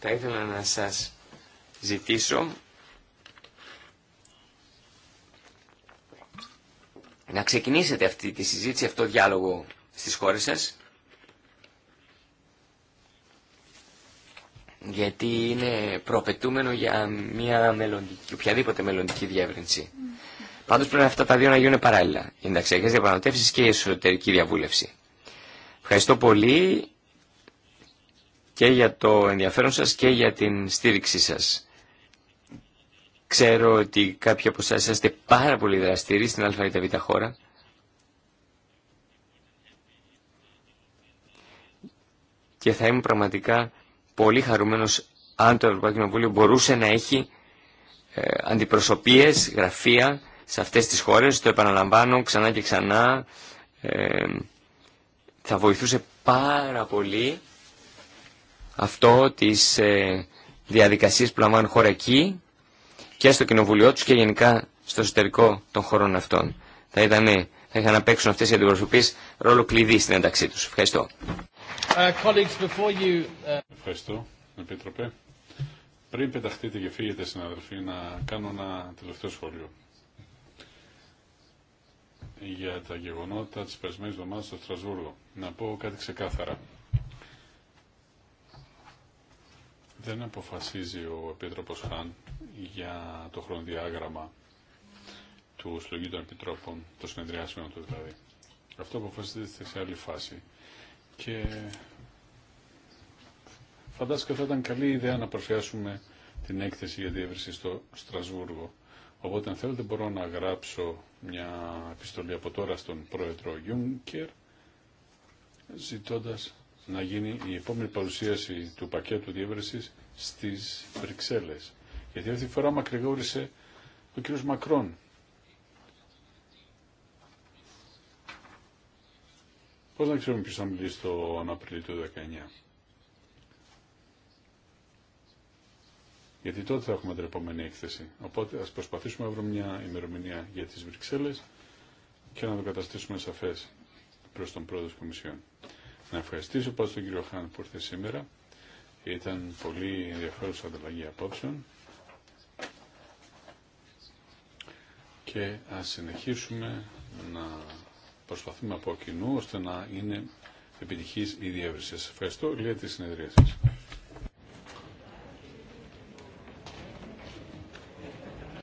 θα ήθελα να σας ζητήσω να ξεκινήσετε αυτή τη συζήτηση, αυτό το διάλογο στις χώρες σας γιατί είναι προπετούμενο για μια μελλοντική, οποιαδήποτε μελλοντική διεύρυνση. Mm. Πάντως πρέπει αυτά τα δύο να γίνουν παράλληλα. Οι ενταξιακές διαπραγματεύσεις και η εσωτερική διαβούλευση. Ευχαριστώ πολύ και για το ενδιαφέρον σας και για την στήριξή σας. Ξέρω ότι κάποιοι από εσάς είστε πάρα πολύ δραστήριοι στην ΑΒ χώρα. Και θα ήμουν πραγματικά πολύ χαρούμενος αν το Ευρωπαϊκό Κοινοβούλιο μπορούσε να έχει ε, αντιπροσωπείες, γραφεία σε αυτές τις χώρες. Το επαναλαμβάνω ξανά και ξανά. Ε, θα βοηθούσε πάρα πολύ αυτό τις ε, διαδικασίες που λαμβάνουν χώρα εκεί και στο κοινοβουλίο τους και γενικά στο εσωτερικό των χωρών αυτών. Θα, ήταν, θα είχαν να παίξουν αυτές οι αντιπροσωπείς ρόλο κλειδί στην ένταξή τους. Ευχαριστώ. Ε, ε, Ευχαριστώ, Επίτροπε. Πριν πεταχτείτε και φύγετε, συναδελφοί, να κάνω ένα τελευταίο σχόλιο για τα γεγονότα της περσμένης εβδομάδας στο Στρασβούργο. Να πω κάτι ξεκάθαρα. Δεν αποφασίζει ο Επίτροπος Χάν για το χρονοδιάγραμμα του συλλογή των επιτρόπων, το συνεδριάσεων του δηλαδή. Αυτό αποφασίζεται σε άλλη φάση. Και φαντάζομαι ότι θα ήταν καλή ιδέα να παρουσιάσουμε την έκθεση για διεύρυνση στο Στρασβούργο. Οπότε αν θέλετε μπορώ να γράψω μια επιστολή από τώρα στον πρόεδρο Γιούγκερ ζητώντας να γίνει η επόμενη παρουσίαση του πακέτου διεύρυνσης στις Βρυξέλλες. Γιατί αυτή τη φορά μακρηγόρησε ο κύριος Μακρόν. Πώς να ξέρουμε ποιος θα μιλήσει τον Απριλίου του 2019. γιατί τότε θα έχουμε την επόμενη έκθεση. Οπότε ας προσπαθήσουμε να βρούμε μια ημερομηνία για τις Βρυξέλλες και να το καταστήσουμε σαφές προς τον πρόεδρο της Κομισιόν. Να ευχαριστήσω πάντως τον κύριο Χάν που ήρθε σήμερα. Ήταν πολύ ενδιαφέρουσα ανταλλαγή απόψεων. Και ας συνεχίσουμε να προσπαθούμε από κοινού ώστε να είναι επιτυχής η διεύρυνση. Σας ευχαριστώ. για τη συνεδρία σας.